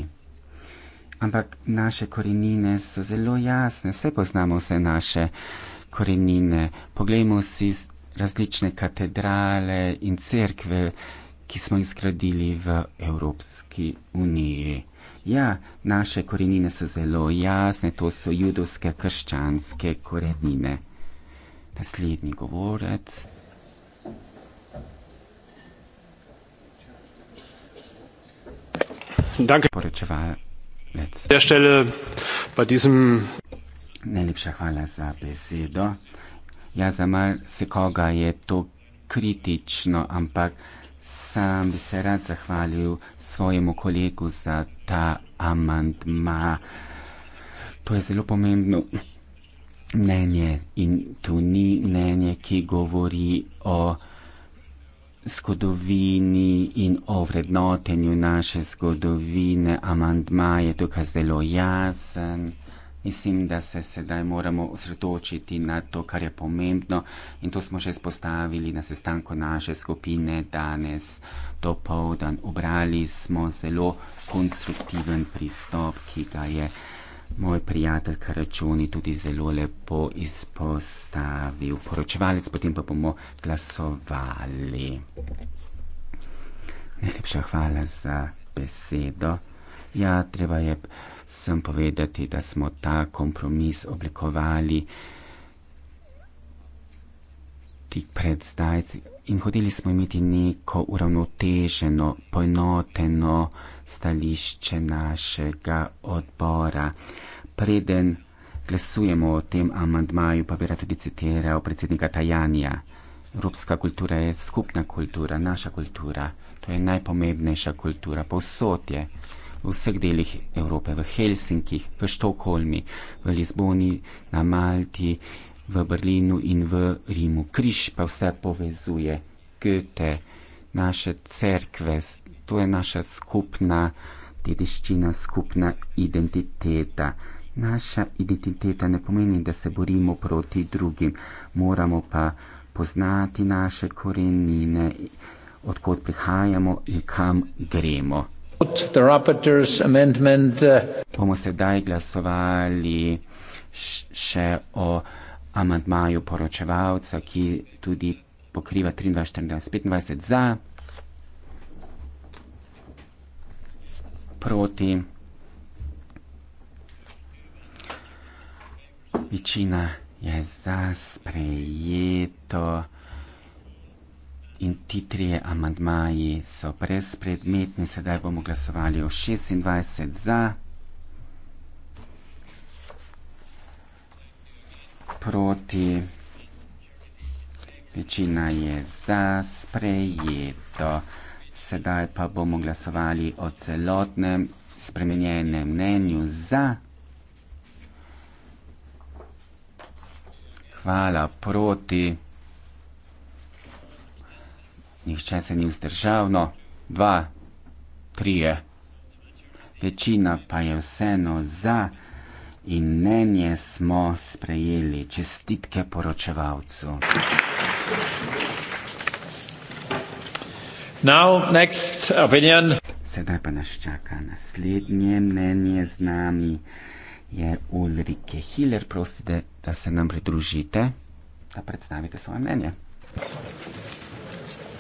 [SPEAKER 9] Ampak naše korenine so zelo jasne, vse poznamo vse naše korenine. Poglejmo si različne katedrale in cerkve ki smo jih zgradili v Evropski uniji. Ja, naše korenine so zelo jasne, to so judovske, krščanske korenine. Naslednji govorec. Najlepša hvala za besedo. Ja, za marsikoga je to kritično, ampak sam bi se rad zahvalil svojemu kolegu za ta amantma. To je zelo pomembno mnenje in to ni mnenje, ki govori o zgodovini in o vrednotenju naše zgodovine. Amantma je tukaj zelo jasen. Mislim, da se sedaj moramo osredotočiti na to, kar je pomembno in to smo že spostavili na sestanku naše skupine danes do povdan. Obrali smo zelo konstruktiven pristop, ki ga je moj prijatelj Karačuni tudi zelo lepo izpostavil. Poročevalec, potem pa bomo glasovali. Najlepša hvala za besedo. Ja, treba je sem povedati, da smo ta kompromis oblikovali tik pred zdajci in hoteli smo imeti neko uravnoteženo, poenoteno stališče našega odbora. Preden glasujemo o tem amandmaju, pa bi rad tudi citiral predsednika Tajanja. Evropska kultura je skupna kultura, naša kultura, to je najpomembnejša kultura, povsod je v vseh delih Evrope, v Helsinkih, v Štokolmi, v Lizboni, na Malti, v Berlinu in v Rimu. Križ pa vse povezuje, Goethe, naše cerkve, to je naša skupna dediščina, skupna identiteta. Naša identiteta ne pomeni, da se borimo proti drugim, moramo pa poznati naše korenine, odkot prihajamo in kam gremo. Uh, Bomo sedaj glasovali še o amantmaju poročevalca, ki tudi pokriva 23, 24, 25 za, proti. Večina je za sprejeto. In ti trije amantmaji so brezpredmetni, sedaj bomo glasovali o 26 za, proti, večina je za, sprejeto. Sedaj pa bomo glasovali o celotnem spremenjenem mnenju za. Hvala, proti nihče se ni vzdržal, no, dva, trije. Večina pa je vseeno za in mnenje smo sprejeli. Čestitke poročevalcu. Now, next opinion. Sedaj pa nas čaka naslednje mnenje z nami. Je Ulrike Hiller, prosite, da se nam pridružite, da predstavite svoje mnenje.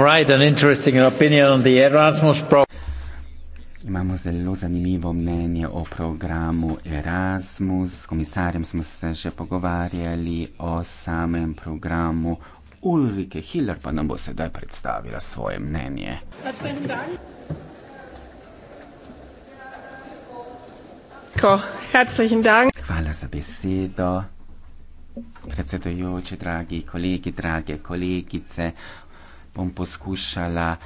[SPEAKER 6] right, an interesting opinion on the Erasmus program.
[SPEAKER 9] Imamo zelo zanimivo mnenje o programu Erasmus. S komisarjem smo se že pogovarjali o samem programu Ulrike Hiller, pa nam bo sedaj predstavila svoje mnenje. Hvala za besedo. Predsedujoči, dragi kolegi, drage kolegice, bom poskušala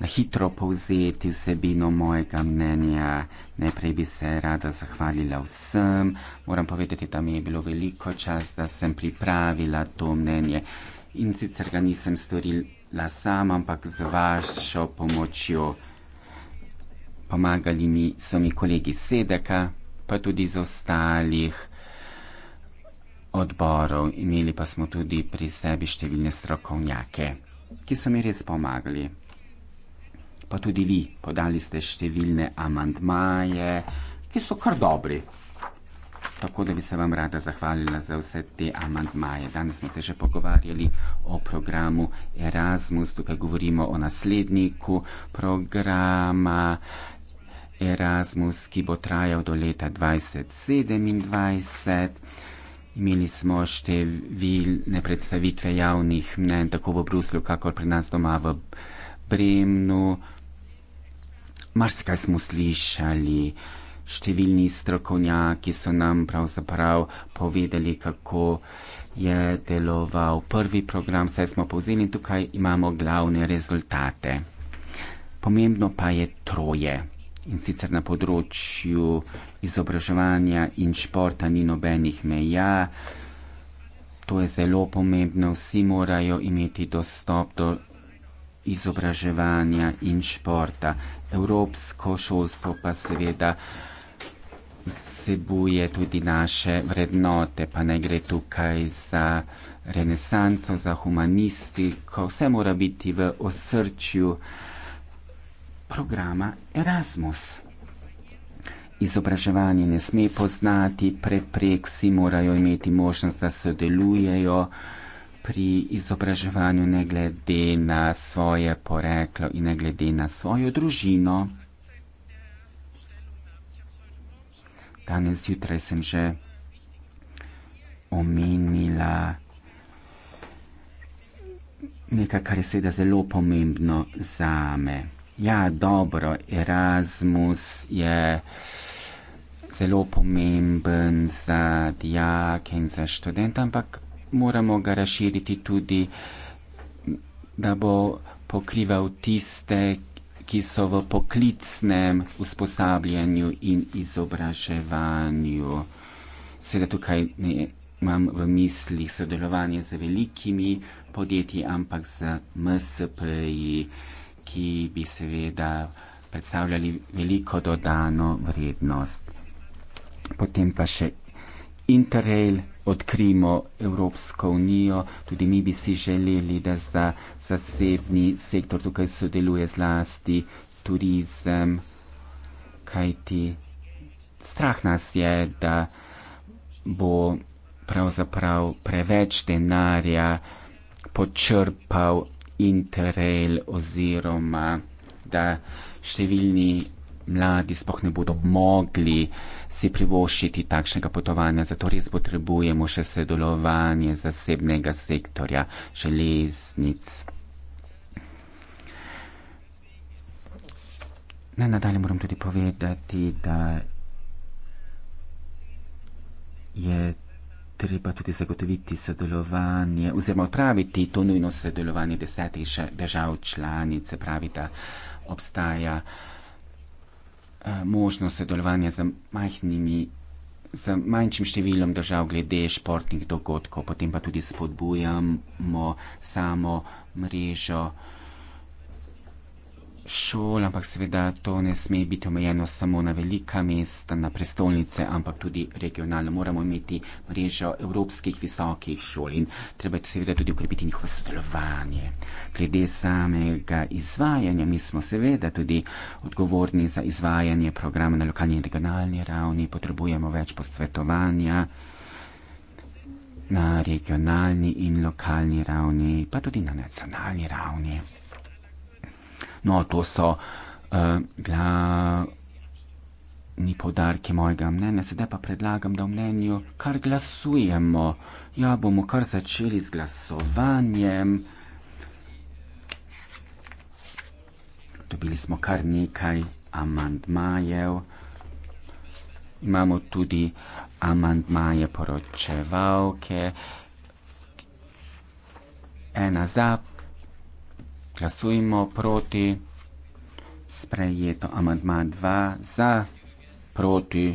[SPEAKER 9] na hitro povzeti vsebino mojega mnenja. Najprej bi se rada zahvalila vsem. Moram povedati, da mi je bilo veliko čas, da sem pripravila to mnenje. In sicer ga nisem storila sama, ampak z vašo pomočjo. Pomagali mi so mi kolegi Sedeka, pa tudi iz ostalih odborov. Imeli pa smo tudi pri sebi številne strokovnjake ki so mi res pomagali. Pa tudi vi, podali ste številne amantmaje, ki so kar dobri. Tako da bi se vam rada zahvalila za vse te amantmaje. Danes smo se že pogovarjali o programu Erasmus, tukaj govorimo o nasledniku programa Erasmus, ki bo trajal do leta 2027. Imeli smo številne predstavitve javnih mnen, tako v Bruslju, kakor pri nas doma v Bremnu. Marsikaj smo slišali, številni strokovnjaki so nam pravzaprav povedali, kako je deloval prvi program, vse smo povzeli in tukaj imamo glavne rezultate. Pomembno pa je troje in sicer na področju izobraževanja in športa ni nobenih meja. To je zelo pomembno, vsi morajo imeti dostop do izobraževanja in športa. Evropsko šolstvo pa seveda vsebuje tudi naše vrednote, pa naj gre tukaj za renesanco, za humanistiko, vse mora biti v osrčju programa Erasmus. Izobraževanje ne sme poznati preprek, vsi morajo imeti možnost, da sodelujejo pri izobraževanju, ne glede na svoje poreklo in ne glede na svojo družino. Danes jutraj sem že omenila nekaj, kar je seveda zelo pomembno za me. Ja, dobro, Erasmus je zelo pomemben za dijake in za študente, ampak moramo ga razširiti tudi, da bo pokrival tiste, ki so v poklicnem usposabljanju in izobraževanju. Seveda tukaj ne, imam v mislih sodelovanje z velikimi podjetji, ampak z MSP-ji ki bi seveda predstavljali veliko dodano vrednost. Potem pa še Interrail, odkrijmo Evropsko unijo, tudi mi bi si želeli, da za zasebni sektor tukaj sodeluje zlasti turizem, kajti strah nas je, da bo pravzaprav preveč denarja počrpal interrail oziroma da številni mladi spoh ne bodo mogli si privoščiti takšnega potovanja, zato res potrebujemo še sodelovanje zasebnega sektorja, železnic. Na nadalje moram tudi povedati, da je treba tudi zagotoviti sodelovanje oziroma odpraviti to nujno sodelovanje desetih držav članic, se pravi, da obstaja eh, možnost sodelovanja z majhnimi, z manjšim številom držav glede športnih dogodkov, potem pa tudi spodbujamo samo mrežo šol, ampak seveda to ne sme biti omejeno samo na velika mesta, na prestolnice, ampak tudi regionalno. Moramo imeti mrežo evropskih visokih šol in treba je seveda tudi ukrepiti njihovo sodelovanje. Glede samega izvajanja, mi smo seveda tudi odgovorni za izvajanje programa na lokalni in regionalni ravni, potrebujemo več posvetovanja na regionalni in lokalni ravni, pa tudi na nacionalni ravni. No, to so uh, eh, dla ni podarki mojega mnenja, sedaj pa predlagam, da v mnenju kar glasujemo. Ja, bomo kar začeli z glasovanjem. Dobili smo kar nekaj amandmajev. Imamo tudi amandmaje poročevalke. Ena za, Glasujmo proti sprejeto amandma 2, za proti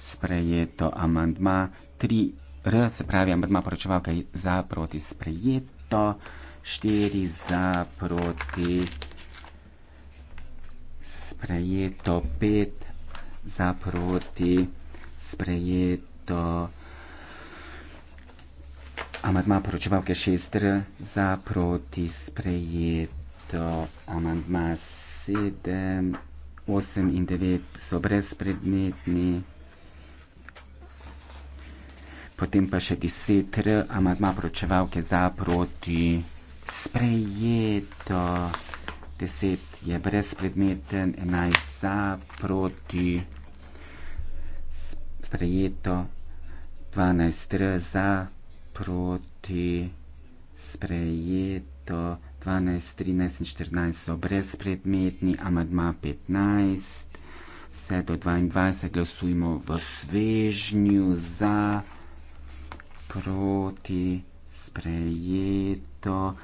[SPEAKER 9] sprejeto amandma 3, r, se pravi amandma poročevalke za proti sprejeto 4, za proti sprejeto 5, za proti sprejeto 6. Amandma poročevalke Šestr za proti sprejeto. Amandma 7, 8 in 9 so brezpredmetni. Potem pa še 10. Amandma poročevalke za proti sprejeto. 10 je brezpredmeten, 11 za proti sprejeto. 12 za proti proti sprejeto 12, 13 in 14 so brezpredmetni, amadma 15, vse do 22 glasujemo v svežnju za proti sprejeto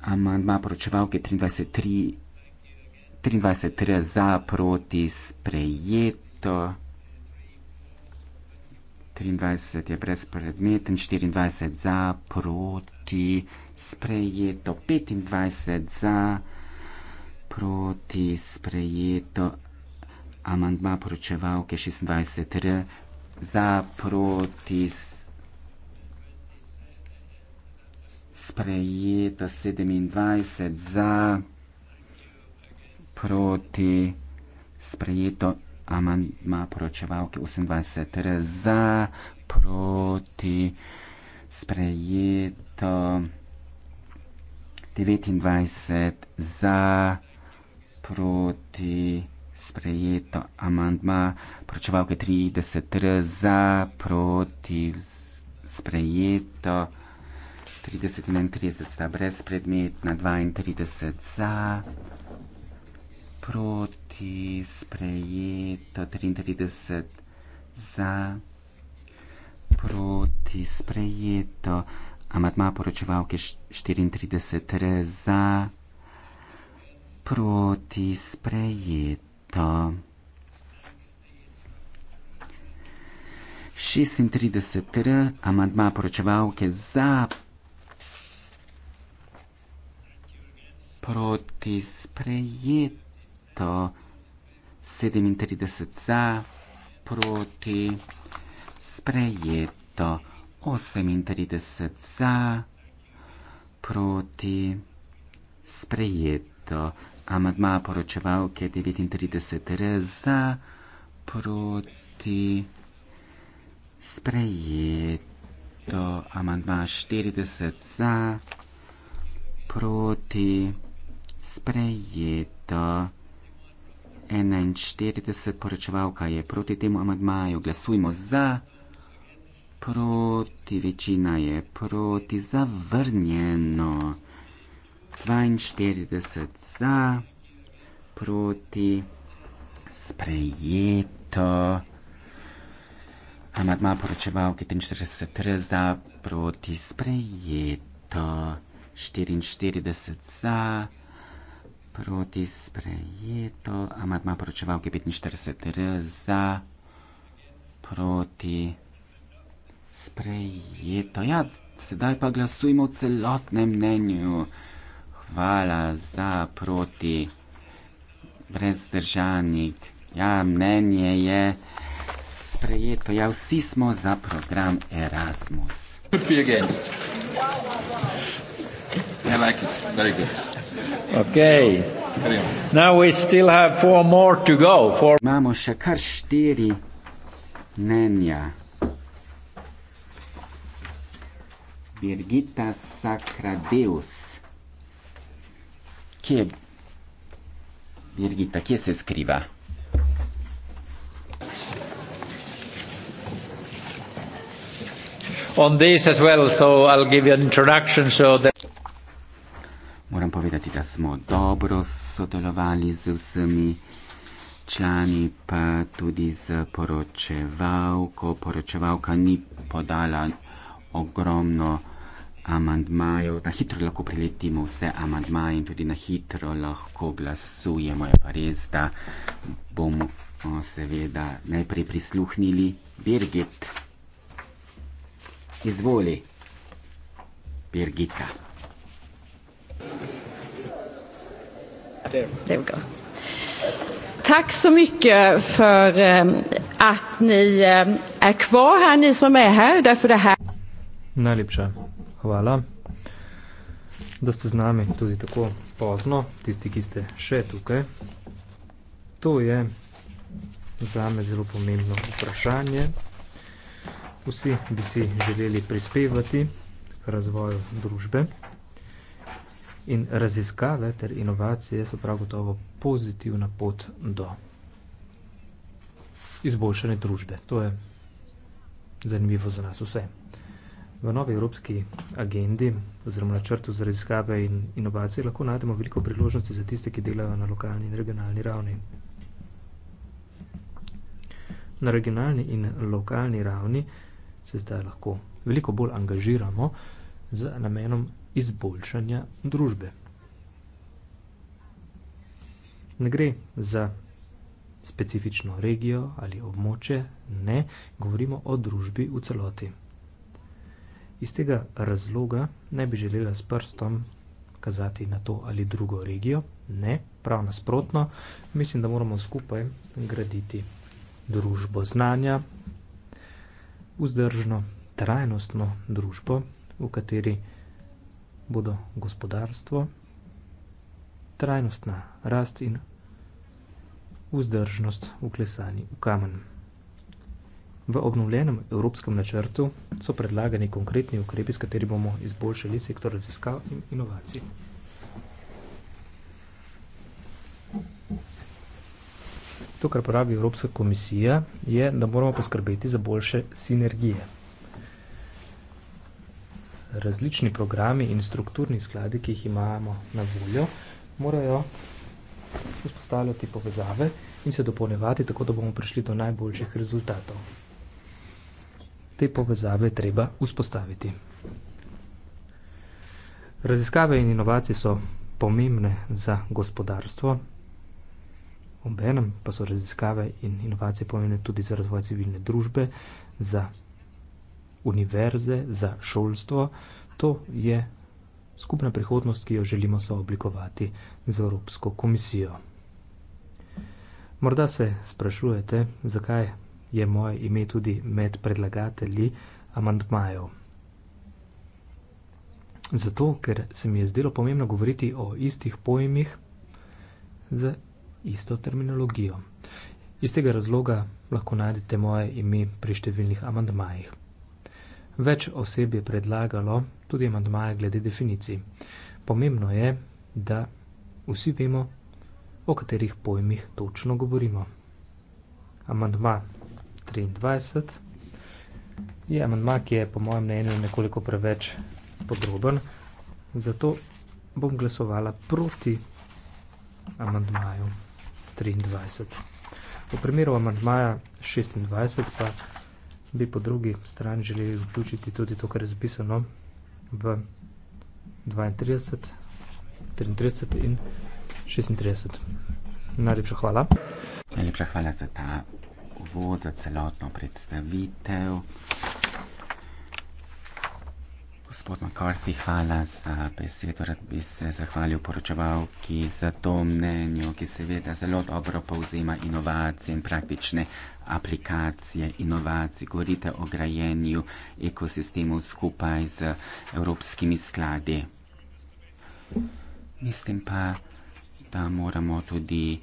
[SPEAKER 9] amadma poročevalke 23, 3, 23 3 za proti sprejeto. 23 je brezpredmeten, 24 za, proti, sprejeto, 25 za, proti, sprejeto, amantma poročevalke 26 r, za, proti, sprejeto, 27 za, proti, sprejeto, amandma poročevalke 28 ter za proti sprejeto 29 za proti sprejeto amandma poročevalke 30 ter za proti sprejeto 30 in 31 sta brezpredmetna 32 za proti sprejeto proti, sprejeto 33 za, proti, sprejeto, amatma poročevalke 34 re za, proti, sprejeto. 36 r, amatma poročevalke za, proti, sprejeto leto 37 za, proti sprejeto 38 za, proti sprejeto. Amadma poročevalke 39 za, proti sprejeto. Amadma 40 za, proti sprejeto. 41 poročevalka je proti temu amadmaju. Glasujmo za, proti večina je proti zavrnjeno. 42 za, proti sprejeto. Amadma poročevalke 43 za, proti sprejeto. 44 za proti sprejeto, amatma poročevalke 45 r za proti sprejeto. Ja, sedaj pa glasujmo o celotnem mnenju. Hvala za proti brezdržanik. Ja, mnenje je sprejeto. Ja, vsi smo za program Erasmus. Proti. Ja, like it. Very good.
[SPEAKER 6] Okay. Now we still have four
[SPEAKER 9] more to go. Four. Imamo še kar štiri mnenja. Birgita Sakradeus. Kje je Birgita, kje se skriva?
[SPEAKER 6] On this as well, so I'll give you an introduction so that...
[SPEAKER 9] Moram povedati, da smo dobro sodelovali z vsemi člani, pa tudi z poročevalko. Poročevalka ni podala ogromno amandmajev. Na hitro lahko priletimo vse amandmaje in tudi na hitro lahko glasujemo. Je pa res, da bomo o, seveda najprej prisluhnili Birgit. Izvoli, Birgita.
[SPEAKER 5] There we go.
[SPEAKER 2] Tack så mycket för ehm, att ni ehm, är kvar här, ni
[SPEAKER 3] som är här. Därför det här...
[SPEAKER 8] Najlepša hvala, da ste z nami tudi tako pozno, tisti, ki ste še tukaj. To je za me zelo pomembno vprašanje. Vsi bi si želeli prispevati k razvoju družbe. In raziskave ter inovacije so prav gotovo pozitivna pot do izboljšane družbe. To je zanimivo za nas vse. V novi evropski agendi oziroma na črtu za raziskave in inovacije lahko najdemo veliko priložnosti za tiste, ki delajo na lokalni in regionalni ravni. Na regionalni in lokalni ravni se zdaj lahko veliko bolj angažiramo z namenom izboljšanja družbe. Ne gre za specifično regijo ali območje, ne, govorimo o družbi v celoti. Iz tega razloga ne bi želela s prstom kazati na to ali drugo regijo, ne, prav nasprotno, mislim, da moramo skupaj graditi družbo znanja, vzdržno, trajnostno družbo, v kateri družbo, bodo gospodarstvo, trajnostna rast in vzdržnost uklesani v kamen. V obnovljenem evropskem načrtu so predlagani konkretni ukrepi, s kateri bomo izboljšali sektor raziskav in inovacij. To, kar pravi Evropska komisija, je, da moramo poskrbeti za boljše sinergije različni programi in strukturni skladi, ki jih imamo na voljo, morajo vzpostavljati povezave in se dopolnevati, tako da bomo prišli do najboljših rezultatov. Te povezave treba vzpostaviti. Raziskave in inovacije so pomembne za gospodarstvo, obenem pa so raziskave in inovacije pomembne tudi za razvoj civilne družbe, za univerze za šolstvo, to je skupna prihodnost, ki jo želimo sooblikovati z Evropsko komisijo. Morda se sprašujete, zakaj je moje ime tudi med predlagatelji amantmajev. Zato, ker se mi je zdelo pomembno govoriti o istih pojmih z isto terminologijo. Iz tega razloga lahko najdete moje ime pri številnih amantmajih. Več oseb je predlagalo tudi amandmaje glede definicij. Pomembno je, da vsi vemo, o katerih pojmih točno govorimo. Amandma 23 je amandma, ki je po mojem mnenju nekoliko preveč podroben, zato bom glasovala proti amandmaju 23. V primeru amandmaja 26 pa bi po drugi strani želeli vključiti tudi to, kar je zapisano v 32, 33 in 36. Najlepša hvala.
[SPEAKER 9] Najlepša hvala za ta uvod, za celotno predstavitev. Gospod McCarthy, hvala za besedo. Rad bi se zahvalil poročevalki za to mnenje, ki seveda zelo dobro povzema inovacije in praktične aplikacije, inovacij, govorite o grajenju ekosistemov skupaj z evropskimi skladi. Mislim pa, da moramo tudi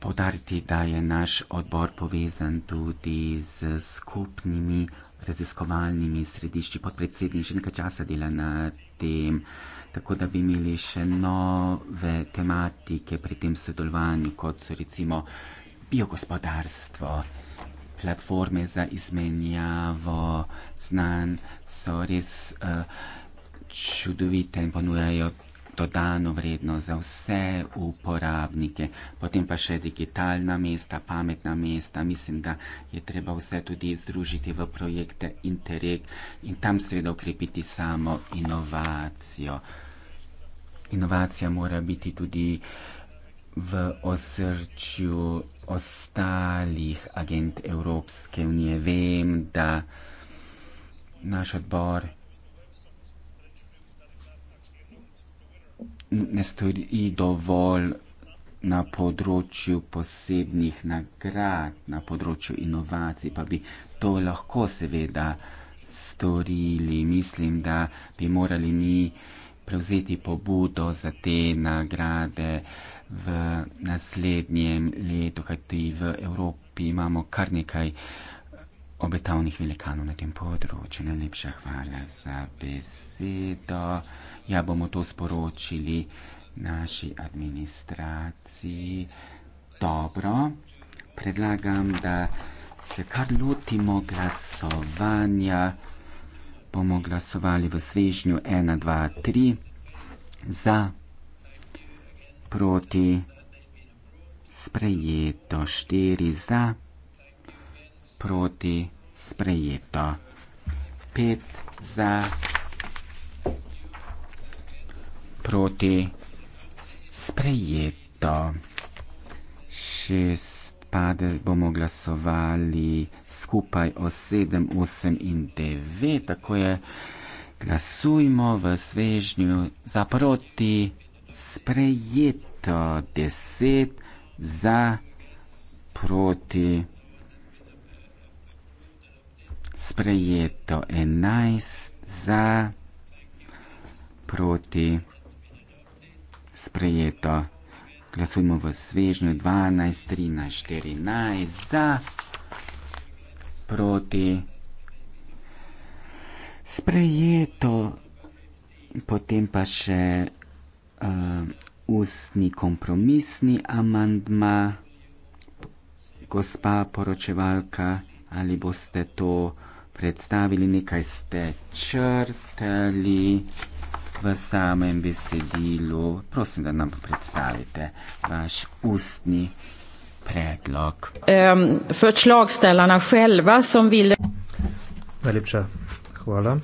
[SPEAKER 9] podariti, da je naš odbor povezan tudi z skupnimi raziskovalnimi središči. Podpredsednik že nekaj časa dela na tem, tako da bi imeli še nove tematike pri tem sodelovanju, kot so recimo uh, biogospodarstvo. Platforme za izmenjavo znanj so res uh, čudovite in ponujajo dodano vrednost za vse uporabnike. Potem pa še digitalna mesta, pametna mesta. Mislim, da je treba vse tudi združiti v projekte Interreg in tam seveda ukrepiti samo inovacijo. Inovacija mora biti tudi. Uh, v osrčju ostalih agent Evropske unije. Vem, da naš odbor ne stori dovolj na področju posebnih nagrad, na področju inovacij, pa bi to lahko seveda storili. Mislim, da bi morali mi prevzeti pobudo za te nagrade v naslednjem letu, kajti v Evropi imamo kar nekaj obetavnih velikanov na tem področju. Najlepša hvala za besedo. Ja, bomo to sporočili naši administraciji. Dobro, predlagam, da se kar lotimo glasovanja. Bomo glasovali v svežnju 1, 2, 3 za proti, sprejeto štiri za, proti sprejeto pet za, proti sprejeto šest, pa da bomo glasovali skupaj o sedem, osem in devet, tako je. Glasujmo v svežnju za proti sprejeto sto deset za proti sprejeto enajst za proti sprejeto glasujmo v svežnju dvanajst trinajst štirinajst za proti sprejeto potem pa še uh, ustni kompromisni amandma, gospa poročevalka, ali boste to predstavili, nekaj ste črtali v samem besedilu. Prosim, da nam predstavite vaš ustni predlog.
[SPEAKER 11] Um, Förslag stellarna själva som ville...
[SPEAKER 8] Najlepša hvala.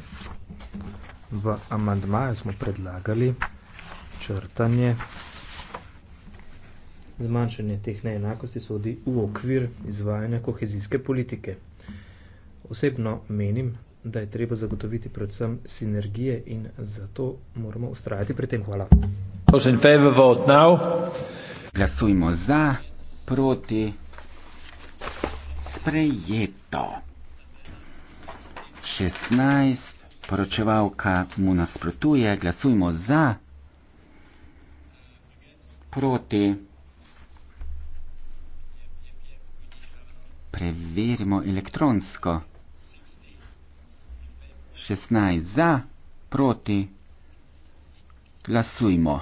[SPEAKER 8] V amandmaju smo predlagali, črtanje, zmanjšanje teh neenakosti sodi v okvir izvajanja kohezijske politike. Osebno menim, da je treba zagotoviti predvsem sinergije in zato moramo ustrajati pri tem. Hvala.
[SPEAKER 9] Glasujmo za, proti, sprejeto. 16, poročevalka mu nasprotuje, glasujmo za proti. Preverimo elektronsko. 16 za, proti. Glasujmo.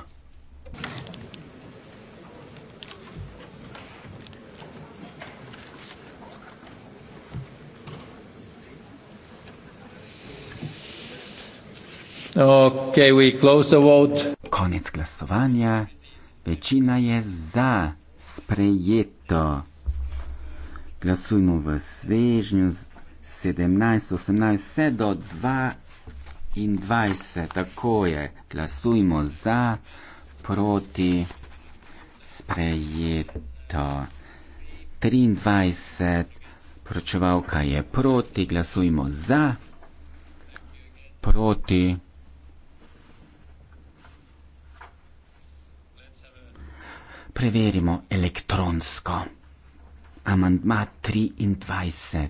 [SPEAKER 9] Okay, we close the vote. Konec glasovanja. Večina je za sprejeto. Glasujmo v svežnju 17, 18, vse do 22, tako je. Glasujmo za, proti, sprejeto. 23, pročevalka je proti, glasujmo za, proti. preverimo elektronsko. Amandma 23.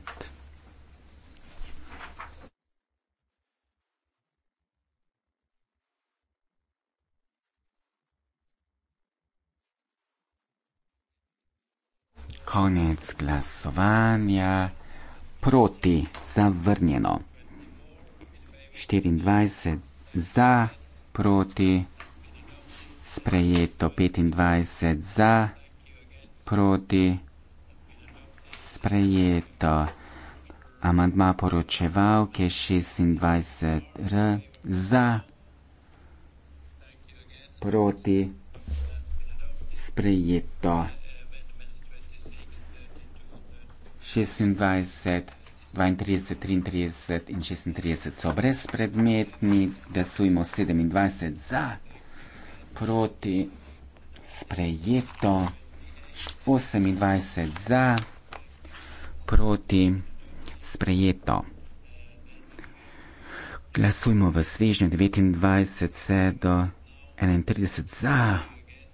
[SPEAKER 9] Konec glasovanja proti zavrnjeno. 24 za proti sprejeto 25 za, proti sprejeto. Amandma poročevalke 26 r za, proti sprejeto. 26, 32, 33 in 36 so brezpredmetni, glasujmo 27 za proti, sprejeto, 28 za, proti, sprejeto. Glasujmo v svežnju 29 se do 31 za,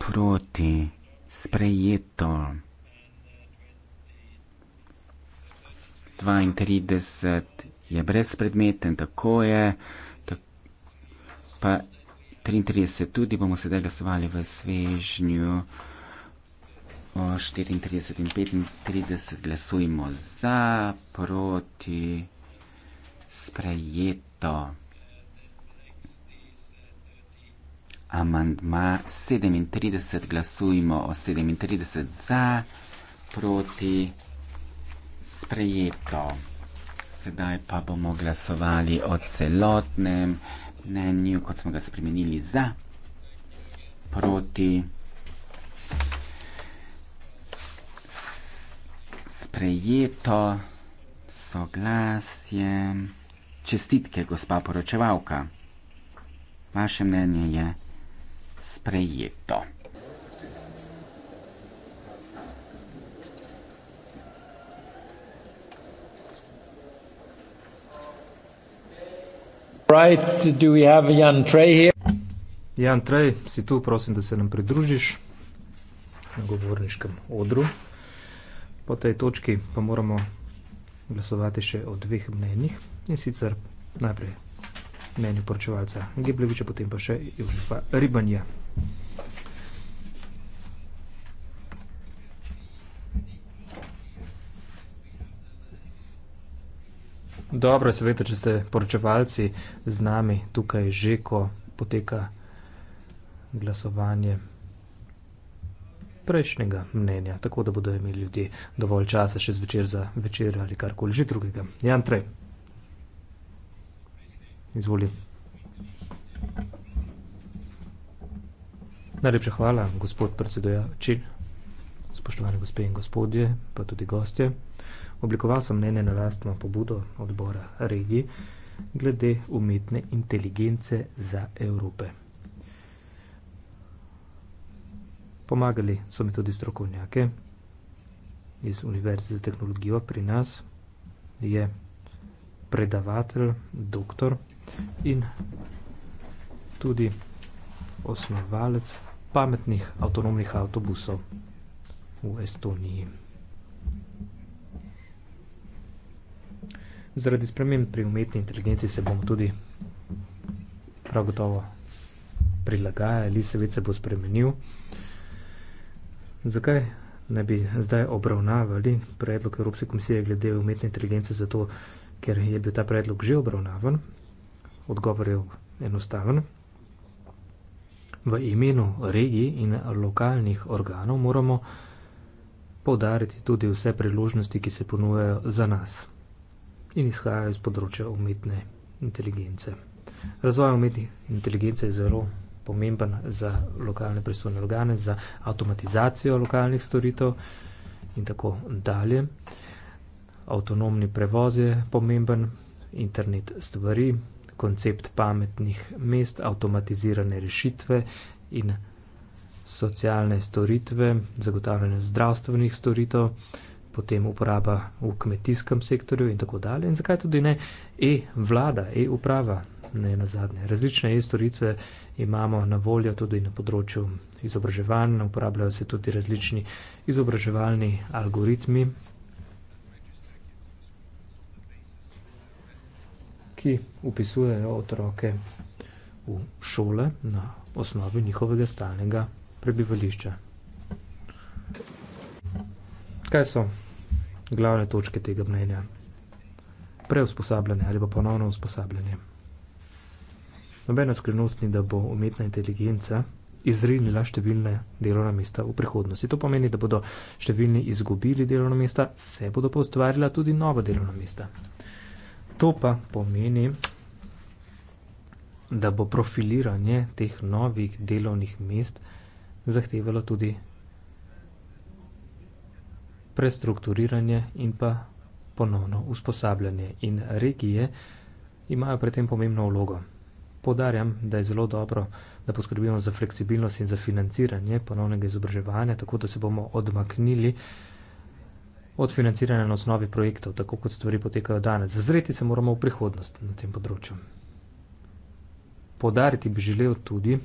[SPEAKER 9] proti, sprejeto. 32 je brezpredmeten, tako je. Pa 33 tudi bomo sedaj glasovali v svežnju. 34 in 35 glasujemo za, proti, sprejeto. Amandma 37 glasujemo o 37 za, proti, sprejeto. Sedaj pa bomo glasovali o celotnem mnenju, kot smo ga spremenili za, proti, sprejeto, soglasje, čestitke, gospa poročevalka. Vaše mnenje je sprejeto.
[SPEAKER 8] right, Jan Trej, si tu, prosim, da se nam pridružiš na govorniškem odru. Po tej točki pa moramo glasovati še o dveh mnenjih in sicer najprej mnenju poročevalca Gibljeviča, potem pa še Jožefa Ribanja. Dobro, seveda, če ste poročevalci z nami tukaj že, ko poteka glasovanje prejšnjega mnenja, tako da bodo imeli ljudje dovolj časa še zvečer za večer ali karkoli že drugega. Jan Trej, izvoli. Najlepša hvala, gospod predsedujoči, spoštovane gospe in gospodje, pa tudi gostje. Oblikoval sem mnenje na lastno pobudo odbora regij glede umetne inteligence za Evrope. Pomagali so mi tudi strokovnjake iz Univerze za tehnologijo. Pri nas je predavatelj, doktor in tudi osnovalec pametnih avtonomnih avtobusov v Estoniji. zaradi sprememb pri umetni inteligenci se bomo tudi prav gotovo prilagajali, se več se bo spremenil. Zakaj ne bi zdaj obravnavali predlog Evropske komisije glede umetne inteligence zato, ker je bil ta predlog že obravnavan? Odgovor je enostaven. V imenu regij in lokalnih organov moramo poudariti tudi vse priložnosti, ki se ponujejo za nas in izhajajo iz področja umetne inteligence. Razvoj umetne inteligence je zelo pomemben za lokalne pristojne organe, za avtomatizacijo lokalnih storitev in tako dalje. Avtonomni prevoz je pomemben, internet stvari, koncept pametnih mest, avtomatizirane rešitve in socialne storitve, zagotavljanje zdravstvenih storitev, potem uporaba v kmetijskem sektorju in tako dalje. In zakaj tudi ne e-vlada, e-uprava, ne na zadnje. Različne e-storitve imamo na voljo tudi na področju izobraževanj, uporabljajo se tudi različni izobraževalni algoritmi, ki upisujejo otroke v šole na osnovi njihovega stalnega prebivališča. Kaj so glavne točke tega mnenja. Preusposabljanje ali pa ponovno usposabljanje. Nobena skrivnost ni, da bo umetna inteligenca izrinila številne delovna mesta v prihodnosti. To pomeni, da bodo številni izgubili delovna mesta, se bodo pa ustvarila tudi nova delovna mesta. To pa pomeni, da bo profiliranje teh novih delovnih mest zahtevalo tudi prestrukturiranje in pa ponovno usposabljanje. In regije imajo pri tem pomembno vlogo. Podarjam, da je zelo dobro, da poskrbimo za fleksibilnost in za financiranje ponovnega izobraževanja, tako da se bomo odmaknili od financiranja na osnovi projektov, tako kot stvari potekajo danes. Zazreti se moramo v prihodnost na tem področju. Podariti bi želel tudi,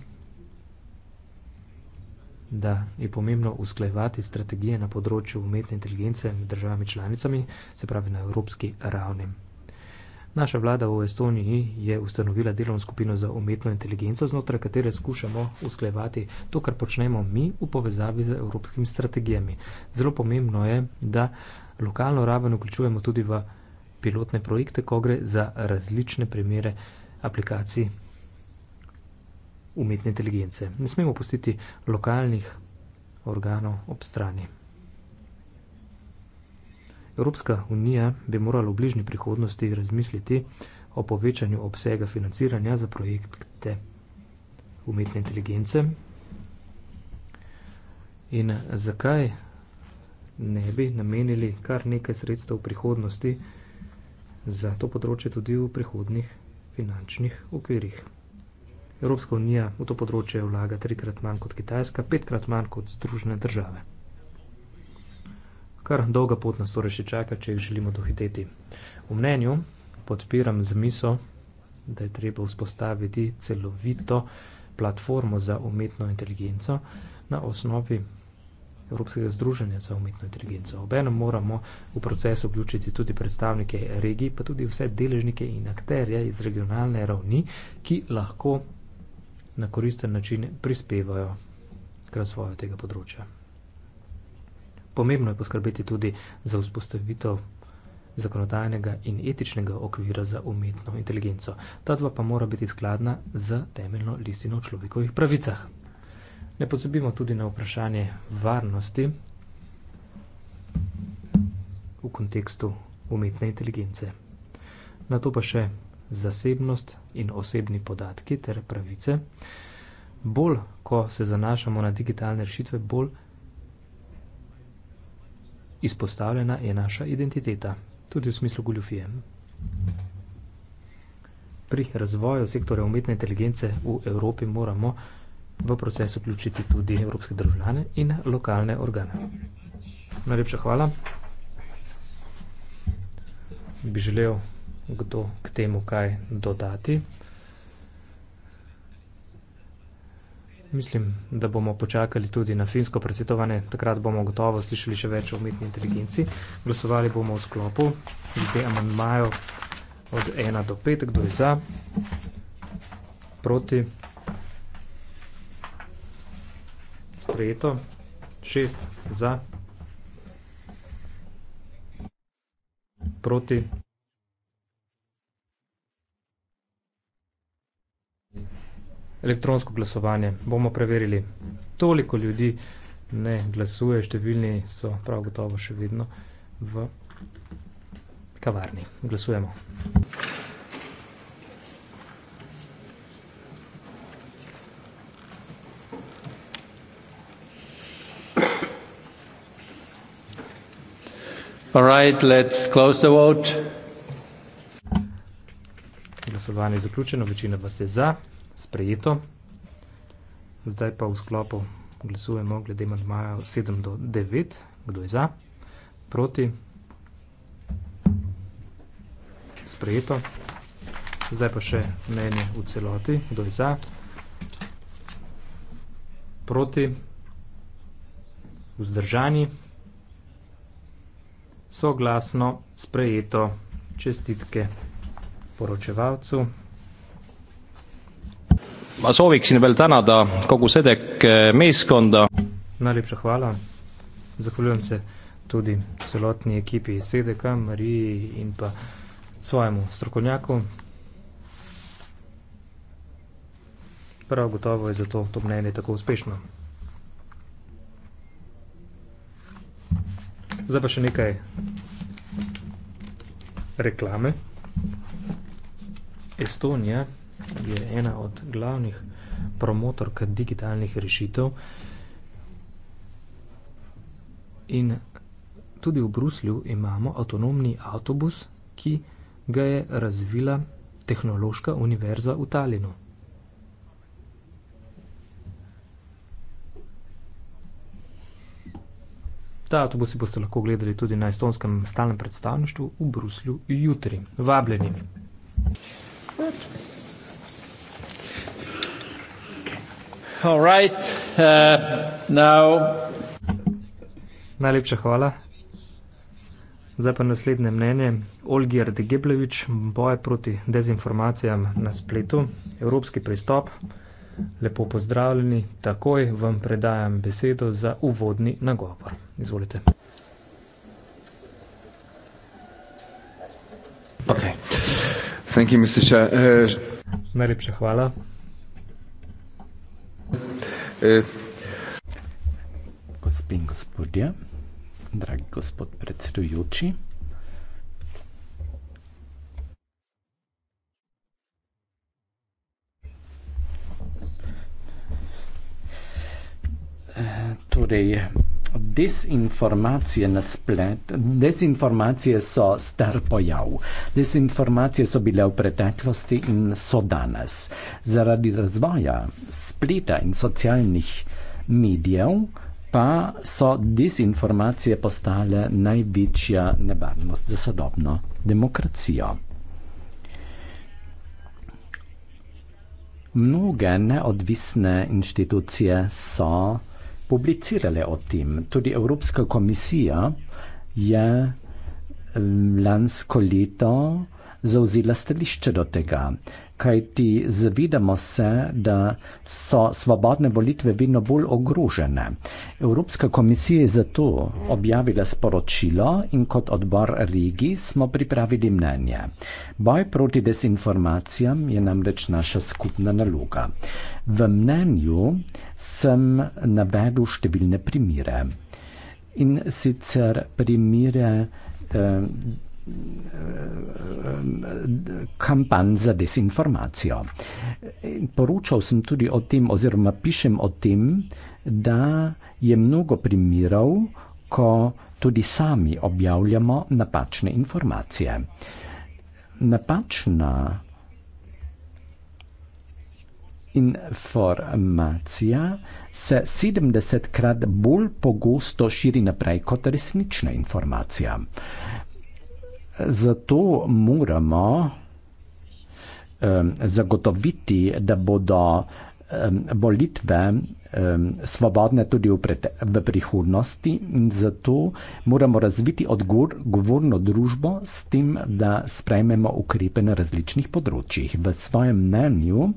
[SPEAKER 8] da je pomembno usklajevati strategije na področju umetne inteligence med državami članicami, se pravi na evropski ravni. Naša vlada v Estoniji je ustanovila delovno skupino za umetno inteligenco, znotraj katere skušamo usklajevati to, kar počnemo mi v povezavi z evropskimi strategijami. Zelo pomembno je, da lokalno raven vključujemo tudi v pilotne projekte, ko gre za različne primere aplikacij umetne inteligence. Ne smemo pustiti lokalnih organov ob strani. Evropska unija bi morala v bližnji prihodnosti razmisliti o povečanju obsega financiranja za projekte umetne inteligence. In zakaj ne bi namenili kar nekaj sredstev v prihodnosti za to področje tudi v prihodnih finančnih okvirih? Evropska unija v to področje vlaga trikrat manj kot Kitajska, petkrat manj kot Združene države. Kar dolga pot nas torej še čaka, če jih želimo dohiteti. V mnenju podpiram zmiso, da je treba vzpostaviti celovito platformo za umetno inteligenco na osnovi Evropskega združenja za umetno inteligenco. Obenem moramo v proces vključiti tudi predstavnike regij, pa tudi vse deležnike in akterje iz regionalne ravni, ki lahko na koristen način prispevajo k razvoju tega področja. Pomembno je poskrbeti tudi za vzpostavitev zakonodajnega in etičnega okvira za umetno inteligenco. Ta dva pa mora biti skladna z temeljno listino o človekovih pravicah. Ne pozabimo tudi na vprašanje varnosti v kontekstu umetne inteligence. Na to pa še zasebnost in osebni podatki ter pravice. Bolj, ko se zanašamo na digitalne rešitve, bolj izpostavljena je naša identiteta, tudi v smislu goljufije. Pri razvoju sektorja umetne inteligence v Evropi moramo v proces vključiti tudi evropske državljane in lokalne organe. Najlepša hvala. Bi želel kdo k temu kaj dodati. Mislim, da bomo počakali tudi na finsko predsedovanje, takrat bomo gotovo slišali še več o umetni inteligenci. Glasovali bomo v sklopu glede amandmajev od 1 do 5, kdo je za, proti, sprejeto, 6 za, proti, elektronsko glasovanje. Bomo preverili. Toliko ljudi ne glasuje, številni so prav gotovo še vedno v kavarni. Glasujemo. All right, let's close the vote. Glasovanje je zaključeno, večina vas je za sprejeto. Zdaj pa v sklopu glasujemo glede mandmaja 7 do 9. Kdo je za? Proti? Sprejeto. Zdaj pa še mnenje v celoti. Kdo je za? Proti? Vzdržani? Soglasno sprejeto. Čestitke poročevalcu ma sooviksin veel tänada kogu Sedek eh, meeskonda. najlepša hvala, zahvaljujem se tudi celotni ekipi Sedeka, Mariji in pa svojemu strokovnjaku. prav gotovo je zato to mnenje tako uspešno. Zdaj pa še nekaj reklame. Estonija je ena od glavnih promotork digitalnih rešitev. In tudi v Bruslju imamo avtonomni avtobus, ki ga je razvila tehnološka univerza v Talinu. Ta avtobus boste lahko gledali tudi na estonskem stalnem predstavništvu v Bruslju jutri. Vabljeni.
[SPEAKER 6] Thank you. All right, uh, now. Najlepša
[SPEAKER 8] hvala. Zdaj pa naslednje mnenje. Olgir De Geblevič, boj proti dezinformacijam na spletu, evropski pristop. Lepo pozdravljeni, takoj vam predajam besedo za uvodni nagovor. Izvolite.
[SPEAKER 9] Okay. Thank you, Mr. Chair. Uh,
[SPEAKER 8] Najlepša hvala.
[SPEAKER 9] Gospe in gospodje,
[SPEAKER 10] dragi gospod predsedujoči, torej, Dezinformacije na spletu, dezinformacije so star pojav. Dezinformacije so bile v preteklosti in so danes. Zaradi razvoja spleta in socialnih medijev pa so dezinformacije postale največja nevarnost za sodobno demokracijo. Mnoge neodvisne inštitucije so publicirale o tem. Tudi Evropska komisija je eh, lansko leto zauzela stališče do tega, kajti zavedamo se, da so svobodne volitve vedno bolj ogrožene. Evropska komisija je zato objavila sporočilo in kot odbor Rigi smo pripravili mnenje. Boj proti desinformacijam je namreč naša skupna naloga. V mnenju sem navedel številne primere. In sicer primere eh, eh, kampanj za desinformacijo. Poročal sem tudi o tem, oziroma pišem o tem, da je mnogo primerov, ko tudi sami objavljamo napačne informacije. Napačna informacija se 70krat bolj pogosto širi naprej kot resnična informacija. Zato moramo um, zagotoviti, da bodo um, volitve um, svobodne tudi v, v prihodnosti, in zato moramo razviti odgovorno družbo s tem, da sprejmemo ukrepe na različnih področjih. V svojem mnenju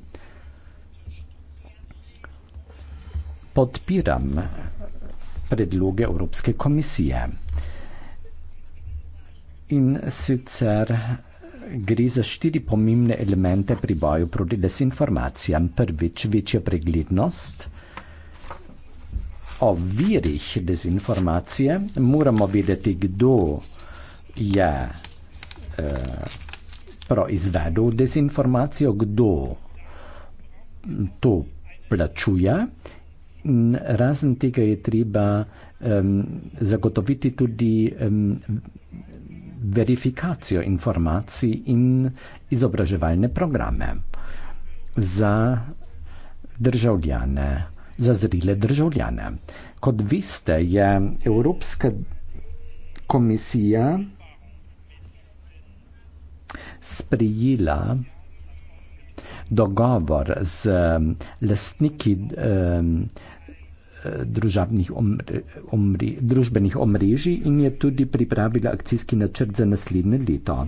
[SPEAKER 10] podpiram predloge Evropske komisije. In sicer gre za štiri pomembne elemente pri boju proti desinformacijam. Prvič, večja preglednost. O virih dezinformacije moramo vedeti, kdo je eh, proizvedel dezinformacijo, kdo to plačuje razen tega je treba um, zagotoviti tudi um, verifikacijo informacij in izobraževalne programe za državljane, za zrele državljane. Kot veste, je Evropska komisija sprejela dogovor z lastniki um, družabnih omre, omre, družbenih omrežij in je tudi pripravila akcijski načrt za naslednje leto.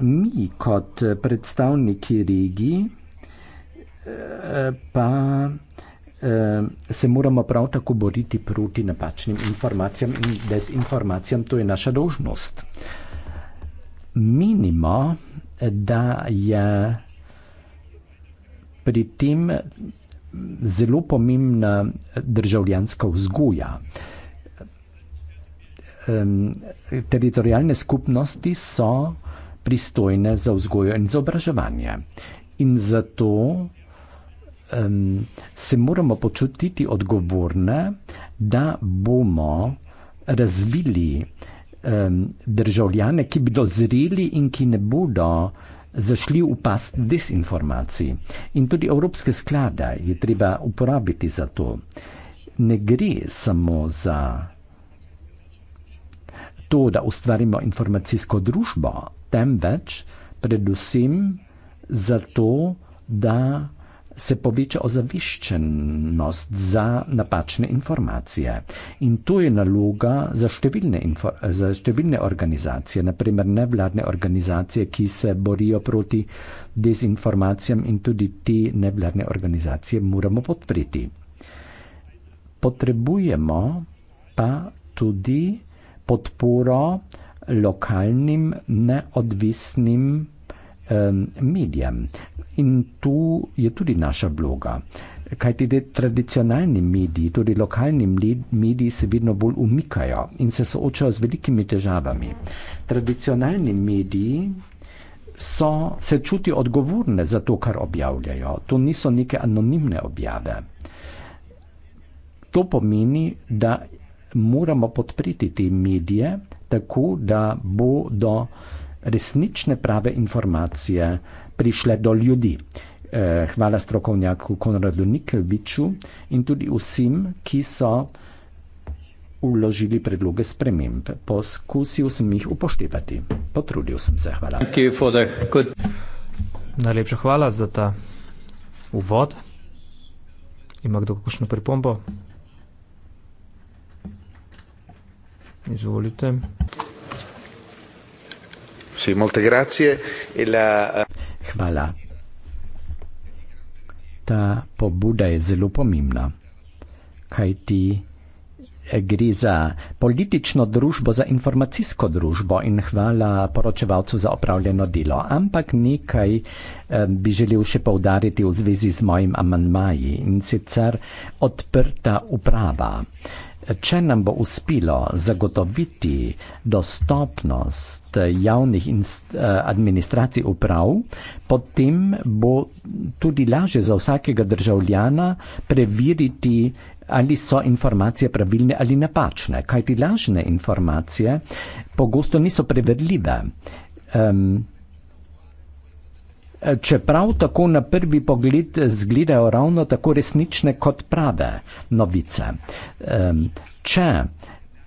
[SPEAKER 10] Mi kot predstavniki regi eh, pa eh, se moramo prav tako boriti proti napačnim informacijam in dezinformacijam, to je naša dožnost. Menimo, da je pri tem zelo pomembna državljanska vzgoja. Teritorijalne skupnosti so pristojne za vzgojo in izobraževanje. In zato um, se moramo počutiti odgovorne, da bomo razvili um, državljane, ki bodo zreli in ki ne bodo uh, zašli v past disinformacij. In tudi evropske sklade je treba uporabiti za to. Ne gre samo za to, da ustvarimo informacijsko družbo, temveč predvsem za to, da se poveča ozaviščenost za napačne informacije. In to je naloga za številne, za številne organizacije, naprimer nevladne organizacije, ki se borijo proti dezinformacijam in tudi te nevladne organizacije moramo podpreti. Potrebujemo pa tudi podporo lokalnim neodvisnim medijem. In tu je tudi naša vloga. Kaj ti tradicionalni mediji, tudi lokalni mediji se vedno bolj umikajo in se soočajo z velikimi težavami. Tradicionalni mediji so, se čutijo odgovorne za to, kar objavljajo. To niso neke anonimne objave. To pomeni, da moramo podpreti te medije tako, da bodo resnične prave informacije prišle do ljudi. Eh, hvala strokovnjaku Konradu Nikelviču in tudi vsem, ki so vložili predloge sprememb. Poskusil sem jih upoštevati. Potrudil sem se. Hvala.
[SPEAKER 8] Najlepša hvala za ta uvod. Ima kdo kakšno pripombo? Izvolite.
[SPEAKER 10] Sì,
[SPEAKER 1] molte grazie. E la... Eh,
[SPEAKER 10] hvala. Ta pobuda je zelo pomembna, kajti eh, gre za politično družbo, za informacijsko družbo in hvala poročevalcu za opravljeno delo. Ampak nekaj eh, bi želel še povdariti v zvezi z mojim amantmaji in sicer odprta uprava. Če nam bo uspelo zagotoviti dostopnost javnih eh, administracij uprav, potem bo tudi lažje za vsakega državljana preveriti, ali so informacije pravilne ali napačne, kajti lažne informacije pogosto niso preverljive. Um, čeprav tako na prvi pogled zgledajo ravno tako resnične kot prave novice. Če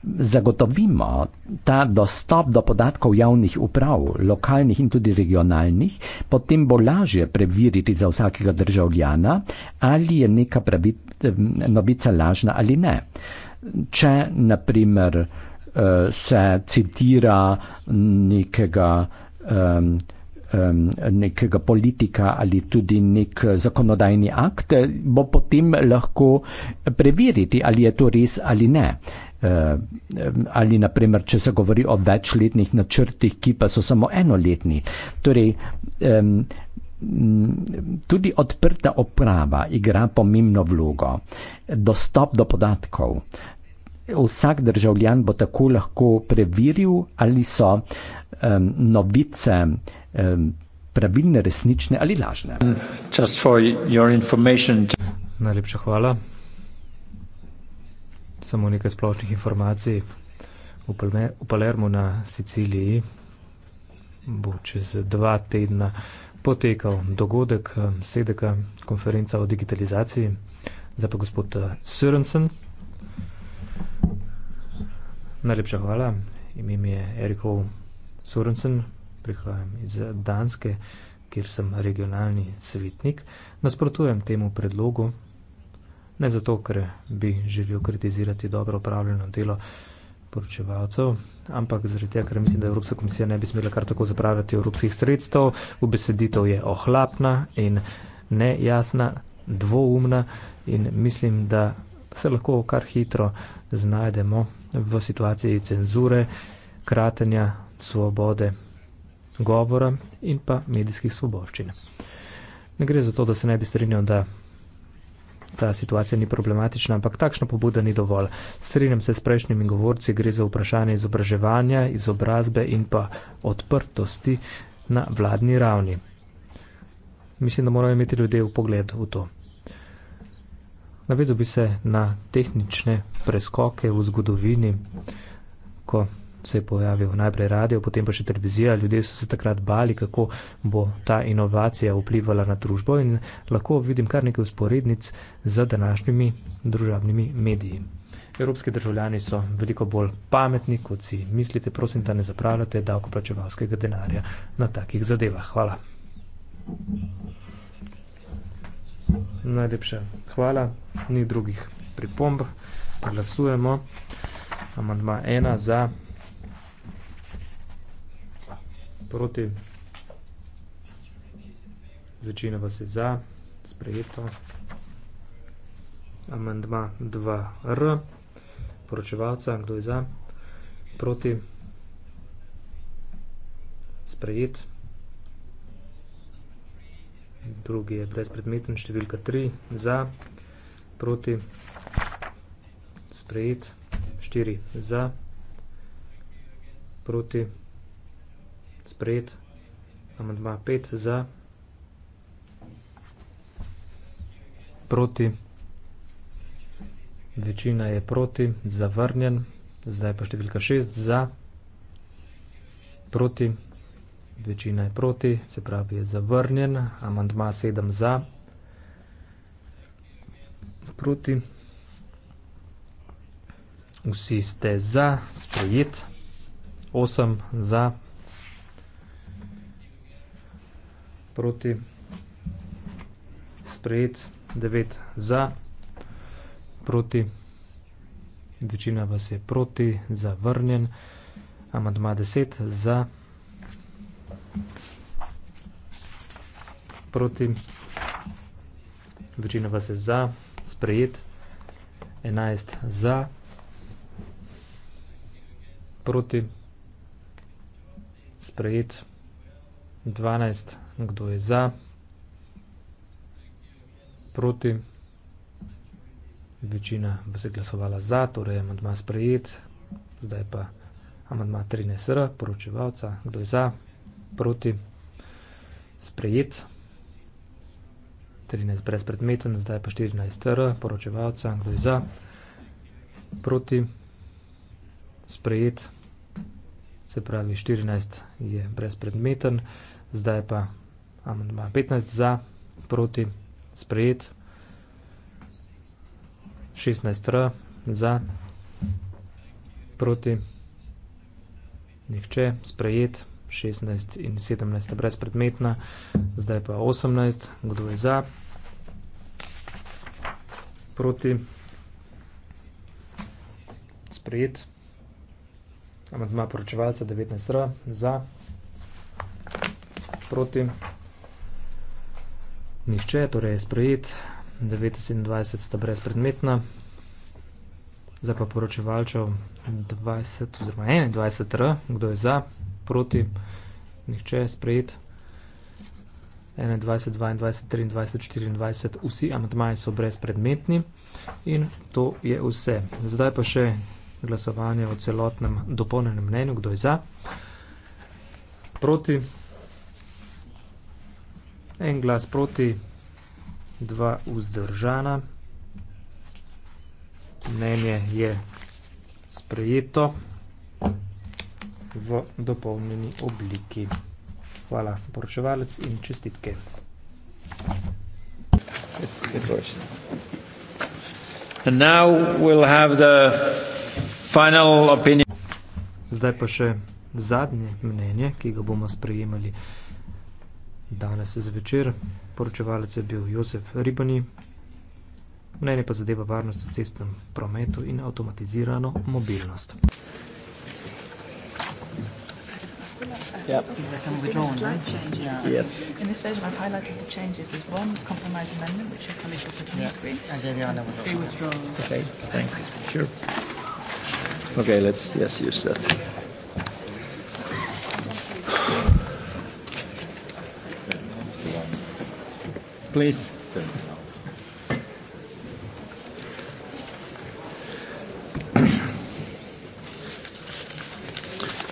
[SPEAKER 10] zagotovimo ta dostop do podatkov javnih uprav, lokalnih in tudi regionalnih, potem bo lažje preveriti za vsakega državljana, ali je neka pravi, novica lažna ali ne. Če naprimer eh, se citira nekega um, nekega politika ali tudi nek zakonodajni akt, bo potem lahko preveriti, ali je to res ali ne. Ali, naprimer, če se govori o večletnih načrtih, ki pa so samo enoletni. Torej, tudi odprta oprava igra pomembno vlogo. Dostop do podatkov. Vsak državljan bo tako lahko preveril, ali so novice, pravilne, resnične ali lažne. Najlepša hvala. Samo nekaj splošnih informacij.
[SPEAKER 8] V Palermo na Siciliji bo čez dva tedna potekal dogodek sedeka konferenca o digitalizaciji. Zdaj pa gospod eh, Sørensen. Najlepša hvala. Ime mi je Eriko Sørensen prihajam iz Danske, kjer sem regionalni svetnik, nasprotujem temu predlogu. Ne zato, ker bi želel kritizirati dobro upravljeno delo poročevalcev, ampak zaradi tega, ker mislim, da Evropska komisija ne bi smela kar tako zapravljati evropskih sredstev. Ubeseditev je ohlapna in nejasna, dvoumna in mislim, da se lahko kar hitro znajdemo v situaciji cenzure, kratenja svobode govora in pa medijskih svoboščin. Ne gre za to, da se ne bi strinjal, da ta situacija ni problematična, ampak takšna pobuda ni dovolj. Strinjam se s prejšnjimi govorci, gre za vprašanje izobraževanja, izobrazbe in pa odprtosti na vladni ravni. Mislim, da morajo imeti ljudje v pogled v to. Navezal bi se na tehnične preskoke v zgodovini, ko se je pojavil najprej radio, potem pa še televizija. Ljudje so se takrat bali, kako bo ta inovacija vplivala na družbo in lahko vidim kar nekaj usporednic z današnjimi družabnimi mediji. Evropski državljani so veliko bolj pametni, kot si mislite. Prosim, da ne zapravljate davkoplačevalskega denarja na takih zadevah. Hvala. Najlepša hvala. Ni drugih pripomb. Glasujemo. Amandma ena za proti. Večina vas je za, sprejeto. Amendma 2R, poročevalca, kdo je za, proti, sprejet. Drugi je brezpredmeten, številka 3, za, proti, sprejet, 4, za, proti, sprejet sprejet. Amandma pet za. Proti. Večina je proti, zavrnjen. Zdaj pa številka šest za. Proti. Večina je proti, se pravi je zavrnjen. Amandma sedem za. Proti. Vsi ste za, sprejet. Osem za, sprejet. proti, sprejet, 9 za, proti, večina vas je proti, zavrnjen, amadma 10 za, proti, večina vas je za, sprejet, 11 za, proti, sprejet, 12 za, kdo je za, proti. Večina bo se glasovala za, torej je amadma sprejet. Zdaj pa amadma 13R, poročevalca, kdo je za, proti, sprejet. 13 brez predmeten, zdaj pa 14R, poročevalca, kdo je za, proti, sprejet. Se pravi, 14 je brez predmeten, zdaj pa 14R amandma. 15 za, proti, sprejet. 16 r, za, proti, nihče, sprejet. 16 in 17 brezpredmetna, zdaj pa 18, kdo je za, proti, sprejet. Amandma poročevalca 19 r, za, proti nihče, torej je sprejet, 27 sta brezpredmetna. Zdaj pa poročevalčev 20 oziroma 21 R, kdo je za, proti, nihče je sprejet. 21, 22, 23, 24, vsi amatmaji so brezpredmetni in to je vse. Zdaj pa še glasovanje o celotnem dopolnenem mnenju, kdo je za, proti en glas proti, dva vzdržana. Mnenje je sprejeto v dopolnjeni obliki. Hvala, poročevalec in čestitke. And now we'll have the final opinion. Zdaj pa še zadnje mnenje, ki ga bomo sprejemali danes zvečer. Poročevalec je bil Josef Ribani, mnenje pa zadeva varnost v cestnem prometu in avtomatizirano mobilnost.
[SPEAKER 9] Yep. There's some withdrawal, slight right? changes. Yeah.
[SPEAKER 2] Yes. In this version, I've highlighted the changes. There's one compromise amendment, which your colleague will put on yeah. the screen. And then the other one. Three withdrawals. Okay,
[SPEAKER 6] thanks. Sure. Okay, let's yes, use that. Yeah. please?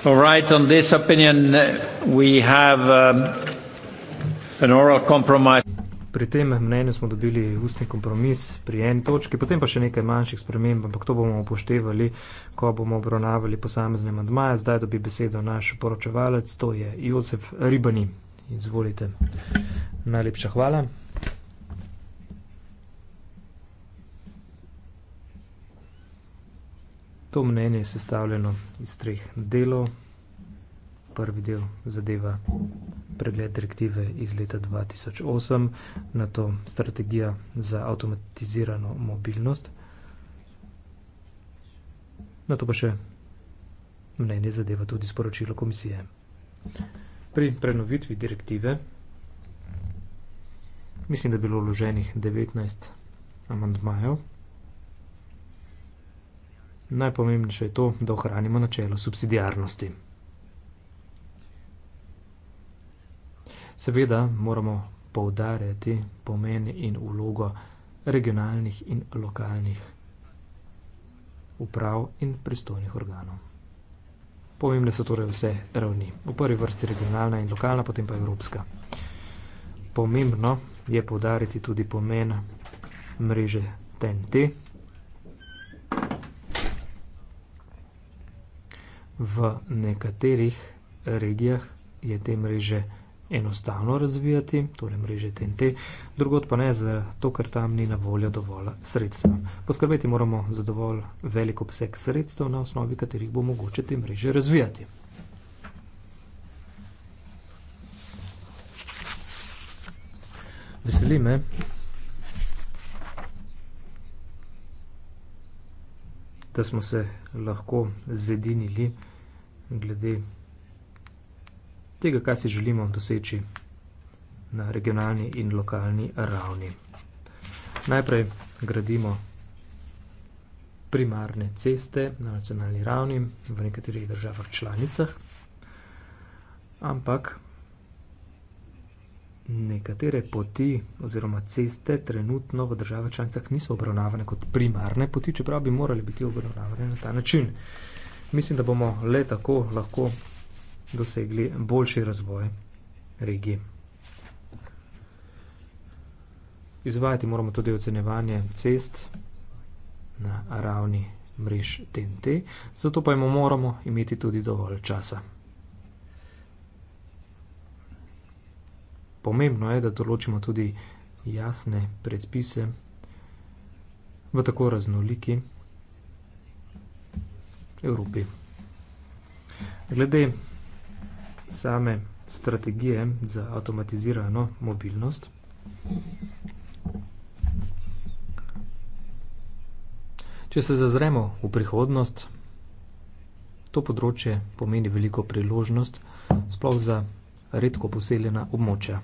[SPEAKER 6] All right, on this opinion uh, we have
[SPEAKER 8] um, an oral compromise. Pri tem mnenju smo dobili ustni kompromis pri eni točki, potem pa še nekaj manjših sprememb, ampak to bomo upoštevali, ko bomo obravnavali posamezne mandmaje. Zdaj dobi besedo naš poročevalec, to je Josef Ribani. Izvolite. Najlepša hvala. To mnenje je sestavljeno iz treh delov. Prvi del zadeva pregled direktive iz leta 2008, na to strategija za avtomatizirano mobilnost, na to pa še mnenje zadeva tudi sporočilo komisije. Pri prenovitvi direktive mislim, da je bilo vloženih 19 amandmajev. Najpomembnejše je to, da ohranimo načelo subsidijarnosti. Seveda moramo poudarjati pomen in vlogo regionalnih in lokalnih uprav in pristojnih organov. Pomembne so torej vse ravni. V prvi vrsti regionalna in lokalna, potem pa evropska. Pomembno je poudariti tudi pomen mreže TNT. v nekaterih regijah je te mreže enostavno razvijati, torej mreže TNT, drugod pa ne, zato ker tam ni na voljo dovolj sredstva. Poskrbeti moramo za dovolj veliko obseg sredstev, na osnovi katerih bo mogoče te mreže razvijati. Veseli me, da smo se lahko zedinili glede tega, kaj si želimo doseči na regionalni in lokalni ravni. Najprej gradimo primarne ceste na nacionalni ravni v nekaterih državah članicah, ampak nekatere poti oziroma ceste trenutno v državah članicah niso obravnavane kot primarne poti, čeprav bi morali biti obravnavane na ta način. Mislim, da bomo le tako lahko dosegli boljši razvoj regije. Izvajati moramo tudi ocenevanje cest na ravni mrež TNT, zato pa jim moramo imeti tudi dovolj časa. pomembno je, da določimo tudi jasne predpise v tako raznoliki Evropi. Glede same strategije za avtomatizirano mobilnost, če se zazremo v prihodnost, to področje pomeni veliko priložnost sploh za redko poseljena območja.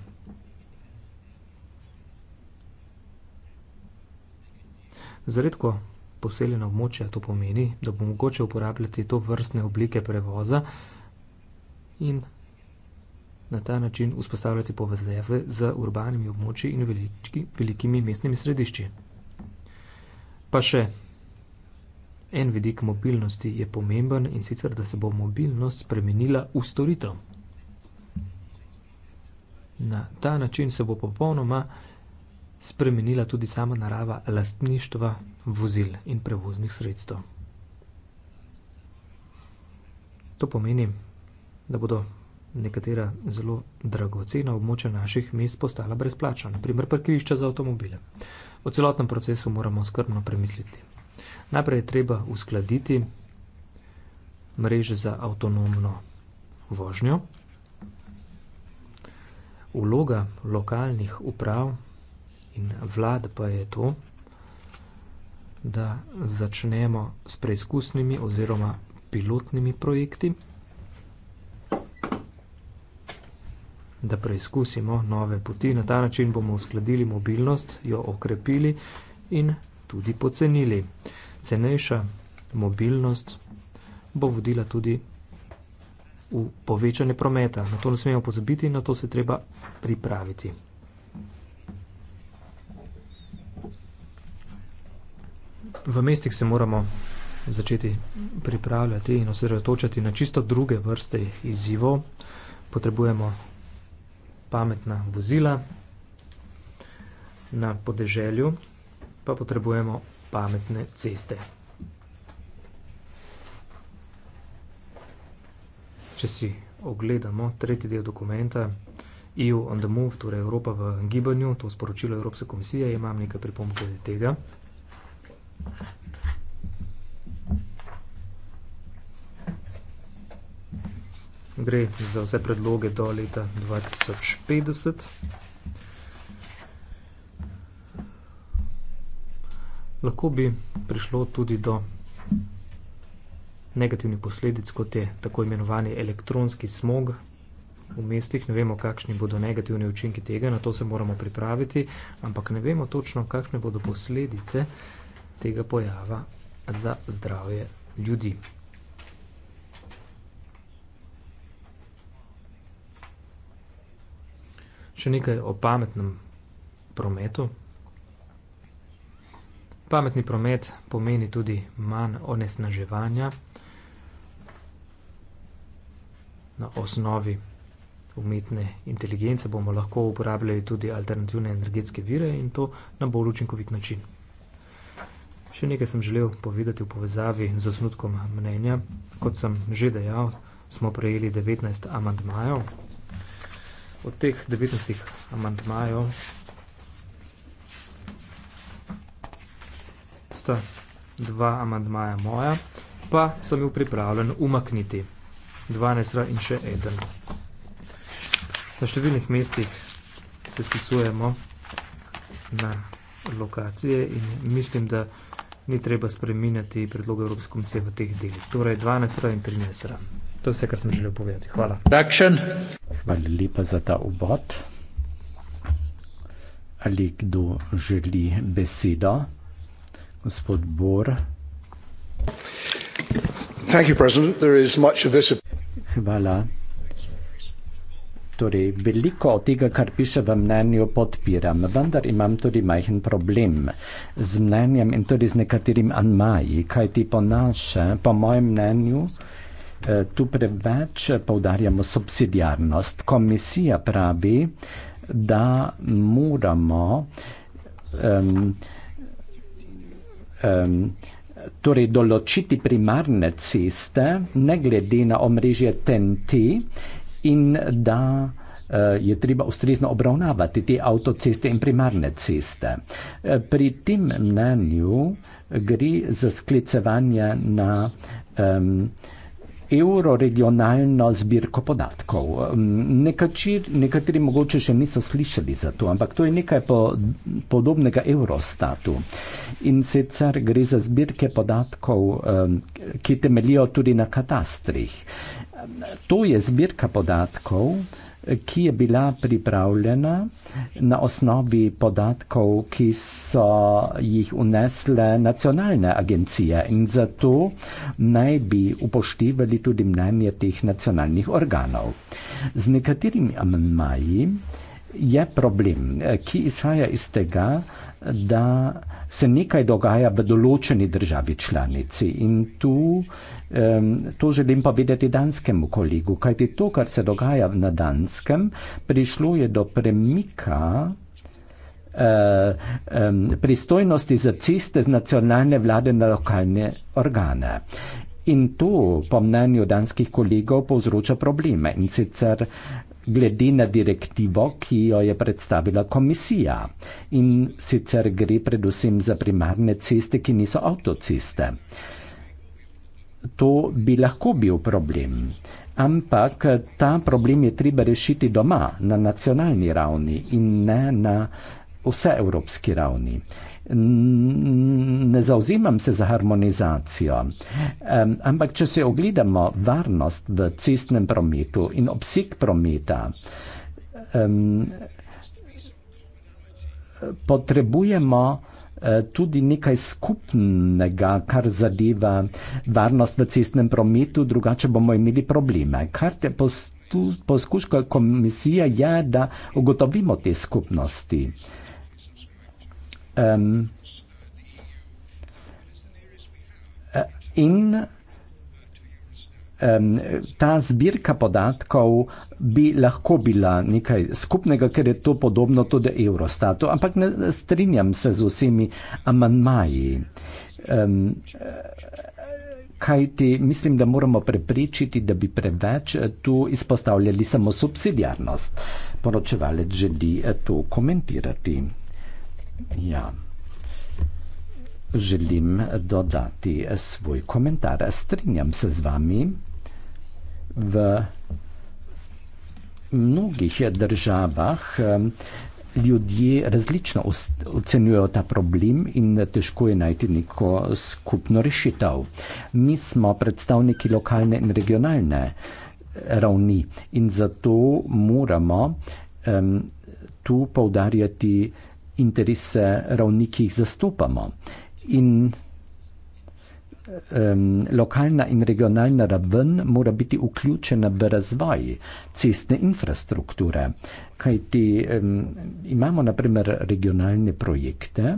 [SPEAKER 8] Za redko poseljeno območje to pomeni, da bo mogoče uporabljati to vrstne oblike prevoza in na ta način vzpostavljati povezave z urbanimi območji in veliki, velikimi mestnimi središči. Pa še en vidik mobilnosti je pomemben in sicer, da se bo mobilnost spremenila v storitev. Na ta način se bo popolnoma spremenila tudi sama narava lastništva vozil in prevoznih sredstev. To pomeni, da bodo nekatera zelo dragocena območja naših mest postala brezplačna, naprimer parkirišča za avtomobile. O celotnem procesu moramo skrbno premisliti. Najprej je treba uskladiti mreže za avtonomno vožnjo. Uloga lokalnih uprav in vlad pa je to, da začnemo s preizkusnimi oziroma pilotnimi projekti, da preizkusimo nove poti. Na ta način bomo uskladili mobilnost, jo okrepili in tudi pocenili. Cenejša mobilnost bo vodila tudi v povečanje prometa. Na to ne smemo pozabiti in na to se treba pripraviti. v mestih se moramo začeti pripravljati in osredotočati na čisto druge vrste izzivov. Potrebujemo pametna vozila, na podeželju pa potrebujemo pametne ceste. Če si ogledamo tretji del dokumenta EU on the move, torej Evropa v gibanju, to sporočilo Evropske komisije, imam nekaj pripomke tega. Gre za vse predloge do leta 2050. Lahko bi prišlo tudi do negativnih posledic, kot je tako imenovani elektronski smog v mestih. Ne vemo, kakšni bodo negativni učinki tega, na to se moramo pripraviti, ampak ne vemo točno, kakšne bodo posledice tega pojava za zdravje ljudi. Še nekaj o pametnem prometu. Pametni promet pomeni tudi manj onesnaževanja na osnovi umetne inteligence bomo lahko uporabljali tudi alternativne energetske vire in to na bolj učinkovit način. Še nekaj sem želel povedati v povezavi z osnutkom mnenja. Kot sem že dejal, smo prejeli 19 amantmajev. Od teh 19 amantmajev sta dva amantmaja moja, pa sem ju pripravljen umakniti. 12 in še eden. Na številnih mestih se sklicujemo na lokacije in mislim, da vsega, ni treba spreminjati predloga Evropske komisije v teh delih. Torej 12 in 13. To je vse, kar sem želel povedati. Hvala. Action.
[SPEAKER 10] Hvala lepa za ta obod. Ali kdo želi besedo? Gospod Bor.
[SPEAKER 4] Hvala,
[SPEAKER 1] predsednik.
[SPEAKER 10] Hvala. Torej, veliko od tega, kar piše v mnenju, podpiram, vendar imam tudi majhen problem z mnenjem in tudi z nekaterim anmaji, kaj ti po naše, po mojem mnenju, eh, tu preveč poudarjamo subsidiarnost. Komisija pravi, da moramo. Um, um, Torej, določiti primarne ceste, ne glede na omrežje TNT, in da eh, je treba ustrezno obravnavati te avtoceste in primarne ceste. Eh, pri tem mnenju gre za sklicevanje na um, euroregionalna zbirka podatkov. Mm, Nekačir, nekateri mogoče še niso slišali za to, ampak to je nekaj po, podobnega Eurostatu. In sicer gre za zbirke podatkov, ki temeljijo tudi na katastrih. To je zbirka podatkov, ki je bila pripravljena na osnovi podatkov, ki so jih unesle nacionalne agencije in zato naj bi upoštevali tudi mnenje teh nacionalnih organov. Z nekaterimi amenmaji je problem, ki izhaja iz tega, da se nekaj dogaja v določeni državi članici. In tu um, to želim povedati danskemu kolegu, kajti to, kar se dogaja na danskem, prišlo je do premika eh, pristojnosti za ceste z nacionalne vlade na lokalne organe. In to, po mnenju danskih kolegov, povzroča probleme. In sicer glede na direktivo, ki jo je predstavila komisija. In sicer gre predvsem za primarne ceste, ki niso avtoceste. To bi lahko bil problem. Ampak ta problem je treba rešiti doma, na nacionalni ravni in ne na vse evropski ravni ne zauzimam se za harmonizacijo, um, ampak če se ogledamo varnost v cestnem prometu in obseg prometa, um, potrebujemo eh, tudi nekaj skupnega, kar zadeva varnost v cestnem prometu, drugače bomo imeli probleme. Kar te poskuša komisija je, da ugotovimo te skupnosti ähm, äh, in Ta zbirka podatkov bi lahko bila nekaj skupnega, ker je to podobno tudi Eurostatu, ampak ne strinjam se z vsemi amanmaji. Eh, Kaj ti mislim, da moramo prepričiti, da bi preveč eh, tu izpostavljali samo subsidijarnost? Poročevalec želi to komentirati. Ja. Želim dodati svoj komentar. Strinjam se z vami. V mnogih državah ljudje različno ocenjujejo ta problem in težko je najti neko skupno rešitev. Mi smo predstavniki lokalne in regionalne ravni in zato moramo um, tu poudarjati, interese ravni, ki jih zastopamo. In um, lokalna in regionalna raven mora biti vključena v razvoj cestne infrastrukture, kajti um, imamo naprimer regionalne projekte,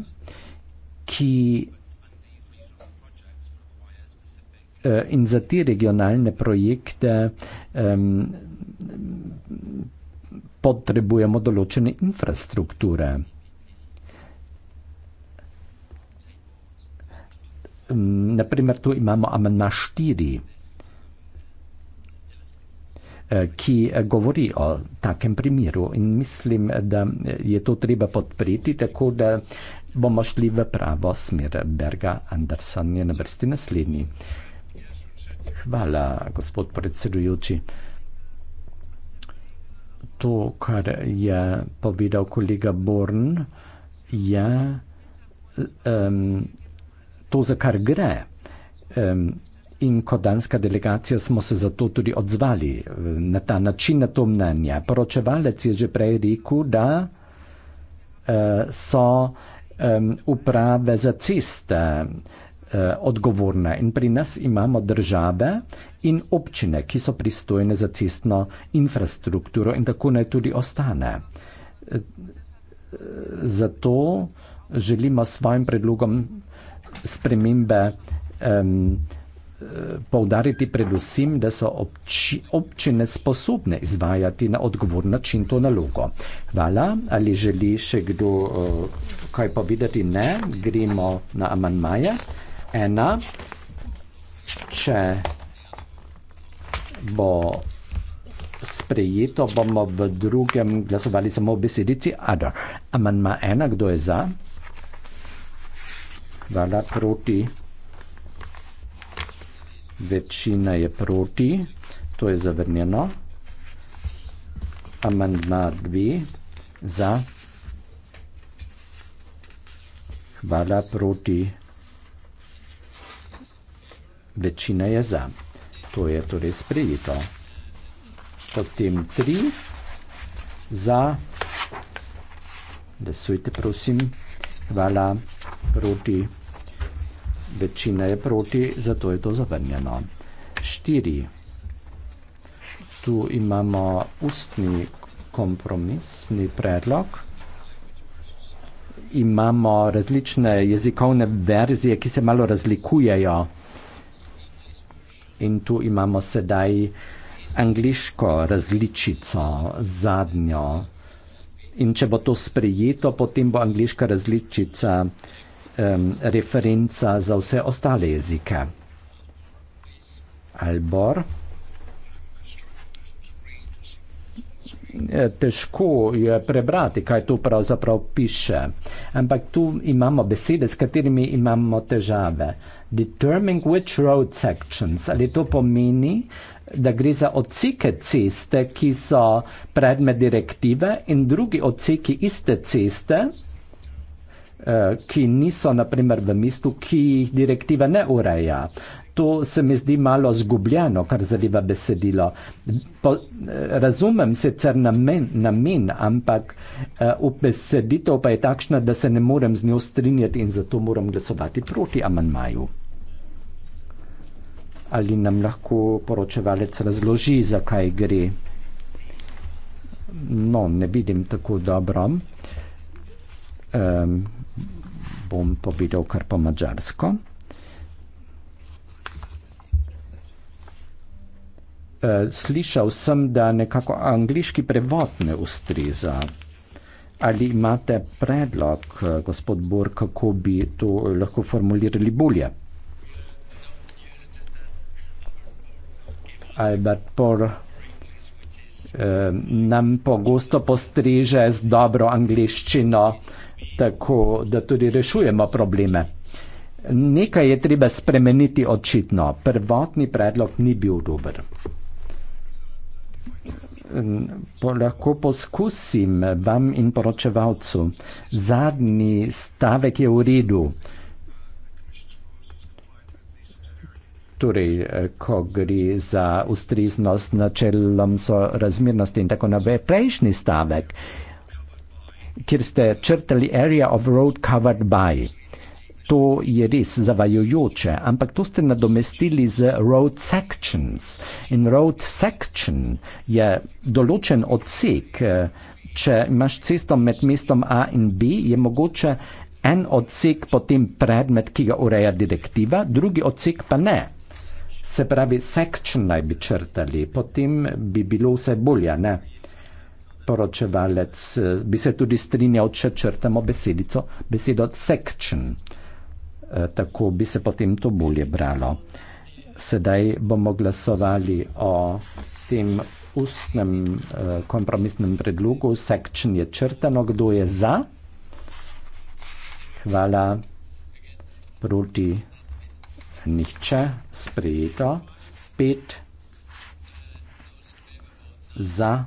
[SPEAKER 10] ki e, In za te regionalne projekte um, potrebujemo določene infrastrukture. Mm, naprimer, tu imamo amena 4, eh, ki govori o takem primeru in mislim, da je to treba podpreti, tako da bomo šli v pravo smer. Berga Andersen je na vrsti naslednji. Hvala, gospod predsedujoči. To, kar je povedal kolega Born, je um, to, za kar gre. In kot danska delegacija smo se zato tudi odzvali na ta način, na to mnenje. Poročevalec je že prej rekel, da eh, so uprave za ceste eh, odgovorne in pri nas imamo države in občine, ki so pristojne za cestno infrastrukturo in tako naj tudi ostane. Eh, zato želimo s svojim predlogom spremembe um, poudariti predvsem, da so obči, občine sposobne izvajati na odgovor način to nalogo. Hvala, ali želi še kdo uh, kaj povedati? Ne, gremo na amanmaje. Ena, če bo sprejeto, bomo v drugem glasovali samo v besedici. Ada, amanma ena, kdo je za? Vala proti. Večina je proti. To je zavrnjeno. Amandma dve. Za. Hvala proti. Večina je za. To je torej sprejeto. Potem tri. Za. Glasujte, prosim. Hvala, proti. Večina je proti, zato je to zavrnjeno. Štiri. Tu imamo ustni kompromisni predlog. Imamo različne jezikovne verzije, ki se malo razlikujejo. In tu imamo sedaj angliško različico, zadnjo različico. In če bo to sprejeto, potem bo angliška različica um, referenca za vse ostale jezike. Albor. E, težko je prebrati, kaj tu pravzaprav piše, ampak tu imamo besede, s katerimi imamo težave. Determining which road sections, ali to pomeni, da gre za odseke ceste, ki so predmet direktive in drugi odseki iste ceste, eh, ki niso naprimer v mestu, ki jih direktiva ne ureja. To se mi zdi malo zgubljeno, kar zadeva besedilo. Po, eh, razumem sicer namen, namen ampak uh, eh, besedito pa je takšna, da se ne morem z njo strinjati in zato moram glasovati proti amanmaju ali nam lahko poročevalec razloži, zakaj gre. No, ne vidim tako dobro. Um, bom povedal kar po mačarsko. E, slišal sem, da nekako angliški prevod ne ustreza. Ali imate predlog, gospod Bor, kako bi to lahko formulirali bolje? Albert Por eh, nam pogosto postriže z dobro angliščino, tako da tudi rešujemo probleme. Nekaj je treba spremeniti očitno. Prvotni predlog ni bil dober. Po, lahko poskusim vam in poročevalcu. Zadnji stavek je v redu. torej, eh, ko gre za ustreznost načelom sorazmernosti in tako naprej. Prejšnji stavek, kjer ste črtali area of road covered by, to je res zavajojoče, ampak to ste nadomestili z road sections. In road section je določen odsek, eh, če imaš cesto med mestom A in B, je mogoče. En odsek potem predmet, ki ga ureja direktiva, drugi odsek pa ne. Se pravi, section naj bi črtali, potem bi bilo vse bolje, ne? Poročevalec eh, bi se tudi strinjal, če črtamo besedico, besedo section. E, tako bi se potem to bolje bralo. Sedaj bomo glasovali o tem ustnem e, kompromisnem predlogu. Section je črtano, kdo je za? Hvala. Proti nihče, sprejeto, pet za,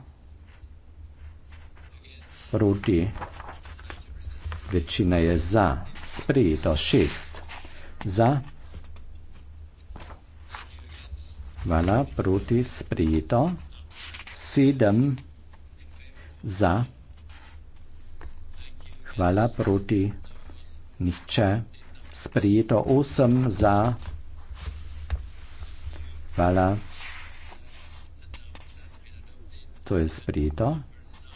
[SPEAKER 10] proti, večina je za, sprejeto, šest za, hvala, proti, sprejeto, sedem za, hvala, proti, nihče, sprejeto, sprejeto 8 za. Hvala. To je sprejeto.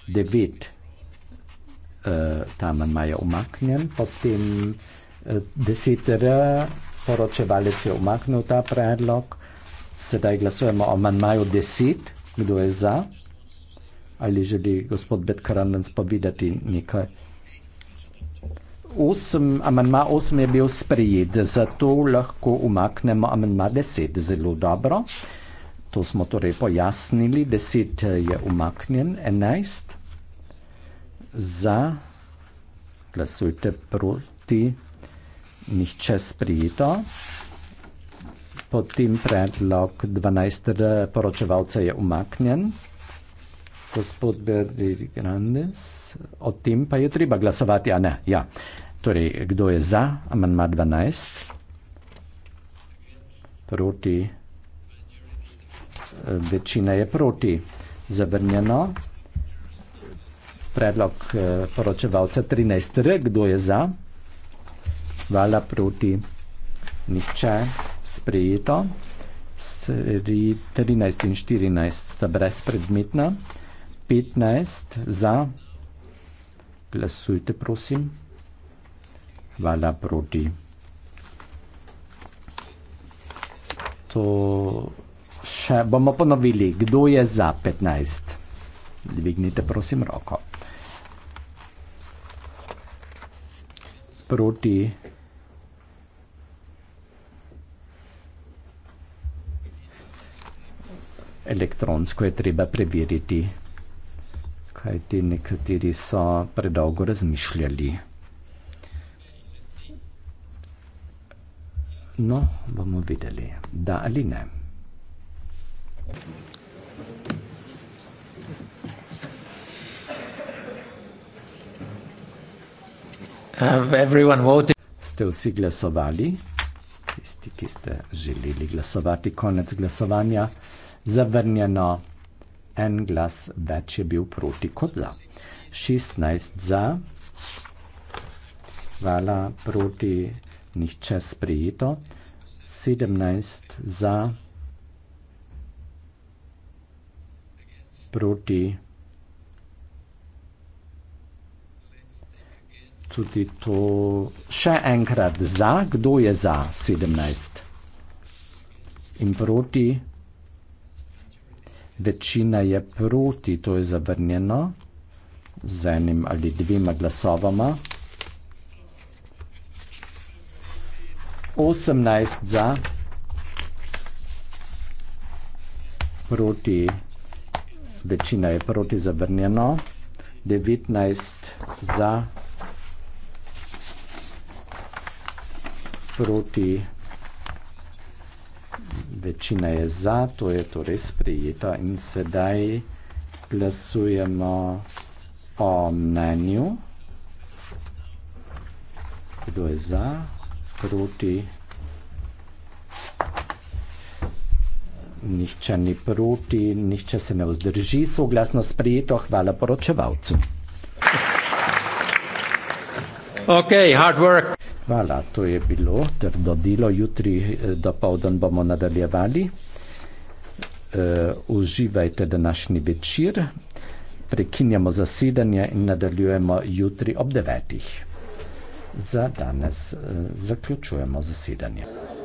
[SPEAKER 10] 9. Eh, ta manjma je umaknjen, potem 10R, eh, poročevalec je umaknil ta predlog. Sedaj glasujemo o manjmaju 10. Kdo je za? Ali želi gospod Betkaranenc povedati nekaj? osem, amenma osem je bil sprejet, zato lahko umaknemo amenma deset. Zelo dobro. To smo torej pojasnili. Deset je umaknjen, enajst za, glasujte proti, nihče sprijeto. Potem predlog 12 poročevalca je umaknjen gospod Berger Grandes, o tem pa je treba glasovati, a ne? Ja. Torej, kdo je za amandma 12? Proti. E, večina je proti. Zavrnjeno. Predlog e, poročevalca 13. R. Kdo je za? Hvala proti. Nihče. Sprejeto. 13 in 14 sta brezpredmetna. 15 za. Glasujte, prosim. Hvala proti. To še bomo ponovili. Kdo je za 15? Dvignite, prosim, roko. Proti. Elektronsko je treba preveriti kaj ti nekateri so predolgo razmišljali. No, bomo videli, da ali ne. Ste vsi glasovali, tisti, ki ste želeli glasovati, konec glasovanja, zavrnjeno en glas več je bil proti kot za. 16 za, hvala proti, nihče sprejeto. 17 za, proti. Tudi to še enkrat za, kdo je za 17 in proti. Večina je proti, to je zavrnjeno z enim ali dvema glasovama. 18 za, proti, večina je proti zavrnjeno, 19 za, proti večina je za, to je torej sprejeto in sedaj glasujemo o mnenju. Kdo je za, proti? Nihče ni proti, nihče se ne vzdrži, soglasno sprejeto, hvala poročevalcu. Okay, hard work. Hvala, to je bilo trdodilo. Jutri eh, do povdan bomo nadaljevali. E, uživajte današnji večer. Prekinjamo zasedanje in nadaljujemo jutri ob devetih. Za danes e, zaključujemo zasedanje.